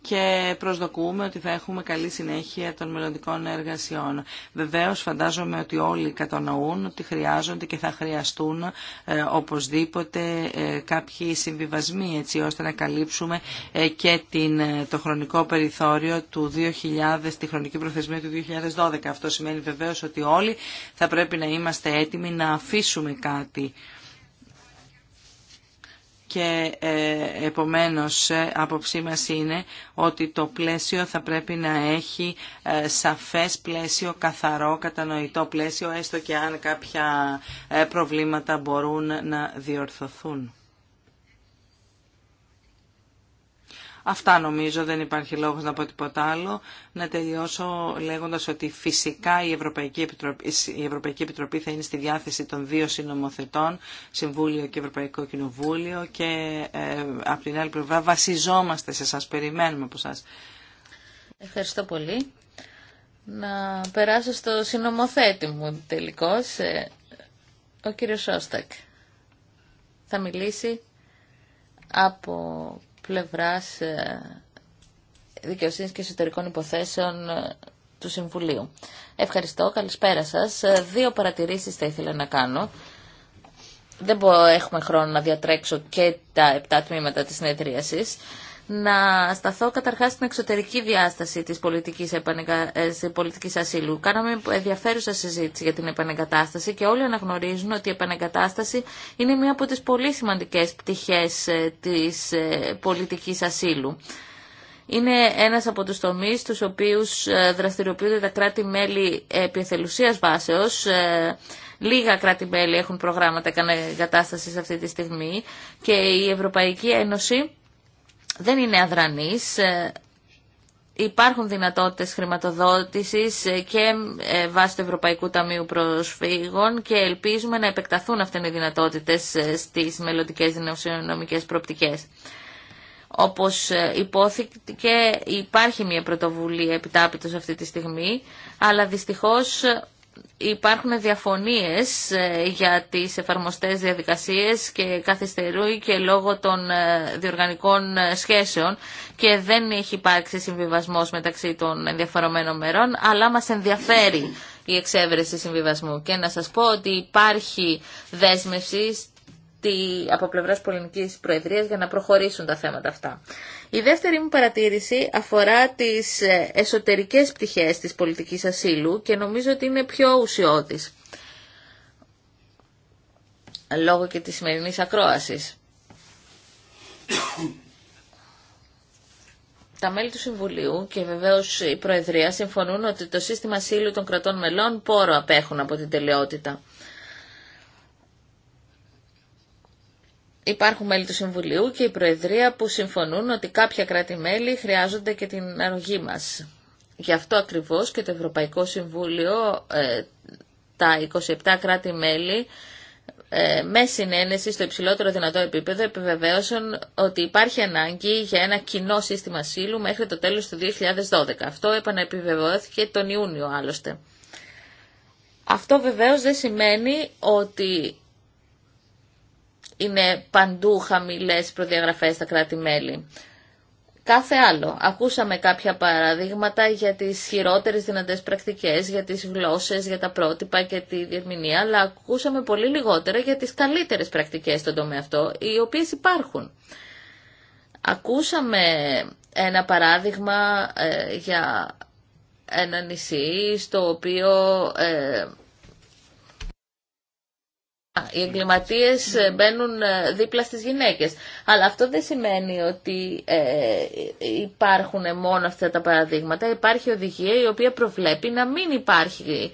Και προσδοκούμε ότι θα έχουμε καλή συνέχεια των μελλοντικών εργασιών. Βεβαίως φαντάζομαι ότι όλοι κατανοούν ότι χρειάζονται και θα χρειαστούν ε, οπωσδήποτε ε, κάποιοι συμβιβασμοί έτσι ώστε να καλύψουμε ε, και την, ε, το χρονικό περιθώριο του 2000, τη χρονική προθεσμία του 2012. Αυτό σημαίνει βεβαίως ότι όλοι θα πρέπει να είμαστε έτοιμοι να αφήσουμε κάτι και ε, επομένως ε, άποψή μας είναι ότι το πλαίσιο θα πρέπει να έχει ε, σαφές πλαίσιο, καθαρό, κατανοητό πλαίσιο, έστω και αν κάποια προβλήματα μπορούν να διορθωθούν. Αυτά νομίζω, δεν υπάρχει λόγος να πω τίποτα άλλο. Να τελειώσω λέγοντας ότι φυσικά η Ευρωπαϊκή Επιτροπή, η Ευρωπαϊκή Επιτροπή θα είναι στη διάθεση των δύο συνομοθετών, Συμβούλιο και Ευρωπαϊκό Κοινοβούλιο και ε, από την άλλη πλευρά βασιζόμαστε σε σας, περιμένουμε από σας. Ευχαριστώ πολύ. Να περάσω στο συνομοθέτη μου τελικώς, ε, ο κύριος Σώστακ. Θα μιλήσει από πλευράς ε, δικαιοσύνης και εσωτερικών υποθέσεων ε, του Συμβουλίου. Ευχαριστώ, καλησπέρα σας. Ε, δύο παρατηρήσεις θα ήθελα να κάνω. Δεν έχουμε χρόνο να διατρέξω και τα επτά τμήματα της συνεδρίασης να σταθώ καταρχάς στην εξωτερική διάσταση της πολιτικής, επανεκα... της ε, πολιτικής ασύλου. Κάναμε ενδιαφέρουσα συζήτηση για την επανεγκατάσταση και όλοι αναγνωρίζουν ότι η επανεγκατάσταση είναι μία από τις πολύ σημαντικές πτυχές ε, της ε, πολιτικής ασύλου. Είναι ένας από τους τομείς στους οποίους δραστηριοποιούνται τα κράτη-μέλη επιθελουσίας βάσεως, Λίγα κράτη-μέλη έχουν προγράμματα κατάστασης αυτή τη στιγμή και η Ευρωπαϊκή Ένωση δεν είναι αδρανής. Ε, υπάρχουν δυνατότητες χρηματοδότησης ε, και ε, βάσει του Ευρωπαϊκού Ταμείου Προσφύγων και ελπίζουμε να επεκταθούν αυτές οι δυνατότητες στις μελλοντικές δημοσιονομικές προοπτικές. Όπως υπόθηκε υπάρχει μια πρωτοβουλία επιτάπητος αυτή τη στιγμή, αλλά δυστυχώς υπάρχουν διαφωνίες ε, για τις εφαρμοστές διαδικασίες και καθυστερούει και λόγω των ε, διοργανικών ε, σχέσεων και δεν έχει υπάρξει συμβιβασμός μεταξύ των ενδιαφερομένων μερών, αλλά μας ενδιαφέρει η εξέβρεση συμβιβασμού. Και να σας πω ότι υπάρχει δέσμευση από πλευράς πολιτικής Προεδρίας για να προχωρήσουν τα θέματα αυτά. Η δεύτερη μου παρατήρηση αφορά τις ε, εσωτερικές πτυχές της πολιτικής ασύλου και νομίζω ότι είναι πιο ουσιώδης λόγω και της σημερινής ακρόασης. Τα μέλη του Συμβουλίου και βεβαίω η Προεδρία συμφωνούν ότι το σύστημα ασύλου των κρατών μελών πόρο απέχουν από την τελειότητα. υπάρχουν μέλη του Συμβουλίου και η Προεδρία που συμφωνούν ότι κάποια κράτη-μέλη χρειάζονται και την αρρωγή μας. Γι' αυτό ακριβώς και το Ευρωπαϊκό Συμβούλιο, ε, τα 27 κράτη-μέλη, ε, με συνένεση στο υψηλότερο δυνατό επίπεδο επιβεβαίωσαν ότι υπάρχει ανάγκη για ένα κοινό σύστημα σύλλου μέχρι το τέλος του 2012. Αυτό επαναεπιβεβαιώθηκε τον Ιούνιο άλλωστε. Αυτό βεβαίως δεν σημαίνει ότι είναι παντού χαμηλές προδιαγραφές στα κράτη-μέλη. Κάθε άλλο. Ακούσαμε κάποια παραδείγματα για τις χειρότερες δυνατές πρακτικές, για τις γλώσσες, για τα πρότυπα και τη διερμηνία, αλλά ακούσαμε πολύ λιγότερα για τις καλύτερες πρακτικές στον τομέα αυτό, οι οποίες υπάρχουν. Ακούσαμε ένα παράδειγμα ε, για ένα νησί στο οποίο... Ε, οι εγκληματίες ε, μπαίνουν ε, δίπλα στις γυναίκες. Αλλά αυτό δεν σημαίνει ότι ε, υπάρχουν μόνο αυτά τα παραδείγματα. Υπάρχει οδηγία η οποία προβλέπει να μην υπάρχει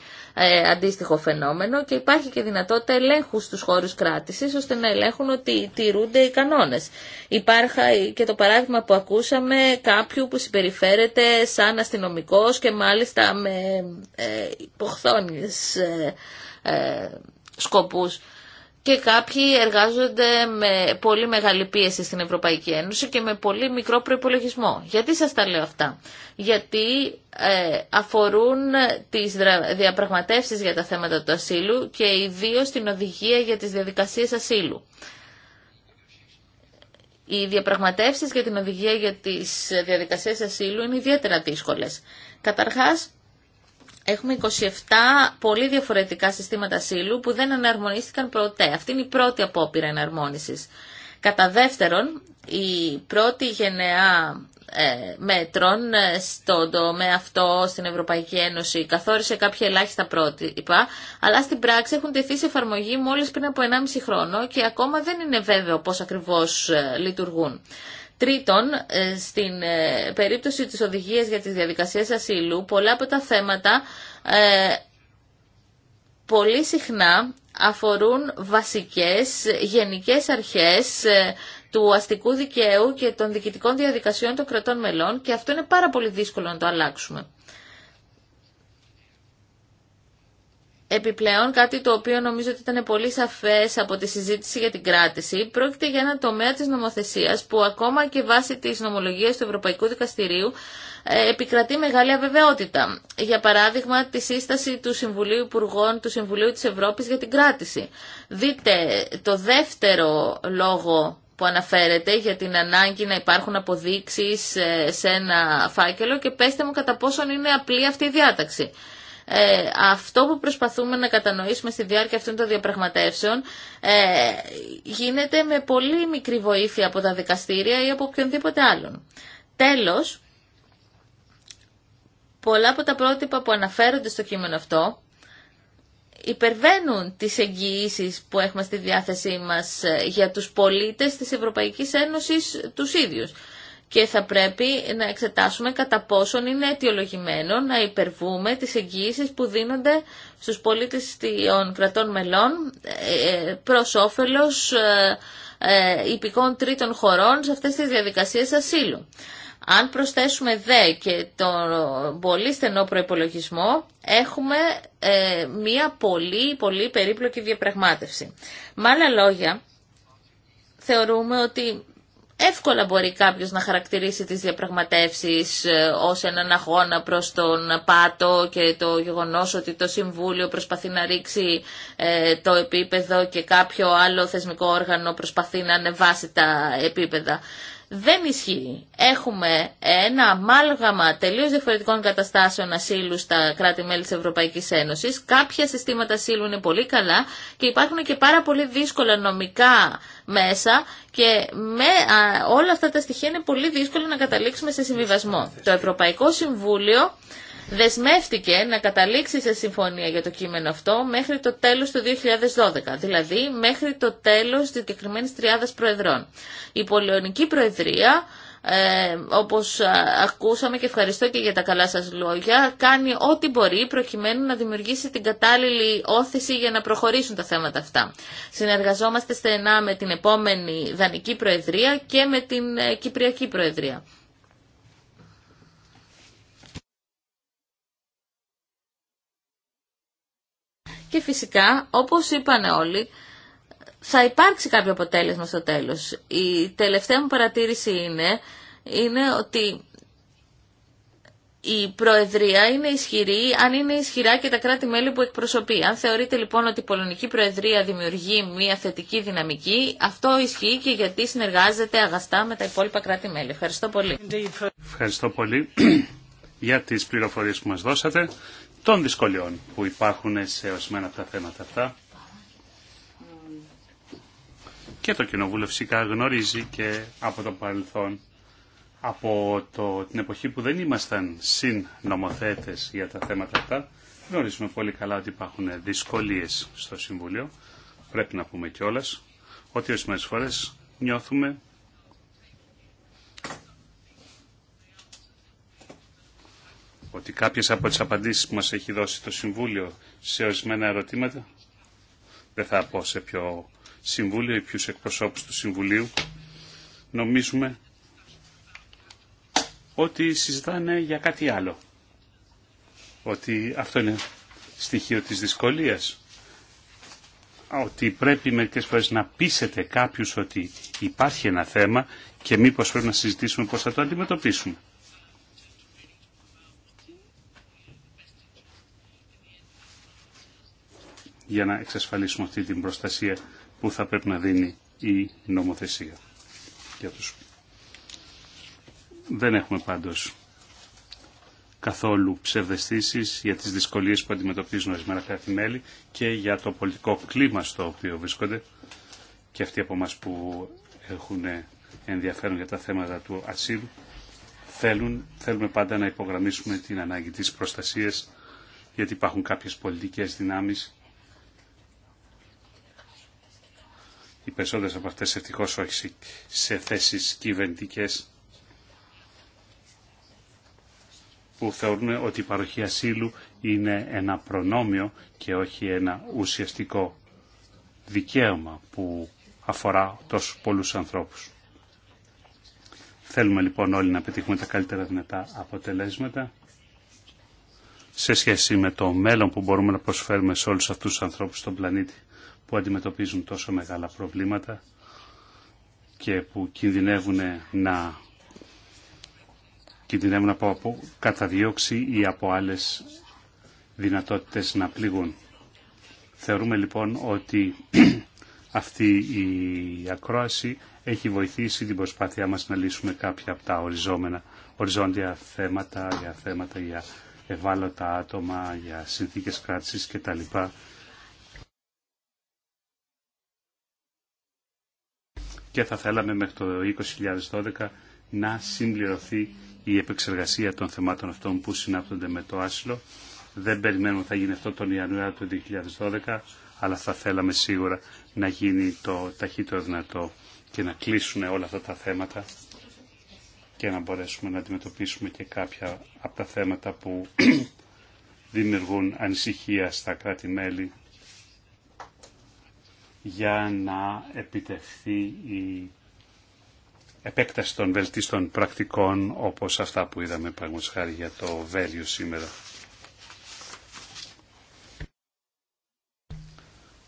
αντίστοιχο φαινόμενο και υπάρχει και δυνατότητα ελέγχου στους χώρους κράτησης ώστε να ελέγχουν ότι τηρούνται οι κανόνες. Υπάρχει και το παράδειγμα που ακούσαμε κάποιου που συμπεριφέρεται σαν αστυνομικός και μάλιστα με υποχθόνιες σκοπούς και κάποιοι εργάζονται με πολύ μεγάλη πίεση στην Ευρωπαϊκή Ένωση και με πολύ μικρό προϋπολογισμό. Γιατί σας τα λέω αυτά. Γιατί ε, αφορούν τις διαπραγματεύσεις για τα θέματα του ασύλου και ιδίως την οδηγία για τις διαδικασίες ασύλου. Οι διαπραγματεύσεις για την οδηγία για τις διαδικασίες ασύλου είναι ιδιαίτερα δύσκολες. Καταρχάς, Έχουμε 27 πολύ διαφορετικά συστήματα σύλλου που δεν αναρμονίστηκαν ποτέ. Αυτή είναι η πρώτη απόπειρα εναρμόνισης. Κατά δεύτερον, η πρώτη γενεά ε, μέτρων ε, στον τομέα αυτό στην Ευρωπαϊκή Ένωση καθόρισε κάποια ελάχιστα πρότυπα, αλλά στην πράξη έχουν τεθεί σε εφαρμογή μόλις πριν από 1,5 χρόνο και ακόμα δεν είναι βέβαιο πώς ακριβώς ε, λειτουργούν. Τρίτον, ε, στην ε, περίπτωση της οδηγίας για τις διαδικασίες ασύλου, πολλά από τα θέματα ε, πολύ συχνά αφορούν βασικές γενικές αρχές του αστικού δικαίου και των διοικητικών διαδικασιών των κρατών μελών και αυτό είναι πάρα πολύ δύσκολο να το αλλάξουμε. Επιπλέον, κάτι το οποίο νομίζω ότι ήταν πολύ σαφέ από τη συζήτηση για την κράτηση, πρόκειται για ένα τομέα τη νομοθεσία που ακόμα και βάσει τη νομολογία του Ευρωπαϊκού Δικαστηρίου ε, επικρατεί μεγάλη αβεβαιότητα. Για παράδειγμα, τη σύσταση του Συμβουλίου Υπουργών του Συμβουλίου τη Ευρώπη για την κράτηση. Δείτε το δεύτερο λόγο που αναφέρεται για την ανάγκη να υπάρχουν αποδείξεις ε, σε ένα φάκελο και πέστε μου κατά πόσον είναι απλή αυτή η διάταξη ε, αυτό που προσπαθούμε να κατανοήσουμε στη διάρκεια αυτών των διαπραγματεύσεων ε, γίνεται με πολύ μικρή βοήθεια από τα δικαστήρια ή από οποιονδήποτε άλλον. Τέλος, πολλά από τα πρότυπα που αναφέρονται στο κείμενο αυτό υπερβαίνουν τις εγγυήσει που έχουμε στη διάθεσή μας ε, για τους πολίτες της Ευρωπαϊκής Ένωσης τους ίδιους και θα πρέπει να εξετάσουμε κατά πόσον είναι αιτιολογημένο να υπερβούμε τις εγγύησεις που δίνονται στους πολίτες των κρατών μελών ε, ε, προς όφελος ε, υπηκών τρίτων χωρών σε αυτές τις διαδικασίες ασύλου. Αν προσθέσουμε δε και τον πολύ στενό προϋπολογισμό, έχουμε μία πολύ πολύ περίπλοκη διαπραγμάτευση. Με άλλα λόγια, θεωρούμε ότι Εύκολα μπορεί κάποιος να χαρακτηρίσει τις διαπραγματεύσεις ε, ως έναν αγώνα προς τον πάτο και το γεγονός ότι το Συμβούλιο προσπαθεί να ρίξει ε, το επίπεδο και κάποιο άλλο θεσμικό όργανο προσπαθεί να ανεβάσει τα επίπεδα. Δεν ισχύει. Έχουμε ένα αμάλγαμα τελείως διαφορετικών καταστάσεων ασύλου στα κράτη-μέλη της Ευρωπαϊκής Ένωσης. Κάποια συστήματα ασύλου είναι πολύ καλά και υπάρχουν και πάρα πολύ δύσκολα νομικά μέσα και με όλα αυτά τα στοιχεία είναι πολύ δύσκολο να καταλήξουμε σε συμβιβασμό. Το Ευρωπαϊκό Συμβούλιο δεσμεύτηκε να καταλήξει σε συμφωνία για το κείμενο αυτό μέχρι το τέλος του 2012, δηλαδή μέχρι το τέλος της συγκεκριμένη τριάδας προεδρών. Η Πολεωνική Προεδρία ε, όπως ακούσαμε και ευχαριστώ και για τα καλά σας λόγια, κάνει ό,τι μπορεί προκειμένου να δημιουργήσει την κατάλληλη όθηση για να προχωρήσουν τα θέματα αυτά. Συνεργαζόμαστε στενά με την επόμενη Δανική Προεδρία και με την ε, Κυπριακή Προεδρία. Και φυσικά, όπως είπαν όλοι, θα υπάρξει κάποιο αποτέλεσμα στο τέλος. Η τελευταία μου παρατήρηση είναι, είναι ότι η Προεδρία είναι ισχυρή αν είναι ισχυρά και τα κράτη-μέλη που εκπροσωπεί. Αν θεωρείτε λοιπόν ότι η Πολωνική Προεδρία δημιουργεί μια θετική δυναμική, αυτό ισχύει και γιατί συνεργάζεται αγαστά με τα υπόλοιπα κράτη-μέλη. Ευχαριστώ πολύ. Ευχαριστώ πολύ για τις πληροφορίες που μας δώσατε των δυσκολιών που υπάρχουν σε ορισμένα από τα θέματα αυτά. Και το Κοινοβούλιο φυσικά γνωρίζει και από το παρελθόν, από το, την εποχή που δεν ήμασταν νομοθέτες για τα θέματα αυτά, γνωρίζουμε πολύ καλά ότι υπάρχουν δυσκολίες στο Συμβούλιο. Πρέπει να πούμε κιόλας ότι ορισμένες φορές νιώθουμε ότι κάποιες από τις απαντήσεις που μας έχει δώσει το Συμβούλιο σε ορισμένα ερωτήματα, δεν θα πω σε ποιο Συμβούλιο ή ποιους εκπροσώπους του Συμβουλίου, νομίζουμε ότι συζητάνε για κάτι άλλο. Ότι αυτό είναι στοιχείο της δυσκολίας. Ότι πρέπει μερικές φορές να πείσετε κάποιους ότι υπάρχει ένα θέμα και μήπως πρέπει να συζητήσουμε πώς θα το αντιμετωπίσουμε. για να εξασφαλίσουμε αυτή την προστασία που θα πρέπει να δίνει η νομοθεσία για τους. Δεν έχουμε πάντως καθόλου ψευδεστήσεις για τις δυσκολίες που αντιμετωπίζουν κάθε κράτη-μέλη και για το πολιτικό κλίμα στο οποίο βρίσκονται και αυτοί από μας που έχουν ενδιαφέρον για τα θέματα του ασύλου θέλουν, θέλουμε πάντα να υπογραμμίσουμε την ανάγκη της προστασίας γιατί υπάρχουν κάποιες πολιτικές δυνάμεις Οι περισσότερες από αυτές ευτυχώς όχι σε θέσεις κυβερνητικές που θεωρούν ότι η παροχή ασύλου είναι ένα προνόμιο και όχι ένα ουσιαστικό δικαίωμα που αφορά τόσους πολλούς ανθρώπους. Θέλουμε λοιπόν όλοι να πετύχουμε τα καλύτερα δυνατά αποτελέσματα σε σχέση με το μέλλον που μπορούμε να προσφέρουμε σε όλους αυτούς τους ανθρώπους στον πλανήτη που αντιμετωπίζουν τόσο μεγάλα προβλήματα και που κινδυνεύουν να κινδυνεύουν από καταδίωξη ή από άλλες δυνατότητες να πληγούν. Θεωρούμε λοιπόν ότι αυτή η ακρόαση έχει βοηθήσει την προσπάθειά μας να λύσουμε κάποια από τα οριζόμενα, οριζόντια θέματα, για θέματα για ευάλωτα άτομα, για συνθήκες κράτησης κτλ. και θα θέλαμε μέχρι το 2012 να συμπληρωθεί η επεξεργασία των θεμάτων αυτών που συνάπτονται με το άσυλο. Δεν περιμένουμε θα γίνει αυτό τον Ιανουάριο του 2012, αλλά θα θέλαμε σίγουρα να γίνει το ταχύτερο δυνατό και να κλείσουν όλα αυτά τα θέματα και να μπορέσουμε να αντιμετωπίσουμε και κάποια από τα θέματα που δημιουργούν ανησυχία στα κράτη-μέλη για να επιτευχθεί η επέκταση των βελτίστων πρακτικών όπως αυτά που είδαμε πραγματικά για το Βέλιο σήμερα.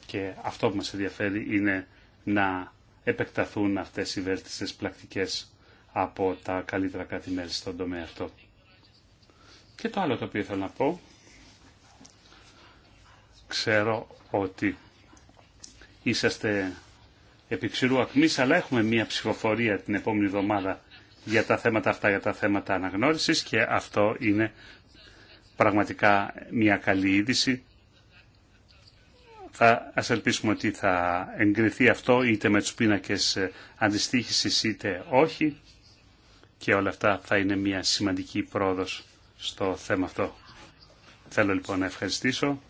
Και αυτό που μας ενδιαφέρει είναι να επεκταθούν αυτές οι βέλτιστες πρακτικές από τα καλυτερα κάτι κράτη-μέλη στον τομέα αυτό. Και το άλλο το οποίο θέλω να πω, ξέρω ότι είσαστε επί ξηρού ακμής, αλλά έχουμε μία ψηφοφορία την επόμενη εβδομάδα για τα θέματα αυτά, για τα θέματα αναγνώρισης και αυτό είναι πραγματικά μια καλή είδηση. Θα, ας ελπίσουμε ότι θα εγκριθεί αυτό είτε με τους πίνακες αντιστοίχησης είτε όχι και όλα αυτά θα είναι μια σημαντική πρόοδος στο θέμα αυτό. Θέλω λοιπόν να ευχαριστήσω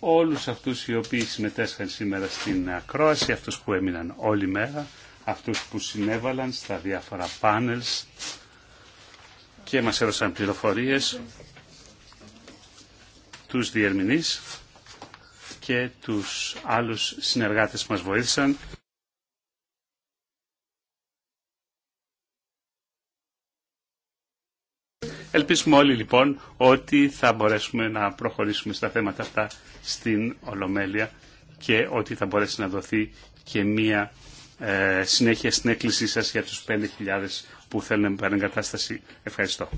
όλους αυτούς οι οποίοι συμμετέσχαν σήμερα στην ακρόαση, αυτούς που έμειναν όλη μέρα, αυτούς που συνέβαλαν στα διάφορα πάνελς και μας έδωσαν πληροφορίες, τους διερμηνείς και τους άλλους συνεργάτες που μας βοήθησαν. Ελπίζουμε όλοι λοιπόν ότι θα μπορέσουμε να προχωρήσουμε στα θέματα αυτά στην Ολομέλεια και ότι θα μπορέσει να δοθεί και μία ε, συνέχεια στην έκκλησή σας για τους 5.000 που θέλουν επαναγκατάσταση. Ευχαριστώ.